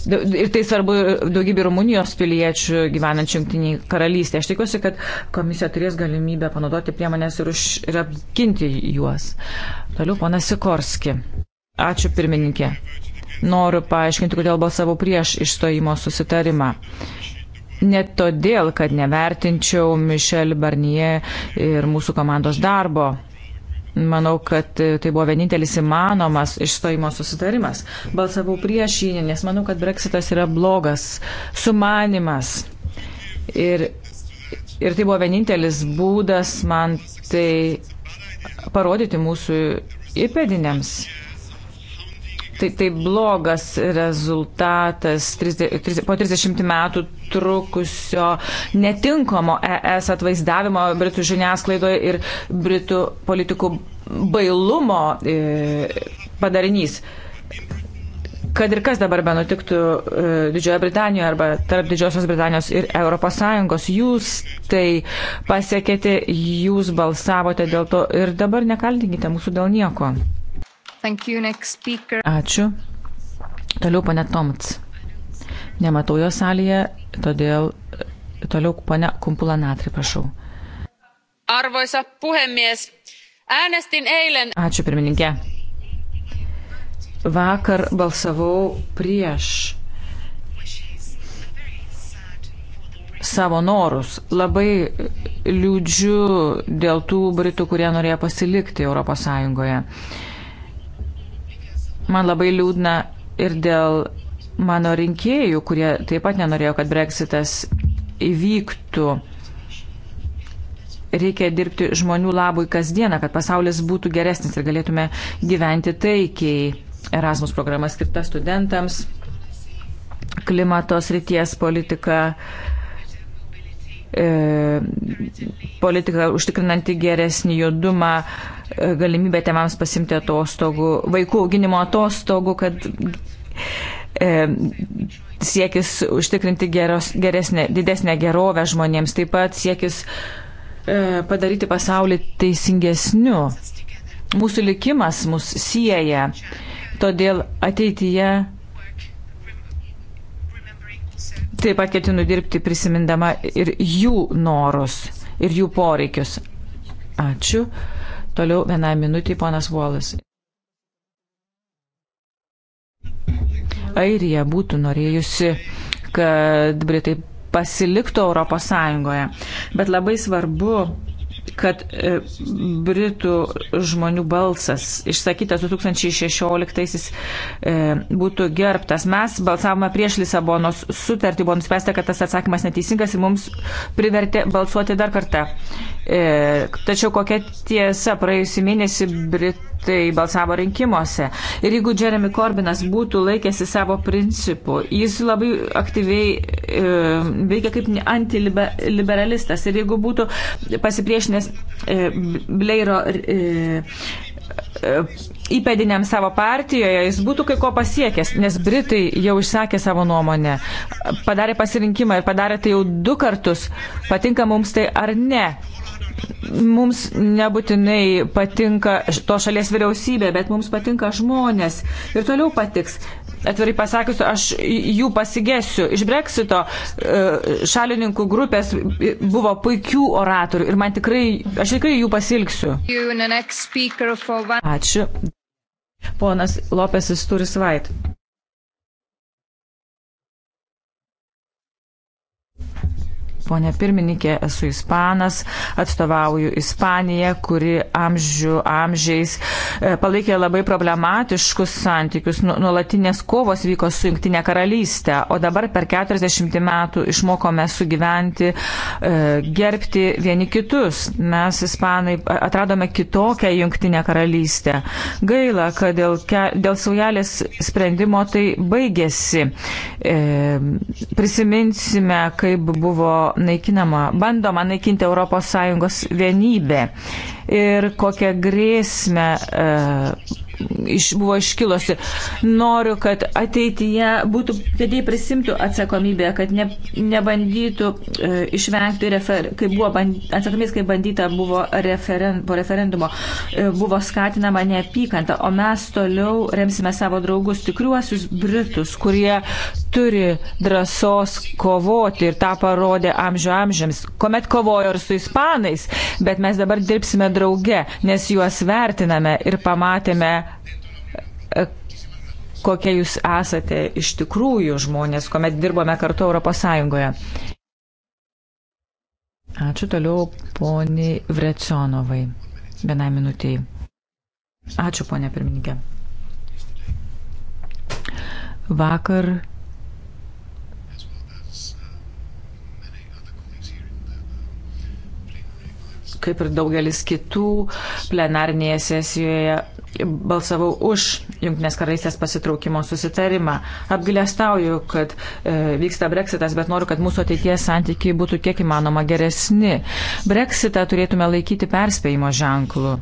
Ir tai svarbu daugybė Rumunijos piliečių gyvenančių jungtiniai karalystėje. Aš tikiuosi, kad komisija turės galimybę panaudoti priemonės ir, už, ir apginti juos. Toliau ponas Sikorski. Ačiū pirmininkė. Noriu paaiškinti, kodėl balsavau prieš išstojimo susitarimą. Ne todėl, kad nevertinčiau Mišel Barnie ir mūsų komandos darbo. Manau, kad e, tai buvo vienintelis įmanomas išstojimo susitarimas. Balsavau prieš jį, nes manau, kad breksitas yra blogas sumanimas. Ir, ir tai buvo vienintelis būdas man tai parodyti mūsų įpėdiniams. Tai, tai blogas rezultatas 30, 30, po 30 metų trukusio netinkamo ES atvaizdavimo Britų žiniasklaidoje ir Britų politikų bailumo e, padarinys. Kad ir kas dabar benutiktų e, Didžiojo Britanijoje arba tarp Didžiosios Britanijos ir ES, jūs tai pasiekėte, jūs balsavote dėl to ir dabar nekaltinkite mūsų dėl nieko. You, Ačiū. Toliau pane Tomts. Nematau jo salėje, todėl toliau pane Kumpula Natri, prašau. Arvoisa puhemies, äänestin eilen. Ačiū pirmininkė. Vakar balsavau prieš savo norus. Labai liūdžiu dėl tų Britų, kurie norėjo pasilikti ES. Man labai liūdna ir dėl mano rinkėjų, kurie taip pat nenorėjo, kad breksitas įvyktų. Reikia dirbti žmonių labui kasdieną, kad pasaulis būtų geresnis ir galėtume gyventi taikiai. Erasmus programa skirta studentams, klimatos ryties politika E, politika užtikrinanti geresnį judumą, e, galimybę tėvams pasimti atostogų, vaikų auginimo atostogų, kad e, siekis užtikrinti geros, geresnė, didesnę gerovę žmonėms, taip pat siekis padaryti pasaulį teisingesniu. Mūsų likimas mus sieja, todėl ateityje Taip pat ketinu dirbti prisimindama ir jų norus, ir jų poreikius. Ačiū. Toliau vieną minutį, ponas Volas. Airija būtų norėjusi, kad Britai pasiliktų Europos Sąjungoje. Bet labai svarbu kad e, Britų žmonių balsas išsakytas 2016-aisiais e, būtų gerbtas. Mes balsavome prieš Lisabonos sutartį, buvo nuspręsta, kad tas atsakymas neteisingas ir mums privertė balsuoti dar kartą. E, tačiau kokia tiesa, praėjusį mėnesį Britų tai balsavo rinkimuose. Ir jeigu Jeremy Corbynas būtų laikėsi savo principų, jis labai aktyviai e, veikia kaip antiliberalistas. Ir jeigu būtų pasipriešinęs e, Bleiro. E, e, įpėdiniam savo partijoje, jis būtų kai ko pasiekęs, nes Britai jau išsakė savo nuomonę, padarė pasirinkimą ir padarė tai jau du kartus, patinka mums tai ar ne mums nebūtinai patinka to šalies vyriausybė, bet mums patinka žmonės ir toliau patiks. Atvirai pasakius, aš jų pasigėsiu. Iš Brexito e, šalininkų grupės buvo puikių oratorių ir man tikrai, aš tikrai jų pasilgsiu. Ačiū. Ponas Lopesis turi svait. ponė pirmininkė, esu ispanas, atstovauju Ispaniją, kuri amžių amžiais e, palaikė labai problematiškus santykius, nu, nuolatinės kovos vyko su Junktinė karalystė, o dabar per 40 metų išmokome sugyventi, e, gerbti vieni kitus. Mes, ispanai, atradome kitokią Junktinę karalystę. Gaila, kad dėl, ke, dėl saujelės sprendimo tai baigėsi. E, prisiminsime, kaip buvo naikinama, bandoma naikinti ES vienybę ir kokią grėsmę e, iš, buvo iškilusi. Noriu, kad ateityje būtų, kad jie prisimtų atsakomybę, kad ne, nebandytų e, išvengti, refer, kai buvo atsakomybės, kai bandyta buvo referen, po referendumo, e, buvo skatinama neapykanta, o mes toliau remsime savo draugus, tikriuosius Britus, kurie turi drąsos kovoti ir tą parodė amžių amžiams, kuomet kovojo ir su ispanais, bet mes dabar dirbsime drauge, nes juos vertiname ir pamatėme, e, kokie jūs esate iš tikrųjų žmonės, kuomet dirbome kartu Europos Sąjungoje. Ačiū toliau poniai Vrecionovai. Vienai minutiai. Ačiū, ponė pirmininkė. Vakar kaip ir daugelis kitų, plenarnėje sesijoje balsavau už Junktinės karalystės pasitraukimo susitarimą. Apgilestauju, kad e, vyksta breksitas, bet noriu, kad mūsų ateities santykiai būtų kiek įmanoma geresni. Breksitą turėtume laikyti perspėjimo ženklu.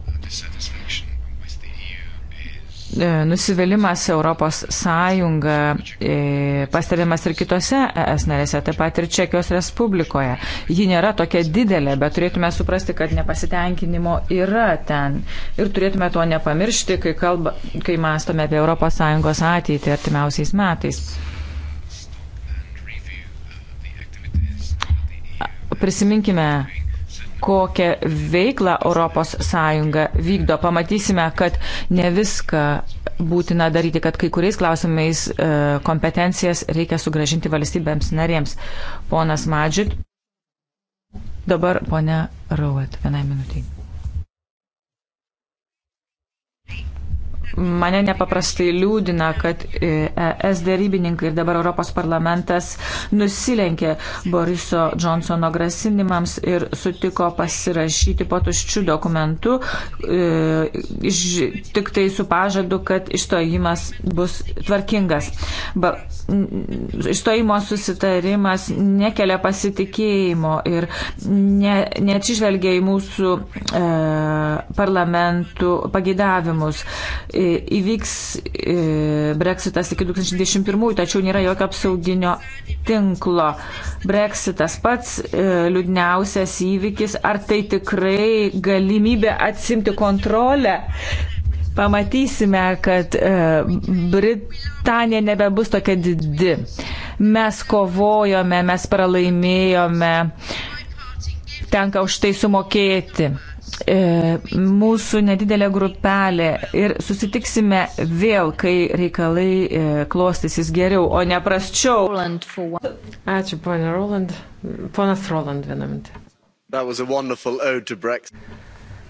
E, Nusivelimas Europos Sąjunga e, pastebimas ir kitose ES narėse, taip pat ir Čekijos Respublikoje. Ji nėra tokia didelė, bet turėtume suprasti, kad nepasitenkinimo yra ten. Ir turėtume to nepamiršti, kai, kalba, kai mąstome apie Europos Sąjungos ateitį artimiausiais metais. Prisiminkime kokią veiklą ES vykdo, pamatysime, kad ne viską būtina daryti, kad kai kuriais klausimais e, kompetencijas reikia sugražinti valstybėms narėms. Ponas Madžit, dabar ponia Rauet, vienai minutiai. Mane nepaprastai liūdina, kad ES e dėrybininkai ir dabar Europos parlamentas nusilenkė Boriso Johnsono grasinimams ir sutiko pasirašyti po tuščių dokumentų, e, tik tai su pažadu, kad išstojimas bus tvarkingas. Ba, išstojimo susitarimas nekelia pasitikėjimo ir ne, neatsižvelgia į mūsų e, parlamentų pageidavimus E, įvyks e, breksitas iki 2021, tačiau nėra jokio apsauginio tinklo. Breksitas pats e, liūdniausias įvykis, ar tai tikrai galimybė atsimti kontrolę? Pamatysime, kad Britanija nebebus tokia didi. Mes kovojome, mes pralaimėjome, tenka už tai sumokėti E, mūsų nedidelė grupelė ir susitiksime vėl, kai reikalai e, klostysis geriau, o ne prasčiau. Ačiū, ponė Roland. Ponas Roland, vieną mintį.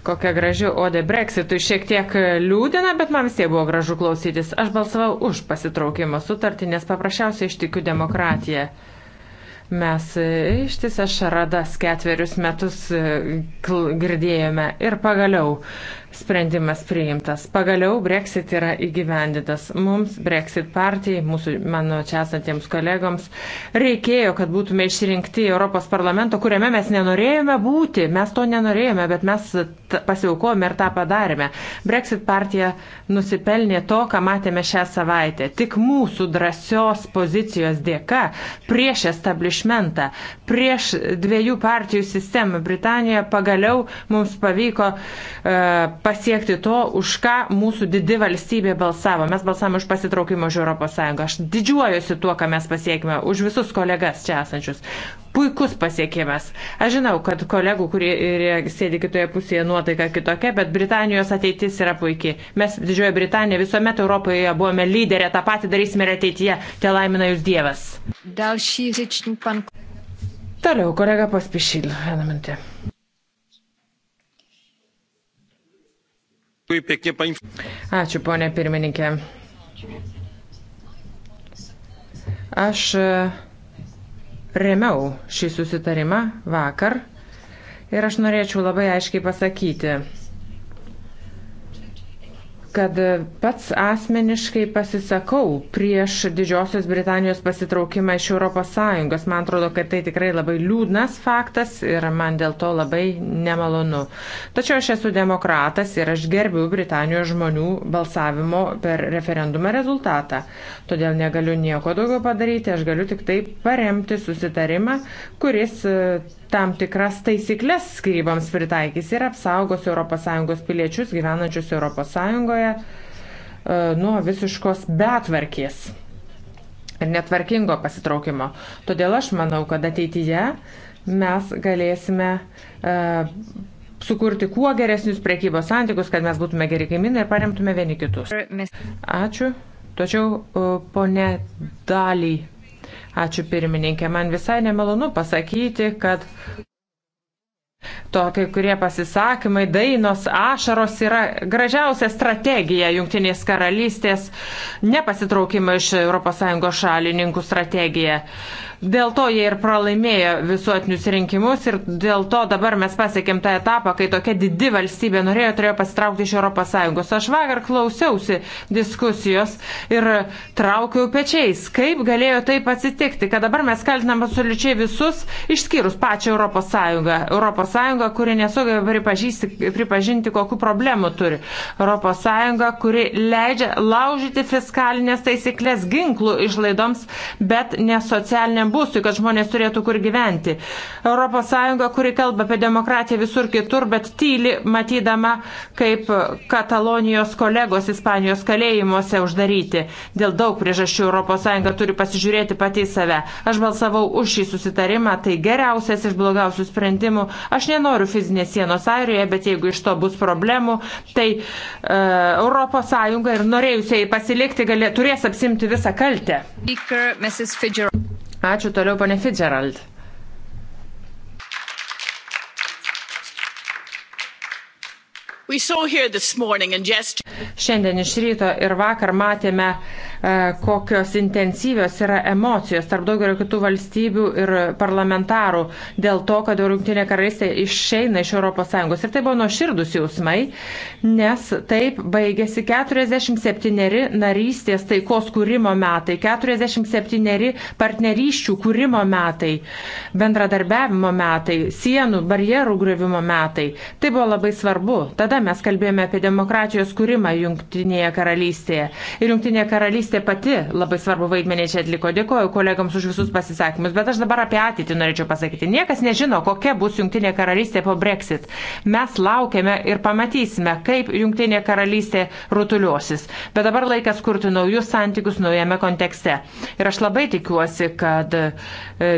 Kokia graži odė Brexitui, šiek tiek liūdina, bet man vis tiek buvo gražu klausytis. Aš balsavau už pasitraukimo sutartį, nes paprasčiausiai ištikiu demokratiją. Mm. Mes e, ištisą šaradas ketverius metus e, girdėjome ir pagaliau sprendimas priimtas. Pagaliau Brexit yra įgyvendytas. Mums, Brexit partijai, mūsų, mano čia esantiems kolegoms, reikėjo, kad būtume išrinkti Europos parlamento, kuriame mes nenorėjome būti. Mes to nenorėjome, bet mes pasiaukojome ir tą padarėme. Brexit partija nusipelnė to, ką matėme šią savaitę. Tik mūsų drąsios pozicijos dėka prieš establishmentą, prieš dviejų partijų sistemą Britanijoje pagaliau mums pavyko uh, pasiekti to, už ką mūsų didi valstybė balsavo. Mes balsavome už pasitraukimą iš ES. Aš didžiuojuosi tuo, ką mes pasiekime, už visus kolegas čia esančius. Puikus pasiekimas. Aš žinau, kad kolegų, kurie sėdi kitoje pusėje, nuotaika kitokia, bet Britanijos ateitis yra puikiai. Mes Didžiojo Britanija visuomet Europoje buvome lyderė, tą patį darysime ir ateityje. Te laimina jūs Dievas. Další řečník pan. Toliau, kolega Paspišil, vieną minutę. Ačiū, ponė pirmininkė. Aš e, remiau šį susitarimą vakar ir aš norėčiau labai aiškiai pasakyti, kad pats asmeniškai pasisakau prieš Didžiosios Britanijos pasitraukimą iš ES. Man atrodo, kad tai tikrai labai liūdnas faktas ir man dėl to labai nemalonu. Tačiau aš esu demokratas ir aš gerbiu Britanijos žmonių balsavimo per referendumą rezultatą. Todėl negaliu nieko daugiau padaryti, aš galiu tik taip paremti susitarimą, kuris tam tikras taisyklės skrybams pritaikys ir apsaugos ES piliečius gyvenančius ES e, nuo visiškos betvarkės ir netvarkingo pasitraukimo. Todėl aš manau, kad ateityje mes galėsime uh, sukurti kuo geresnius priekybos santykius, kad mes būtume geri kaimynai ir paremtume vieni kitus. Ačiū. Tačiau uh, e, ponė Daliai Ačiū pirmininkė. Man visai nemalonu pasakyti, kad Tokie kurie pasisakymai, dainos, ašaros yra gražiausia strategija Junktinės karalystės nepasitraukimo iš ES šalininkų strategija. Dėl to jie ir pralaimėjo visuotinius rinkimus ir dėl to dabar mes pasiekėm tą etapą, kai tokia didi valstybė norėjo, turėjo pasitraukti iš ES. Aš vakar klausiausi diskusijos ir traukiau pečiais, kaip galėjo taip atsitikti, kad dabar mes kaltinam absoliučiai visus, išskyrus pačią ES. ES, kuri nesugeba pripažinti, kokiu problemu turi. ES, kuri leidžia laužyti fiskalinės taisyklės ginklų išlaidoms, bet ne socialiniam socialiniam būstui, kad žmonės turėtų kur gyventi. ES, kuri kalba apie demokratiją visur kitur, bet tyli matydama, kaip Katalonijos kolegos Ispanijos kalėjimuose uždaryti. Dėl daug priežasčių ES turi pasižiūrėti pati save. Aš balsavau už šį susitarimą, tai geriausias iš blogiausių sprendimų. Aš nenoriu fizinės sienos Airijoje, bet jeigu iš to bus problemų, tai uh, e, ES ir norėjusiai pasilikti galė, turės apsimti visą kaltę. Speaker, Ačiū toliau, ponė Fitzgerald. Just... Šiandien iš ryto ir vakar matėme, e, kokios intensyvios yra emocijos tarp daugelio kitų valstybių ir parlamentarų dėl to, kad Junktinė karalystė išeina iš ES. Ir tai buvo nuoširdus jausmai, nes taip baigėsi 47 narystės taikos kūrimo metai, 47 partnerysčių kūrimo metai, bendradarbiavimo metai, sienų, barjerų grevimo metai. Tai buvo labai svarbu. Tada pradžioje mes kalbėjome apie demokratijos kūrimą Junktinėje karalystėje. Ir Junktinė karalystė pati labai svarbu vaidmenį čia atliko. Dėkoju kolegams už visus pasisakymus, bet aš dabar apie ateitį norėčiau pasakyti. Niekas nežino, kokia bus Junktinė karalystė po Brexit. Mes laukiame ir pamatysime, kaip Junktinė karalystė rutuliosis. Bet dabar laikas kurti naujus santykius naujame kontekste. Ir aš labai tikiuosi, kad e,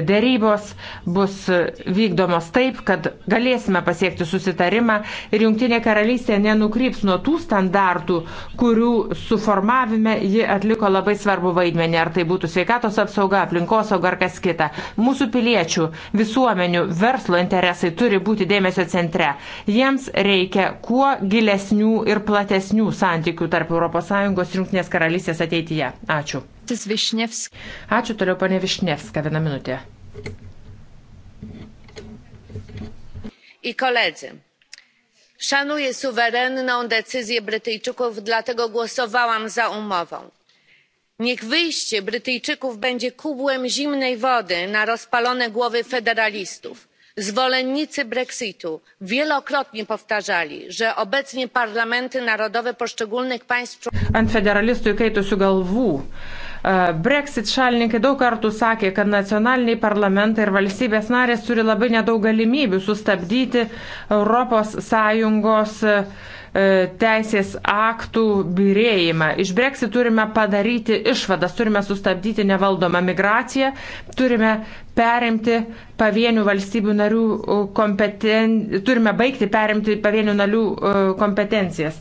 dėrybos bus vykdomos taip, kad galėsime pasiekti susitarimą ir Junktinė karalystė karalystė nenukryps nuo tų standartų, kurių suformavime ji atliko labai svarbu vaidmenį, ar tai būtų sveikatos apsauga, aplinkosauga ar kas kita. Mūsų piliečių, visuomenių, verslo interesai turi būti dėmesio centre. Jiems reikia kuo gilesnių ir platesnių santykių tarp ES ir Junktinės karalystės ateityje. Ačiū. Ačiū toliau, pane Višnevska, vieną minutę. I koledzy szanuję suwerenną decyzję brytyjczyków dlatego głosowałam za umową. niech wyjście brytyjczyków będzie kubłem zimnej wody na rozpalone głowy federalistów. zwolennicy brexitu wielokrotnie powtarzali że obecnie parlamenty narodowe poszczególnych państw członkowskich Brexit šalininkai daug kartų sakė, kad nacionaliniai parlamentai ir valstybės narės turi labai nedaug galimybių sustabdyti ES e, teisės aktų birėjimą. Iš Brexit turime padaryti išvadas, turime sustabdyti nevaldomą migraciją, turime perimti pavienių valstybių narių uh, kompetencijas, turime baigti perimti pavienių narių uh, kompetencijas.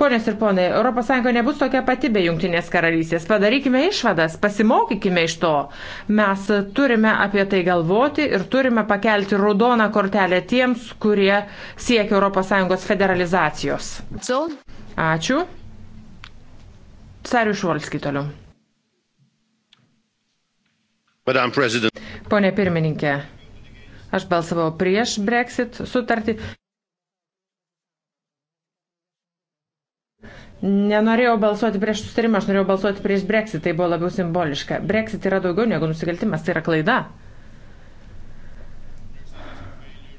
Ponios ir ponai, ES nebus tokia pati be Junktinės karalystės. Padarykime išvadas, pasimokykime iš to. Mes turime apie tai galvoti ir turime pakelti raudoną kortelę tiems, kurie siekia ES federalizacijos. Ačiū. Sariu Švolskį toliau. Pone pirmininkė, aš balsavau prieš Brexit sutartį. Nenorėjau balsuoti prieš sustarimą, aš norėjau balsuoti prieš Brexit, tai buvo labiau simboliška. Brexit yra daugiau negu nusikaltimas, tai yra klaida.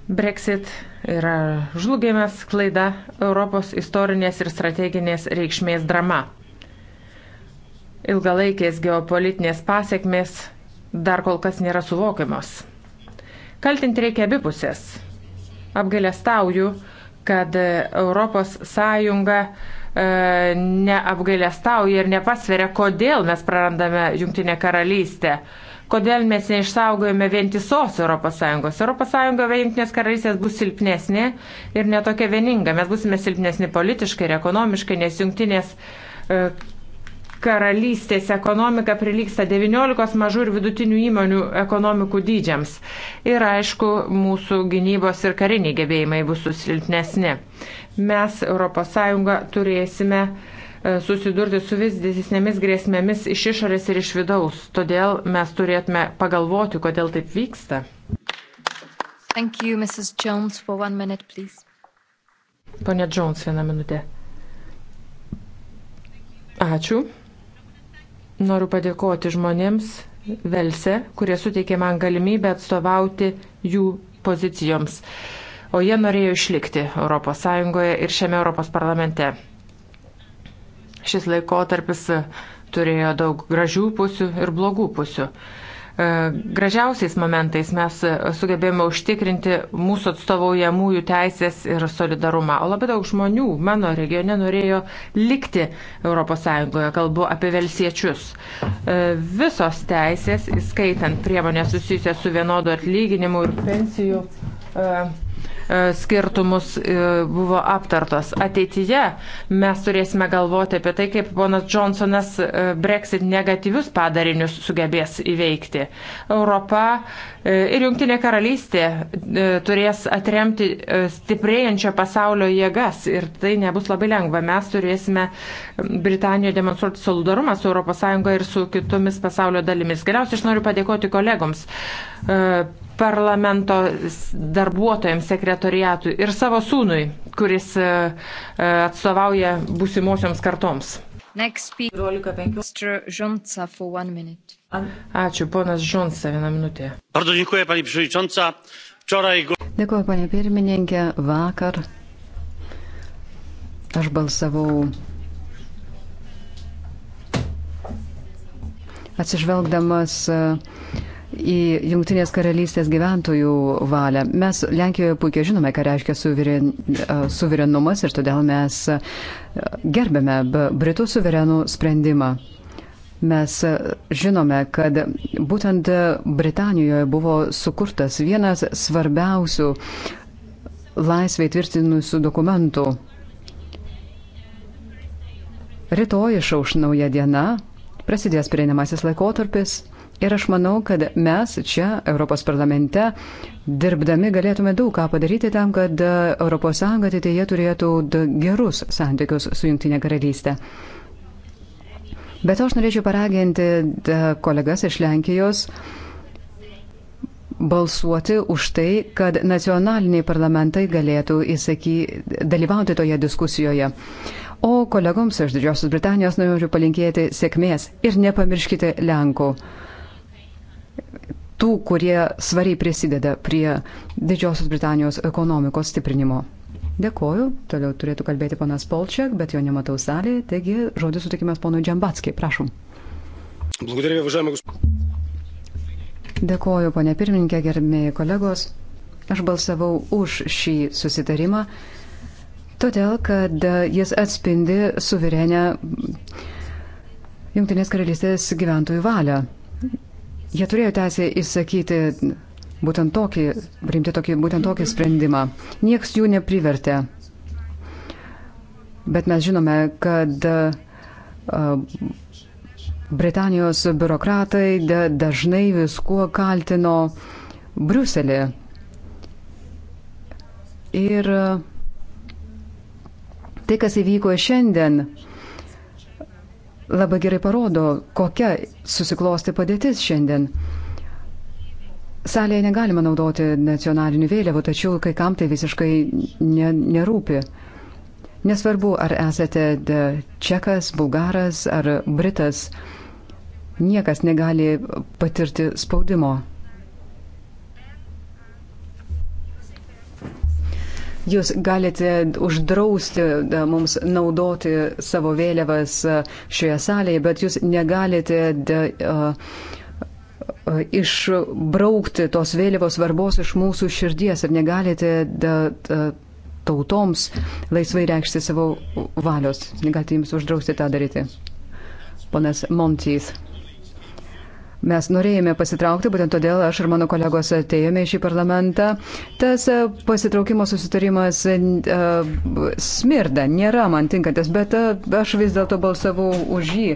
Brexit yra žlugimas, klaida, Europos istorinės ir strateginės reikšmės drama. Ilgalaikės geopolitinės pasiekmės dar kol kas nėra suvokiamos. Kaltinti reikia abipusės. Apgailestauju, kad ES e, neapgailestauja ir nepasveria, kodėl mes prarandame Junktinę karalystę kodėl mes neišsaugojame vientisos ES. ES be Junktinės karalystės bus silpnesnė ir netokia vieninga. Mes busime silpnesni politiškai ir ekonomiškai, nes Junktinės e, karalystės ekonomika prilyksta 19 mažų ir vidutinių įmonių ekonomikų dydžiams. Ir aišku, mūsų gynybos ir kariniai gebėjimai bus susilpnesni. Mes, ES, turėsime e, susidurti su vis didesnėmis grėsmėmis iš išorės ir iš vidaus. Todėl mes turėtume pagalvoti, kodėl taip vyksta. Thank you, Mrs. Jones, for one minute, please. Pone Jones, vieną minutę. Ačiū. Noriu padėkoti žmonėms Velse, kurie suteikė man galimybę atstovauti jų pozicijoms. O jie norėjo išlikti ES ir šiame Europos parlamente. Šis laikotarpis turėjo daug gražių pusių ir blogų pusių. E, gražiausiais momentais mes sugebėjome užtikrinti mūsų atstovaujamųjų teisės ir solidarumą. O labai daug žmonių mano regione norėjo likti ES, kalbu apie velsiečius. E, visos teisės, įskaitant priemonės susijusias su vienodu atlyginimu ir pensijų e, E, skirtumus e, buvo aptartos. Ateityje mes turėsime galvoti apie tai, kaip ponas Johnsonas e, Brexit negatyvius padarinius sugebės įveikti. Europa ir Junktinė karalystė turės atremti stiprėjančio pasaulio jėgas ir tai nebus labai lengva. Mes turėsime Britanijoje demonstruoti solidarumą su ES ir su kitomis pasaulio dalimis. Galiausiai aš noriu padėkoti kolegoms parlamento darbuotojams, sekretoriatui ir savo sūnui, kuris e, e, atstovauja būsimosioms kartoms. Ačiū, ponas Žonsa, vieną minutę. Dėkuoju, ponė pirmininkė. Vakar aš balsavau atsižvelgdamas uh, į Junktinės karalystės gyventojų valią. Mes Lenkijoje puikiai žinome, ką reiškia suveren, suverenumas ir todėl mes gerbėme Britų suverenų sprendimą. Mes žinome, kad būtent Britanijoje buvo sukurtas vienas svarbiausių laisvai tvirtinusių dokumentų. Rytoj išauš nauja diena, prasidės prieinamasis laikotarpis Ir aš manau, kad mes čia, Europos parlamente, dirbdami galėtume daug ką padaryti tam, kad ES ateityje turėtų gerus santykius su Junktinė karalystė. Bet aš norėčiau paraginti kolegas iš Lenkijos balsuoti už tai, kad nacionaliniai parlamentai galėtų įsaky, dalyvauti toje diskusijoje. O kolegoms iš Didžiosios Britanijos noriu palinkėti sėkmės ir nepamirškite Lenkų tų, kurie svariai prisideda prie Didžiosios Britanijos ekonomikos stiprinimo. Dėkoju, toliau turėtų kalbėti ponas Polčiak, bet jo nematau salėje, taigi žodis sutikimas ponui Džambatskiai, prašom. Dėkoju, ponė pirmininkė, gerbėjai kolegos. Aš balsavau už šį susitarimą, todėl kad jis atspindi suverenę Junktinės karalystės gyventojų valią. Jie turėjo teisę įsakyti būtent tokį, priimti tokį, būtent tokį sprendimą. Niekas jų neprivertė. Bet mes žinome, kad uh, Britanijos biurokratai da, dažnai viskuo kaltino Briuselį. Ir tai, kas įvyko šiandien, labai gerai parodo, kokia susiklosti padėtis šiandien. Salėje negalima naudoti nacionalinių vėliavų, tačiau kai kam tai visiškai ne, nerūpi. Nesvarbu, ar esate čekas, bulgaras ar britas, niekas negali patirti spaudimo. Jūs galite uždrausti e, mums naudoti savo vėliavas e, šioje salėje, bet jūs negalite e, išbraukti tos vėliavos svarbos iš mūsų širdies ir negalite tautoms laisvai reikšti savo valios. Negalite jums uždrausti tą daryti. Ponas Montys. Mes norėjome pasitraukti, būtent todėl aš ir mano kolegos atėjome į šį parlamentą. Tas e, pasitraukimo susitarimas uh, smirda, nėra man tinkantis, bet uh, aš vis dėlto balsavau už jį.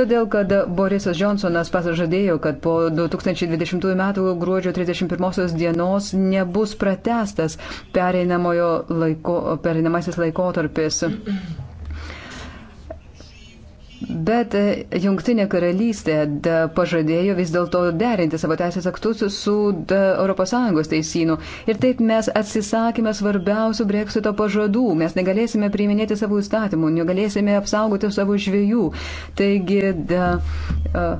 Todėl, kad Borisas Johnsonas pasižadėjo, kad po 2020 m. gruodžio 31 dienos nebus pratestas pereinamasis laikotarpis. Bet e, Junktinė karalystė da, pažadėjo vis dėlto derinti savo teisės aktus su da, ES teisynu. Ir taip mes atsisakėme svarbiausių breksito pažadų. Mes negalėsime priiminėti savo įstatymų, negalėsime apsaugoti savo žviejų. Taigi, da, a,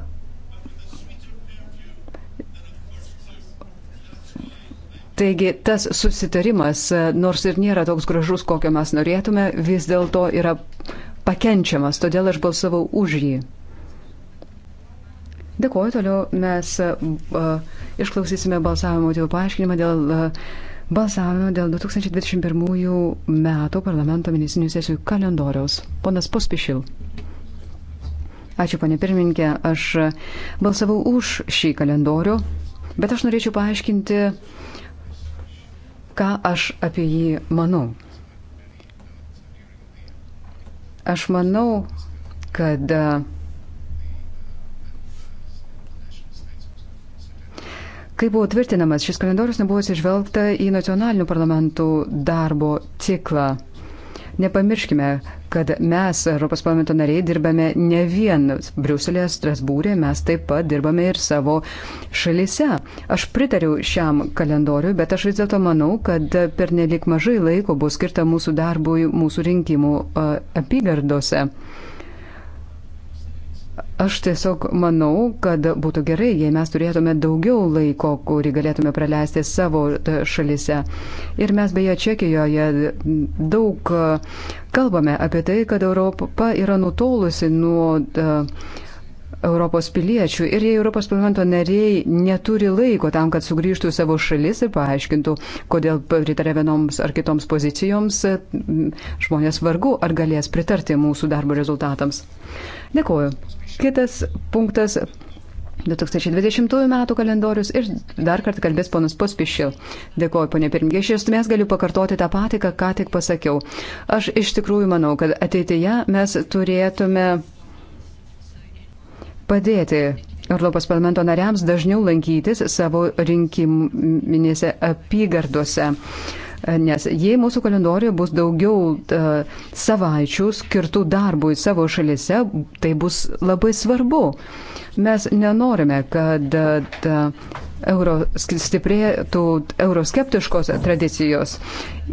Taigi tas susitarimas, nors ir nėra toks gražus, kokio mes norėtume, vis dėlto yra pakenčiamas, todėl aš balsavau už jį. Dėkuoju, toliau mes uh, išklausysime balsavimo motyvų paaiškinimą dėl uh, balsavimo dėl 2021 metų parlamento ministrinių sesijų kalendoriaus. Ponas Puspišil. Ačiū, ponė pirmininkė, aš balsavau už šį kalendorių, bet aš norėčiau paaiškinti, ką aš apie jį manau. Aš manau, kad e, Kai buvo tvirtinamas šis kalendorius, nebuvo atsižvelgta į nacionalinių parlamentų darbo ciklą. Nepamirškime, kad mes, Europos parlamento nariai, dirbame ne vien Briuselėje, Strasbūrė, mes taip pat dirbame ir savo šalise. Aš pritariu šiam kalendoriui, bet aš vis dėlto manau, kad per nelik mažai laiko bus skirta mūsų darbui mūsų rinkimų apygardose. Aš tiesiog manau, kad būtų gerai, jei mes turėtume daugiau laiko, kurį galėtume praleisti savo šalise. Ir mes beje Čekijoje daug kalbame apie tai, kad Europa yra nutolusi nuo Europos piliečių. Ir jei Europos parlamento nariai neturi laiko tam, kad sugrįžtų į savo šalis ir paaiškintų, kodėl pritarė vienoms ar kitoms pozicijoms, žmonės vargu ar galės pritarti mūsų darbo rezultatams. Dėkuoju. Kitas punktas 2020 metų kalendorius ir dar kartą kalbės ponas Pospišil. Dėkoju, ponė pirmininkė, iš esmės galiu pakartoti tą patį, ką tik pasakiau. Aš iš tikrųjų manau, kad ateityje mes turėtume padėti Europos parlamento nariams dažniau lankytis savo rinkiminėse apygardose. Uh, nes jei mūsų kalendorijoje bus daugiau e, savaičių skirtų darbui savo šalise, tai bus labai svarbu. Mes nenorime, kad euro stiprėtų euroskeptiškos tradicijos.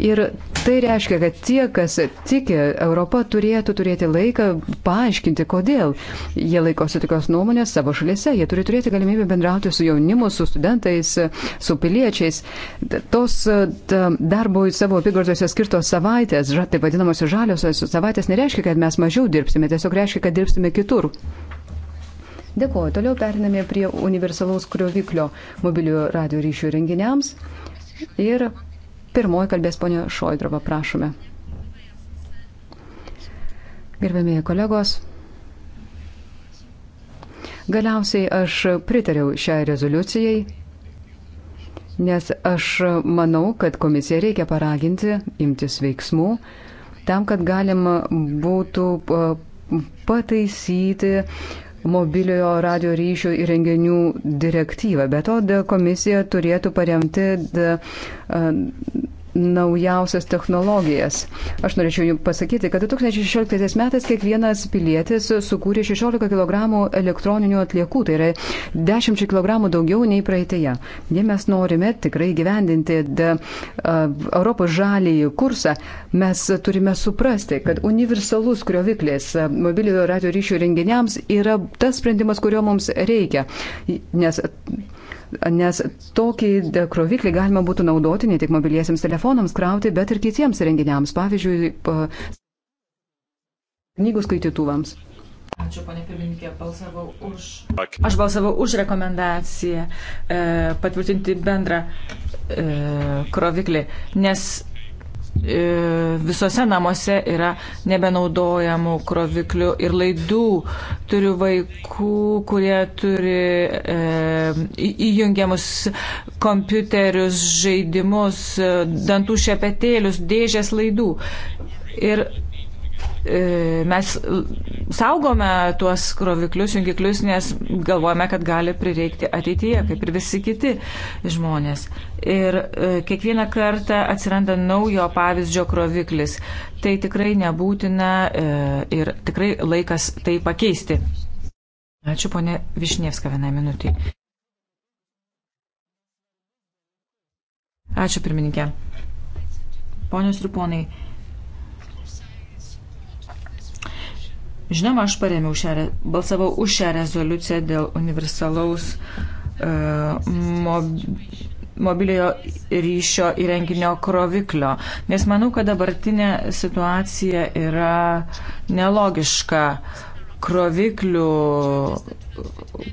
Ir tai reiškia, kad tie, kas tiki Europą, turėtų turėti laiką paaiškinti, kodėl jie laikosi tokios nuomonės savo šalyse. Jie turi turėti galimybę bendrauti su jaunimu, su studentais, su piliečiais. Tos darbo į savo apygardose skirtos savaitės, taip vadinamosios žaliosios savaitės, nereiškia, kad mes mažiau dirbsime, tiesiog reiškia, kad dirbsime kitur. Dėkuoju. Toliau periname prie universalaus krioviklio mobiliojo radio ryšių renginiams. Ir pirmoji kalbės ponia Šoidrova, prašome. Gerbėmėjai kolegos, galiausiai aš pritariau šiai rezoliucijai, nes aš manau, kad komisiją reikia paraginti imtis veiksmų tam, kad galima būtų pataisyti uh, mobiliojo radio ryšių įrenginių direktyvą. Be to, komisija turėtų paremti. De, uh, naujausias technologijas. Aš norėčiau jums pasakyti, kad 2016 metais kiekvienas pilietis sukūrė 16 kg elektroninių atliekų, tai yra 10 kg daugiau nei praeitėje. Jei mes norime tikrai gyvendinti de, uh, Europos žalį kursą, mes turime suprasti, kad universalus krioviklis uh, mobiliojo radio ryšių renginiams yra tas sprendimas, kurio mums reikia. Nes nes tokį kroviklį galima būtų naudoti ne tik mobiliesiams telefonams krauti, bet ir kitiems renginiams, pavyzdžiui, knygų skaitytuvams. Ačiū, ponė pirmininkė, balsavau už. Aš balsavau už rekomendaciją e, patvirtinti bendrą e, kroviklį, nes E, visose namuose yra nebenaudojamų kroviklių ir laidų. Turiu vaikų, kurie turi e, įjungiamus kompiuterius, žaidimus, dantų šepetėlius, dėžės laidų. Ir E, mes saugome tuos kroviklius, jungiklius, nes galvojame, kad gali prireikti ateityje, kaip ir visi kiti žmonės. Ir e, kiekvieną kartą atsiranda naujo pavyzdžio kroviklis. Tai tikrai nebūtina e, ir tikrai laikas tai pakeisti. Ačiū, ponė Višnievska, vienai minutiai. Ačiū, pirmininkė. Ponios ir ponai. Žinoma, aš paremiau šią, balsavau už šią rezoliuciją dėl universalaus uh, mob, mobiliojo ryšio įrenginio kroviklio, nes manau, kad dabartinė situacija yra nelogiška. Uh, kroviklių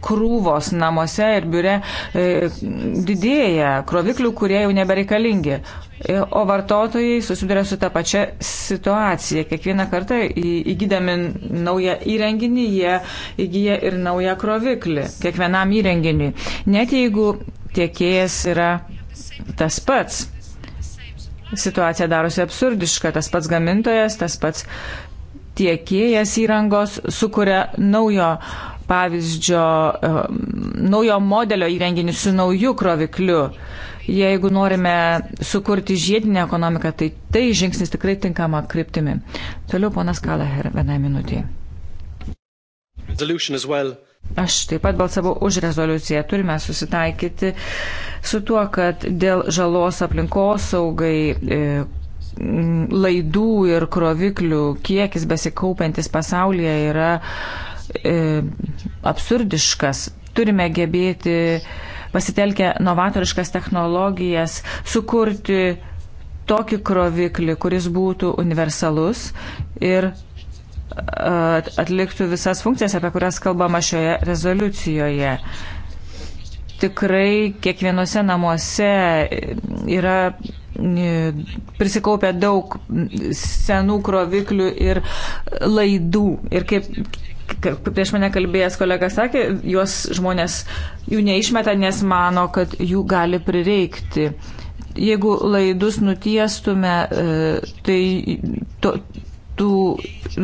krūvos namuose ir biure e, didėja, kroviklių, kurie jau nebereikalingi. E, o vartotojai susiduria su ta pačia situacija. Kiekvieną kartą įgydami naują įrenginį, jie įgyja ir naują kroviklį kiekvienam įrenginiui. Net jeigu tiekėjas yra tas pats situacija darosi absurdiška. Tas pats gamintojas, tas pats tiekėjas įrangos sukuria naujo pavyzdžio, naujo modelio įrenginį su nauju krovikliu. Jeigu norime sukurti žiedinę ekonomiką, tai tai žingsnis tikrai tinkama kryptimi. Toliau ponas Kalaher, vieną minutį. Aš taip pat balsavau už rezoliuciją. Turime susitaikyti su tuo, kad dėl žalos aplinkos saugai e, Mm, laidų ir kroviklių kiekis besikaupiantis pasaulyje yra e, absurdiškas. Turime gebėti pasitelkę novatoriškas technologijas sukurti tokį kroviklį, kuris būtų universalus ir e, atliktų visas funkcijas, apie kurias kalbama šioje rezoliucijoje tikrai kiekvienose namuose yra prisikaupę daug senų kroviklių ir laidų. Ir kaip prieš mane kalbėjęs kolega sakė, juos žmonės jų neišmeta, nes mano, kad jų gali prireikti. Jeigu laidus nutiestume, e, tai to, tų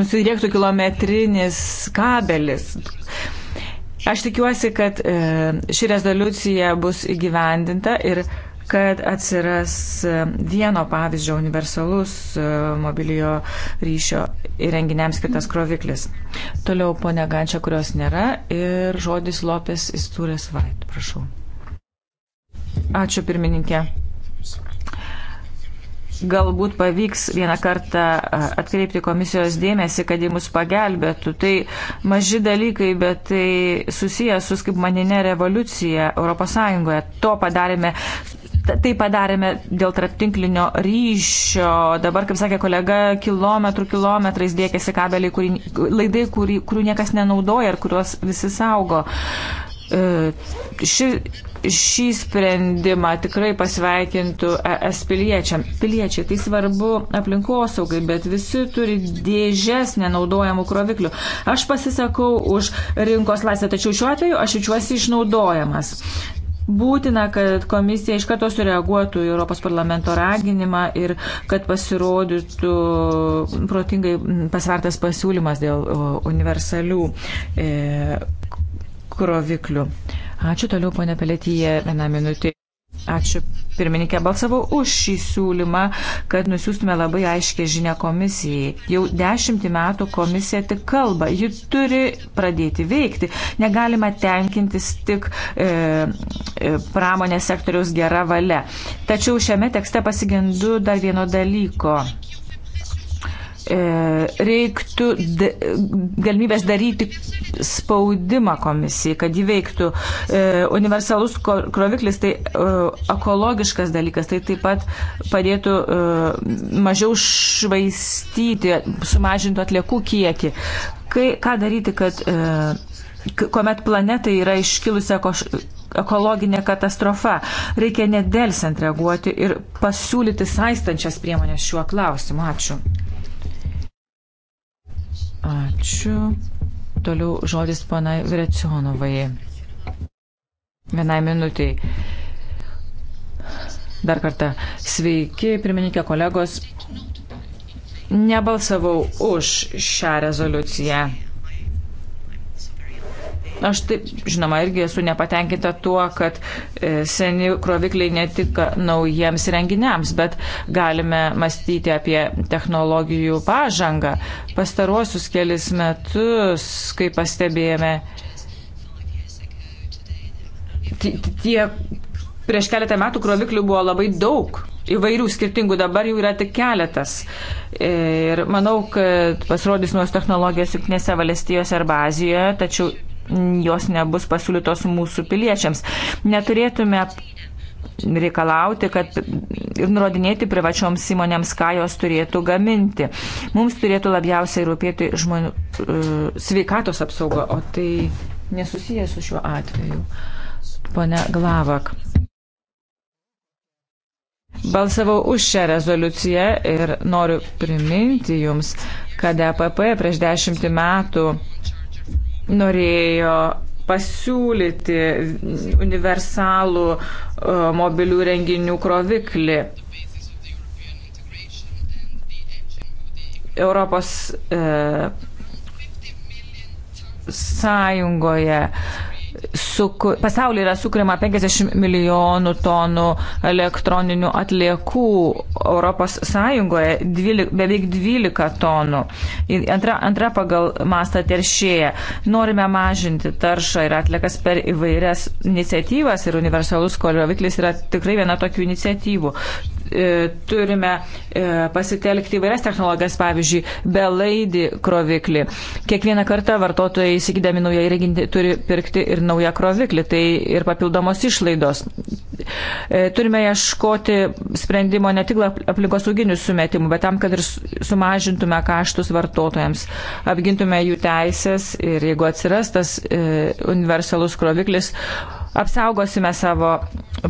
nusidriektų kilometrinis kabelis. Aš tikiuosi, kad e, ši rezoliucija bus įgyvendinta ir kad atsiras e, vieno pavyzdžio universalus e, mobiliojo ryšio įrenginiams skirtas kroviklis. Toliau ponia Gančia, kurios nėra ir žodis Lopės Istūrės Vait, prašau. Ačiū pirmininkė galbūt pavyks vieną kartą atkreipti komisijos dėmesį, kad jį mus pagelbėtų. Tai maži dalykai, bet tai susijęs su skaitmaninė revoliucija ES. To padarėme. Tai padarėme dėl traptinklinio ryšio. Dabar, kaip sakė kolega, kilometrų kilometrais dėkėsi kabeliai, kurį, laidai, kurį, kurių niekas nenaudoja ir kuriuos visi saugo. E, ši šį sprendimą tikrai pasveikintų es piliečiam. piliečiai. Tai svarbu aplinkosaugai, bet visi turi dėžes nenaudojamų kroviklių. Aš pasisakau už rinkos laisvę, tačiau šiuo atveju aš jaučiuosi išnaudojamas. Būtina, kad komisija iš karto sureaguotų į Europos parlamento raginimą ir kad pasirodytų protingai pasvertas pasiūlymas dėl universalių. E, kroviklių. Ačiū toliau, ponė Pelėtyje, vieną minutį. Ačiū pirmininkė, balsavau už šį siūlymą, kad nusiųstume labai aiškę žinę komisijai. Jau dešimtį metų komisija tik kalba, ji turi pradėti veikti. Negalima tenkintis tik e, e pramonės sektoriaus gera valia. Tačiau šiame tekste pasigendu dar vieno dalyko. E, reiktų galimybės daryti spaudimą komisijai, kad jį veiktų. E, universalus kroviklis tai e, ekologiškas dalykas, tai taip pat padėtų mažiau švaistyti, sumažintų atliekų kiekį. Kai, ką daryti, kad kuomet planetai yra iškilusi ekologinė katastrofa. Reikia nedelsiant reaguoti ir pasiūlyti saistančias priemonės šiuo klausimu. Ačiū. Ačiū. Toliau žodis panai Vrecionovai. Vienai minutiai. Dar kartą. Sveiki, pirmininkė kolegos. Nebalsavau už šią rezoliuciją Aš taip, žinoma, irgi esu nepatenkinta tuo, kad e, seni krovikliai netika naujiems renginiams, bet galime mąstyti apie technologijų pažangą. Pastaruosius kelis metus, kaip pastebėjome, tie prieš keletą metų kroviklių buvo labai daug. Įvairių skirtingų dabar jau yra tik keletas. E, ir manau, kad pasirodys nuos technologijos jungtinėse valstijose arba Azijoje, tačiau jos nebus pasiūlytos mūsų piliečiams. Neturėtume reikalauti kad, ir nurodinėti privačioms įmonėms, ką jos turėtų gaminti. Mums turėtų labiausiai rūpėti žmonių uh, sveikatos apsauga, o tai nesusijęs su šiuo atveju. Pone Glavak. Balsavau už šią rezoliuciją ir noriu priminti Jums, kad EPP prieš dešimtį metų norėjo pasiūlyti universalų e, mobilių renginių kroviklį. Europos e, Sąjungoje suku, pasaulyje yra sukuriama 50 milijonų tonų elektroninių atliekų, ES beveik 12 tonų. Antra, antra pagal mastą teršėja. Norime mažinti taršą ir atliekas per įvairias iniciatyvas ir universalus koliaviklis yra tikrai viena tokių iniciatyvų. E, turime e, pasitelkti įvairias technologijas, pavyzdžiui, belaidį kroviklį. Kiekvieną kartą vartotojai įsigydami naują įrenginį turi pirkti ir naują kroviklį, tai ir papildomos išlaidos. E, turime ieškoti sprendimo ne tik aplinkosauginių sumetimų, bet tam, kad ir sumažintume kaštus vartotojams, apgintume jų teisės ir jeigu atsiras tas universalus kroviklis, apsaugosime savo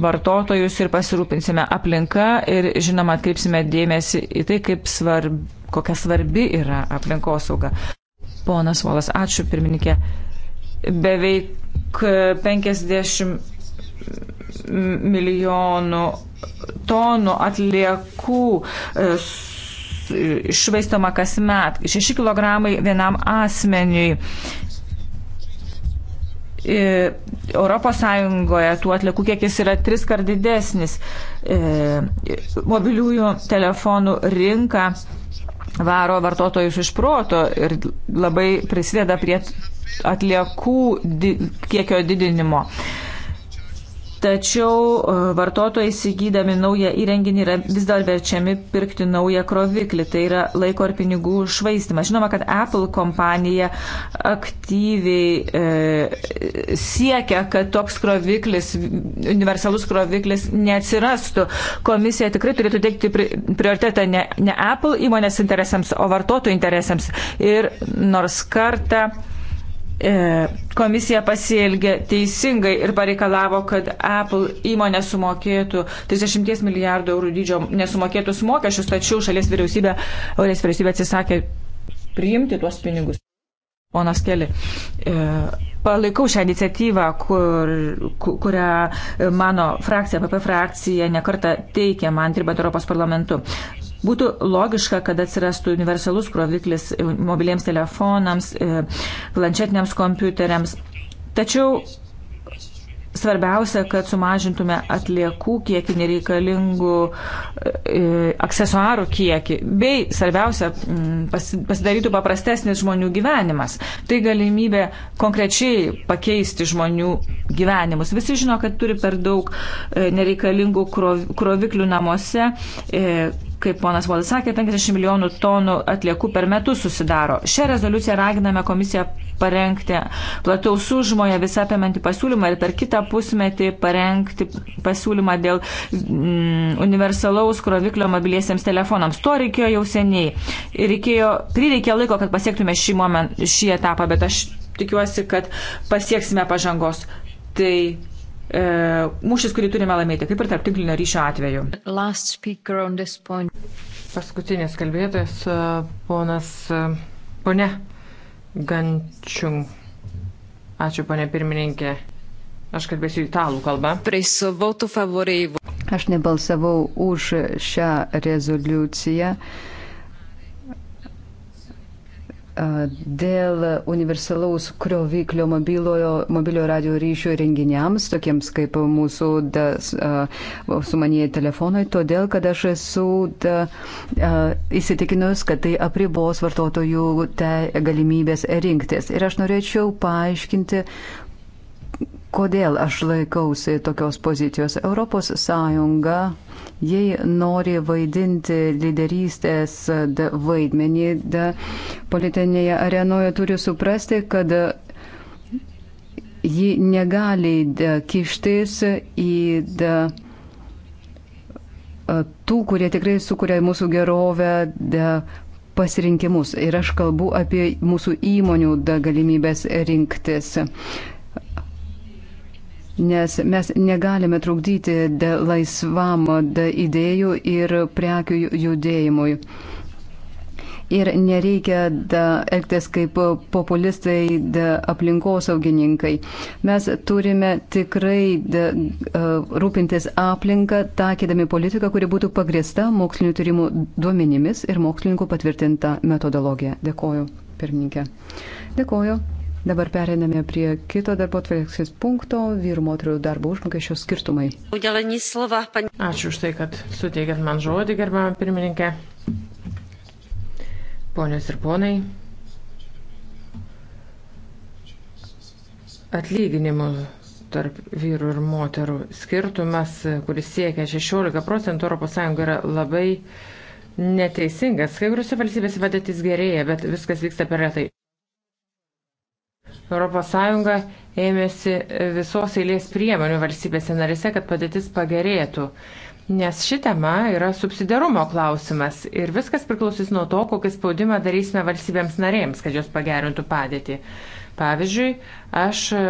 vartotojus ir pasirūpinsime aplinką ir žinoma atkreipsime dėmesį į tai, kaip svarb, kokia svarbi yra aplinkosauga. Ponas Volas, ačiū pirmininkė. Beveik 50 milijonų tonų atliekų e, išvaistoma kasmet. 6 kg vienam asmeniui ES tų atlikų kiekis yra tris kart didesnis. E, mobiliųjų telefonų rinka varo vartotojus iš proto ir labai prisideda prie atliekų di kiekio didinimo. E, Tačiau e, vartotojai įsigydami naują įrenginį yra vis dar verčiami pirkti naują kroviklį. Tai yra laiko ir pinigų švaistimas. Žinoma, kad Apple kompanija aktyviai e, siekia, kad toks kroviklis, universalus kroviklis neatsirastų. Komisija tikrai turėtų teikti prioritetą ne, ne Apple įmonės interesams, o vartotojų interesams. Ir nors kartą E, komisija pasielgė teisingai ir pareikalavo, kad Apple įmonė sumokėtų 30 milijardų eurų dydžio nesumokėtus mokesčius, tačiau šalies vyriausybė, šalies vyriausybė atsisakė priimti tuos pinigus. Ponas Keli, e, palaikau šią iniciatyvą, kur, kurią mano frakcija, PP frakcija, nekarta teikė man dirbant Europos parlamentu. Būtų logiška, kad atsirastų universalus kroviklis mobiliems telefonams, e, planšetiniams kompiuteriams. Tačiau Svarbiausia, kad sumažintume atliekų kiekį nereikalingų e, aksesuarų kiekį, bei svarbiausia, mm, pasidarytų paprastesnis žmonių gyvenimas. Tai galimybė konkrečiai pakeisti žmonių gyvenimus. Visi žino, kad turi per daug e, nereikalingų krov, kroviklių namuose. E, kaip ponas Vodas sakė, 50 milijonų tonų atliekų per metus susidaro. Šią rezoliuciją raginame komisiją parengti plataus užmoje visą apimantį pasiūlymą ir per kitą pusmetį parengti pasiūlymą dėl mm, universalaus kroviklio mobiliesiems telefonams. To reikėjo jau seniai. Ir reikėjo, prireikė laiko, kad pasiektume šį, moment, šį etapą, bet aš tikiuosi, kad pasieksime pažangos. Tai e, mūšis, kurį turime laimėti, kaip ir tarp tinklinio ryšio atveju. Paskutinis kalbėtojas, e, ponas, e, ponia Gančiung. Ačiū, ponė pirmininkė. Aš kalbėsiu italų kalbą. Aš nebalsavau už šią rezoliuciją dėl universalaus kroviklio mobiliojo, mobiliojo radio ryšio renginiams, tokiems kaip mūsų das, uh, sumanėjai telefonai, todėl kad aš esu da, uh, įsitikinus, kad tai apribos vartotojų te galimybės rinktis. Ir aš norėčiau paaiškinti, Kodėl aš laikausi tokios pozicijos? Europos Sąjunga, jei nori vaidinti lyderystės vaidmenį politinėje arenoje, turi suprasti, kad ji negali kištis į e, tų, kurie tikrai sukuria mūsų gerovę pasirinkimus. Ir aš kalbu apie mūsų įmonių galimybės rinktis nes mes negalime trukdyti laisvam idėjų ir prekių judėjimui. Ir nereikia da, elgtis kaip populistai, da, aplinkosaugininkai. Mes turime tikrai da, rūpintis aplinką, takydami politiką, kuri būtų pagrista mokslinio tyrimų duomenimis ir mokslininkų patvirtinta metodologija. Dėkoju, pirmininkė. Dėkoju. Dabar periname prie kito darbo tvarkės punkto - vyrų moterių darbo užmokesčio skirtumai. Ačiū už tai, kad suteikėt man žodį, gerbama pirmininkė. Ponios ir ponai. Atlyginimų tarp vyrų ir moterų skirtumas, kuris siekia 16 procentų ES, yra labai neteisingas. Kai kuriuose valstybėse padėtis gerėja, bet viskas vyksta per retai. ES ėmėsi visos eilės priemonių valstybėse narise, kad padėtis pagerėtų. Nes ši tema yra subsidiarumo klausimas ir viskas priklausys nuo to, kokį spaudimą darysime valstybėms narėms, kad jos pagerintų padėtį. Pavyzdžiui, aš e,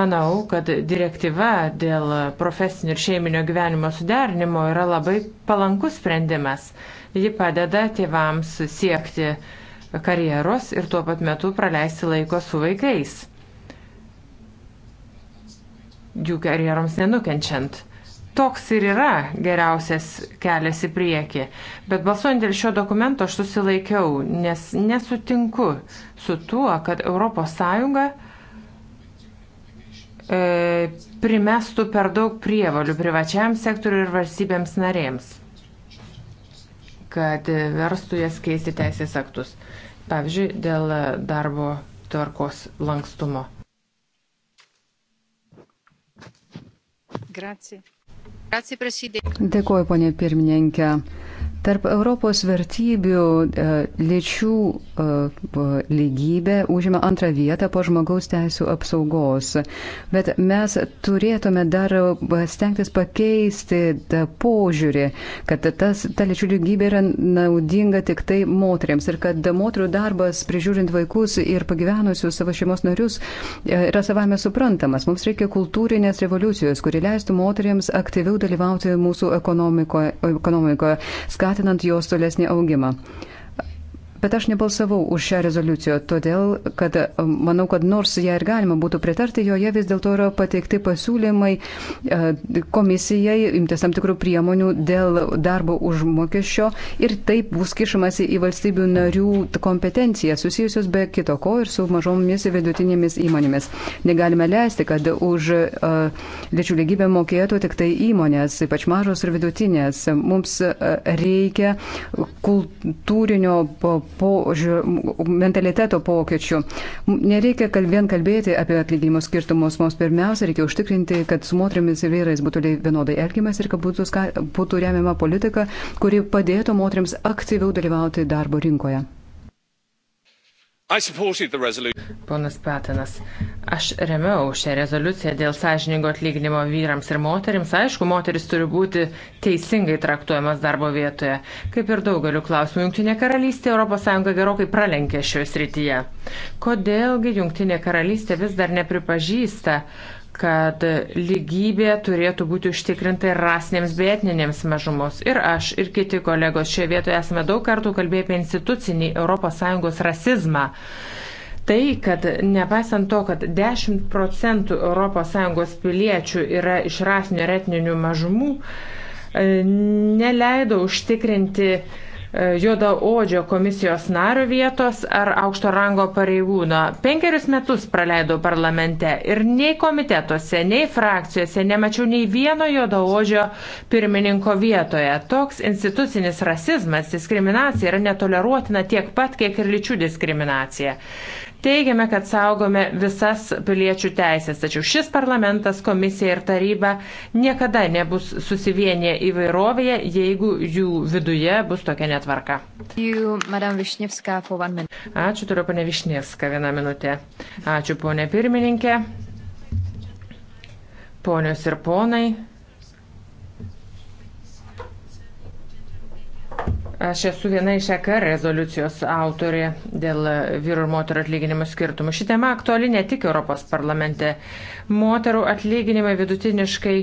manau, kad direktyva dėl profesinio ir šeiminio gyvenimo suderinimo yra labai palankus sprendimas. Ji padeda tėvams siekti uh, karjeros ir tuo pat metu praleisti laiko su vaikais. Jų karjeroms nenukenčiant. Toks ir yra geriausias kelias į priekį. Bet balsuojant dėl šio dokumento aš susilaikiau, nes nesutinku su tuo, kad ES e, primestų per daug prievalių privačiam sektoriu ir valstybėms narėms kad verstų jas keisti teisės aktus. Pavyzdžiui, dėl darbo tvarkos lankstumo. Grazie. Grazie, Dėkuoju, ponė pirmininkė. Tarp Europos vertybių e, lyčių e, lygybė užima antrą vietą po žmogaus teisų apsaugos, bet mes turėtume dar e, stengtis pakeisti požiūrį, kad tas, ta lyčių lygybė yra naudinga tik tai moteriams ir kad moterių darbas prižiūrint vaikus ir pagyvenusius savo šeimos narius yra savame suprantamas. Mums reikia kultūrinės revoliucijos, kuri leistų moteriams aktyviau dalyvauti mūsų ekonomikoje. ekonomikoje skatinant jos tolesnį augimą. Bet aš nebalsavau už šią rezoliuciją, todėl, kad e, manau, kad nors ją ir galima būtų pritarti, joje vis dėlto yra pateikti pasiūlymai e, komisijai imtis tam tikrų priemonių dėl darbo užmokesčio ir taip bus kišamasi į valstybių narių kompetenciją susijusios be kito ko ir su mažomis ir vidutinėmis įmonėmis. Negalime leisti, kad už uh, lyčių lygybę mokėtų tik tai įmonės, ypač mažos ir vidutinės. Mums uh, reikia kultūrinio požiū, mentaliteto pokyčių. Nereikia kad vien kalbėti apie atlyginimo skirtumus, mums pirmiausia reikia užtikrinti, kad su moteriamis ir vyrais būtų vienodai elgiamas ir kad būtų, ska, būtų remiama politika, kuri padėtų moteriams aktyviau dalyvauti darbo rinkoje. Ponas Patinas, aš remiau šią rezoliuciją dėl sąžiningo atlyginimo vyrams ir moteriams. Aišku, moteris turi būti teisingai traktuojamas darbo vietoje. Kaip ir daugeliu klausimų, Junktinė karalystė ES gerokai pralenkė šioje srityje. Kodėlgi Junktinė karalystė vis dar nepripažįsta, uh, kad lygybė turėtų būti užtikrinta ir rasinėms bei etninėms mažumos. Ir aš, ir kiti kolegos šioje vietoje esame daug kartų kalbėję apie institucinį ES rasizmą. Tai, kad nepaisant to, kad 10 procentų ES piliečių yra iš rasinių ir etninių mažumų, e, neleido užtikrinti E, juoda odžio komisijos nario vietos ar aukšto rango pareigūno. Penkerius metus praleidau parlamente ir nei komitetuose, nei frakcijose nemačiau nei vieno juoda odžio pirmininko vietoje. Toks institucinis rasizmas, diskriminacija yra netoleruotina tiek pat, kiek ir lyčių diskriminacija. Teigiame, kad saugome visas piliečių teisės, tačiau šis parlamentas, komisija ir taryba niekada nebus susivienę įvairovėje, jeigu jų viduje bus tokia netvarka. Ačiū, turiu pane Višnievską vieną minutę. Ačiū, ponė pirmininkė. Ponios ir ponai. Aš esu viena iš EKR rezoliucijos autorė dėl vyrų ir moterų atlyginimų skirtumų. Ši tema aktuali ne tik Europos parlamente. Moterų atlyginimai vidutiniškai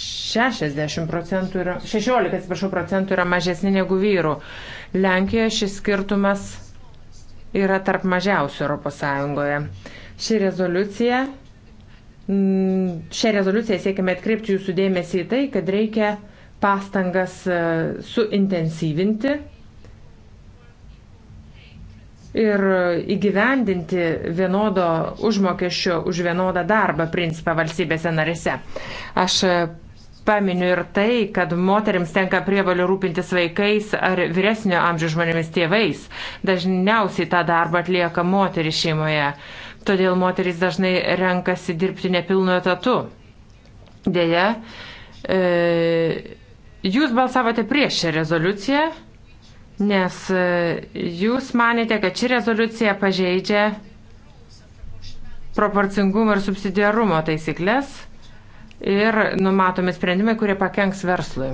60 procentų yra, 16 atsiprašau, procentų yra mažesni negu vyrų. Lenkijoje šis skirtumas yra tarp mažiausių Europos Sąjungoje. Ši rezoliucija, šią rezoliuciją siekime atkreipti jūsų dėmesį į tai, kad reikia pastangas e, suintensyvinti ir įgyvendinti vienodo užmokesčio už vienodą darbą principą valstybėse narėse. Aš e, paminiu ir tai, kad moteriams tenka prievaliu rūpintis vaikais ar vyresnio amžiaus žmonėmis tėvais. Dažniausiai tą darbą atlieka moteris šeimoje. Todėl moteris dažnai renkasi dirbti nepilnu etatu. Deja, e, Jūs balsavote prieš šią rezoliuciją, nes e, jūs manėte, kad ši rezoliucija pažeidžia proporcingumo ir subsidiarumo taisyklės ir numatomi sprendimai, kurie pakenks verslui.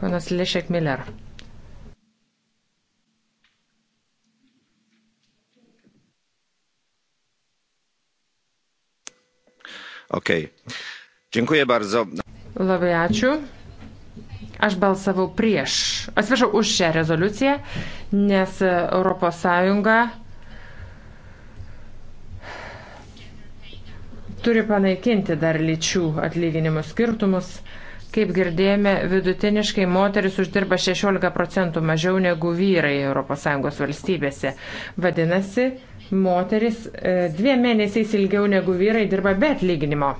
Panas Lešek Miller. Okay. Dziękuję bardzo. Labai ačiū. Aš balsavau prieš, atsiprašau, už šią rezoliuciją, nes ES turi panaikinti dar lyčių atlyginimų skirtumus. Kaip girdėjome, vidutiniškai moteris uždirba 16 procentų mažiau negu vyrai ES valstybėse. Vadinasi, moteris e, dviem mėnesiais ilgiau negu vyrai dirba be atlyginimo.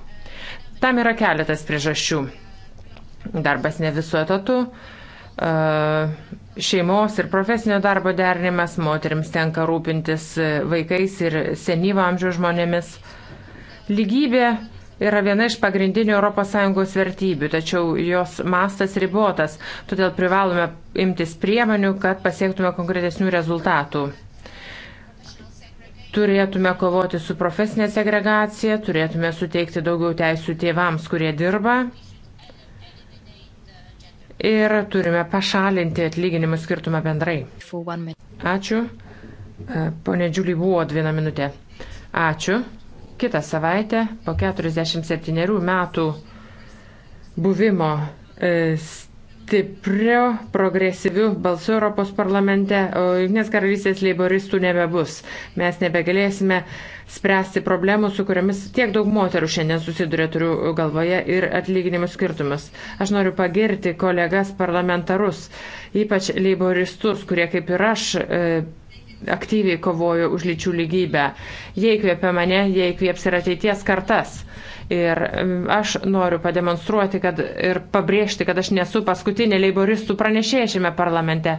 Tam yra keletas priežasčių. Darbas ne visu etatu, e, šeimos ir profesinio darbo derinimas, moteriams tenka rūpintis vaikais ir senyvo amžiaus žmonėmis. Lygybė yra viena iš pagrindinių ES vertybių, tačiau jos mastas ribotas, todėl privalome imtis priemonių, kad pasiektume konkretesnių rezultatų. Turėtume kovoti su profesinė segregacija, turėtume suteikti daugiau teisų tėvams, kurie dirba. Ir turime pašalinti atlyginimų skirtumą bendrai. Ačiū. E, Pone Džiulį buvo vieną minutę. Ačiū. Kita savaitė po 47 metų buvimo e, stipriu, progresyviu balsu Europos parlamente, Junktinės karalystės leiboristų nebebus. Mes nebegalėsime spręsti problemų, su kuriamis tiek daug moterų šiandien susiduria, turiu galvoje, ir atlyginimų skirtumus. Aš noriu pagirti kolegas parlamentarus, ypač leiboristus, kurie kaip ir aš. E, aktyviai kovojo už lyčių lygybę. Jie įkvėpia mane, jie įkvėps ir ateities kartas. Ir aš noriu pademonstruoti kad, ir pabrėžti, kad aš nesu paskutinė leiboristų pranešėja šiame parlamente.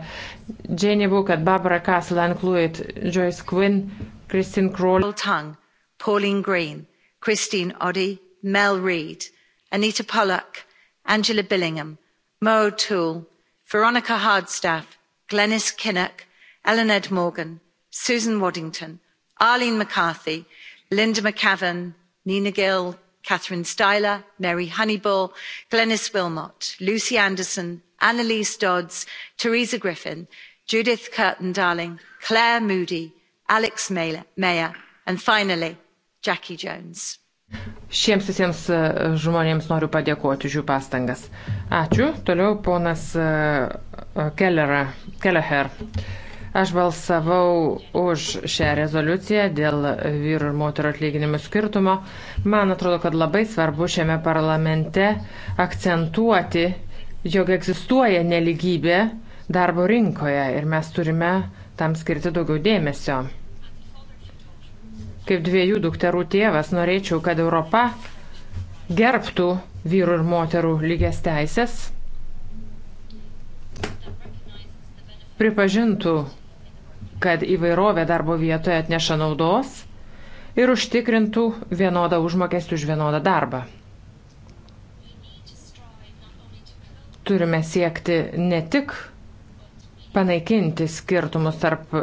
Janie Bukat, Barbara Castle, Anne Cluid, Joyce Quinn, Christine Kroll, Tongue, Pauline Green, Christine Oddy, Mel Reid, Anita Pollack, Angela Billingham, Mo O'Toole, Veronica Hardstaff, Glenys Kinnock, Ellen Ed Morgan, Susan Waddington, Arlene McCarthy, Linda McCavan, Nina Gill, catherine styler mary honeyball glenis willmott lucy anderson annelise dodds teresa griffin judith curtin darling claire moody alex mayer and finally jackie jones. Šiems visiems e, žmonėms noriu padėkoti už jų pastangas. Ačiū. Toliau ponas e, e, Kelleher. Aš balsavau už šią rezoliuciją dėl vyrų ir moterų atlyginimų skirtumo. Man atrodo, kad labai svarbu šiame parlamente akcentuoti, jog egzistuoja neligybė darbo rinkoje ir mes turime tam skirti daugiau dėmesio. Kaip dviejų dukterų tėvas norėčiau, kad Europa gerbtų vyrų ir moterų lygias teisės, pripažintų kad įvairovė darbo vietoje atneša naudos ir užtikrintų vienodą užmokestį už vienodą darbą. Turime siekti ne tik panaikinti skirtumus tarp e,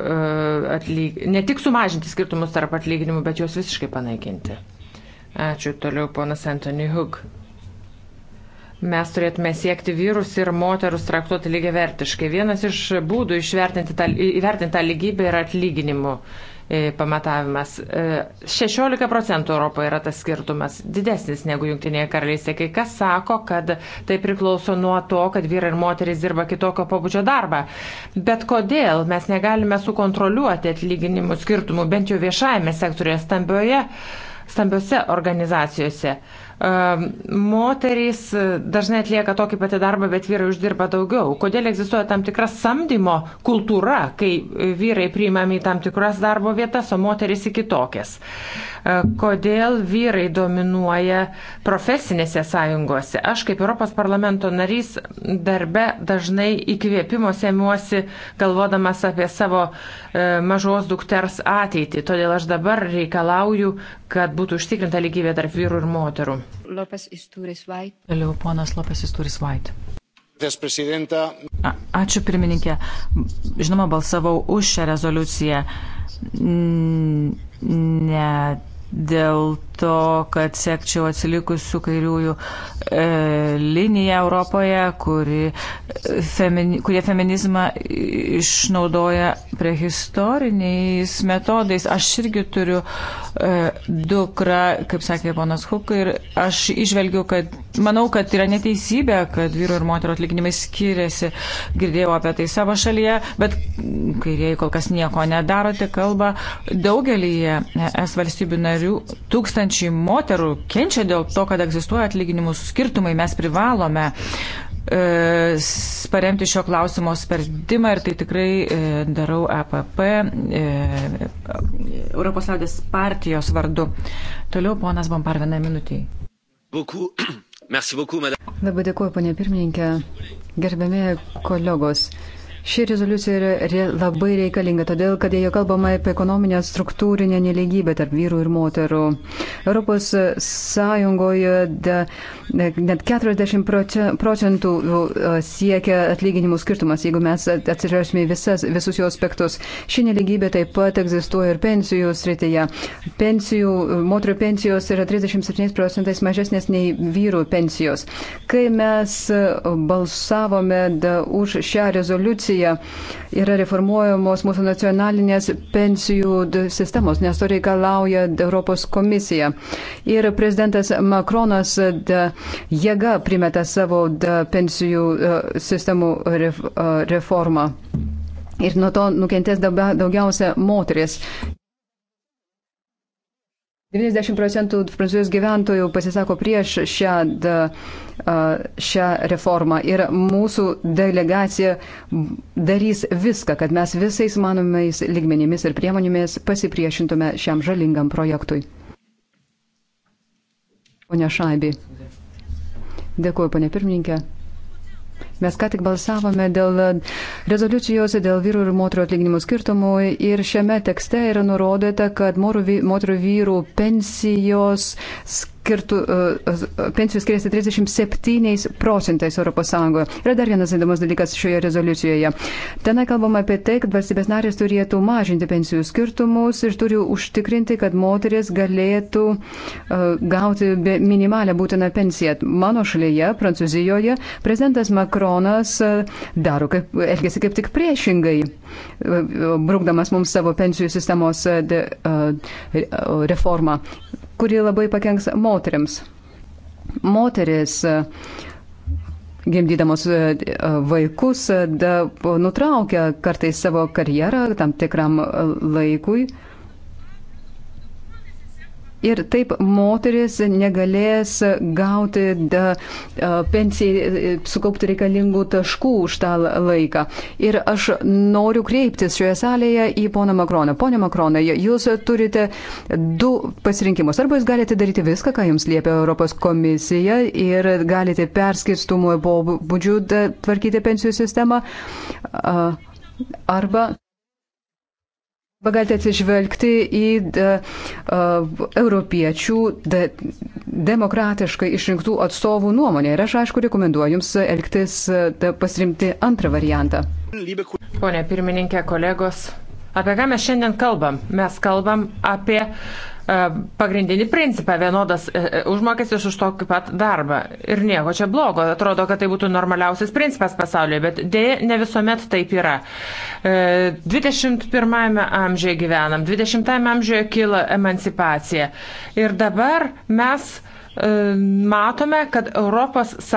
atlyg... ne tik sumažinti skirtumus tarp atlyginimų, bet juos visiškai panaikinti. Ačiū toliau ponas Anthony Hook mes turėtume siekti vyrus ir moterus traktuoti lygiai vertiškai. Vienas iš būdų tą, įvertinti tą lygybę yra atlyginimų e, pamatavimas. 16 e, procentų Europoje yra tas skirtumas, didesnis negu Junktinėje karalystėje. Kai kas sako, kad tai priklauso nuo to, kad vyrai ir moteris dirba kitokio pabudžio darbą. Bet kodėl mes negalime sukontroliuoti atlyginimų skirtumų, bent jau viešajame sektorėje, stambioje, stambiose organizacijose? Moterys e, dažnai atlieka tokį patį darbą, bet vyrai uždirba daugiau. Kodėl egzistuoja tam tikra samdymo kultūra, kai vyrai priimami į tam tikras darbo vietas, o moterys į kitokias? E, kodėl vyrai dominuoja profesinėse sąjungose? Aš kaip Europos parlamento narys darbe dažnai įkvėpimo semiuosi, galvodamas apie savo e, mažos dukters ateitį. Todėl aš dabar reikalauju, kad būtų užtikrinta lygybė tarp vyrų ir moterų. Lopes Isturis Vait. Vėliau ponas Lopes Isturis Vait. Ačiū pirmininkė. Žinoma, balsavau už šią rezoliuciją. Ne dėl to, kad sekčiau atsilikusių kairiųjų e, liniją Europoje, kuri, e, femini, kurie feminizmą išnaudoja prehistoriniais metodais. Aš irgi turiu e, dukrą, kaip sakė ponas Huk, ir aš išvelgiu, kad manau, kad yra neteisybė, kad vyru ir moterų atlyginimai skiriasi. Girdėjau apie tai savo šalyje, bet kairieji kol kas nieko nedaro, tik kalba daugelį es valstybių narių narių, tūkstančiai moterų kenčia dėl to, kad egzistuoja atlyginimų skirtumai. Mes privalome e, paremti šio klausimo sprendimą ir tai tikrai e, darau APP e, e, Europos liaudės partijos vardu. Toliau ponas Bompar vieną minutį. Labai dėkuoju, ponė pirmininkė. Gerbėmi kolegos. Ši rezoliucija yra re, labai reikalinga, todėl kad joje kalbama apie ekonominę struktūrinę neligybę tarp vyrų ir moterų. Europos Sąjungoje de, de, net 40 procentų e, siekia atlyginimų skirtumas, jeigu mes atsižvelgsime visas, visus jo aspektus. Ši neligybė taip pat egzistuoja ir pensijų srityje. Pensijų, moterų pensijos yra 37 procentais mažesnės nei vyrų pensijos. Kai mes balsavome de, už šią rezoliuciją, pensiją. Yra reformuojamos mūsų nacionalinės pensijų sistemos, nes to reikalauja Europos komisija. Ir prezidentas Makronas jėga primeta savo pensijų e, sistemų e, reformą. Ir nuo to nukentės daugiausia moteris. 90 procentų prancūzijos gyventojų pasisako prieš šią, šią reformą ir mūsų delegacija darys viską, kad mes visais manomais ligmenimis ir priemonėmis pasipriešintume šiam žalingam projektui. Pone Šaibi. Dėkuoju, pane pirmininkė. Mes ką tik balsavome dėl rezoliucijos, dėl vyrų ir moterų atlyginimų skirtumų ir šiame tekste yra nurodyta, kad moterų vyrų pensijos skirtumai skirtų, e, e, pensijų skiriasi 37 procentais ES. Yra dar vienas įdomus dalykas šioje rezoliucijoje. Tenai kalbama apie tai, kad valstybės narės turėtų mažinti pensijų skirtumus ir turi užtikrinti, kad moteris galėtų e, gauti minimalę būtiną pensiją. Mano šalyje, Prancūzijoje, prezidentas Makronas daro, kaip, elgesi kaip tik priešingai, brūkdamas mums savo pensijų sistemos reformą kuri labai pakenks moteriams. Moteris e, gimdydamos e, vaikus e, da, nutraukia kartais savo karjerą tam tikram laikui. Ir taip moteris negalės gauti da, pensijai e, sukaupti reikalingų taškų už tą laiką. Ir aš noriu kreiptis šioje salėje į poną Makroną. Pone Makronai, jūs turite du pasirinkimus. Arba jūs galite daryti viską, ką jums liepia Europos komisija ir galite perskirstumo pobūdžių tvarkyti pensijų sistemą. Arba Pagalite atsižvelgti į de, uh, e, europiečių de, demokratiškai išrinktų atstovų nuomonę. Ir aš, aišku, rekomenduoju Jums elgtis, de, pasirinkti antrą variantą. Pone pirmininkė, kolegos, apie ką mes šiandien kalbam? Mes kalbam apie uh, E, pagrindinį principą - vienodas e, e, užmokestis už tokį pat darbą. Ir nieko čia blogo, atrodo, kad tai būtų normaliausias principas pasaulyje, bet dėja ne visuomet taip yra. 21 amžiuje gyvenam, 20 amžiuje kyla emancipacija. Ir dabar mes uh, matome, kad ES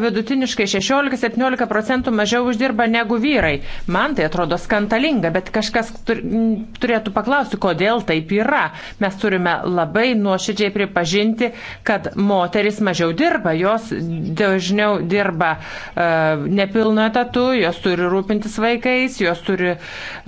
vidutiniškai 16-17 procentų mažiau uždirba negu vyrai. Man tai atrodo skandalinga, bet kažkas turėtų paklausti, kodėl taip yra. Mes turime labai nuoširdžiai pripažinti, kad moteris mažiau dirba, jos dažniau dirba uh, nepilnu etatu, jos turi rūpintis vaikais, jos turi, uh,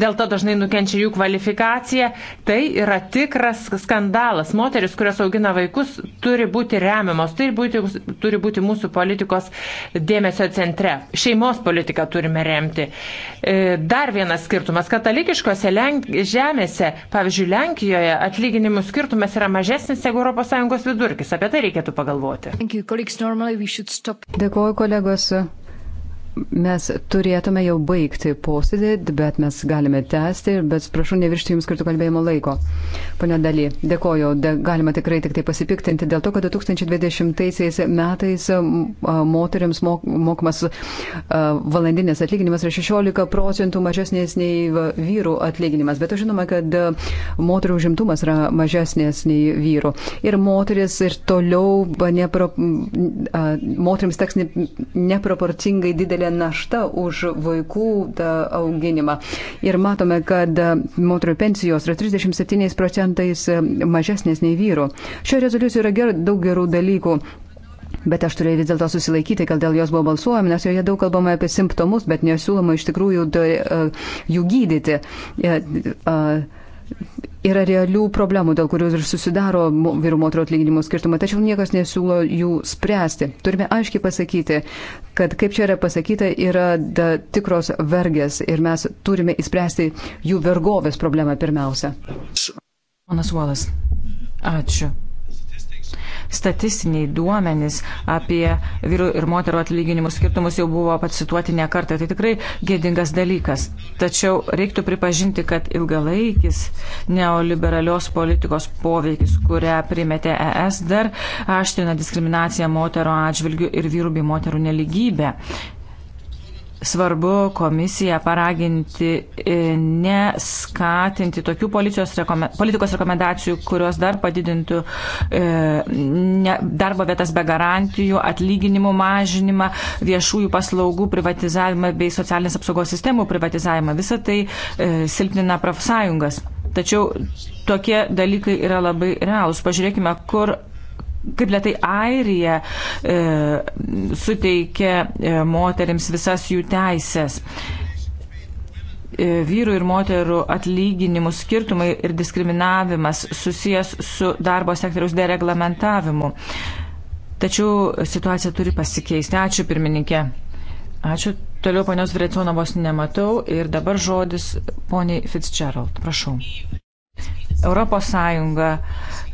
dėl to dažnai nukenčia jų kvalifikacija. Tai yra tikras skandalas. Moteris, kurios augina vaikus, turi būti remiamos, tai būti, turi būti mūsų politikos dėmesio centre. Šeimos politiką turime remti. E, dar vienas skirtumas. Katalikiškose Lenk žemėse, pavyzdžiui, Lenkijoje atlyginimų skirtumas yra mažesnis negu ES vidurkis. Apie tai reikėtų pagalvoti. Dėkuoju kolegos. Mes turėtume jau baigti posėdį, bet mes galime tęsti, bet prašau neviršti jums skirtų kalbėjimo laiko. Pane Daly, dėkoju, de, galima tikrai tik tai pasipiktinti dėl to, kad 2020 metais moteriams mok, mokamas valandinės atlyginimas yra 16 procentų mažesnės nei vyrų atlyginimas, bet žinoma, kad moterų užimtumas yra mažesnės nei vyrų. Ir moteris ir toliau nepro, moteriams teks neproporcingai didelė didelė našta už vaikų da, auginimą. Ir matome, kad moterų pensijos yra 37 procentais e, mažesnės nei vyrų. Šio rezoliucijoje yra ger, daug gerų dalykų. Bet aš turėjau vis dėlto susilaikyti, kad dėl jos buvo balsuojama, nes joje daug kalbama apie simptomus, bet nesiūloma iš tikrųjų e, jų gydyti. E, yra realių problemų, dėl kurių ir susidaro vyrų moterų atlyginimų skirtumai, tačiau niekas nesiūlo jų spręsti. Turime aiškiai pasakyti, kad kaip čia yra pasakyta, yra da, tikros vergės ir mes turime įspręsti jų vergovės problemą pirmiausia. Ponas Uolas, ačiū statistiniai duomenys apie vyrų ir moterų atlyginimų skirtumus jau buvo pacituoti ne kartą. Tai tikrai gėdingas dalykas. Tačiau reiktų pripažinti, kad ilgalaikis neoliberalios politikos poveikis, kurią primetė ES, dar aštrina diskriminaciją moterų atžvilgių ir vyrų bei moterų neligybę svarbu komisiją paraginti e, neskatinti tokių rekome, politikos rekomendacijų, kurios dar padidintų e, ne, darbo vietas be garantijų, atlyginimų mažinimą, viešųjų paslaugų privatizavimą bei socialinės apsaugos sistemų privatizavimą. Visą tai e, silpnina profsąjungas. Tačiau tokie dalykai yra labai realūs. Pažiūrėkime, kur kaip lietai Airija e, suteikė e, moteriams visas jų teisės. E, vyrų ir moterų atlyginimų skirtumai ir diskriminavimas susijęs su darbo sektoriaus dereglamentavimu. Tačiau situacija turi pasikeisti. Ačiū pirmininkė. Ačiū. Toliau ponios Vrecionovos nematau ir dabar žodis poniai Fitzgerald. Prašau. Europos Sąjunga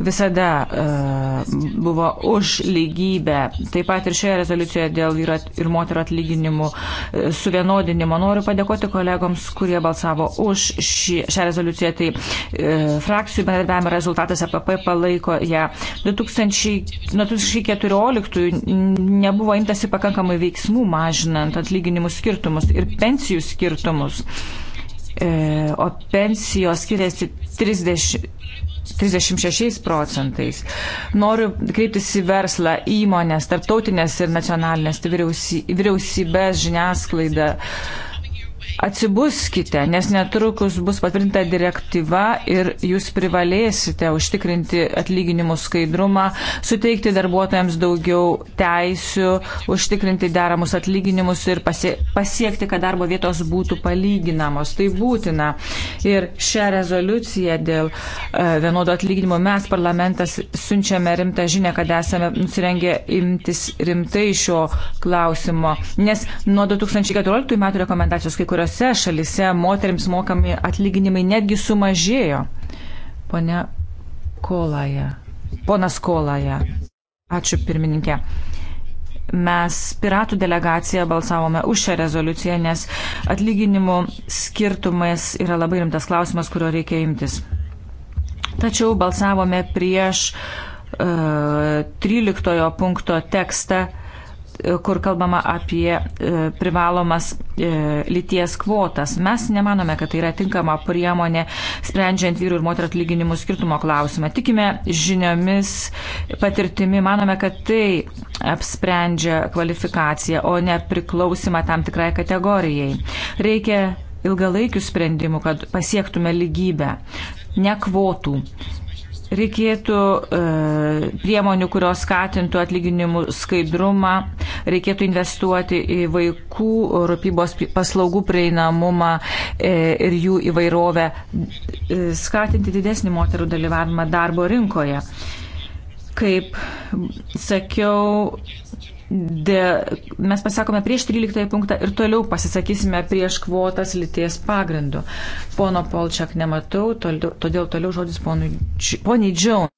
visada uh, buvo už lygybę, taip pat ir šioje rezoliucijoje dėl vyru ir moterų atlyginimų uh, suvienodinimo. Noriu padėkoti kolegoms, kurie balsavo už šį, šią rezoliuciją. Tai uh, frakcijų bendradarbiavimo rezultatas APP palaiko ją. Ja, 2000, nuo 2014 nebuvo imtasi pakankamai veiksmų mažinant atlyginimų skirtumus ir pensijų skirtumus. Uh, e, o pensijos skiriasi 30. 36 procentais. Noriu kreiptis į verslą, įmonės, tarptautinės ir nacionalinės, tai vyriausybės, žiniasklaida, Atsibuskite, nes netrukus bus patvirtinta direktyva ir jūs privalėsite užtikrinti atlyginimų skaidrumą, suteikti darbuotojams daugiau teisių, užtikrinti deramus atlyginimus ir pasie, pasiekti, kad darbo vietos būtų palyginamos. Tai būtina. Ir šią rezoliuciją dėl e, vienodo atlyginimo mes, parlamentas, siunčiame rimtą žinę, kad esame nusirengę imtis rimtai šio klausimo. Nes nuo 2014 metų rekomendacijos kai kur kuriuose šalise moteriams mokami atlyginimai netgi sumažėjo. Pone Kolaja. Ponas Kolaja. Ačiū pirmininkė. Mes piratų delegaciją balsavome už šią rezoliuciją, nes atlyginimų skirtumas yra labai rimtas klausimas, kurio reikia imtis. Tačiau balsavome prieš uh, e, 13 punkto tekstą uh, kur kalbama apie e, privalomas e, lyties kvotas. Mes nemanome, kad tai yra tinkama priemonė sprendžiant vyrų ir moterų atlyginimų skirtumo klausimą. Tikime žiniomis, patirtimi, manome, kad tai apsprendžia kvalifikaciją, o ne priklausimą tam tikrai kategorijai. Reikia ilgalaikių sprendimų, kad pasiektume lygybę, ne kvotų. Reikėtų e, priemonių, kurios skatintų atlyginimų skaidrumą, reikėtų investuoti į vaikų rūpybos paslaugų prieinamumą e, ir jų įvairovę, e, skatinti didesnį moterų dalyvavimą darbo rinkoje. Kaip sakiau, De, mes pasakome prieš 13 punktą ir toliau pasisakysime prieš kvotas lyties pagrindų. Pono Polčiak nematau, toliau, todėl toliau žodis ponui, poniai Džiaun.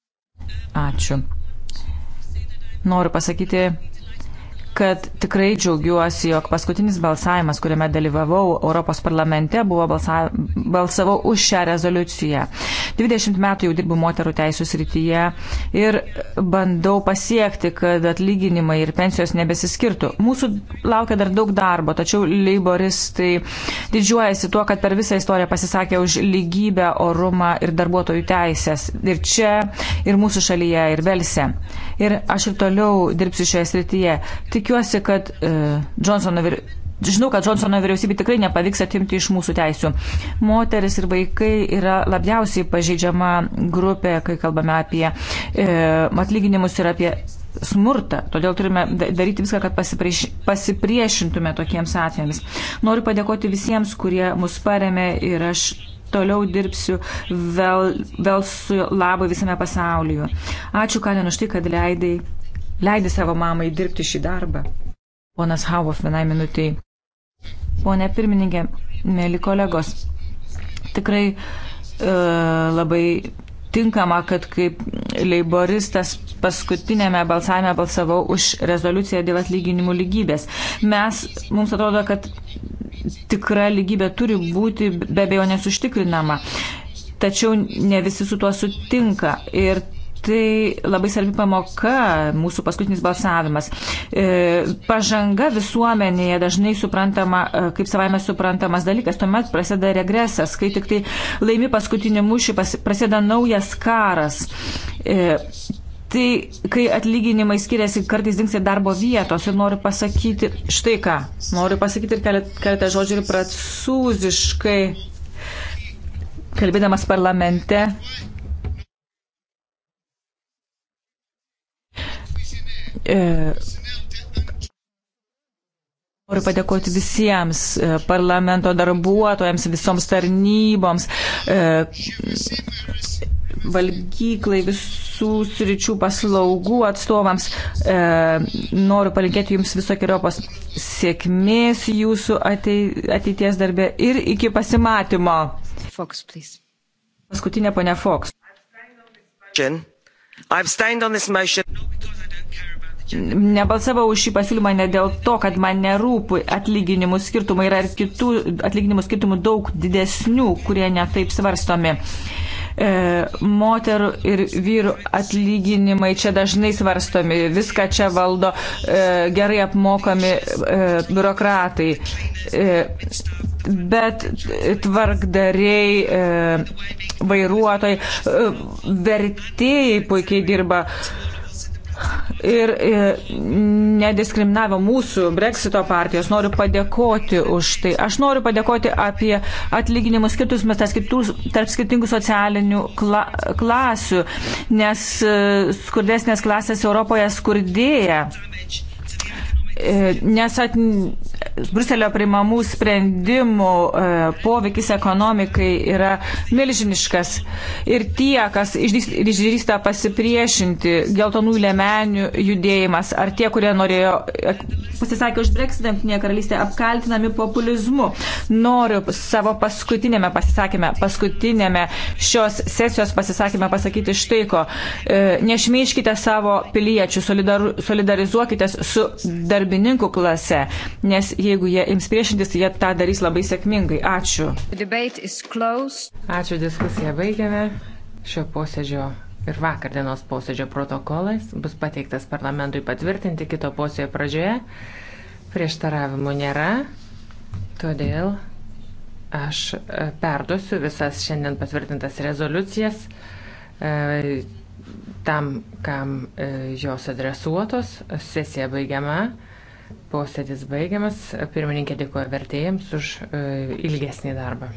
Ačiū. Noriu pasakyti, kad tikrai džiaugiuosi, jog paskutinis balsavimas, kuriame dalyvavau Europos parlamente, buvo balsa, balsavau už šią rezoliuciją. 20 metų jau dirbu moterų teisų srityje ir bandau pasiekti, kad atlyginimai ir pensijos nebesiskirtų. Mūsų laukia dar daug darbo, tačiau leiboristai didžiuojasi tuo, kad per visą istoriją pasisakė už lygybę, orumą ir darbuotojų teisės. Ir čia, ir mūsų šalyje, ir Velse. Ir aš ir toliau dirbsiu šioje srityje. Tikiu, tikiuosi, kad e, Johnsono vir... Žinau, kad Johnsono vyriausybė tikrai nepavyks atimti iš mūsų teisių. Moteris ir vaikai yra labiausiai pažeidžiama grupė, kai kalbame apie e, atlyginimus ir apie smurtą. Todėl turime daryti viską, kad pasiprieš, pasipriešintume tokiems atvejams. Noriu padėkoti visiems, kurie mus paremė ir aš toliau dirbsiu vėl, vėl su labai visame pasaulyje. Ačiū, Kalin, už tai, kad leidai leidi savo mamai dirbti šį darbą. Ponas Havov, vienai minutiai. Pone pirmininkė, mėly kolegos, tikrai e, labai tinkama, kad kaip leiboristas paskutinėme balsavime balsavau už rezoliuciją dėl atlyginimų lygybės. Mes, mums atrodo, kad tikra lygybė turi būti be abejo nesužtikrinama. Tačiau ne visi su tuo sutinka. Ir tai labai svarbi pamoka, mūsų paskutinis balsavimas. E, pažanga visuomenėje dažnai suprantama, e, kaip savaime suprantamas dalykas, tuomet prasideda regresas, kai tik tai laimi paskutinį mūšį, prasideda naujas karas. E, tai kai atlyginimai skiriasi, kartais dings ir darbo vietos ir noriu pasakyti, štai ką, noriu pasakyti ir keletą žodžių ir prancūziškai, kalbėdamas parlamente, E, noriu padėkoti visiems e, parlamento darbuotojams, visoms tarnyboms, e, valgyklai, visų sričių paslaugų atstovams. Noriu palinkėti jums visokiojopos sėkmės jūsų ateities darbė ir iki pasimatymo. Fox, please. Paskutinė ponia Fox. I've stand on this motion nebalsavau už šį pasiūlymą ne dėl to, kad man nerūpi atlyginimų skirtumai, yra ir kitų atlyginimų skirtumų daug didesnių, kurie netaip svarstomi. E, moterų ir vyrų atlyginimai čia dažnai svarstomi, viską čia valdo e, gerai apmokami e, biurokratai. E, bet tvarkdariai, e, vairuotojai, e, vertėjai puikiai dirba. E, ir, ir e, nediskriminavo mūsų Brexito partijos. Noriu padėkoti už tai. Aš noriu padėkoti apie atlyginimus skirtus mes tarp skirtingų socialinių kla, klasių, nes e, skurdesnės klasės Europoje skurdėja. E, nes at, Bruselio priimamų sprendimų e, poveikis ekonomikai yra milžiniškas. Ir tie, kas išdrįsta pasipriešinti geltonų lėmenių judėjimas, ar tie, kurie norėjo, e, pasisakė už Brexitą, jungtinėje karalystėje, apkaltinami populizmu. Noriu savo paskutinėme pasisakymė, paskutinėme šios sesijos pasisakymė pasakyti štai ko. E, Nešmeiškite savo piliečių, solidar, solidarizuokite su darbininkų klase, nes nes jeigu jie ims priešintis, jie tą darys labai sėkmingai. Ačiū. Ačiū, diskusiją baigiame. Šio posėdžio ir vakar dienos posėdžio protokolas bus pateiktas parlamentui patvirtinti kito posėdžio pradžioje. Prieštaravimų nėra, todėl aš e, perduosiu visas šiandien patvirtintas rezoliucijas e, tam, kam e, jos adresuotos. Sesija baigiama. Posėdis baigiamas. Pirmininkė dėkoja vertėjams už e, ilgesnį darbą.